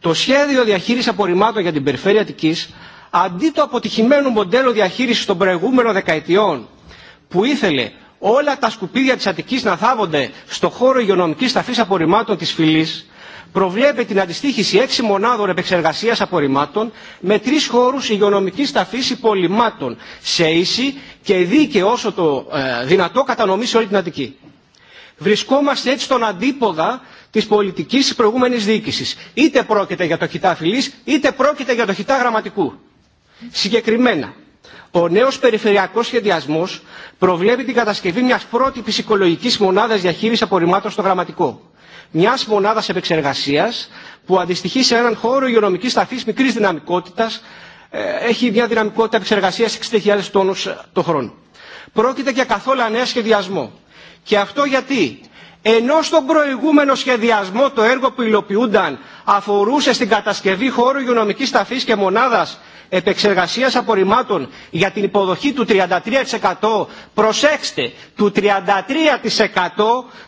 Το σχέδιο διαχείρισης απορριμμάτων για την περιφέρεια Αττικής αντί το αποτυχημένο μοντέλο διαχείρισης των προηγούμενων δεκαετιών που ήθελε όλα τα σκουπίδια της Αττικής να θάβονται στο χώρο υγειονομικής ταφής απορριμμάτων της φυλής, προβλέπει την αντιστοίχηση έξι μονάδων επεξεργασίας απορριμμάτων με τρεις χώρους υγειονομικής ταφής υπολοιμμάτων σε ίση και δίκαιο όσο το ε, δυνατό κατανομή σε όλη την Αττική. Βρισκόμαστε έτσι στον αντίποδα τη πολιτική τη προηγούμενη διοίκηση. Είτε πρόκειται για το χιτά φυλή, είτε πρόκειται για το χιτά γραμματικού. Συγκεκριμένα, ο νέος περιφερειακός σχεδιασμός προβλέπει την κατασκευή μιας πρώτης ψυχολογικής μονάδας διαχείρισης απορριμμάτων στο γραμματικό. Μια μονάδα επεξεργασίας που αντιστοιχεί σε έναν χώρο υγειονομικής ταφής μικρής δυναμικότητας, ε, έχει μια δυναμικότητα επεξεργασίας 60.000 τόνους ε, το χρόνο. Πρόκειται για καθόλου νέο σχεδιασμό. Και αυτό γιατί ενώ στον προηγούμενο σχεδιασμό το έργο που υλοποιούνταν αφορούσε στην κατασκευή χώρου υγειονομικής ταφής και μονάδας επεξεργασίας απορριμμάτων για την υποδοχή του 33% προσέξτε του 33%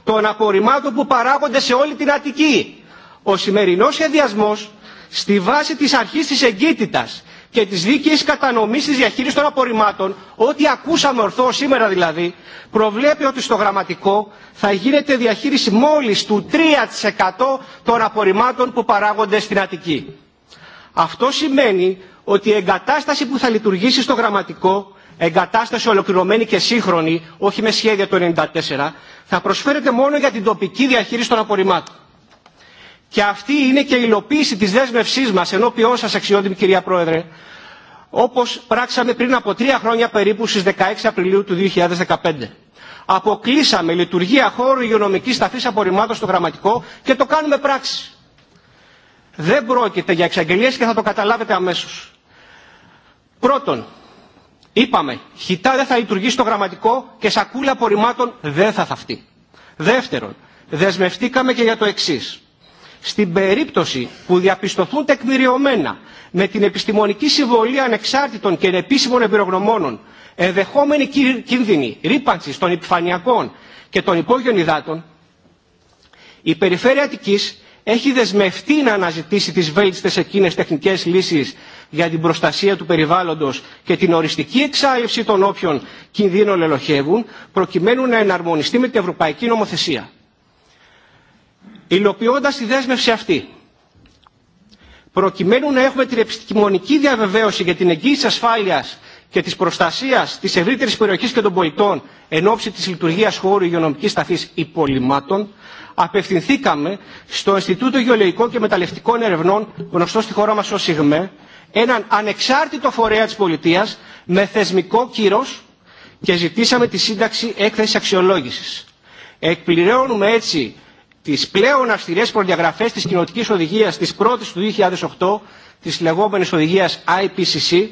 των απορριμμάτων που παράγονται σε όλη την Αττική. Ο σημερινός σχεδιασμός στη βάση της αρχής της εγκύτητας και της δίκαιης κατανομής της διαχείρισης των απορριμμάτων, ό,τι ακούσαμε ορθό σήμερα δηλαδή, προβλέπει ότι στο γραμματικό θα γίνεται διαχείριση μόλις του 3% των απορριμμάτων που παράγονται στην Αττική. Αυτό σημαίνει ότι η εγκατάσταση που θα λειτουργήσει στο γραμματικό, εγκατάσταση ολοκληρωμένη και σύγχρονη, όχι με σχέδια το 1994, θα προσφέρεται μόνο για την τοπική διαχείριση των απορριμμάτων. Και αυτή είναι και η υλοποίηση τη δέσμευσή μα ενώπιον σα, αξιότιμη κυρία Πρόεδρε, όπω πράξαμε πριν από τρία χρόνια περίπου στι 16 Απριλίου του 2015. Αποκλείσαμε λειτουργία χώρου υγειονομική ταφή απορριμμάτων στο γραμματικό και το κάνουμε πράξη. Δεν πρόκειται για εξαγγελίε και θα το καταλάβετε αμέσω. Πρώτον, είπαμε, χιτά δεν θα λειτουργήσει το γραμματικό και σακούλα απορριμμάτων δεν θα θαυτεί. Δεύτερον, δεσμευτήκαμε και για το εξή. Στην περίπτωση που διαπιστωθούν τεκμηριωμένα με την επιστημονική συμβολή ανεξάρτητων και επίσημων εμπειρογνωμόνων εδεχόμενη κίνδυνη ρήπανση των επιφανειακών και των υπόγειων υδάτων, η Περιφέρεια Αττικής έχει δεσμευτεί να αναζητήσει τις βέλτιστες εκείνες τεχνικές λύσεις για την προστασία του περιβάλλοντος και την οριστική εξάλληψη των όποιων κινδύνων ελοχεύουν, προκειμένου να εναρμονιστεί με την Ευρωπαϊκή Νομοθεσία. Υλοποιώντα τη δέσμευση αυτή, προκειμένου να έχουμε την επιστημονική διαβεβαίωση για την εγγύηση ασφάλειας και τη προστασία τη ευρύτερη περιοχή και των πολιτών εν ώψη τη λειτουργία χώρου υγειονομική ταφή υπολοιμάτων, απευθυνθήκαμε στο Ινστιτούτο Γεωλογικών και Μεταλλευτικών Ερευνών, γνωστό στη χώρα μα ω ΣΥΓΜΕ, έναν ανεξάρτητο φορέα της πολιτείας με θεσμικό κύρος και ζητήσαμε τη σύνταξη έκθεση αξιολόγησης. Εκπληρώνουμε έτσι τις πλέον αυστηρές προδιαγραφές της κοινοτικής οδηγίας της πρώτης του 2008, της λεγόμενης οδηγίας IPCC,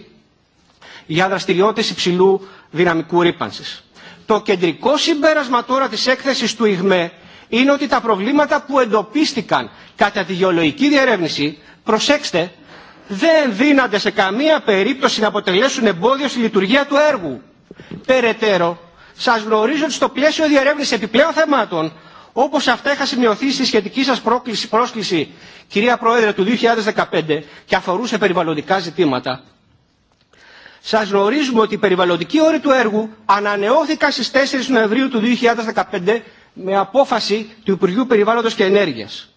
για δραστηριότητες υψηλού δυναμικού ρήπανσης. Το κεντρικό συμπέρασμα τώρα της έκθεσης του ΙΓΜΕ είναι ότι τα προβλήματα που εντοπίστηκαν κατά τη γεωλογική διερεύνηση, προσέξτε, δεν δύνανται σε καμία περίπτωση να αποτελέσουν εμπόδιο στη λειτουργία του έργου. Περαιτέρω, σα γνωρίζω ότι στο πλαίσιο διερεύνηση επιπλέον θεμάτων, όπω αυτά είχα σημειωθεί στη σχετική σα πρόσκληση, κυρία Πρόεδρε, του 2015 και αφορούσε περιβαλλοντικά ζητήματα, σας γνωρίζουμε ότι οι περιβαλλοντικοί όροι του έργου ανανεώθηκαν στις 4 Νοεμβρίου του 2015 με απόφαση του Υπουργείου Περιβάλλοντος και Ενέργειας.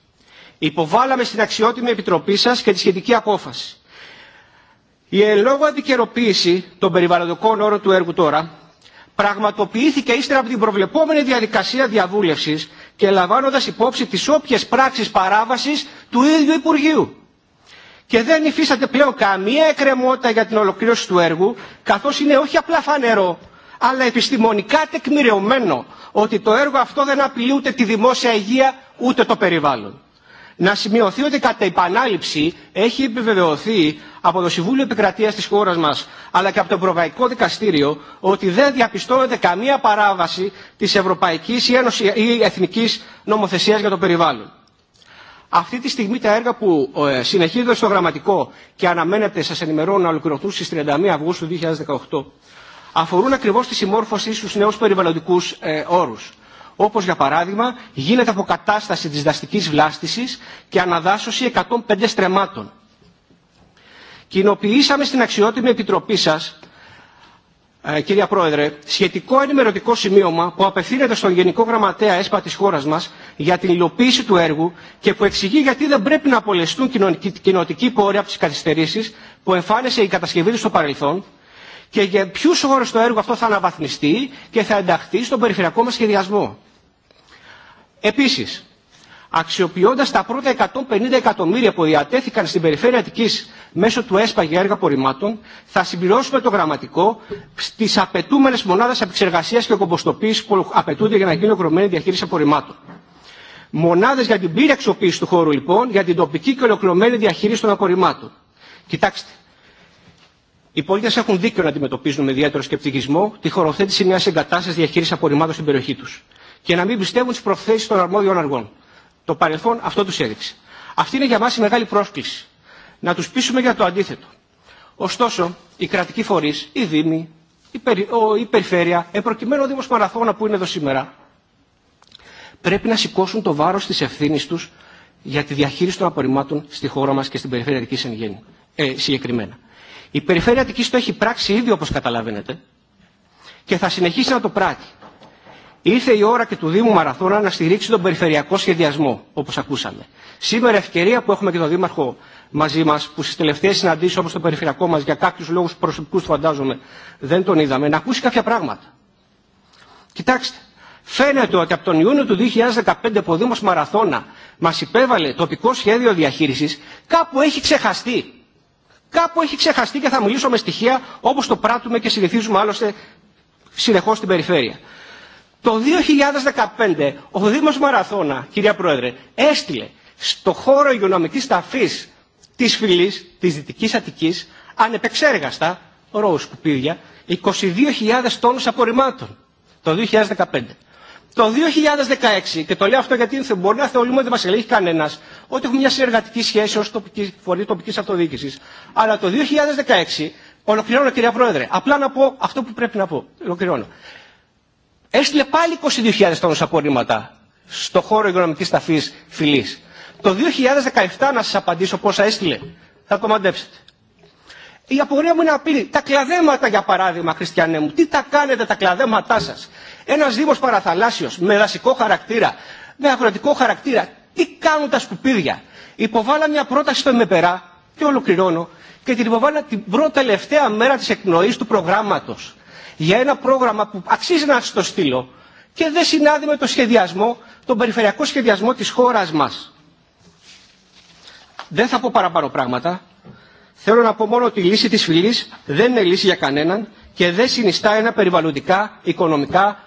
Υποβάλαμε στην αξιότιμη επιτροπή σας και τη σχετική απόφαση. Η εν λόγω αντικαιροποίηση των περιβαλλοντικών όρων του έργου τώρα πραγματοποιήθηκε ύστερα από την προβλεπόμενη διαδικασία διαβούλευσης και λαμβάνοντας υπόψη τις όποιες πράξεις παράβασης του ίδιου Υπουργείου. Και δεν υφίσταται πλέον καμία εκκρεμότητα για την ολοκλήρωση του έργου, καθώς είναι όχι απλά φανερό, αλλά επιστημονικά τεκμηριωμένο ότι το έργο αυτό δεν απειλεί ούτε τη δημόσια υγεία ούτε το περιβάλλον να σημειωθεί ότι κατά επανάληψη έχει επιβεβαιωθεί από το Συμβούλιο Επικρατεία τη χώρα μα αλλά και από το Ευρωπαϊκό Δικαστήριο ότι δεν διαπιστώνεται καμία παράβαση τη ευρωπαϊκή ή εθνική νομοθεσία για το περιβάλλον. Αυτή τη στιγμή τα έργα που ε, συνεχίζονται στο γραμματικό και αναμένεται, σα ενημερώνω, να ολοκληρωθούν στι 31 Αυγούστου 2018 αφορούν ακριβώ τη συμμόρφωση στου νέου περιβαλλοντικού ε, όρου όπως για παράδειγμα γίνεται αποκατάσταση της δαστικής βλάστησης και αναδάσωση 105 στρεμάτων. Κοινοποιήσαμε στην αξιότιμη επιτροπή σας, ε, κυρία Πρόεδρε, σχετικό ενημερωτικό σημείωμα που απευθύνεται στον Γενικό Γραμματέα ΕΣΠΑ της χώρας μας για την υλοποίηση του έργου και που εξηγεί γιατί δεν πρέπει να απολεστούν κοινωτικοί πόροι από τις καθυστερήσεις που εμφάνισε η κατασκευή του στο παρελθόν και για ποιου χώρου το έργο αυτό θα αναβαθμιστεί και θα ενταχθεί στον περιφερειακό μα σχεδιασμό. Επίση, αξιοποιώντα τα πρώτα 150 εκατομμύρια που διατέθηκαν στην περιφέρεια Αττική μέσω του ΕΣΠΑ για έργα απορριμμάτων, θα συμπληρώσουμε το γραμματικό στι απαιτούμενε μονάδε επεξεργασία και κομποστοποίηση που απαιτούνται για να γίνει ολοκληρωμένη διαχείριση απορριμμάτων. Μονάδε για την πλήρη αξιοποίηση του χώρου, λοιπόν, για την τοπική και ολοκληρωμένη διαχείριση των απορριμμάτων. Κοιτάξτε, οι πολίτε έχουν δίκιο να αντιμετωπίζουν με ιδιαίτερο σκεπτικισμό τη χωροθέτηση μια εγκατάσταση διαχείριση απορριμμάτων στην περιοχή του και να μην πιστεύουν στι προθέσει των αρμόδιων αργών. Το παρελθόν αυτό του έδειξε. Αυτή είναι για μα η μεγάλη πρόσκληση. Να του πείσουμε για το αντίθετο. Ωστόσο, οι κρατικοί φορεί, οι Δήμοι, η, περι... η Περιφέρεια, εμπροκειμένου ο Δήμο παραθώνα που είναι εδώ σήμερα, πρέπει να σηκώσουν το βάρο τη ευθύνη του για τη διαχείριση των απορριμμάτων στη χώρα μα και στην περιφερειακή Ε, συγκεκριμένα. Η Περιφέρεια Αττικής το έχει πράξει ήδη όπως καταλαβαίνετε και θα συνεχίσει να το πράττει. Ήρθε η ώρα και του Δήμου Μαραθώνα να στηρίξει τον περιφερειακό σχεδιασμό, όπω ακούσαμε. Σήμερα ευκαιρία που έχουμε και τον Δήμαρχο μαζί μα, που στι τελευταίε συναντήσει, όπω το περιφερειακό μα, για κάποιου λόγου προσωπικού φαντάζομαι δεν τον είδαμε, να ακούσει κάποια πράγματα. Κοιτάξτε, φαίνεται ότι από τον Ιούνιο του 2015 που ο Δήμο Μαραθώνα μα υπέβαλε τοπικό σχέδιο διαχείριση, κάπου έχει ξεχαστεί κάπου έχει ξεχαστεί και θα μιλήσω με στοιχεία όπως το πράττουμε και συνηθίζουμε άλλωστε συνεχώ στην περιφέρεια. Το 2015 ο Δήμο Μαραθώνα, κυρία Πρόεδρε, έστειλε στο χώρο υγειονομική ταφής της φυλής της Δυτική Αττικής ανεπεξέργαστα ροού σκουπίδια 22.000 τόνους απορριμμάτων το 2015. Το 2016, και το λέω αυτό γιατί μπορεί να θεωρούμε ότι δεν μα ελέγχει κανένα, ότι έχουν μια συνεργατική σχέση ω τοπική, φορή τοπική αυτοδιοίκηση. Αλλά το 2016, ολοκληρώνω κυρία Πρόεδρε, απλά να πω αυτό που πρέπει να πω. Ολοκληρώνω. Έστειλε πάλι 22.000 τόνου απορρίμματα στο χώρο υγειονομική ταφή φυλή. Το 2017 να σα απαντήσω πόσα έστειλε. Θα το μαντέψετε. Η απορία μου είναι πει, Τα κλαδέματα, για παράδειγμα, Χριστιανέ μου, τι τα κάνετε τα κλαδέματά σα. Ένα Δήμο παραθαλάσσιο, με δασικό χαρακτήρα, με αγροτικό χαρακτήρα, τι κάνουν τα σκουπίδια. Υποβάλα μια πρόταση στο ΜΕΠΕΡΑ και ολοκληρώνω και την υποβάλα την πρώτη τελευταία μέρα της εκνοής του προγράμματος για ένα πρόγραμμα που αξίζει να το στείλω και δεν συνάδει με το σχεδιασμό, τον περιφερειακό σχεδιασμό της χώρας μας. Δεν θα πω παραπάνω πράγματα. Θέλω να πω μόνο ότι η λύση της φυλής δεν είναι λύση για κανέναν και δεν συνιστά ένα περιβαλλοντικά, οικονομικά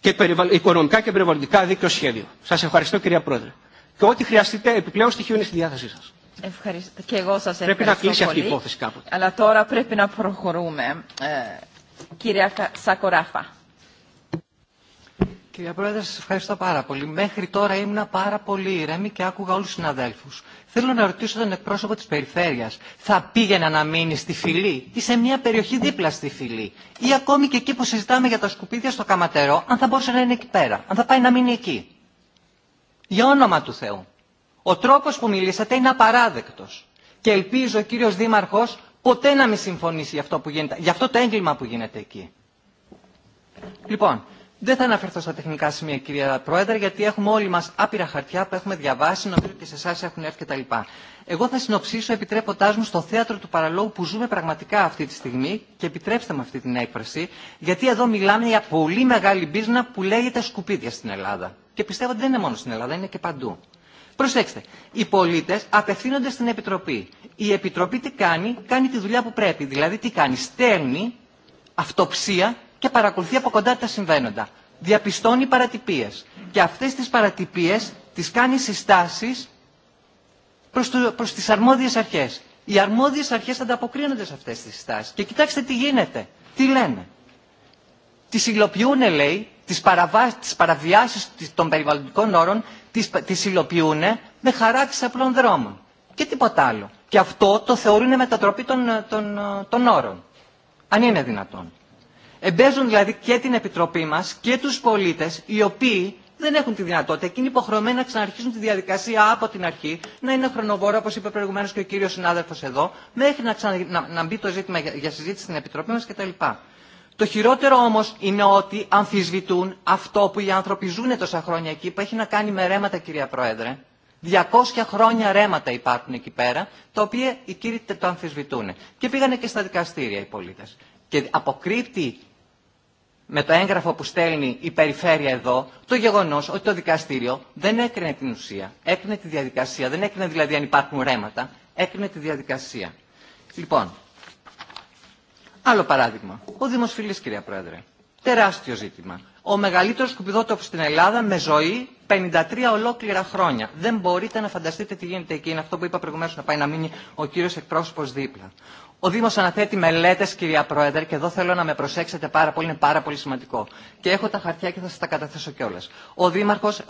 και οικονομικά και περιβαλλοντικά δίκαιο σχέδιο. Σα ευχαριστώ κυρία Πρόεδρε. Και ό,τι χρειαστείτε επιπλέον στοιχείο είναι στη διάθεσή σα Ευχαριστώ. Και εγώ σας ευχαριστώ Πρέπει να κλείσει αυτή η υπόθεση κάπου. Αλλά τώρα πρέπει να προχωρούμε. Ε, κυρία Σακοράφα. Κυρία Πρόεδρε, σα ευχαριστώ πάρα πολύ. Μέχρι τώρα ήμουν πάρα πολύ ήρεμη και άκουγα ολου του συναδέλφου. Θέλω να ρωτήσω τον εκπρόσωπο της περιφέρειας. Θα πήγαινε να μείνει στη φυλή ή σε μια περιοχή δίπλα στη φυλή. Ή ακόμη και εκεί που συζητάμε για τα σκουπίδια στο Καματερό, αν θα μπορούσε να είναι εκεί πέρα. Αν θα πάει να μείνει εκεί. Για όνομα του Θεού. Ο τρόπος που μιλήσατε είναι απαράδεκτος. Και ελπίζω ο κύριος Δήμαρχος ποτέ να μην συμφωνήσει για αυτό, που γίνεται, αυτό το έγκλημα που γίνεται εκεί. Λοιπόν, δεν θα αναφερθώ στα τεχνικά σημεία, κυρία Πρόεδρε, γιατί έχουμε όλοι μα άπειρα χαρτιά που έχουμε διαβάσει, νομίζω και σε εσά έχουν έρθει κτλ. Εγώ θα συνοψίσω επιτρέποντά μου στο θέατρο του παραλόγου που ζούμε πραγματικά αυτή τη στιγμή και επιτρέψτε με αυτή την έκφραση, γιατί εδώ μιλάμε για πολύ μεγάλη μπίζνα που λέγεται σκουπίδια στην Ελλάδα. Και πιστεύω ότι δεν είναι μόνο στην Ελλάδα, είναι και παντού. Προσέξτε, οι πολίτε απευθύνονται στην Επιτροπή. Η Επιτροπή τι κάνει, κάνει τη δουλειά που πρέπει. Δηλαδή τι κάνει, στέλνει αυτοψία και παρακολουθεί από κοντά τα συμβαίνοντα. Διαπιστώνει παρατυπίες. Και αυτές τις παρατυπίες τις κάνει συστάσεις προς, το, προς τις αρμόδιες αρχές. Οι αρμόδιες αρχές ανταποκρίνονται σε αυτές τις συστάσεις. Και κοιτάξτε τι γίνεται. Τι λένε. Τις υλοποιούν, λέει, τις, παραβιάσει παραβιάσεις των περιβαλλοντικών όρων, τις, υλοποιούν με χαράξη απλών δρόμων. Και τίποτα άλλο. Και αυτό το θεωρούν μετατροπή των, των, των όρων. Αν είναι δυνατόν. Εμπέζουν δηλαδή και την Επιτροπή μα και του πολίτε, οι οποίοι δεν έχουν τη δυνατότητα και είναι υποχρεωμένοι να ξαναρχίσουν τη διαδικασία από την αρχή, να είναι χρονοβόρο, όπω είπε προηγουμένω και ο κύριο συνάδελφο εδώ, μέχρι να, να, να μπει το ζήτημα για συζήτηση στην Επιτροπή μα κτλ. Το χειρότερο όμω είναι ότι αμφισβητούν αυτό που οι άνθρωποι ζουν τόσα χρόνια εκεί, που έχει να κάνει με ρέματα, κυρία Πρόεδρε. 200 χρόνια ρέματα υπάρχουν εκεί πέρα, τα οποία οι κύριοι το αμφισβητούν. Και πήγανε και στα δικαστήρια οι πολίτε. Και αποκρύπτει με το έγγραφο που στέλνει η περιφέρεια εδώ, το γεγονός ότι το δικαστήριο δεν έκρινε την ουσία, έκρινε τη διαδικασία, δεν έκρινε δηλαδή αν υπάρχουν ρέματα, έκρινε τη διαδικασία. Λοιπόν, άλλο παράδειγμα, ο Δημοσφυλής κυρία Πρόεδρε, τεράστιο ζήτημα. Ο μεγαλύτερος σκουπιδότοπος στην Ελλάδα με ζωή 53 ολόκληρα χρόνια. Δεν μπορείτε να φανταστείτε τι γίνεται εκεί. Είναι αυτό που είπα προηγουμένως να πάει να μείνει ο κύριος εκπρόσωπος δίπλα. Ο Δήμος αναθέτει μελέτες, κυρία Πρόεδρε, και εδώ θέλω να με προσέξετε πάρα πολύ, είναι πάρα πολύ σημαντικό. Και έχω τα χαρτιά και θα σας τα καταθέσω κιόλας. Ο Δήμαρχος,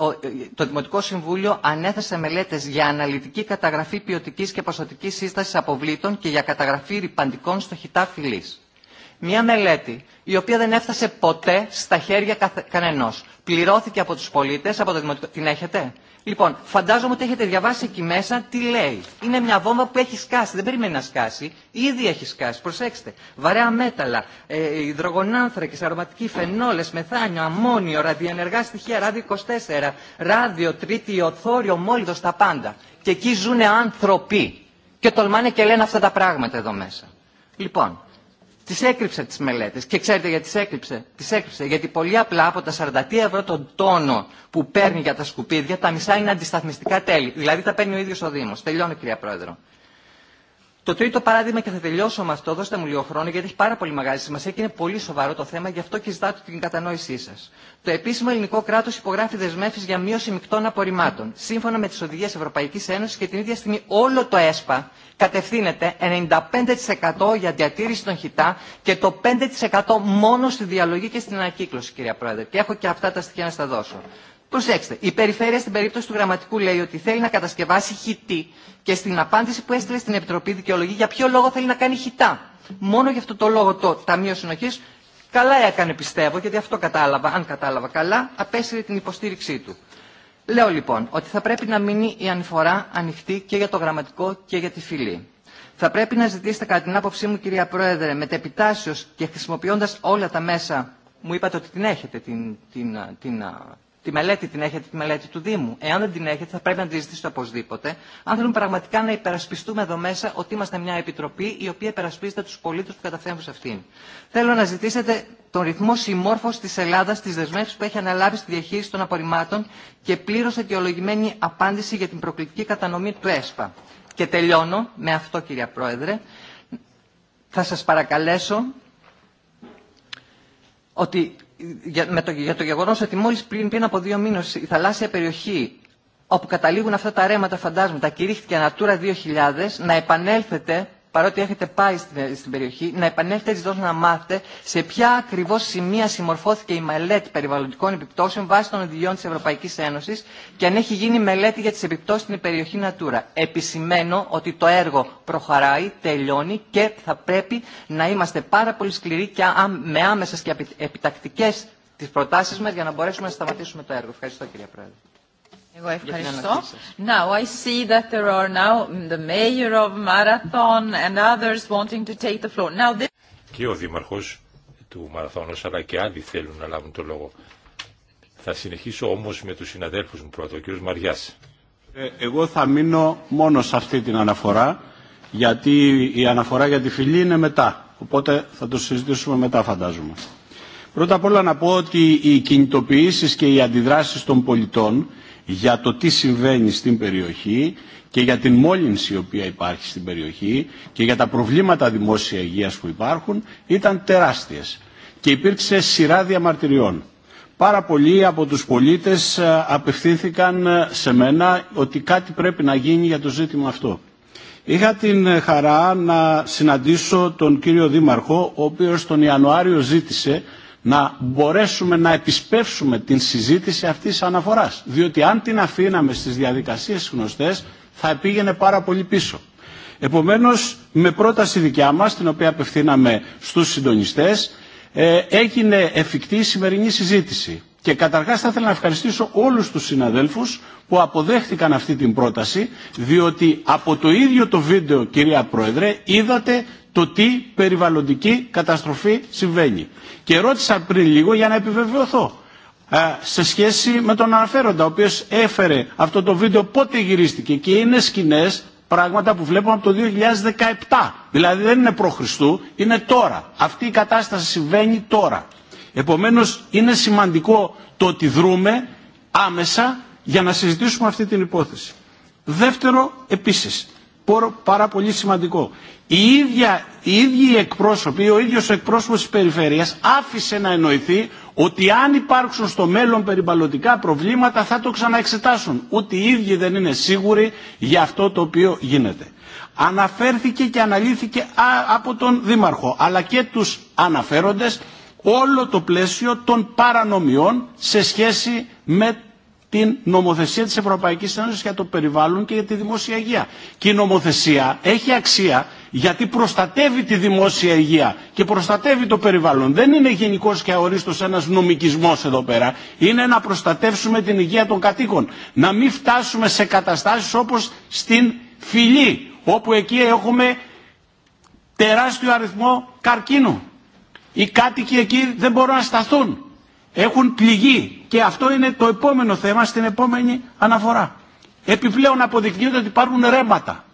το Δημοτικό Συμβούλιο ανέθεσε μελέτες για αναλυτική καταγραφή ποιοτική και ποσοτικής σύστασης αποβλήτων και για καταγραφή ρηπαντικών στο χιτά φυλής. Μια μελέτη η οποία δεν έφτασε ποτέ στα χέρια κανενός. Πληρώθηκε από τους πολίτες, από το Δημοτικό... Την έχετε? Λοιπόν, φαντάζομαι ότι έχετε διαβάσει εκεί μέσα τι λέει. Είναι μια βόμβα που έχει σκάσει, δεν περιμένει να σκάσει. Ήδη έχει σκάσει, προσέξτε. Βαρέα μέταλλα, ε, υδρογονάνθρακε, αρωματικοί φενόλε, μεθάνιο, αμμόνιο, ραδιενεργά στοιχεία, ράδιο 24, ράδιο, τρίτη, θόριο, μόλιδο, τα πάντα. Και εκεί ζουν άνθρωποι. Και τολμάνε και λένε αυτά τα πράγματα εδώ μέσα. Λοιπόν, τι έκρυψε τις μελέτες. Και ξέρετε γιατί τις έκρυψε. τι έκρυψε γιατί πολύ απλά από τα 43 ευρώ τον τόνο που παίρνει για τα σκουπίδια, τα μισά είναι αντισταθμιστικά τέλη. Δηλαδή τα παίρνει ο ίδιος ο Δήμος. Τελειώνω κυρία Πρόεδρο. Το τρίτο παράδειγμα, και θα τελειώσω με αυτό, δώστε μου λίγο χρόνο, γιατί έχει πάρα πολύ μεγάλη σημασία και είναι πολύ σοβαρό το θέμα, γι' αυτό και ζητάω την κατανόησή σα. Το επίσημο ελληνικό κράτο υπογράφει δεσμεύσει για μείωση μεικτών απορριμμάτων. Σύμφωνα με τι οδηγίε Ευρωπαϊκή Ένωση και την ίδια στιγμή όλο το ΕΣΠΑ κατευθύνεται 95% για διατήρηση των χιτά και το 5% μόνο στη διαλογή και στην ανακύκλωση, κυρία Πρόεδρε. Και έχω και αυτά τα στοιχεία να στα δώσω. Προσέξτε, η περιφέρεια στην περίπτωση του γραμματικού λέει ότι θέλει να κατασκευάσει χιτή και στην απάντηση που έστειλε στην Επιτροπή Δικαιολογή για ποιο λόγο θέλει να κάνει χιτά. Μόνο γι' αυτό το λόγο το Ταμείο Συνοχή καλά έκανε πιστεύω, γιατί αυτό κατάλαβα, αν κατάλαβα καλά, απέσυρε την υποστήριξή του. Λέω λοιπόν ότι θα πρέπει να μείνει η ανηφορά ανοιχτή και για το γραμματικό και για τη φυλή. Θα πρέπει να ζητήσετε κατά την άποψή μου, κυρία Πρόεδρε, μετεπιτάσεως και χρησιμοποιώντας όλα τα μέσα, μου είπατε ότι την έχετε την, την, την, Τη μελέτη την έχετε, τη μελέτη του Δήμου. Εάν δεν την έχετε, θα πρέπει να τη ζητήσετε οπωσδήποτε. Αν θέλουμε πραγματικά να υπερασπιστούμε εδώ μέσα ότι είμαστε μια επιτροπή η οποία υπερασπίζεται του πολίτε που καταφέρνουν σε αυτήν. Θέλω να ζητήσετε τον ρυθμό συμμόρφωση τη Ελλάδα στι δεσμεύσει που έχει αναλάβει στη διαχείριση των απορριμμάτων και πλήρω αιτιολογημένη απάντηση για την προκλητική κατανομή του ΕΣΠΑ. Και τελειώνω με αυτό, κυρία Πρόεδρε. Θα σα παρακαλέσω ότι για, με το, για το ότι μόλι πριν, πριν από δύο μήνες η θαλάσσια περιοχή όπου καταλήγουν αυτά τα ρέματα φαντάσματα κηρύχθηκε Natura 2000 να επανέλθετε παρότι έχετε πάει στην περιοχή, να επανέλθετε ζητώ να μάθετε σε ποια ακριβώ σημεία συμμορφώθηκε η μελέτη περιβαλλοντικών επιπτώσεων βάσει των οδηγιών τη Ευρωπαϊκή Ένωση και αν έχει γίνει μελέτη για τι επιπτώσει στην περιοχή Natura. Επισημαίνω ότι το έργο προχωράει, τελειώνει και θα πρέπει να είμαστε πάρα πολύ σκληροί και με άμεσε και επιτακτικέ τι προτάσει μα για να μπορέσουμε να σταματήσουμε το έργο. Ευχαριστώ, κυρία Πρόεδρε. Εγώ ευχαριστώ. Now I see that there are now the mayor of Marathon and others wanting to take the floor. Now this... Και ο δήμαρχος του Μαραθώνος αλλά και άλλοι θέλουν να λάβουν το λόγο. Θα συνεχίσω όμως με τους συναδέλφους μου πρώτα, ο κύριος Μαριάς. Ε, εγώ θα μείνω μόνο σε αυτή την αναφορά, γιατί η αναφορά για τη φυλή είναι μετά. Οπότε θα το συζητήσουμε μετά φαντάζομαι. Πρώτα απ' όλα να πω ότι οι κινητοποιήσεις και οι αντιδράσεις των πολιτών για το τι συμβαίνει στην περιοχή και για την μόλυνση η οποία υπάρχει στην περιοχή και για τα προβλήματα δημόσια υγείας που υπάρχουν ήταν τεράστιες και υπήρξε σειρά διαμαρτυριών. Πάρα πολλοί από τους πολίτες ε, απευθύνθηκαν ε, σε μένα ότι κάτι πρέπει να γίνει για το ζήτημα αυτό. Είχα την ε, χαρά να συναντήσω τον κύριο Δήμαρχο, ο οποίος τον Ιανουάριο ζήτησε να μπορέσουμε να επισπεύσουμε την συζήτηση αυτής της αναφοράς. Διότι αν την αφήναμε στις διαδικασίες γνωστές θα πήγαινε πάρα πολύ πίσω. Επομένως, με πρόταση δικιά μας, την οποία απευθύναμε στους συντονιστές, ε, έγινε εφικτή η σημερινή συζήτηση. Και καταρχάς θα ήθελα να ευχαριστήσω όλους τους συναδέλφους που αποδέχτηκαν αυτή την πρόταση, διότι από το ίδιο το βίντεο, κυρία Πρόεδρε, είδατε το τι περιβαλλοντική καταστροφή συμβαίνει. Και ρώτησα πριν λίγο για να επιβεβαιωθώ ε, σε σχέση με τον αναφέροντα, ο οποίος έφερε αυτό το βίντεο πότε γυρίστηκε και είναι σκηνές πράγματα που βλέπουμε από το 2017. Δηλαδή δεν είναι προ Χριστού, είναι τώρα. Αυτή η κατάσταση συμβαίνει τώρα. Επομένως είναι σημαντικό το ότι δρούμε άμεσα για να συζητήσουμε αυτή την υπόθεση. Δεύτερο επίσης, πάρα πολύ σημαντικό, η ίδια, οι εκπρόσωποι, ο ίδιος ο εκπρόσωπος της περιφέρειας άφησε να εννοηθεί ότι αν υπάρξουν στο μέλλον περιβαλλοντικά προβλήματα θα το ξαναεξετάσουν. Ούτε οι ίδιοι δεν είναι σίγουροι για αυτό το οποίο γίνεται. Αναφέρθηκε και αναλύθηκε από τον Δήμαρχο αλλά και τους αναφέροντες όλο το πλαίσιο των παρανομιών σε σχέση με την νομοθεσία της Ευρωπαϊκής Ένωσης για το περιβάλλον και για τη δημόσια υγεία. Και η νομοθεσία έχει αξία γιατί προστατεύει τη δημόσια υγεία και προστατεύει το περιβάλλον. Δεν είναι γενικό και αορίστος ένας νομικισμός εδώ πέρα. Είναι να προστατεύσουμε την υγεία των κατοίκων. Να μην φτάσουμε σε καταστάσεις όπως στην φυλή, όπου εκεί έχουμε τεράστιο αριθμό καρκίνου. Οι κάτοικοι εκεί δεν μπορούν να σταθούν. Έχουν πληγεί. Και αυτό είναι το επόμενο θέμα στην επόμενη αναφορά. Επιπλέον αποδεικνύεται ότι υπάρχουν ρέματα.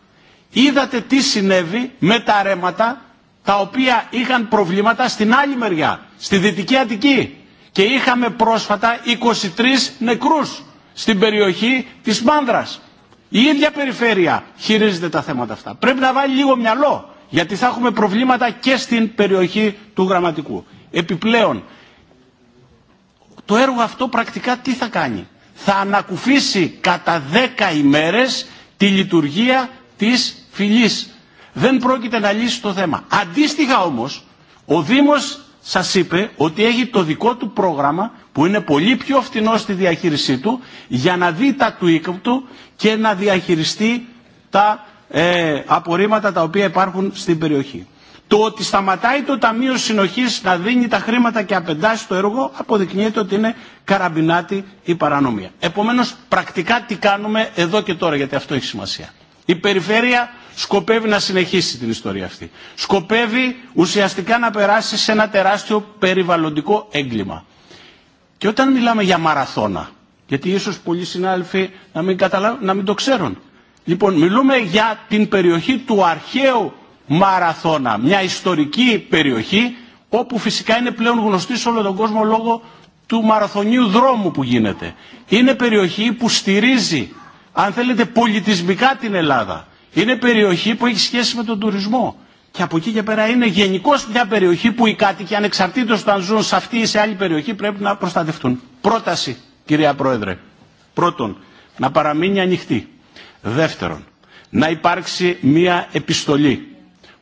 Είδατε τι συνέβη με τα ρέματα τα οποία είχαν προβλήματα στην άλλη μεριά, στη Δυτική Αττική. Και είχαμε πρόσφατα 23 νεκρούς στην περιοχή της Μάνδρας. Η ίδια περιφέρεια χειρίζεται τα θέματα αυτά. Πρέπει να βάλει λίγο μυαλό γιατί θα έχουμε προβλήματα και στην περιοχή του γραμματικού. Επιπλέον, το έργο αυτό πρακτικά τι θα κάνει. Θα ανακουφίσει κατά 10 ημέρες τη λειτουργία της φυλής. Δεν πρόκειται να λύσει το θέμα. Αντίστοιχα όμως, ο Δήμος σας είπε ότι έχει το δικό του πρόγραμμα που είναι πολύ πιο φτηνό στη διαχείρισή του για να δει τα του του και να διαχειριστεί τα ε, απορρίμματα τα οποία υπάρχουν στην περιοχή. Το ότι σταματάει το Ταμείο Συνοχής να δίνει τα χρήματα και απεντάσει το έργο αποδεικνύεται ότι είναι καραμπινάτη η παρανομία. Επομένως πρακτικά τι κάνουμε εδώ και τώρα γιατί αυτό έχει σημασία. Η περιφέρεια σκοπεύει να συνεχίσει την ιστορία αυτή. Σκοπεύει ουσιαστικά να περάσει σε ένα τεράστιο περιβαλλοντικό έγκλημα. Και όταν μιλάμε για μαραθώνα, γιατί ίσως πολλοί συνάδελφοι να μην, καταλάβουν να μην το ξέρουν, Λοιπόν, μιλούμε για την περιοχή του αρχαίου Μαραθώνα, μια ιστορική περιοχή όπου φυσικά είναι πλέον γνωστή σε όλο τον κόσμο λόγω του μαραθωνίου δρόμου που γίνεται. Είναι περιοχή που στηρίζει, αν θέλετε, πολιτισμικά την Ελλάδα. Είναι περιοχή που έχει σχέση με τον τουρισμό. Και από εκεί και πέρα είναι γενικώ μια περιοχή που οι κάτοικοι ανεξαρτήτως αν ζουν σε αυτή ή σε άλλη περιοχή πρέπει να προστατευτούν. Πρόταση, κυρία Πρόεδρε. Πρώτον, να παραμείνει ανοιχτή. Δεύτερον, να υπάρξει μία επιστολή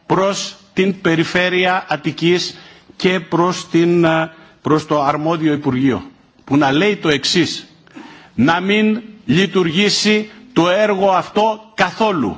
προς την περιφέρεια Αττικής και προς, την, ε, προς το αρμόδιο Υπουργείο που να λέει το εξής να μην λειτουργήσει το έργο αυτό καθόλου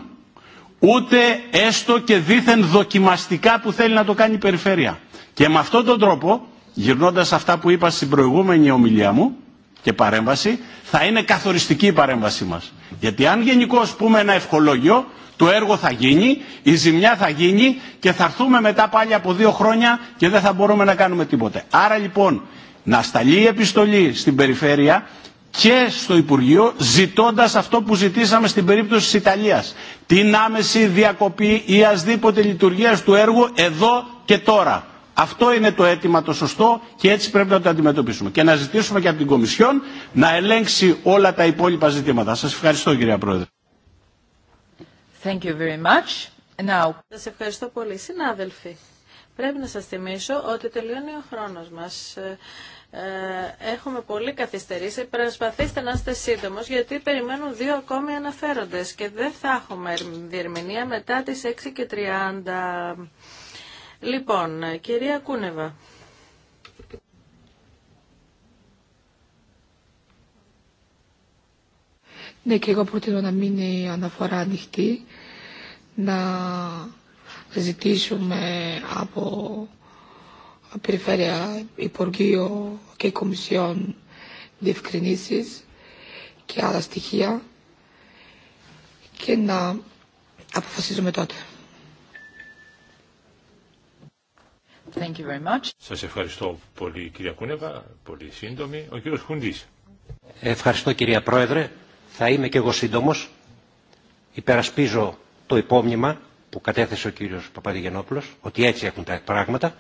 ούτε έστω και δήθεν δοκιμαστικά που θέλει να το κάνει η περιφέρεια. Και με αυτόν τον τρόπο, γυρνώντας αυτά που είπα στην προηγούμενη ομιλία μου και παρέμβαση, θα είναι καθοριστική η παρέμβαση μας. Γιατί αν γενικώ πούμε ένα ευχολόγιο, το έργο θα γίνει, η ζημιά θα γίνει και θα έρθουμε μετά πάλι από δύο χρόνια και δεν θα μπορούμε να κάνουμε τίποτε. Άρα λοιπόν να σταλεί η επιστολή στην περιφέρεια και στο Υπουργείο ζητώντας αυτό που ζητήσαμε στην περίπτωση της Ιταλίας. Την άμεση διακοπή ή ασδήποτε λειτουργία του έργου εδώ και τώρα. Αυτό είναι το αίτημα το σωστό και έτσι πρέπει να το αντιμετωπίσουμε. Και να ζητήσουμε και από την Κομισιόν να ελέγξει όλα τα υπόλοιπα ζητήματα. Σας ευχαριστώ κυρία Πρόεδρε. Thank you very much. Now... Σας ευχαριστώ πολύ συνάδελφοι. Πρέπει να σας θυμίσω ότι τελειώνει ο χρόνος μας. Ε, ε έχουμε πολύ καθυστερήσει. Προσπαθήστε να είστε σύντομο, γιατί περιμένουν δύο ακόμη αναφέροντες και δεν θα έχουμε διερμηνία μετά τις 6 Λοιπόν, κυρία Κούνεβα. Ναι, και εγώ προτείνω να μείνει η αναφορά ανοιχτή, να ζητήσουμε από Περιφέρεια Υπουργείο και Κομισιόν διευκρινήσεις και άλλα στοιχεία και να αποφασίζουμε τότε. Thank Σας ευχαριστώ πολύ κυρία Κούνεβα, πολύ σύντομη. Ο κύριος Χουντής. Ευχαριστώ κυρία Πρόεδρε. Θα είμαι και εγώ σύντομος. Υπερασπίζω το υπόμνημα που κατέθεσε ο κύριος Παπαδηγενόπουλος, ότι έτσι έχουν τα πράγματα,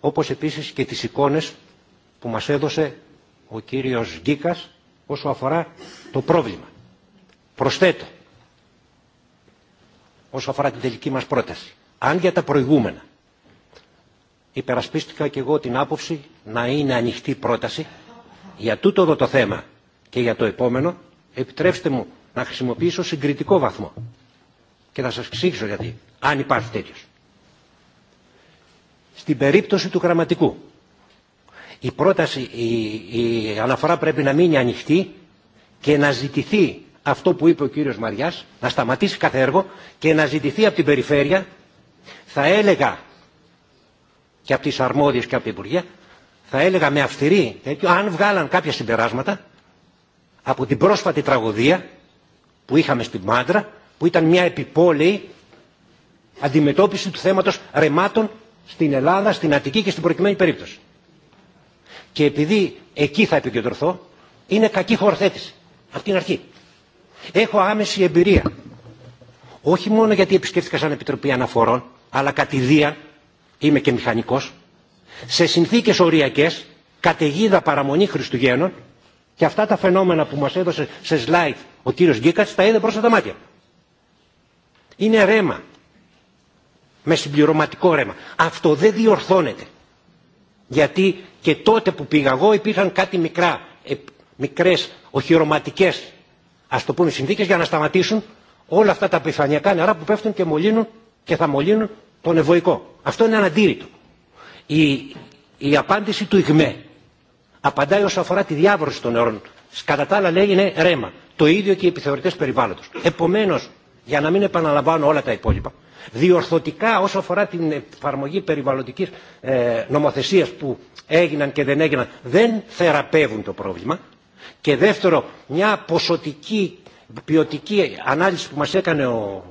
όπως επίσης και τις εικόνες που μας έδωσε ο κύριος Γκίκας όσο αφορά το πρόβλημα. Προσθέτω, όσο αφορά την τελική μας πρόταση, αν για τα προηγούμενα υπερασπίστηκα και εγώ την άποψη να είναι ανοιχτή πρόταση για τούτο εδώ το θέμα και για το επόμενο επιτρέψτε μου να χρησιμοποιήσω συγκριτικό βαθμό και να σας εξήγησω γιατί, αν υπάρχει τέτοιος. Στην περίπτωση του γραμματικού η, πρόταση, η, η αναφορά πρέπει να μείνει ανοιχτή και να ζητηθεί αυτό που είπε ο κύριος Μαριάς, να σταματήσει κάθε έργο και να ζητηθεί από την περιφέρεια, θα έλεγα και από τις αρμόδιες και από την Υπουργεία, θα έλεγα με αυστηρή τέτοιο, αν βγάλαν κάποια συμπεράσματα από την πρόσφατη τραγωδία που είχαμε στην Μάντρα, που ήταν μια επιπόλαιη αντιμετώπιση του θέματος ρεμάτων στην Ελλάδα, στην Αττική και στην προκειμένη περίπτωση. Και επειδή εκεί θα επικεντρωθώ, είναι κακή χωροθέτηση. Από την αρχή. Έχω άμεση εμπειρία. Όχι μόνο γιατί επισκέφθηκα σαν Επιτροπή Αναφορών, αλλά κατηδία είμαι και μηχανικός, σε συνθήκες οριακές, καταιγίδα παραμονή Χριστουγέννων και αυτά τα φαινόμενα που μας έδωσε σε slide ο κύριος Γκίκατς τα είδε μπροστά τα μάτια. Είναι ρέμα, με συμπληρωματικό ρέμα. Αυτό δεν διορθώνεται. Γιατί και τότε που πήγα εγώ υπήρχαν κάτι μικρά, ε, μικρές οχυρωματικές ας το πούμε συνθήκες για να σταματήσουν όλα αυτά τα επιφανειακά νερά που πέφτουν και μολύνουν και θα μολύνουν τον ευωικό. Αυτό είναι αναντήρητο. Η, η απάντηση του ΙΓΜΕ απαντάει όσο αφορά τη διάβρωση των νερών. Κατά τα άλλα λέει είναι ρέμα. Το ίδιο και οι επιθεωρητές περιβάλλοντος. Επομένως, για να μην επαναλαμβάνω όλα τα υπόλοιπα, διορθωτικά όσο αφορά την εφαρμογή περιβαλλοντικής ε, νομοθεσίας που έγιναν και δεν έγιναν, δεν θεραπεύουν το πρόβλημα. Και δεύτερο, μια ποσοτική, ποιοτική ανάλυση που μας έκανε ο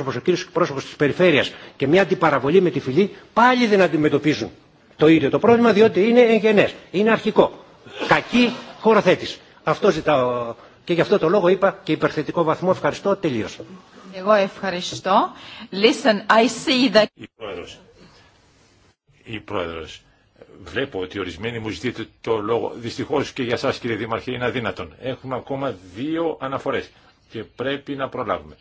ο κύριος εκπρόσωπος της περιφέρειας και μια αντιπαραβολή με τη φυλή πάλι δεν αντιμετωπίζουν το ίδιο το πρόβλημα διότι είναι εγγενές, είναι αρχικό. Κακή χωροθέτηση. Αυτό ζητάω και γι' αυτό το λόγο είπα και υπερθετικό βαθμό. Ευχαριστώ. Τελείωσα. Εγώ ευχαριστώ. Listen, I see that... Η πρόεδρος. Η πρόεδρος. Βλέπω ότι ορισμένοι μου ζητείτε το λόγο. Δυστυχώς και για σας κύριε Δήμαρχε είναι αδύνατον. Έχουμε ακόμα δύο αναφορές και πρέπει να προλάβουμε.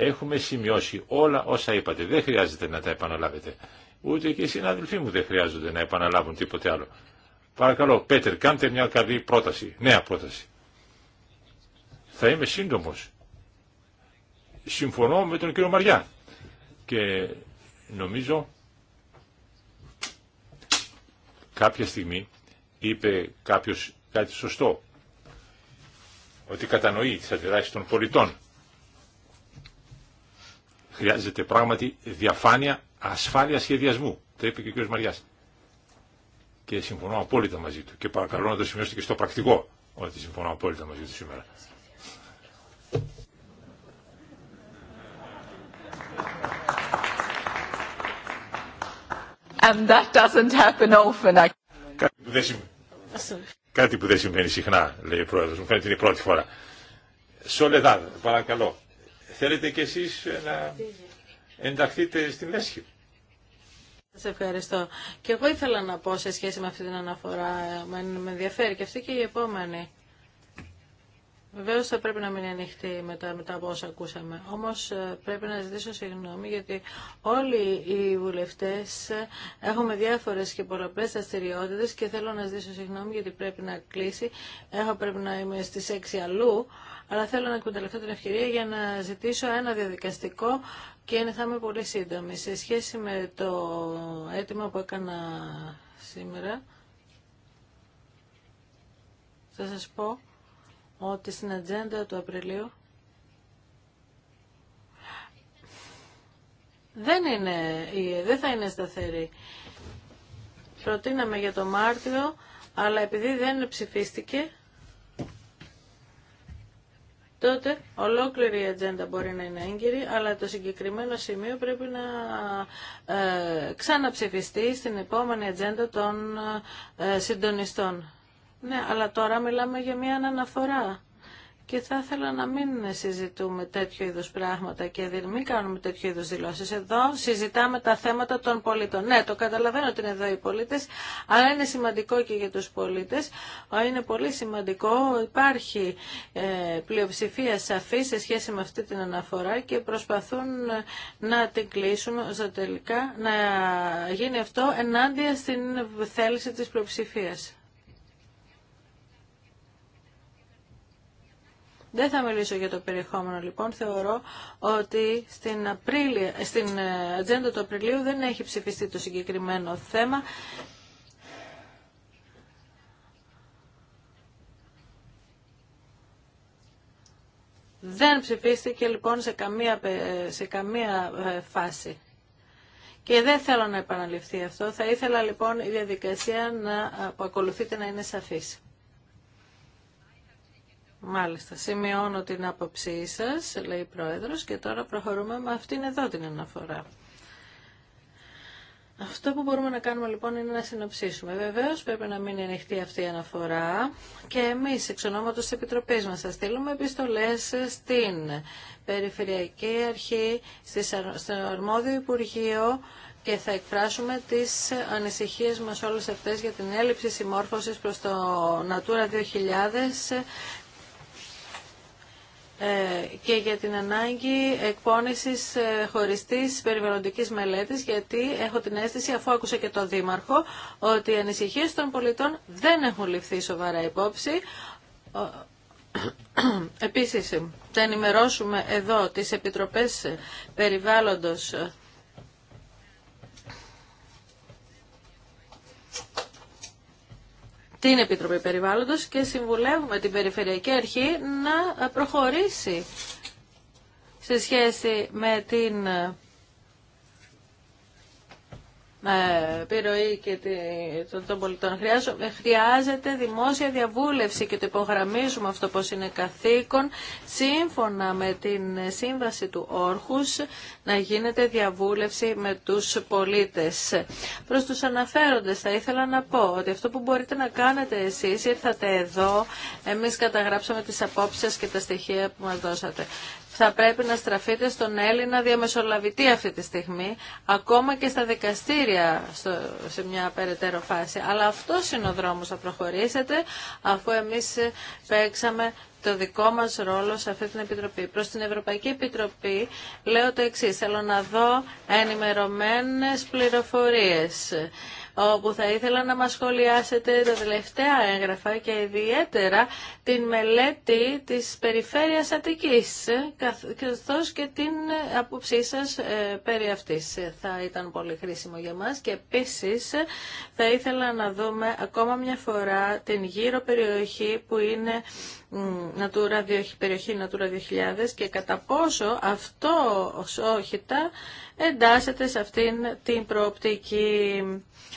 Έχουμε σημειώσει όλα όσα είπατε. Δεν χρειάζεται να τα επαναλάβετε. Ούτε και οι συνάδελφοί μου δεν χρειάζονται να επαναλάβουν τίποτε άλλο. Παρακαλώ, Πέτερ, κάντε μια καλή πρόταση, νέα πρόταση. Θα είμαι σύντομος. Συμφωνώ με τον κύριο Μαριά. Και νομίζω κάποια στιγμή είπε κάποιος κάτι σωστό. Ότι κατανοεί τις αντιδράσεις των πολιτών. Χρειάζεται πράγματι διαφάνεια, ασφάλεια σχεδιασμού. Το είπε και ο κ. Μαρία. Και συμφωνώ απόλυτα μαζί του. Και παρακαλώ να το σημειώσετε και στο πρακτικό ότι συμφωνώ απόλυτα μαζί του σήμερα. And that doesn't happen often. Κάτι, που δεν συμβαίνει. Κάτι που δεν συμβαίνει συχνά, λέει ο πρόεδρος. Μου φαίνεται είναι η πρώτη φορά. Σολεδάδ, παρακαλώ. Θέλετε κι εσείς να ενταχθείτε στην λέσχη. Σας ευχαριστώ. Και εγώ ήθελα να πω σε σχέση με αυτή την αναφορά, με ενδιαφέρει και αυτή και η επόμενη. Βεβαίω θα πρέπει να μείνει ανοιχτή μετά, μετά από όσα ακούσαμε. Όμω ε, πρέπει να ζητήσω συγγνώμη γιατί όλοι οι βουλευτέ ε, έχουμε διάφορε και πολλαπλέ δραστηριότητε και θέλω να ζητήσω συγγνώμη γιατί πρέπει να κλείσει. Έχω πρέπει να είμαι στι 6 αλλού αλλά θέλω να εκμεταλλευτώ την ευκαιρία για να ζητήσω ένα διαδικαστικό και θα είμαι πολύ σύντομη. Σε σχέση με το αίτημα που έκανα σήμερα, θα σας πω ότι στην ατζέντα του Απριλίου δεν, είναι, δεν θα είναι σταθερή. Προτείναμε για το Μάρτιο, αλλά επειδή δεν ψηφίστηκε, τότε ολόκληρη η ατζέντα μπορεί να είναι έγκυρη, αλλά το συγκεκριμένο σημείο πρέπει να ε, ξαναψηφιστεί στην επόμενη ατζέντα των ε, συντονιστών. Ναι, αλλά τώρα μιλάμε για μια αναφορά. Και θα ήθελα να μην συζητούμε τέτοιο είδου πράγματα και δεν μην κάνουμε τέτοιο είδου δηλώσει. Εδώ συζητάμε τα θέματα των πολίτων. Ναι, το καταλαβαίνω ότι είναι εδώ οι πολίτε, αλλά είναι σημαντικό και για του πολίτε. Είναι πολύ σημαντικό. Υπάρχει ε, πλειοψηφία σαφή σε σχέση με αυτή την αναφορά και προσπαθούν ε, να την κλείσουν ώστε τελικά να γίνει αυτό ενάντια στην θέληση τη πλειοψηφία. Δεν θα μιλήσω για το περιεχόμενο λοιπόν. Θεωρώ ότι στην, Απρίλη, στην ε, ατζέντα του Απριλίου δεν έχει ψηφιστεί το συγκεκριμένο θέμα. Δεν ψηφίστηκε λοιπόν σε καμία, σε καμία ε, φάση. Και δεν θέλω να επαναληφθεί αυτό. Θα ήθελα λοιπόν η διαδικασία να, που ακολουθείτε να είναι σαφής. Μάλιστα, σημειώνω την άποψή σας, λέει η Πρόεδρος, και τώρα προχωρούμε με αυτήν εδώ την αναφορά. Αυτό που μπορούμε να κάνουμε λοιπόν είναι να συνοψίσουμε. Βεβαίω πρέπει να μείνει ανοιχτή αυτή η αναφορά και εμεί εξ ονόματο τη Επιτροπή μα θα στείλουμε επιστολέ στην Περιφερειακή Αρχή, στο Αρμόδιο Υπουργείο και θα εκφράσουμε τι ανησυχίε μα όλε αυτέ για την έλλειψη συμμόρφωση προ το Natura 2000 ε, και για την ανάγκη εκπόνησης ε, χωριστής περιβαλλοντικής μελέτης γιατί έχω την αίσθηση αφού άκουσα και το Δήμαρχο ότι οι ανησυχίες των πολιτών δεν έχουν ληφθεί σοβαρά υπόψη *clears throat* Επίσης, θα ενημερώσουμε εδώ τις Επιτροπές Περιβάλλοντος την Επιτροπή Περιβάλλοντος και συμβουλεύουμε την Περιφερειακή Αρχή να προχωρήσει σε σχέση με την πυροή και των πολιτών. Χρειάζεται δημόσια διαβούλευση και το υπογραμμίζουμε αυτό πως είναι καθήκον σύμφωνα με την σύμβαση του Όρχους να γίνεται διαβούλευση με τους πολίτες. Προς τους αναφέροντες θα ήθελα να πω ότι αυτό που μπορείτε να κάνετε εσείς ήρθατε εδώ, εμείς καταγράψαμε τις απόψεις και τα στοιχεία που μας δώσατε θα πρέπει να στραφείτε στον Έλληνα διαμεσολαβητή αυτή τη στιγμή, ακόμα και στα δικαστήρια σε μια περαιτέρω φάση. Αλλά αυτό είναι ο δρόμο να προχωρήσετε, αφού εμείς παίξαμε το δικό μας ρόλο σε αυτή την Επιτροπή. Προς την Ευρωπαϊκή Επιτροπή λέω το εξή. θέλω να δω ενημερωμένε πληροφορίες όπου θα ήθελα να μας σχολιάσετε τα τελευταία έγγραφα και ιδιαίτερα την μελέτη της Περιφέρειας Αττικής, καθώς και την άποψή σας ε, περί αυτής. Θα ήταν πολύ χρήσιμο για μας και επίσης θα ήθελα να δούμε ακόμα μια φορά την γύρω περιοχή που είναι Natura περιοχή Natura 2000 και κατά πόσο αυτό ως όχητα εντάσσεται σε αυτήν την προοπτική.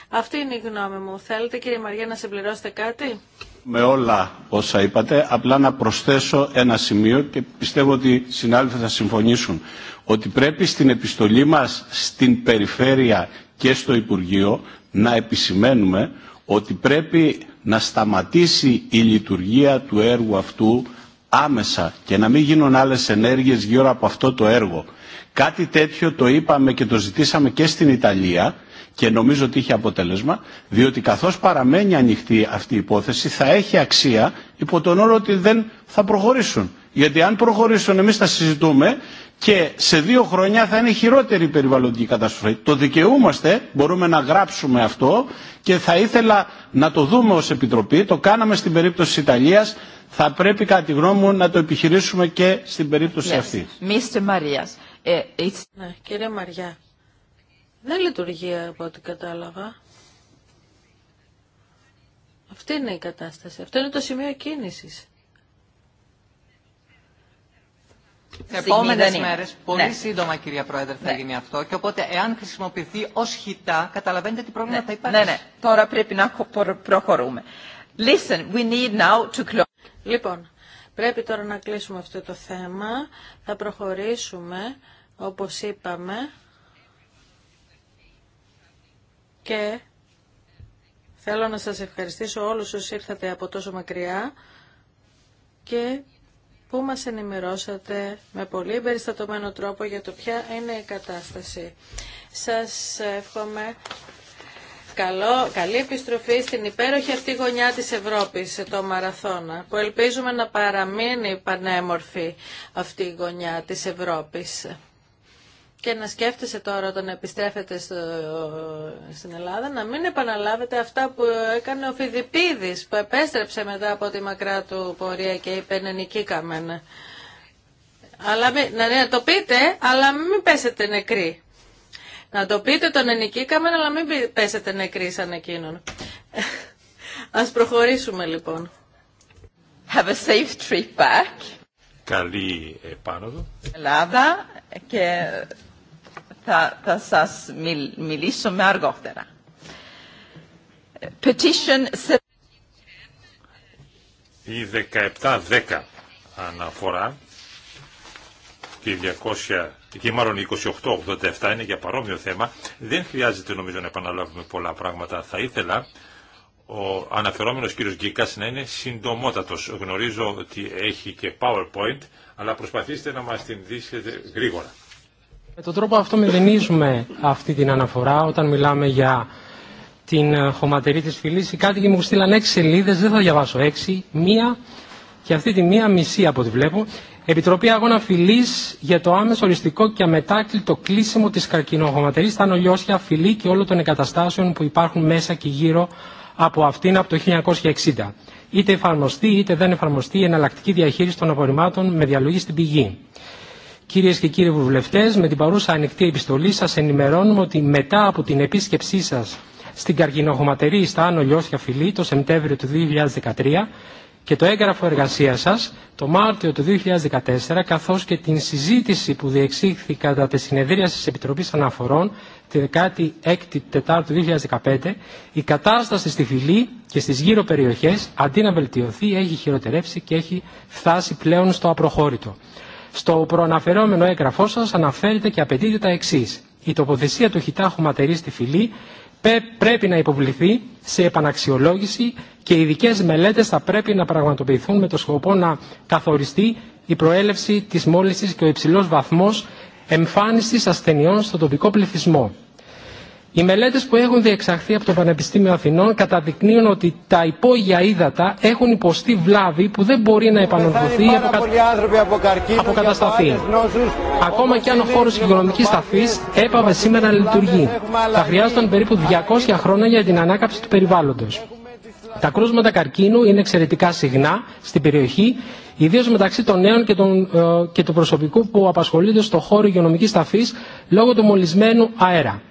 Αυτή είναι η γνώμη μου. Θέλετε κύριε Μαριά να συμπληρώσετε κάτι. Με όλα όσα είπατε, απλά να προσθέσω ένα σημείο και πιστεύω ότι οι συνάδελφοι θα συμφωνήσουν ότι πρέπει στην επιστολή μας στην περιφέρεια και στο Υπουργείο να επισημαίνουμε ότι πρέπει να σταματήσει η λειτουργία του έργου αυτού άμεσα και να μην γίνουν άλλες ενέργειες γύρω από αυτό το έργο. Κάτι τέτοιο το είπαμε και το ζητήσαμε και στην Ιταλία και νομίζω ότι είχε αποτέλεσμα, διότι καθώς παραμένει ανοιχτή αυτή η υπόθεση θα έχει αξία υπό τον όρο ότι δεν θα προχωρήσουν. Γιατί αν προχωρήσουν εμείς θα συζητούμε και σε δύο χρόνια θα είναι χειρότερη η περιβαλλοντική καταστροφή. Το δικαιούμαστε, μπορούμε να γράψουμε αυτό και θα ήθελα να το δούμε ως Επιτροπή. Το κάναμε στην περίπτωση της Ιταλίας. Θα πρέπει κατά τη γνώμη μου να το επιχειρήσουμε και στην περίπτωση αυτή. Mr. Marias. Ε, ναι, κύριε Μαριά, δεν λειτουργεί από ό,τι κατάλαβα. Αυτή είναι η κατάσταση. Αυτό είναι το σημείο κίνησης. Σε επόμενε μέρε, πολύ ναι. σύντομα κυρία Πρόεδρε, θα ναι. γίνει αυτό. Και οπότε, εάν χρησιμοποιηθεί ω χιτά, καταλαβαίνετε τι πρόβλημα ναι. θα υπάρχει. Ναι, ναι. Τώρα πρέπει να προχωρούμε. Listen, we need now to close. Λοιπόν, πρέπει τώρα να κλείσουμε αυτό το θέμα. Θα προχωρήσουμε, όπως είπαμε. Και θέλω να σας ευχαριστήσω όλους όσοι ήρθατε από τόσο μακριά και που μας ενημερώσατε με πολύ περιστατωμένο τρόπο για το ποια είναι η κατάσταση. Σας εύχομαι Καλό, καλή επιστροφή στην υπέροχη αυτή γωνιά της Ευρώπης, το Μαραθώνα, που ελπίζουμε να παραμείνει πανέμορφη αυτή η γωνιά της Ευρώπης και να σκέφτεσαι τώρα όταν επιστρέφετε στην Ελλάδα να μην επαναλάβετε αυτά που έκανε ο Φιδιπίδης που επέστρεψε μετά από τη μακρά του πορεία και είπε «Ναι, νικήκαμε. Ναι». Αλλά ναι, να, το πείτε, αλλά μην πέσετε νεκροί. Να το πείτε τον νικήκαμε, αλλά μην πέσετε νεκροί σαν εκείνον. *laughs* Ας προχωρήσουμε λοιπόν. Have a safe trip back. Καλή επάνωδο. Ελλάδα και θα, θα σας μιλήσω με αργότερα. Petition... Η 17-10 αναφορά και, 200, και μάλλον η 28-87 είναι για παρόμοιο θέμα. Δεν χρειάζεται νομίζω να επαναλάβουμε πολλά πράγματα. Θα ήθελα ο αναφερόμενος κύριος Γκίκας να είναι συντομότατος. Γνωρίζω ότι έχει και PowerPoint, αλλά προσπαθήστε να μας την δείσετε γρήγορα. Με τον τρόπο αυτό μηδενίζουμε αυτή την αναφορά όταν μιλάμε για την ε, χωματερή της φυλής. Οι κάτοικοι μου στείλαν έξι σελίδες, δεν θα διαβάσω έξι, μία και αυτή τη μία μισή από ό,τι βλέπω. Επιτροπή Αγώνα Φυλής για το άμεσο οριστικό και αμετάκλητο κλείσιμο της καρκινοχωματερής στα νολιώσια φυλή και όλων των εγκαταστάσεων που υπάρχουν μέσα και γύρω από αυτήν από το 1960. Είτε εφαρμοστεί είτε δεν εφαρμοστεί η εναλλακτική διαχείριση των απορριμμάτων με διαλογή στην πηγή. Κυρίες και κύριοι βουλευτές, με την παρούσα ανοιχτή επιστολή σας ενημερώνουμε ότι μετά από την επίσκεψή σας στην καρκινοχωματερή στα Άνω Λιώσια Φυλή το Σεπτέμβριο του 2013 και το έγγραφο εργασίας σας το Μάρτιο του 2014 καθώς και την συζήτηση που διεξήχθη κατά τη συνεδρία της Επιτροπής Αναφορών τη 16η Τετάρτου 2015 η κατάσταση στη Φιλή και στις γύρω περιοχές αντί να βελτιωθεί έχει χειροτερεύσει και έχει φτάσει πλέον στο απροχώρητο. Στο προαναφερόμενο έγγραφό σα αναφέρεται και απαιτείται τα εξή. Η τοποθεσία του χιτάχου ματερί στη φυλή πρέπει να υποβληθεί σε επαναξιολόγηση και ειδικέ μελέτε θα πρέπει να πραγματοποιηθούν με το σκοπό να καθοριστεί η προέλευση τη μόλυνση και ο υψηλό βαθμό εμφάνιση ασθενειών στον τοπικό πληθυσμό. Οι μελέτε που έχουν διεξαχθεί από το Πανεπιστήμιο Αθηνών καταδεικνύουν ότι τα υπόγεια ύδατα έχουν υποστεί βλάβη που δεν μπορεί να επανορθωθεί ή αποκα... από αποκατασταθεί. Ακόμα και αν ο χώρο υγειονομική ταφή έπαβε σήμερα να λειτουργεί. Θα χρειάζονταν περίπου 200 χρόνια για την ανάκαψη του περιβάλλοντο. Τα κρούσματα καρκίνου είναι εξαιρετικά συχνά στην περιοχή, ιδίω μεταξύ των νέων και, ε, και του προσωπικού που απασχολούνται στο χώρο υγειονομική ταφή λόγω του μολυσμένου αέρα.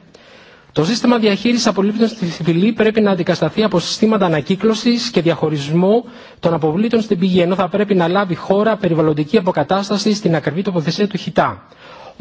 Το σύστημα διαχείριση αποβλήτων στη φυλή πρέπει να αντικασταθεί από συστήματα ανακύκλωση και διαχωρισμού των αποβλήτων στην πηγή, ενώ θα πρέπει να λάβει χώρα περιβαλλοντική αποκατάσταση στην ακριβή τοποθεσία του χιτά.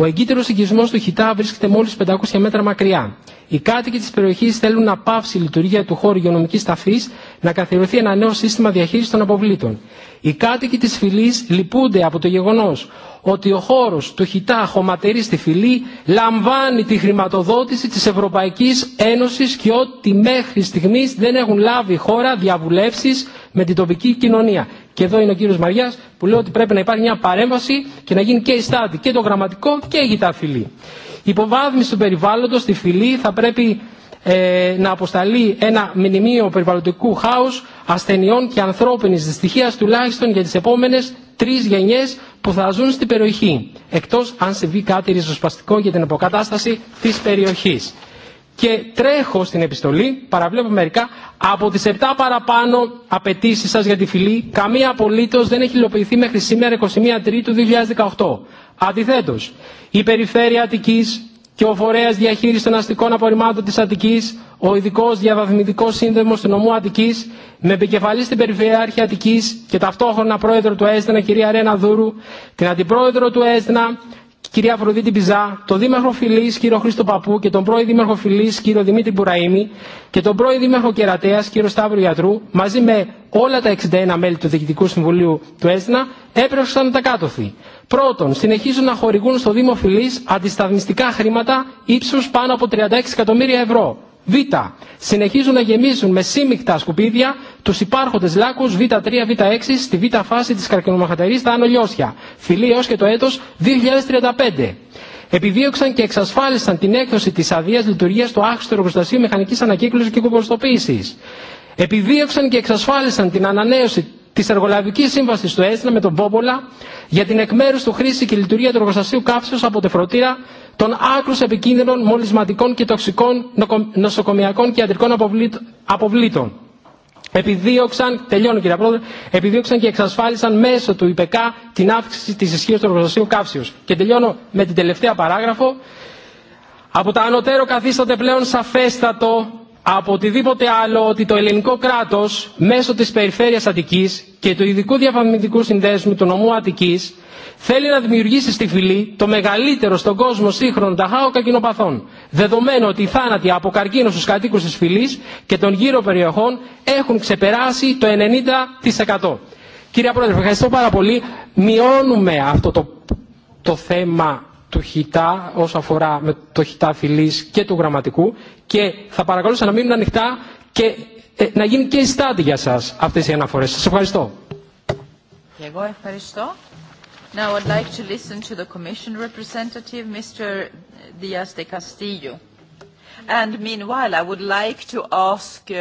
Ο εγκύτερο οικισμό του Χιτά βρίσκεται μόλι 500 μέτρα μακριά. Οι κάτοικοι τη περιοχή θέλουν να πάυσει η λειτουργία του χώρου υγειονομική ταφή, να καθιερωθεί ένα νέο σύστημα διαχείριση των αποβλήτων. Οι κάτοικοι τη φυλή λυπούνται από το γεγονό ότι ο χώρο του Χιτά χωματερή στη φυλή λαμβάνει τη χρηματοδότηση τη Ευρωπαϊκή Ένωση και ότι μέχρι στιγμή δεν έχουν λάβει χώρα διαβουλεύσει με την τοπική κοινωνία. Και εδώ είναι ο κύριο Μαριά που λέει ότι πρέπει να υπάρχει μια παρέμβαση και να γίνει και η στάτη και το γραμματικό και η ΦΥΛΗ. Η υποβάθμιση του περιβάλλοντο στη φυλή θα πρέπει ε, να αποσταλεί ένα μνημείο περιβαλλοντικού χάου, ασθενειών και ανθρώπινη δυστυχία τουλάχιστον για τι επόμενε τρει γενιέ που θα ζουν στην περιοχή. Εκτό αν συμβεί κάτι ριζοσπαστικό για την αποκατάσταση τη περιοχή και τρέχω στην επιστολή, παραβλέπω μερικά, από τις 7 παραπάνω απαιτήσει σας για τη φυλή, καμία απολύτως δεν έχει υλοποιηθεί μέχρι σήμερα 21 Τρίτου 2018. Αντιθέτω, η Περιφέρεια Αττικής και ο Φορέας Διαχείρισης των Αστικών Απορριμμάτων της Αττικής, ο ειδικό διαβαθμιτικός σύνδεσμος του νομού Αττικής, με επικεφαλή στην Περιφερειάρχη Αττικής και ταυτόχρονα πρόεδρο του ΕΣΔΕΝΑ, κυρία Ρένα Δούρου, την αντιπρόεδρο του ΕΣΔΕΝΑ, κυρία Αφροδίτη Πιζά, τον Δήμαρχο Φιλή, κύριο Χρήστο Παππού και τον πρώην Δήμαρχο Φιλή, κύριο Δημήτρη Μπουραήμι και τον πρώην Δήμαρχο Κερατέα, κύριο Σταύρου Γιατρού, μαζί με όλα τα 61 μέλη του Διοικητικού Συμβουλίου του ΕΣΝΑ, έπρεψαν τα κάτωθη. Πρώτον, συνεχίζουν να χορηγούν στο Δήμο Φιλή αντισταθμιστικά χρήματα ύψου πάνω από 36 εκατομμύρια ευρώ. Β. Συνεχίζουν να γεμίζουν με σύμμυκτα σκουπίδια του υπάρχοντε λάκου Β3, Β6 στη Β φάση τη καρκινομαχατερή στα Ανολιώσια. φιλή έω και το έτο 2035. Επιδίωξαν και εξασφάλισαν την έκδοση τη αδεία λειτουργία του άχρηστου εργοστασίου μηχανική ανακύκλωση και κουμποστοποίηση. Επιδίωξαν και εξασφάλισαν την ανανέωση τη Εργολαβική Σύμβαση του ΕΣΝΑ με τον Βόμπολα για την του χρήση και λειτουργία του εργοστασίου καύσεω από τεφροτήρα των άκρου επικίνδυνων μολυσματικών και τοξικών νοσοκομιακών και ιατρικών αποβλήτων. Επιδίωξαν, τελειώνω κύριε Πρόεδρε, επιδίωξαν και εξασφάλισαν μέσω του ΙΠΕΚΑ την αύξηση τη ισχύω του εργοστασίου καύσεω. Και τελειώνω με την τελευταία παράγραφο. Από τα ανωτέρω καθίσταται πλέον σαφέστατο από οτιδήποτε άλλο ότι το ελληνικό κράτος μέσω της περιφέρειας Αττικής και του ειδικού διαφαμιντικού συνδέσμου του νομού Αττικής θέλει να δημιουργήσει στη φυλή το μεγαλύτερο στον κόσμο σύγχρονο ταχάο κακινοπαθών, δεδομένου ότι οι θάνατοι από καρκίνο στους κατοίκους της φυλής και των γύρω περιοχών έχουν ξεπεράσει το 90%. Κύριε Πρόεδρε, ευχαριστώ πάρα πολύ. Μειώνουμε αυτό το, το θέμα του χιτά, όσο αφορά με το χιτά φυλής και του γραμματικού και θα παρακαλούσα να μείνουν ανοιχτά και ε, να γίνει και στάτη για σας αυτές οι αναφορές. Σας ευχαριστώ. Και εγώ ευχαριστώ. Now I'd like to listen to the Commission representative, Mr. Diaz de Castillo. And meanwhile, I would like to ask uh,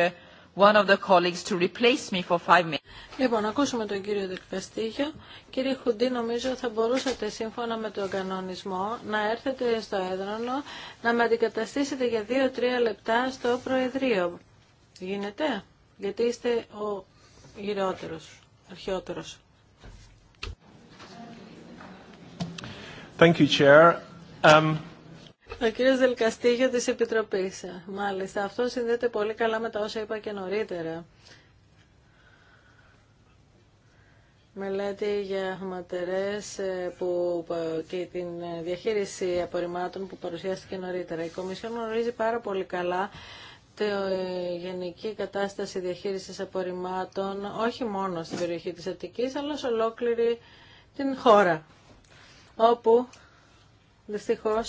Λοιπόν, ακούσουμε τον κύριο Δεκπεστίγιο. Κύριε Χουντή, νομίζω θα μπορούσατε σύμφωνα με τον κανονισμό να έρθετε στο έδρανο να με αντικαταστήσετε για δύο-τρία λεπτά στο Προεδρείο. Γίνεται, γιατί είστε ο γυρεότερος, αρχαιότερος. Thank you, Chair. Um... Ο κύριο Δελκαστήγιο της Επιτροπής. Ε, μάλιστα, αυτό συνδέεται πολύ καλά με τα όσα είπα και νωρίτερα. Μελέτη για ματερέ ε, και την διαχείριση απορριμμάτων που παρουσιάστηκε νωρίτερα. Η Κομισιόν γνωρίζει πάρα πολύ καλά τη ε, γενική κατάσταση διαχείρισης απορριμμάτων όχι μόνο στην περιοχή της Αττική, αλλά σε ολόκληρη την χώρα όπου δυστυχώ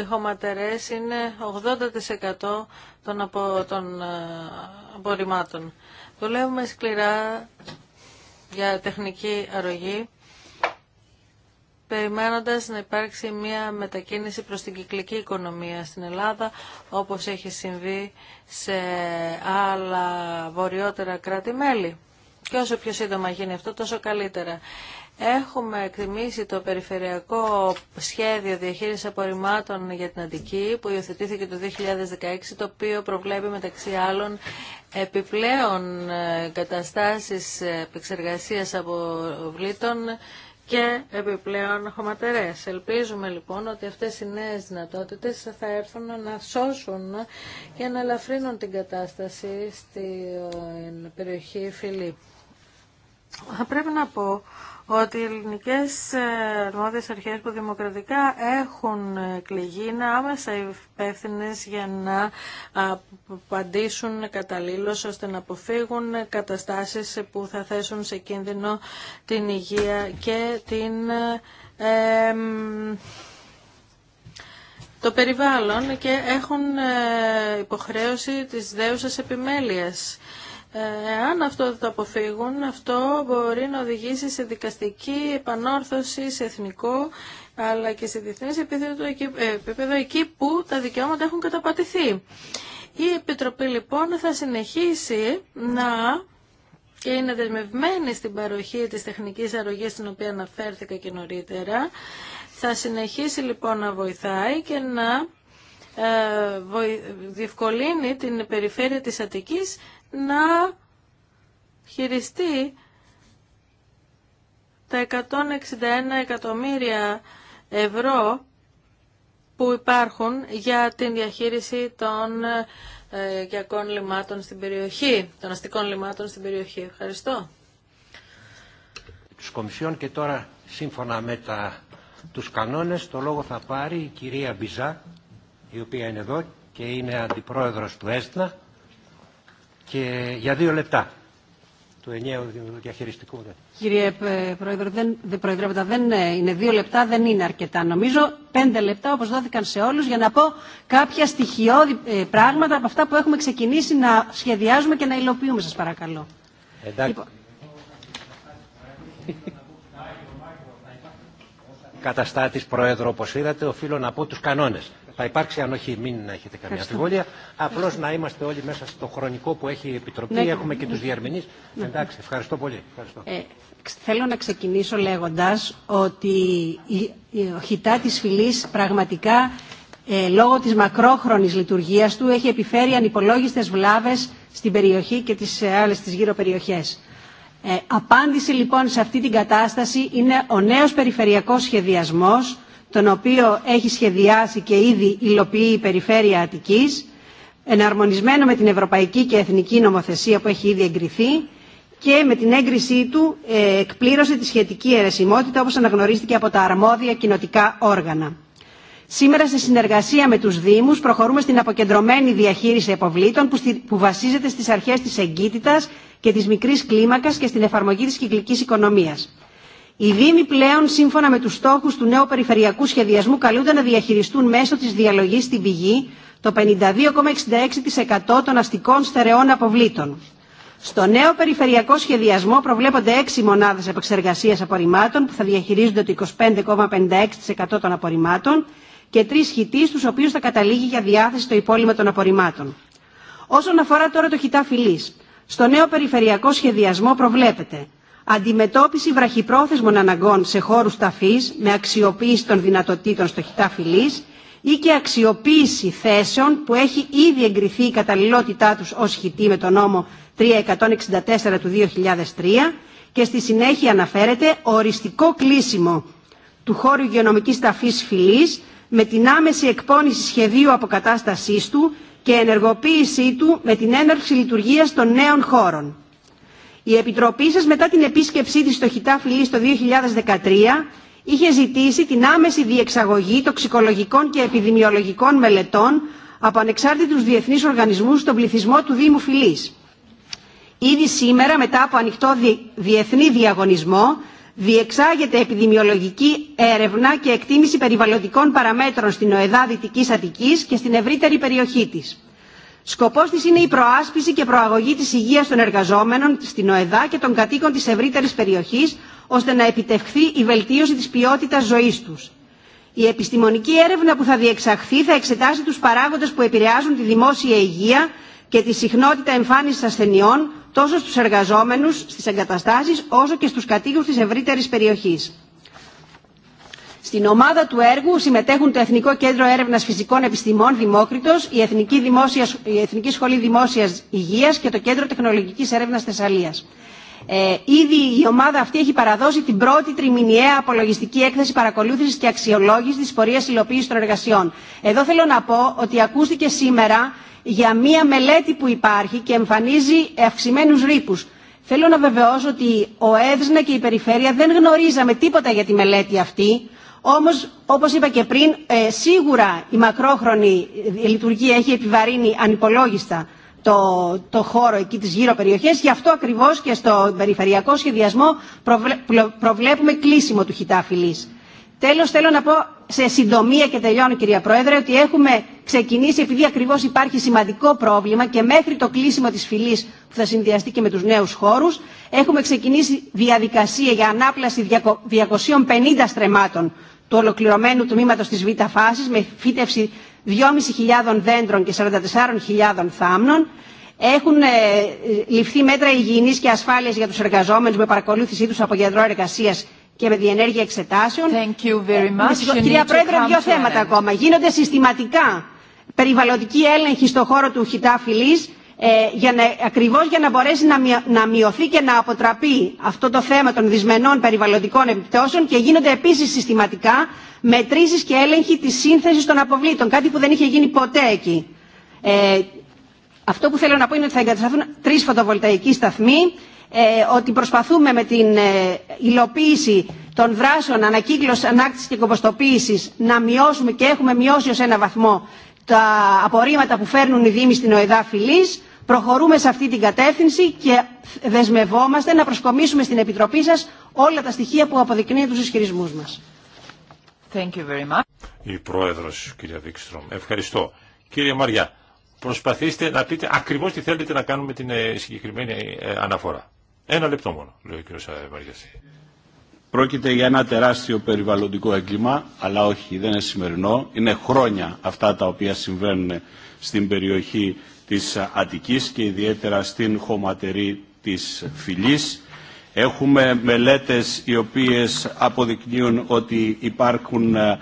οι χωματερές είναι 80% των, απο, των ε, απορριμμάτων. Δουλεύουμε σκληρά για τεχνική αρρωγή, περιμένοντας να υπάρξει μια μετακίνηση προς την κυκλική οικονομία στην Ελλάδα, όπως έχει συμβεί σε άλλα βορειότερα κράτη-μέλη. Και όσο πιο σύντομα γίνει αυτό, τόσο καλύτερα. Έχουμε εκτιμήσει το περιφερειακό σχέδιο διαχείριση απορριμμάτων για την Αντική που υιοθετήθηκε το 2016, το οποίο προβλέπει μεταξύ άλλων επιπλέον ε, καταστάσεις επεξεργασίας βλήτων και επιπλέον χωματερές. Ελπίζουμε λοιπόν ότι αυτές οι νέες δυνατότητες θα έρθουν να σώσουν και να ελαφρύνουν την κατάσταση στην περιοχή Φιλή. Θα πρέπει να πω ότι οι ελληνικές ε, αρμόδιες αρχές που δημοκρατικά έχουν ε, κληγεί να άμεσα υπεύθυνε για να απαντήσουν καταλήλως ώστε να αποφύγουν καταστάσεις που θα θέσουν σε κίνδυνο την υγεία και την... Ε, το περιβάλλον και έχουν υποχρέωση της δέουσας επιμέλειας. Αν αυτό το αποφύγουν, αυτό μπορεί να οδηγήσει σε δικαστική επανόρθωση, σε εθνικό αλλά και σε διεθνές επίπεδο εκεί ε, που τα δικαιώματα έχουν καταπατηθεί. Η Επιτροπή λοιπόν θα συνεχίσει να και είναι δεσμευμένη στην παροχή της τεχνικής αρρωγής στην οποία αναφέρθηκα και νωρίτερα. Θα συνεχίσει λοιπόν να βοηθάει και να ε, διευκολύνει την περιφέρεια της Αττικής να χειριστεί τα 161 εκατομμύρια ευρώ που υπάρχουν για την διαχείριση των οικιακών ε, λιμάτων στην περιοχή, των αστικών λιμάτων στην περιοχή. Ευχαριστώ. Τους Κομισιόν και τώρα σύμφωνα με τα, τους κανόνες το λόγο θα πάρει η κυρία Μπιζά η οποία είναι εδώ και είναι αντιπρόεδρος του ΕΣΤΝΑ και για δύο λεπτά του ενιαίου διαχειριστικού. Ναι. Κύριε ε, Πρόεδρε, δεν, δεν είναι δύο λεπτά, δεν είναι αρκετά. Νομίζω πέντε λεπτά όπως δόθηκαν σε όλους για να πω κάποια στοιχειώδη ε, πράγματα από αυτά που έχουμε ξεκινήσει να σχεδιάζουμε και να υλοποιούμε σας παρακαλώ. Εντάξει. Λοιπόν... Καταστάτης Πρόεδρο, όπως είδατε, οφείλω να πω τους κανόνες θα υπάρξει, αν όχι μην έχετε καμία αμφιβολία. Απλώς να είμαστε όλοι μέσα στο χρονικό που έχει η Επιτροπή, ναι. έχουμε ναι. και τους ναι. διαρμηνείς. Ναι. Εντάξει, ευχαριστώ πολύ. Ευχαριστώ. Ε, θέλω να ξεκινήσω λέγοντας ότι η, η οχητά της φυλής πραγματικά ε, λόγω της μακρόχρονης λειτουργίας του έχει επιφέρει ανυπολόγιστες βλάβες στην περιοχή και τις ε, άλλες τις γύρω περιοχές. Ε, απάντηση λοιπόν σε αυτή την κατάσταση είναι ο νέος περιφερειακός σχεδιασμός τον οποίο έχει σχεδιάσει και ήδη υλοποιεί η Περιφέρεια Αττικής, εναρμονισμένο με την Ευρωπαϊκή και Εθνική Νομοθεσία που έχει ήδη εγκριθεί και με την έγκρισή του ε, εκπλήρωσε τη σχετική αιρεσιμότητα όπως αναγνωρίστηκε από τα αρμόδια κοινοτικά όργανα. Σήμερα, σε συνεργασία με τους Δήμους, προχωρούμε στην αποκεντρωμένη διαχείριση αποβλήτων που βασίζεται στις αρχές της εγκύτητας και της μικρής κλίμακας και στην εφαρμογή της κυκλικής οικονομίας. Οι Δήμοι πλέον, σύμφωνα με τους στόχους του νέου περιφερειακού σχεδιασμού, καλούνται να διαχειριστούν μέσω της διαλογής στην πηγή το 52,66% των αστικών στερεών αποβλήτων. Στο νέο περιφερειακό σχεδιασμό προβλέπονται έξι μονάδες επεξεργασίας απορριμμάτων που θα διαχειρίζονται το 25,56% των απορριμμάτων και τρει χιτή, του οποίου θα καταλήγει για διάθεση το υπόλοιπο των απορριμμάτων. Όσον αφορά τώρα το χιτά φυλή, στο νέο περιφερειακό σχεδιασμό προβλέπεται αντιμετώπιση βραχυπρόθεσμων αναγκών σε χώρους ταφής με αξιοποίηση των δυνατοτήτων στοχητά φυλής ή και αξιοποίηση θέσεων που έχει ήδη εγκριθεί η καταλληλότητά τους ως χιτή με τον νόμο 364 του 2003 και στη συνέχεια αναφέρεται οριστικό κλείσιμο του χώρου υγειονομικής ταφής φυλής με την άμεση εκπόνηση σχεδίου αποκατάστασής του και ενεργοποίησή του με την έναρξη λειτουργίας των νέων χώρων. Η Επιτροπή σας μετά την επίσκεψή της στο Χιτάφλι το 2013 είχε ζητήσει την άμεση διεξαγωγή τοξικολογικών και επιδημιολογικών μελετών από ανεξάρτητους διεθνείς οργανισμούς στον πληθυσμό του Δήμου Φιλής. Ήδη σήμερα μετά από ανοιχτό διεθνή διαγωνισμό διεξάγεται επιδημιολογική έρευνα και εκτίμηση περιβαλλοντικών παραμέτρων στην ΟΕΔΑ Δυτικής Αττικής και στην ευρύτερη περιοχή της. Σκοπός της είναι η προάσπιση και προαγωγή της υγείας των εργαζόμενων στην ΟΕΔΑ και των κατοίκων της ευρύτερης περιοχής, ώστε να επιτευχθεί η βελτίωση της ποιότητας ζωής τους. Η επιστημονική έρευνα που θα διεξαχθεί θα εξετάσει τους παράγοντες που επηρεάζουν τη δημόσια υγεία και τη συχνότητα εμφάνισης ασθενειών τόσο στους εργαζόμενους στις εγκαταστάσεις όσο και στους κατοίκους της ευρύτερης περιοχής. Στην ομάδα του έργου συμμετέχουν το Εθνικό Κέντρο Έρευνας Φυσικών Επιστημών Δημόκριτος, η Εθνική, η Εθνική Σχολή Δημόσιας Υγείας και το Κέντρο Τεχνολογικής Έρευνας Θεσσαλίας. Ε, ήδη η ομάδα αυτή έχει παραδώσει την πρώτη τριμηνιαία απολογιστική έκθεση παρακολούθηση και αξιολόγηση τη πορεία υλοποίηση των εργασιών. Εδώ θέλω να πω ότι ακούστηκε σήμερα για μία μελέτη που υπάρχει και εμφανίζει αυξημένου ρήπου. Θέλω να βεβαιώσω ότι ο ΕΔΣΝΑ και η Περιφέρεια δεν γνωρίζαμε τίποτα για τη μελέτη αυτή. Όμω, όπω είπα και πριν, ε, σίγουρα η μακρόχρονη λειτουργία έχει επιβαρύνει ανυπολόγιστα το, το χώρο εκεί τι γύρω περιοχέ, Γι' αυτό ακριβώ και στο περιφερειακό σχεδιασμό προβλέπουμε κλείσιμο του χιτάφυλής. Τέλο θέλω να πω σε συντομία και τελειώνω κυρία Πρόεδρε ότι έχουμε ξεκινήσει επειδή ακριβώ υπάρχει σημαντικό πρόβλημα και μέχρι το κλείσιμο τη φυλής που θα συνδυαστεί και με του νέου χώρου έχουμε ξεκινήσει διαδικασία για ανάπλαση 250 στρεμάτων του ολοκληρωμένου τμήματο τη Β' φάση, με φύτευση 2.500 δέντρων και 44.000 θάμνων. Έχουν ε, ληφθεί μέτρα υγιεινής και ασφάλειας για τους εργαζόμενους με παρακολούθησή του από γιατρό εργασίας και με διενέργεια εξετάσεων. Thank ε, κυρία Πρόεδρε, δύο θέματα ακόμα. Γίνονται συστηματικά περιβαλλοντικοί έλεγχοι στον χώρο του Χιτά ε, για να, ακριβώς για να μπορέσει να μειωθεί και να αποτραπεί αυτό το θέμα των δυσμενών περιβαλλοντικών επιπτώσεων και γίνονται επίσης συστηματικά μετρήσεις και έλεγχη της σύνθεσης των αποβλήτων, κάτι που δεν είχε γίνει ποτέ εκεί. Ε, αυτό που θέλω να πω είναι ότι θα εγκατασταθούν τρεις φωτοβολταϊκοί σταθμοί, ε, ότι προσπαθούμε με την ε, υλοποίηση των δράσεων ανακύκλωσης, ανάκτησης και κομποστοποίησης να μειώσουμε και έχουμε μειώσει ως ένα βαθμό τα απορρίμματα που φέρνουν οι Δήμοι στην ΟΕΔΑ Προχωρούμε σε αυτή την κατεύθυνση και δεσμευόμαστε να προσκομίσουμε στην Επιτροπή σας όλα τα στοιχεία που αποδεικνύουν τους ισχυρισμούς μας. Thank you very much. Η Πρόεδρος, κυρία Βίξτρομ. Ευχαριστώ. Κύριε Μαριά, προσπαθήστε να πείτε ακριβώς τι θέλετε να κάνουμε την ε, συγκεκριμένη ε, αναφορά. Ένα λεπτό μόνο, λέει ο κύριος ε, Μαριάς. Πρόκειται για ένα τεράστιο περιβαλλοντικό έγκλημα, αλλά όχι, δεν είναι σημερινό. Είναι χρόνια αυτά τα οποία συμβαίνουν στην περιοχή της Αττικής και ιδιαίτερα στην χωματερή της Φυλής. Έχουμε μελέτες οι οποίες αποδεικνύουν ότι υπάρχουν ε,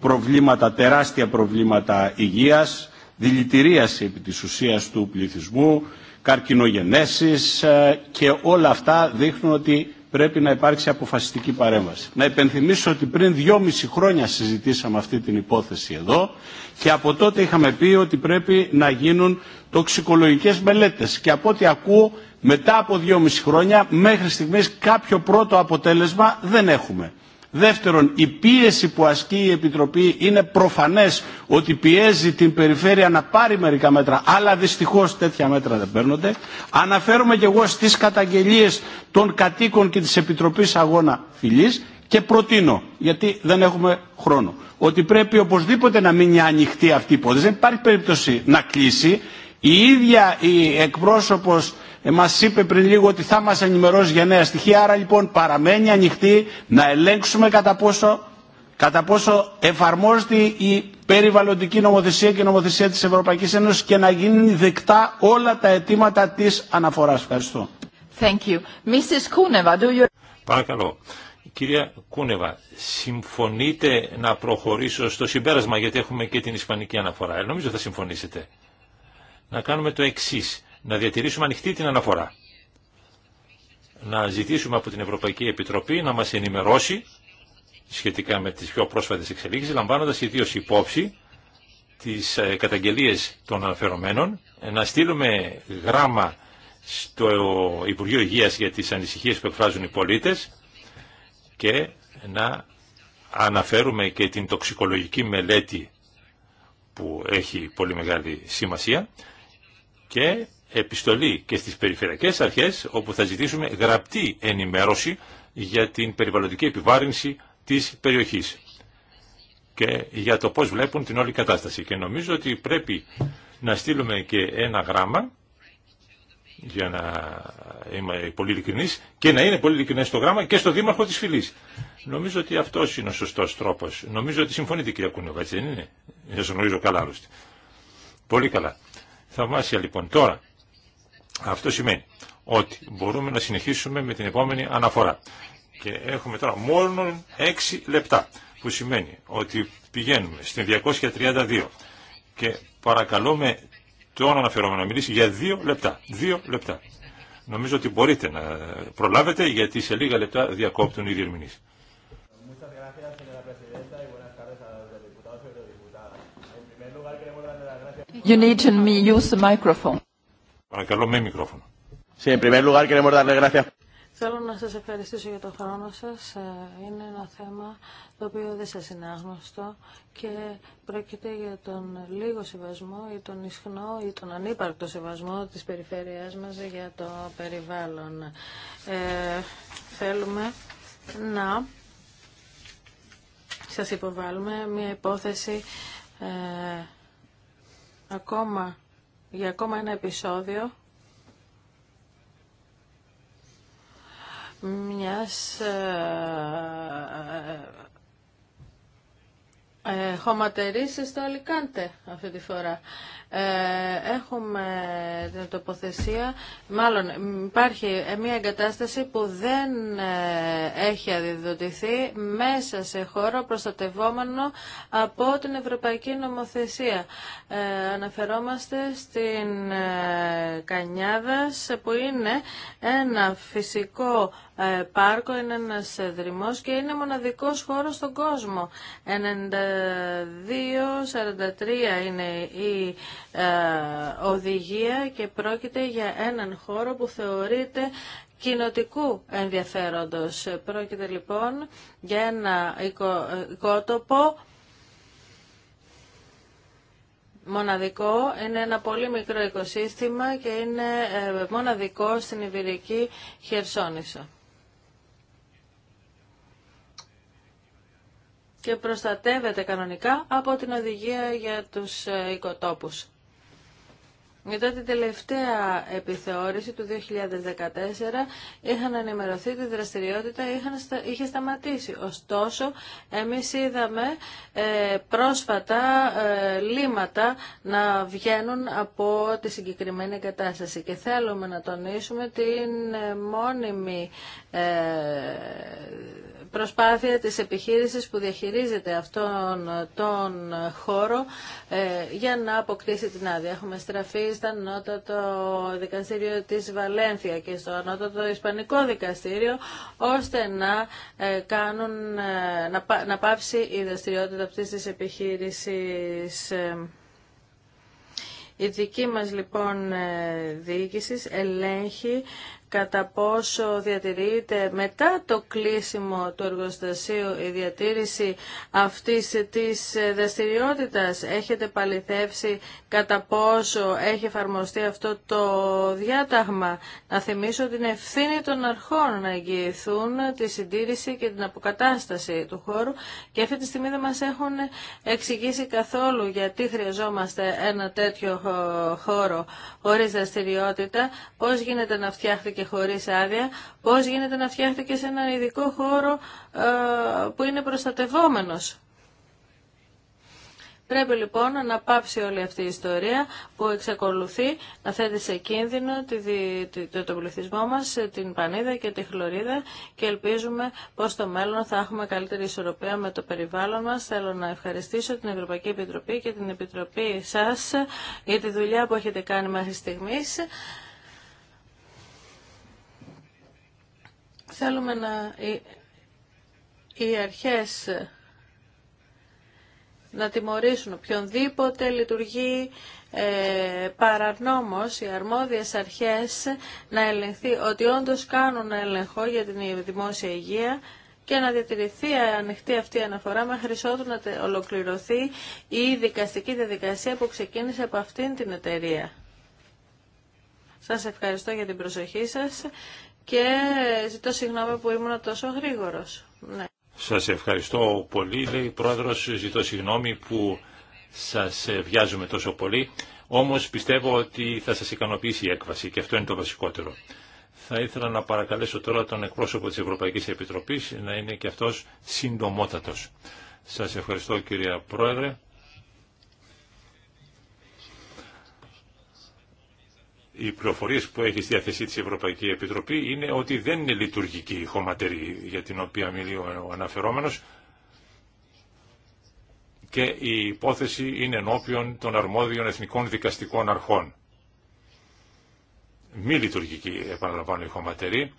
προβλήματα, τεράστια προβλήματα υγείας, δηλητηρίαση επί της ουσίας του πληθυσμού, καρκινογενέσεις ε, και όλα αυτά δείχνουν ότι πρέπει να υπάρξει αποφασιστική παρέμβαση. Να υπενθυμίσω ότι πριν δυόμιση χρόνια συζητήσαμε αυτή την υπόθεση εδώ και από τότε είχαμε πει ότι πρέπει να γίνουν τοξικολογικές μελέτες και από ό,τι ακούω μετά από δυόμιση χρόνια μέχρι στιγμής κάποιο πρώτο αποτέλεσμα δεν έχουμε. Δεύτερον, η πίεση που ασκεί η Επιτροπή είναι προφανές ότι πιέζει την περιφέρεια να πάρει μερικά μέτρα, αλλά δυστυχώς τέτοια μέτρα δεν παίρνονται. Αναφέρομαι και εγώ στις καταγγελίες των κατοίκων και της Επιτροπής Αγώνα Φιλής και προτείνω, γιατί δεν έχουμε χρόνο, ότι πρέπει οπωσδήποτε να μείνει ανοιχτή αυτή η υπόθεση. Δεν υπάρχει περίπτωση να κλείσει. Η ίδια η εκπρόσωπος ε, μας είπε πριν λίγο ότι θα μας ενημερώσει για νέα στοιχεία, άρα λοιπόν παραμένει ανοιχτή να ελέγξουμε κατά πόσο, κατά πόσο εφαρμόζεται η περιβαλλοντική νομοθεσία και η νομοθεσία της Ευρωπαϊκής Ένωσης και να γίνουν δεκτά όλα τα αιτήματα της αναφοράς. Ευχαριστώ. Thank you. Mrs. Kuneva, do you... Παρακαλώ. Κυρία Κούνεβα, συμφωνείτε να προχωρήσω στο συμπέρασμα γιατί έχουμε και την ισπανική αναφορά. Ε, νομίζω θα συμφωνήσετε. Να κάνουμε το εξής να διατηρήσουμε ανοιχτή την αναφορά. Να ζητήσουμε από την Ευρωπαϊκή Επιτροπή να μας ενημερώσει σχετικά με τις πιο πρόσφατες εξελίξεις, λαμβάνοντας ιδίως υπόψη τις ε, καταγγελίες των αναφερομένων, να στείλουμε γράμμα στο Υπουργείο Υγείας για τις ανησυχίες που εκφράζουν οι πολίτες και να αναφέρουμε και την τοξικολογική μελέτη που έχει πολύ μεγάλη σημασία και επιστολή και στις περιφερειακές αρχές όπου θα ζητήσουμε γραπτή ενημέρωση για την περιβαλλοντική επιβάρυνση της περιοχής και για το πώς βλέπουν την όλη κατάσταση. Και νομίζω ότι πρέπει να στείλουμε και ένα γράμμα για να είμαι πολύ ειλικρινής και να είναι πολύ ειλικρινές το γράμμα και στο Δήμαρχο της Φυλής. Νομίζω ότι αυτό είναι ο σωστός τρόπος. Νομίζω ότι συμφωνείτε κυρία Κούνεβα, έτσι δεν είναι. Δεν σας γνωρίζω καλά άλλωστε. Πολύ καλά. Θαυμάσια λοιπόν τώρα. Αυτό σημαίνει ότι μπορούμε να συνεχίσουμε με την επόμενη αναφορά. Και έχουμε τώρα μόνο 6 λεπτά, που σημαίνει ότι πηγαίνουμε στην 232 και παρακαλούμε τον αναφερόμενο να μιλήσει για 2 λεπτά. 2 λεπτά. Νομίζω ότι μπορείτε να προλάβετε γιατί σε λίγα λεπτά διακόπτουν οι διερμηνείς. You need use the microphone. Παρακαλώ με μικρόφωνο. Θέλω να σας ευχαριστήσω για τον χρόνο σας. Ε, είναι ένα θέμα το οποίο δεν σας είναι άγνωστο και πρόκειται για τον λίγο σεβασμό ή τον ισχνό ή τον ανύπαρκτο σεβασμό της περιφέρειάς μας για το περιβάλλον. Ε, θέλουμε να σας υποβάλουμε μια υπόθεση ε, ακόμα για ακόμα ένα επεισόδιο μιας ε, ε, χωματερήσεις στο Αλικάντε αυτή τη φορά. Ε, έχουμε την τοποθεσία, μάλλον υπάρχει μια εγκατάσταση που δεν ε, έχει αδειοδοτηθεί μέσα σε χώρο προστατευόμενο από την Ευρωπαϊκή Νομοθεσία. Ε, αναφερόμαστε στην ε, Κανιάδα που είναι ένα φυσικό ε, πάρκο, είναι ένας ε, δρυμός και είναι μοναδικός χώρος στον κόσμο. 92-43 είναι η ε, οδηγία και πρόκειται για έναν χώρο που θεωρείται κοινοτικού ενδιαφέροντος. Πρόκειται λοιπόν για ένα οικότοπο μοναδικό, είναι ένα πολύ μικρό οικοσύστημα και είναι μοναδικό στην Ιβηρική Χερσόνησο. και προστατεύεται κανονικά από την οδηγία για τους ε, οικοτόπους. Μετά την τελευταία επιθεώρηση του 2014 είχαν ενημερωθεί τη δραστηριότητα είχαν, είχε σταματήσει. Ωστόσο, εμείς είδαμε ε, πρόσφατα ε, να βγαίνουν από τη συγκεκριμένη κατάσταση και θέλουμε να τονίσουμε την ε, μόνιμη προσπάθεια της επιχείρησης που διαχειρίζεται αυτόν τον χώρο ε, για να αποκτήσει την άδεια. Έχουμε στραφεί στο ανώτατο δικαστήριο της Βαλένθια και στο ανώτατο ισπανικό δικαστήριο ώστε να, ε, κάνουν, ε, να, να πάψει η δραστηριότητα αυτής της επιχείρησης. Η δική μας λοιπόν διοίκηση ελέγχει κατά πόσο διατηρείται μετά το κλείσιμο του εργοστασίου η διατήρηση αυτής της δραστηριότητα. Έχετε παληθεύσει κατά πόσο έχει εφαρμοστεί αυτό το διάταγμα. Να θυμίσω την ευθύνη των αρχών να εγγυηθούν τη συντήρηση και την αποκατάσταση του χώρου και αυτή τη στιγμή δεν μας έχουν εξηγήσει καθόλου γιατί χρειαζόμαστε ένα τέτοιο χώρο χωρίς δραστηριότητα, πώς γίνεται να φτιάχτηκε και χωρίς άδεια, πώς γίνεται να φτιάχτε και σε έναν ειδικό χώρο ε, που είναι προστατευόμενος. Πρέπει λοιπόν να πάψει όλη αυτή η ιστορία που εξακολουθεί να θέτει σε κίνδυνο το, το, πληθυσμό μας, την πανίδα και τη χλωρίδα και ελπίζουμε πως στο μέλλον θα έχουμε καλύτερη ισορροπία με το περιβάλλον μας. Θέλω να ευχαριστήσω την Ευρωπαϊκή Επιτροπή και την Επιτροπή σας για τη δουλειά που έχετε κάνει μέχρι στιγμή. Θέλουμε να οι αρχές να τιμωρήσουν οποιονδήποτε λειτουργεί ε, παρανόμως οι αρμόδιες αρχές να ελεγχθεί ότι όντως κάνουν έλεγχο για την δημόσια υγεία και να διατηρηθεί ανοιχτή αυτή η αναφορά μέχρι ότου να ολοκληρωθεί η δικαστική διαδικασία που ξεκίνησε από αυτήν την εταιρεία. Σας ευχαριστώ για την προσοχή σας και ζητώ συγγνώμη που ήμουν τόσο γρήγορος. Ναι. Σας ευχαριστώ πολύ, λέει η Πρόεδρος, ζητώ συγγνώμη που σας βιάζουμε τόσο πολύ, όμως πιστεύω ότι θα σας ικανοποιήσει η έκβαση και αυτό είναι το βασικότερο. Θα ήθελα να παρακαλέσω τώρα τον εκπρόσωπο της Ευρωπαϊκής Επιτροπής να είναι και αυτός συντομότατος. Σας ευχαριστώ κυρία Πρόεδρε. οι πληροφορίε που έχει στη διάθεσή τη Ευρωπαϊκή Επιτροπή είναι ότι δεν είναι λειτουργική η χωματερή για την οποία μιλεί ο αναφερόμενο και η υπόθεση είναι ενώπιον των αρμόδιων εθνικών δικαστικών αρχών. Μη λειτουργική, επαναλαμβάνω, η χωματερή,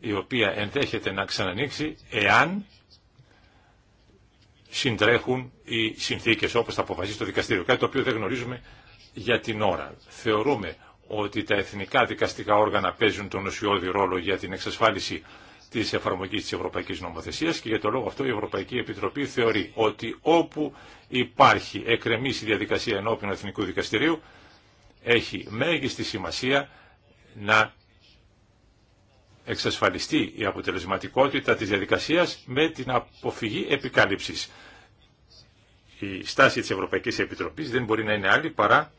η οποία ενδέχεται να ξανανοίξει εάν συντρέχουν οι συνθήκες όπως θα αποφασίσει το δικαστήριο, κάτι το οποίο δεν γνωρίζουμε για την ώρα. Θεωρούμε ότι τα εθνικά δικαστικά όργανα παίζουν τον ουσιώδη ρόλο για την εξασφάλιση τη εφαρμογή τη Ευρωπαϊκή Νομοθεσία και για τον λόγο αυτό η Ευρωπαϊκή Επιτροπή θεωρεί ότι όπου υπάρχει η διαδικασία ενώπιον Εθνικού Δικαστηρίου έχει μέγιστη σημασία να εξασφαλιστεί η αποτελεσματικότητα της διαδικασίας με την αποφυγή επικάλυψης. Η στάση της Ευρωπαϊκής Επιτροπής δεν μπορεί να είναι άλλη παρά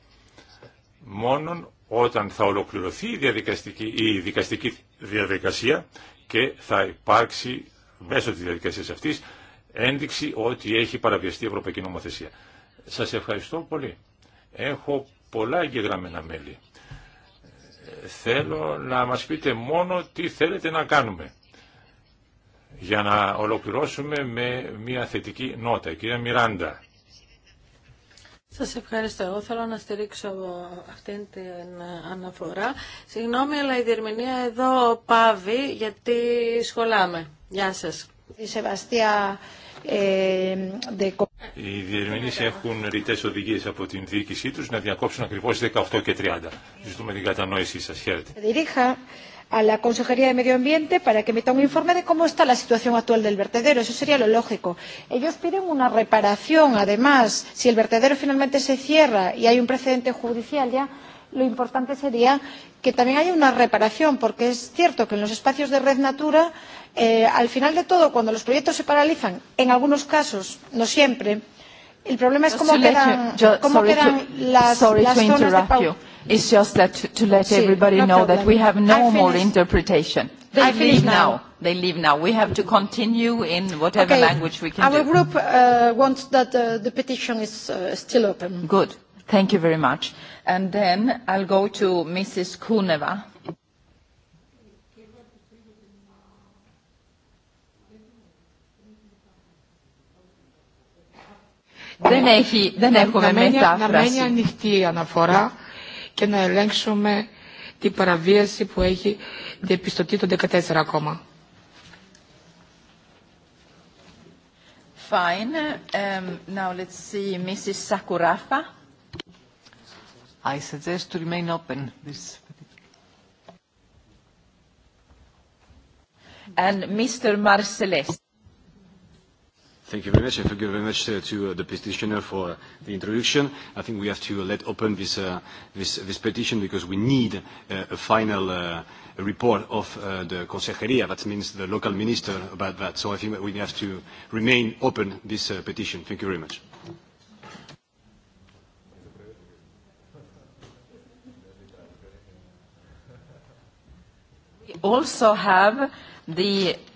μόνον όταν θα ολοκληρωθεί η, διαδικαστική, η δικαστική διαδικασία και θα υπάρξει μέσω της διαδικασίας αυτής ένδειξη ότι έχει παραβιαστεί η Ευρωπαϊκή Νομοθεσία. Σας ευχαριστώ πολύ. Έχω πολλά εγγεγραμμένα μέλη. Θέλω να μας πείτε μόνο τι θέλετε να κάνουμε για να ολοκληρώσουμε με μια θετική νότα. Κυρία Μιράντα. Σας ευχαριστώ. Εγώ θέλω να στηρίξω αυτήν την αναφορά. Συγγνώμη, αλλά η διερμηνία εδώ πάβει γιατί σχολάμε. Γεια σας. Η Σεβαστία... Ε, Οι διερμηνείς έχουν ρητές οδηγίες από την διοίκησή τους να διακόψουν ακριβώς 18 και 30. Ζητούμε την κατανόησή σας. Χαίρετε a la Consejería de Medio Ambiente para que emita un informe de cómo está la situación actual del vertedero. Eso sería lo lógico. Ellos piden una reparación, además. Si el vertedero finalmente se cierra y hay un precedente judicial ya, lo importante sería que también haya una reparación, porque es cierto que en los espacios de red natura, al final de todo, cuando los proyectos se paralizan, en algunos casos, no siempre, el problema es cómo quedan las zonas de pau. It's just that to let everybody know that we have no more interpretation. They leave now. They leave now. We have to continue in whatever language we can do. Our group wants that the petition is still open. Good. Thank you very much. And then I'll go to Mrs. Kuneva. Δεν έχει, δεν έχουμε μετάφραση. Να μένει ανοιχτή η αναφορά και να ελέγξουμε την παραβίαση που έχει διαπιστωτεί το 14 ακόμα. Fine. Um, now let's see Mrs. Sakurafa. I suggest to remain open this. And Mr. Marcelest. Thank you very much, thank you very much to the petitioner for the introduction. I think we have to let open this this petition because we need a final report of the Consejería, that means the local minister, about that. So I think that we have to remain open this petition. Thank you very much. We also have the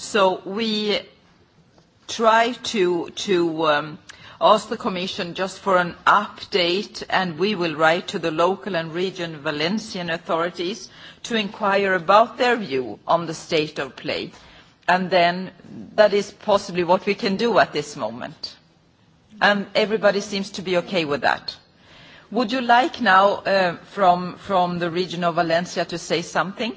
So we try to ask the Commission just for an update and we will write to the local and region Valencian authorities to inquire about their view on the state of play. And then that is possibly what we can do at this moment. And everybody seems to be okay with that. Would you like now from the region of Valencia to say something?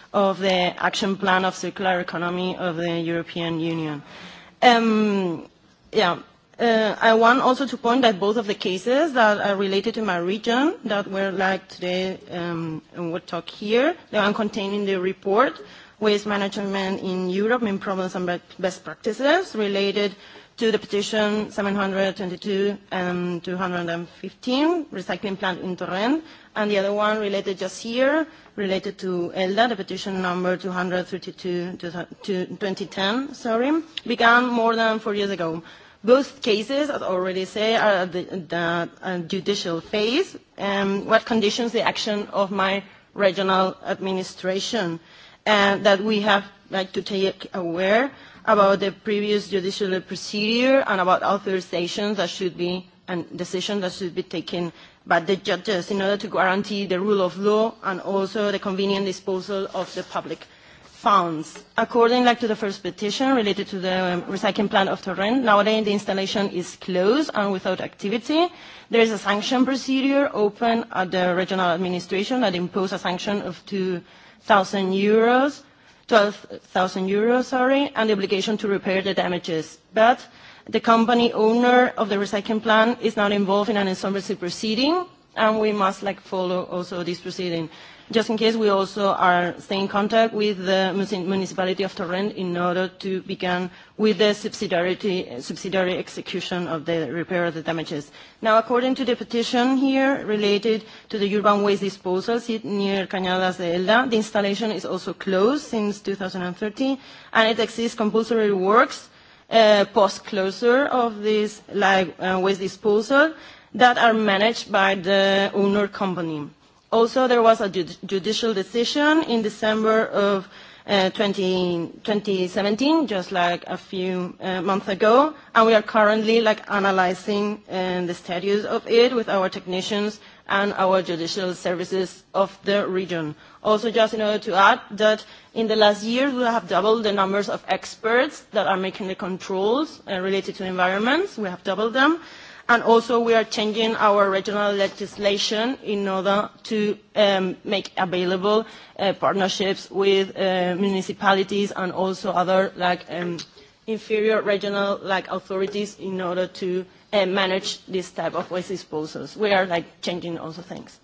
of the Action Plan of Circular Economy of the European Union. Yeah. I want also to point that both of the cases that are related to my region that were like today and we'll talk here, they are contained in the report, Waste Management in Europe, Main Problems and Best Practices, related to the petition 722 and 215, recycling plant in Torrent, and the other one related just here, related to ELDA, the petition number 232 2010, sorry, began more than four years ago. Both cases, as already say, are at the judicial phase. and What conditions the action of my regional administration that we have like to take aware about the previous judicial procedure and about authorizations that should be and decision that should be taken by the judges in order to guarantee the rule of law and also the convenient disposal of the public funds. According to the first petition related to the recycling plant of Torrent, nowadays the installation is closed and without activity. There is a sanction procedure open at the regional administration that imposes a sanction of 2,000 euros 12,000 euros, sorry, and the obligation to repair the damages. But the company owner of the recycling plant is not involved in an insolvency proceeding, and we must like follow also this proceeding. Just in case, we also are staying in contact with the municipality of Torrent in order to begin with the subsidiary execution of the repair of the damages. Now, according to the petition here related to the urban waste disposal near Cañadas de Elda, the installation is also closed since 2013, and it exists compulsory works post-closure of this waste disposal that are managed by the owner company. Also, there was a judicial decision in December of 2017, just like a few months ago, and we are currently like analyzing the status of it with our technicians and our judicial services of the region. Also, just in order to add that in the last year we have doubled the numbers of experts that are making the controls related to environments. We have doubled them and also we are changing our regional legislation in order to make available partnerships with municipalities and also other like inferior regional like authorities in order to manage this type of waste disposals. We are like changing also things.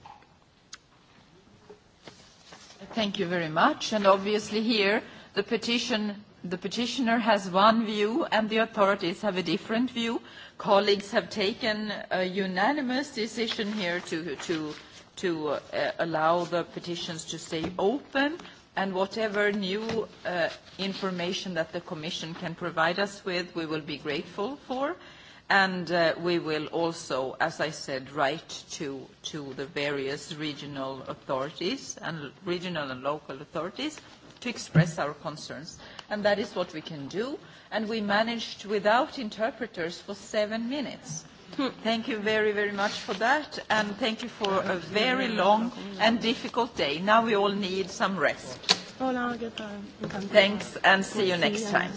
Thank you very much. And obviously here the petition the petitioner has one view and the authorities have a different view colleagues have taken a unanimous decision here to allow the petitions to stay open and whatever new information that the Commission can provide us with, we will be grateful for. And we will also, as I said, write to the various regional authorities and regional and local authorities to express our concerns. And that is what we can do and we managed without interpreters for seven minutes. Thank you very, very much for that, and thank you for a very long and difficult day. Now we all need some rest. Thanks, and see you next time.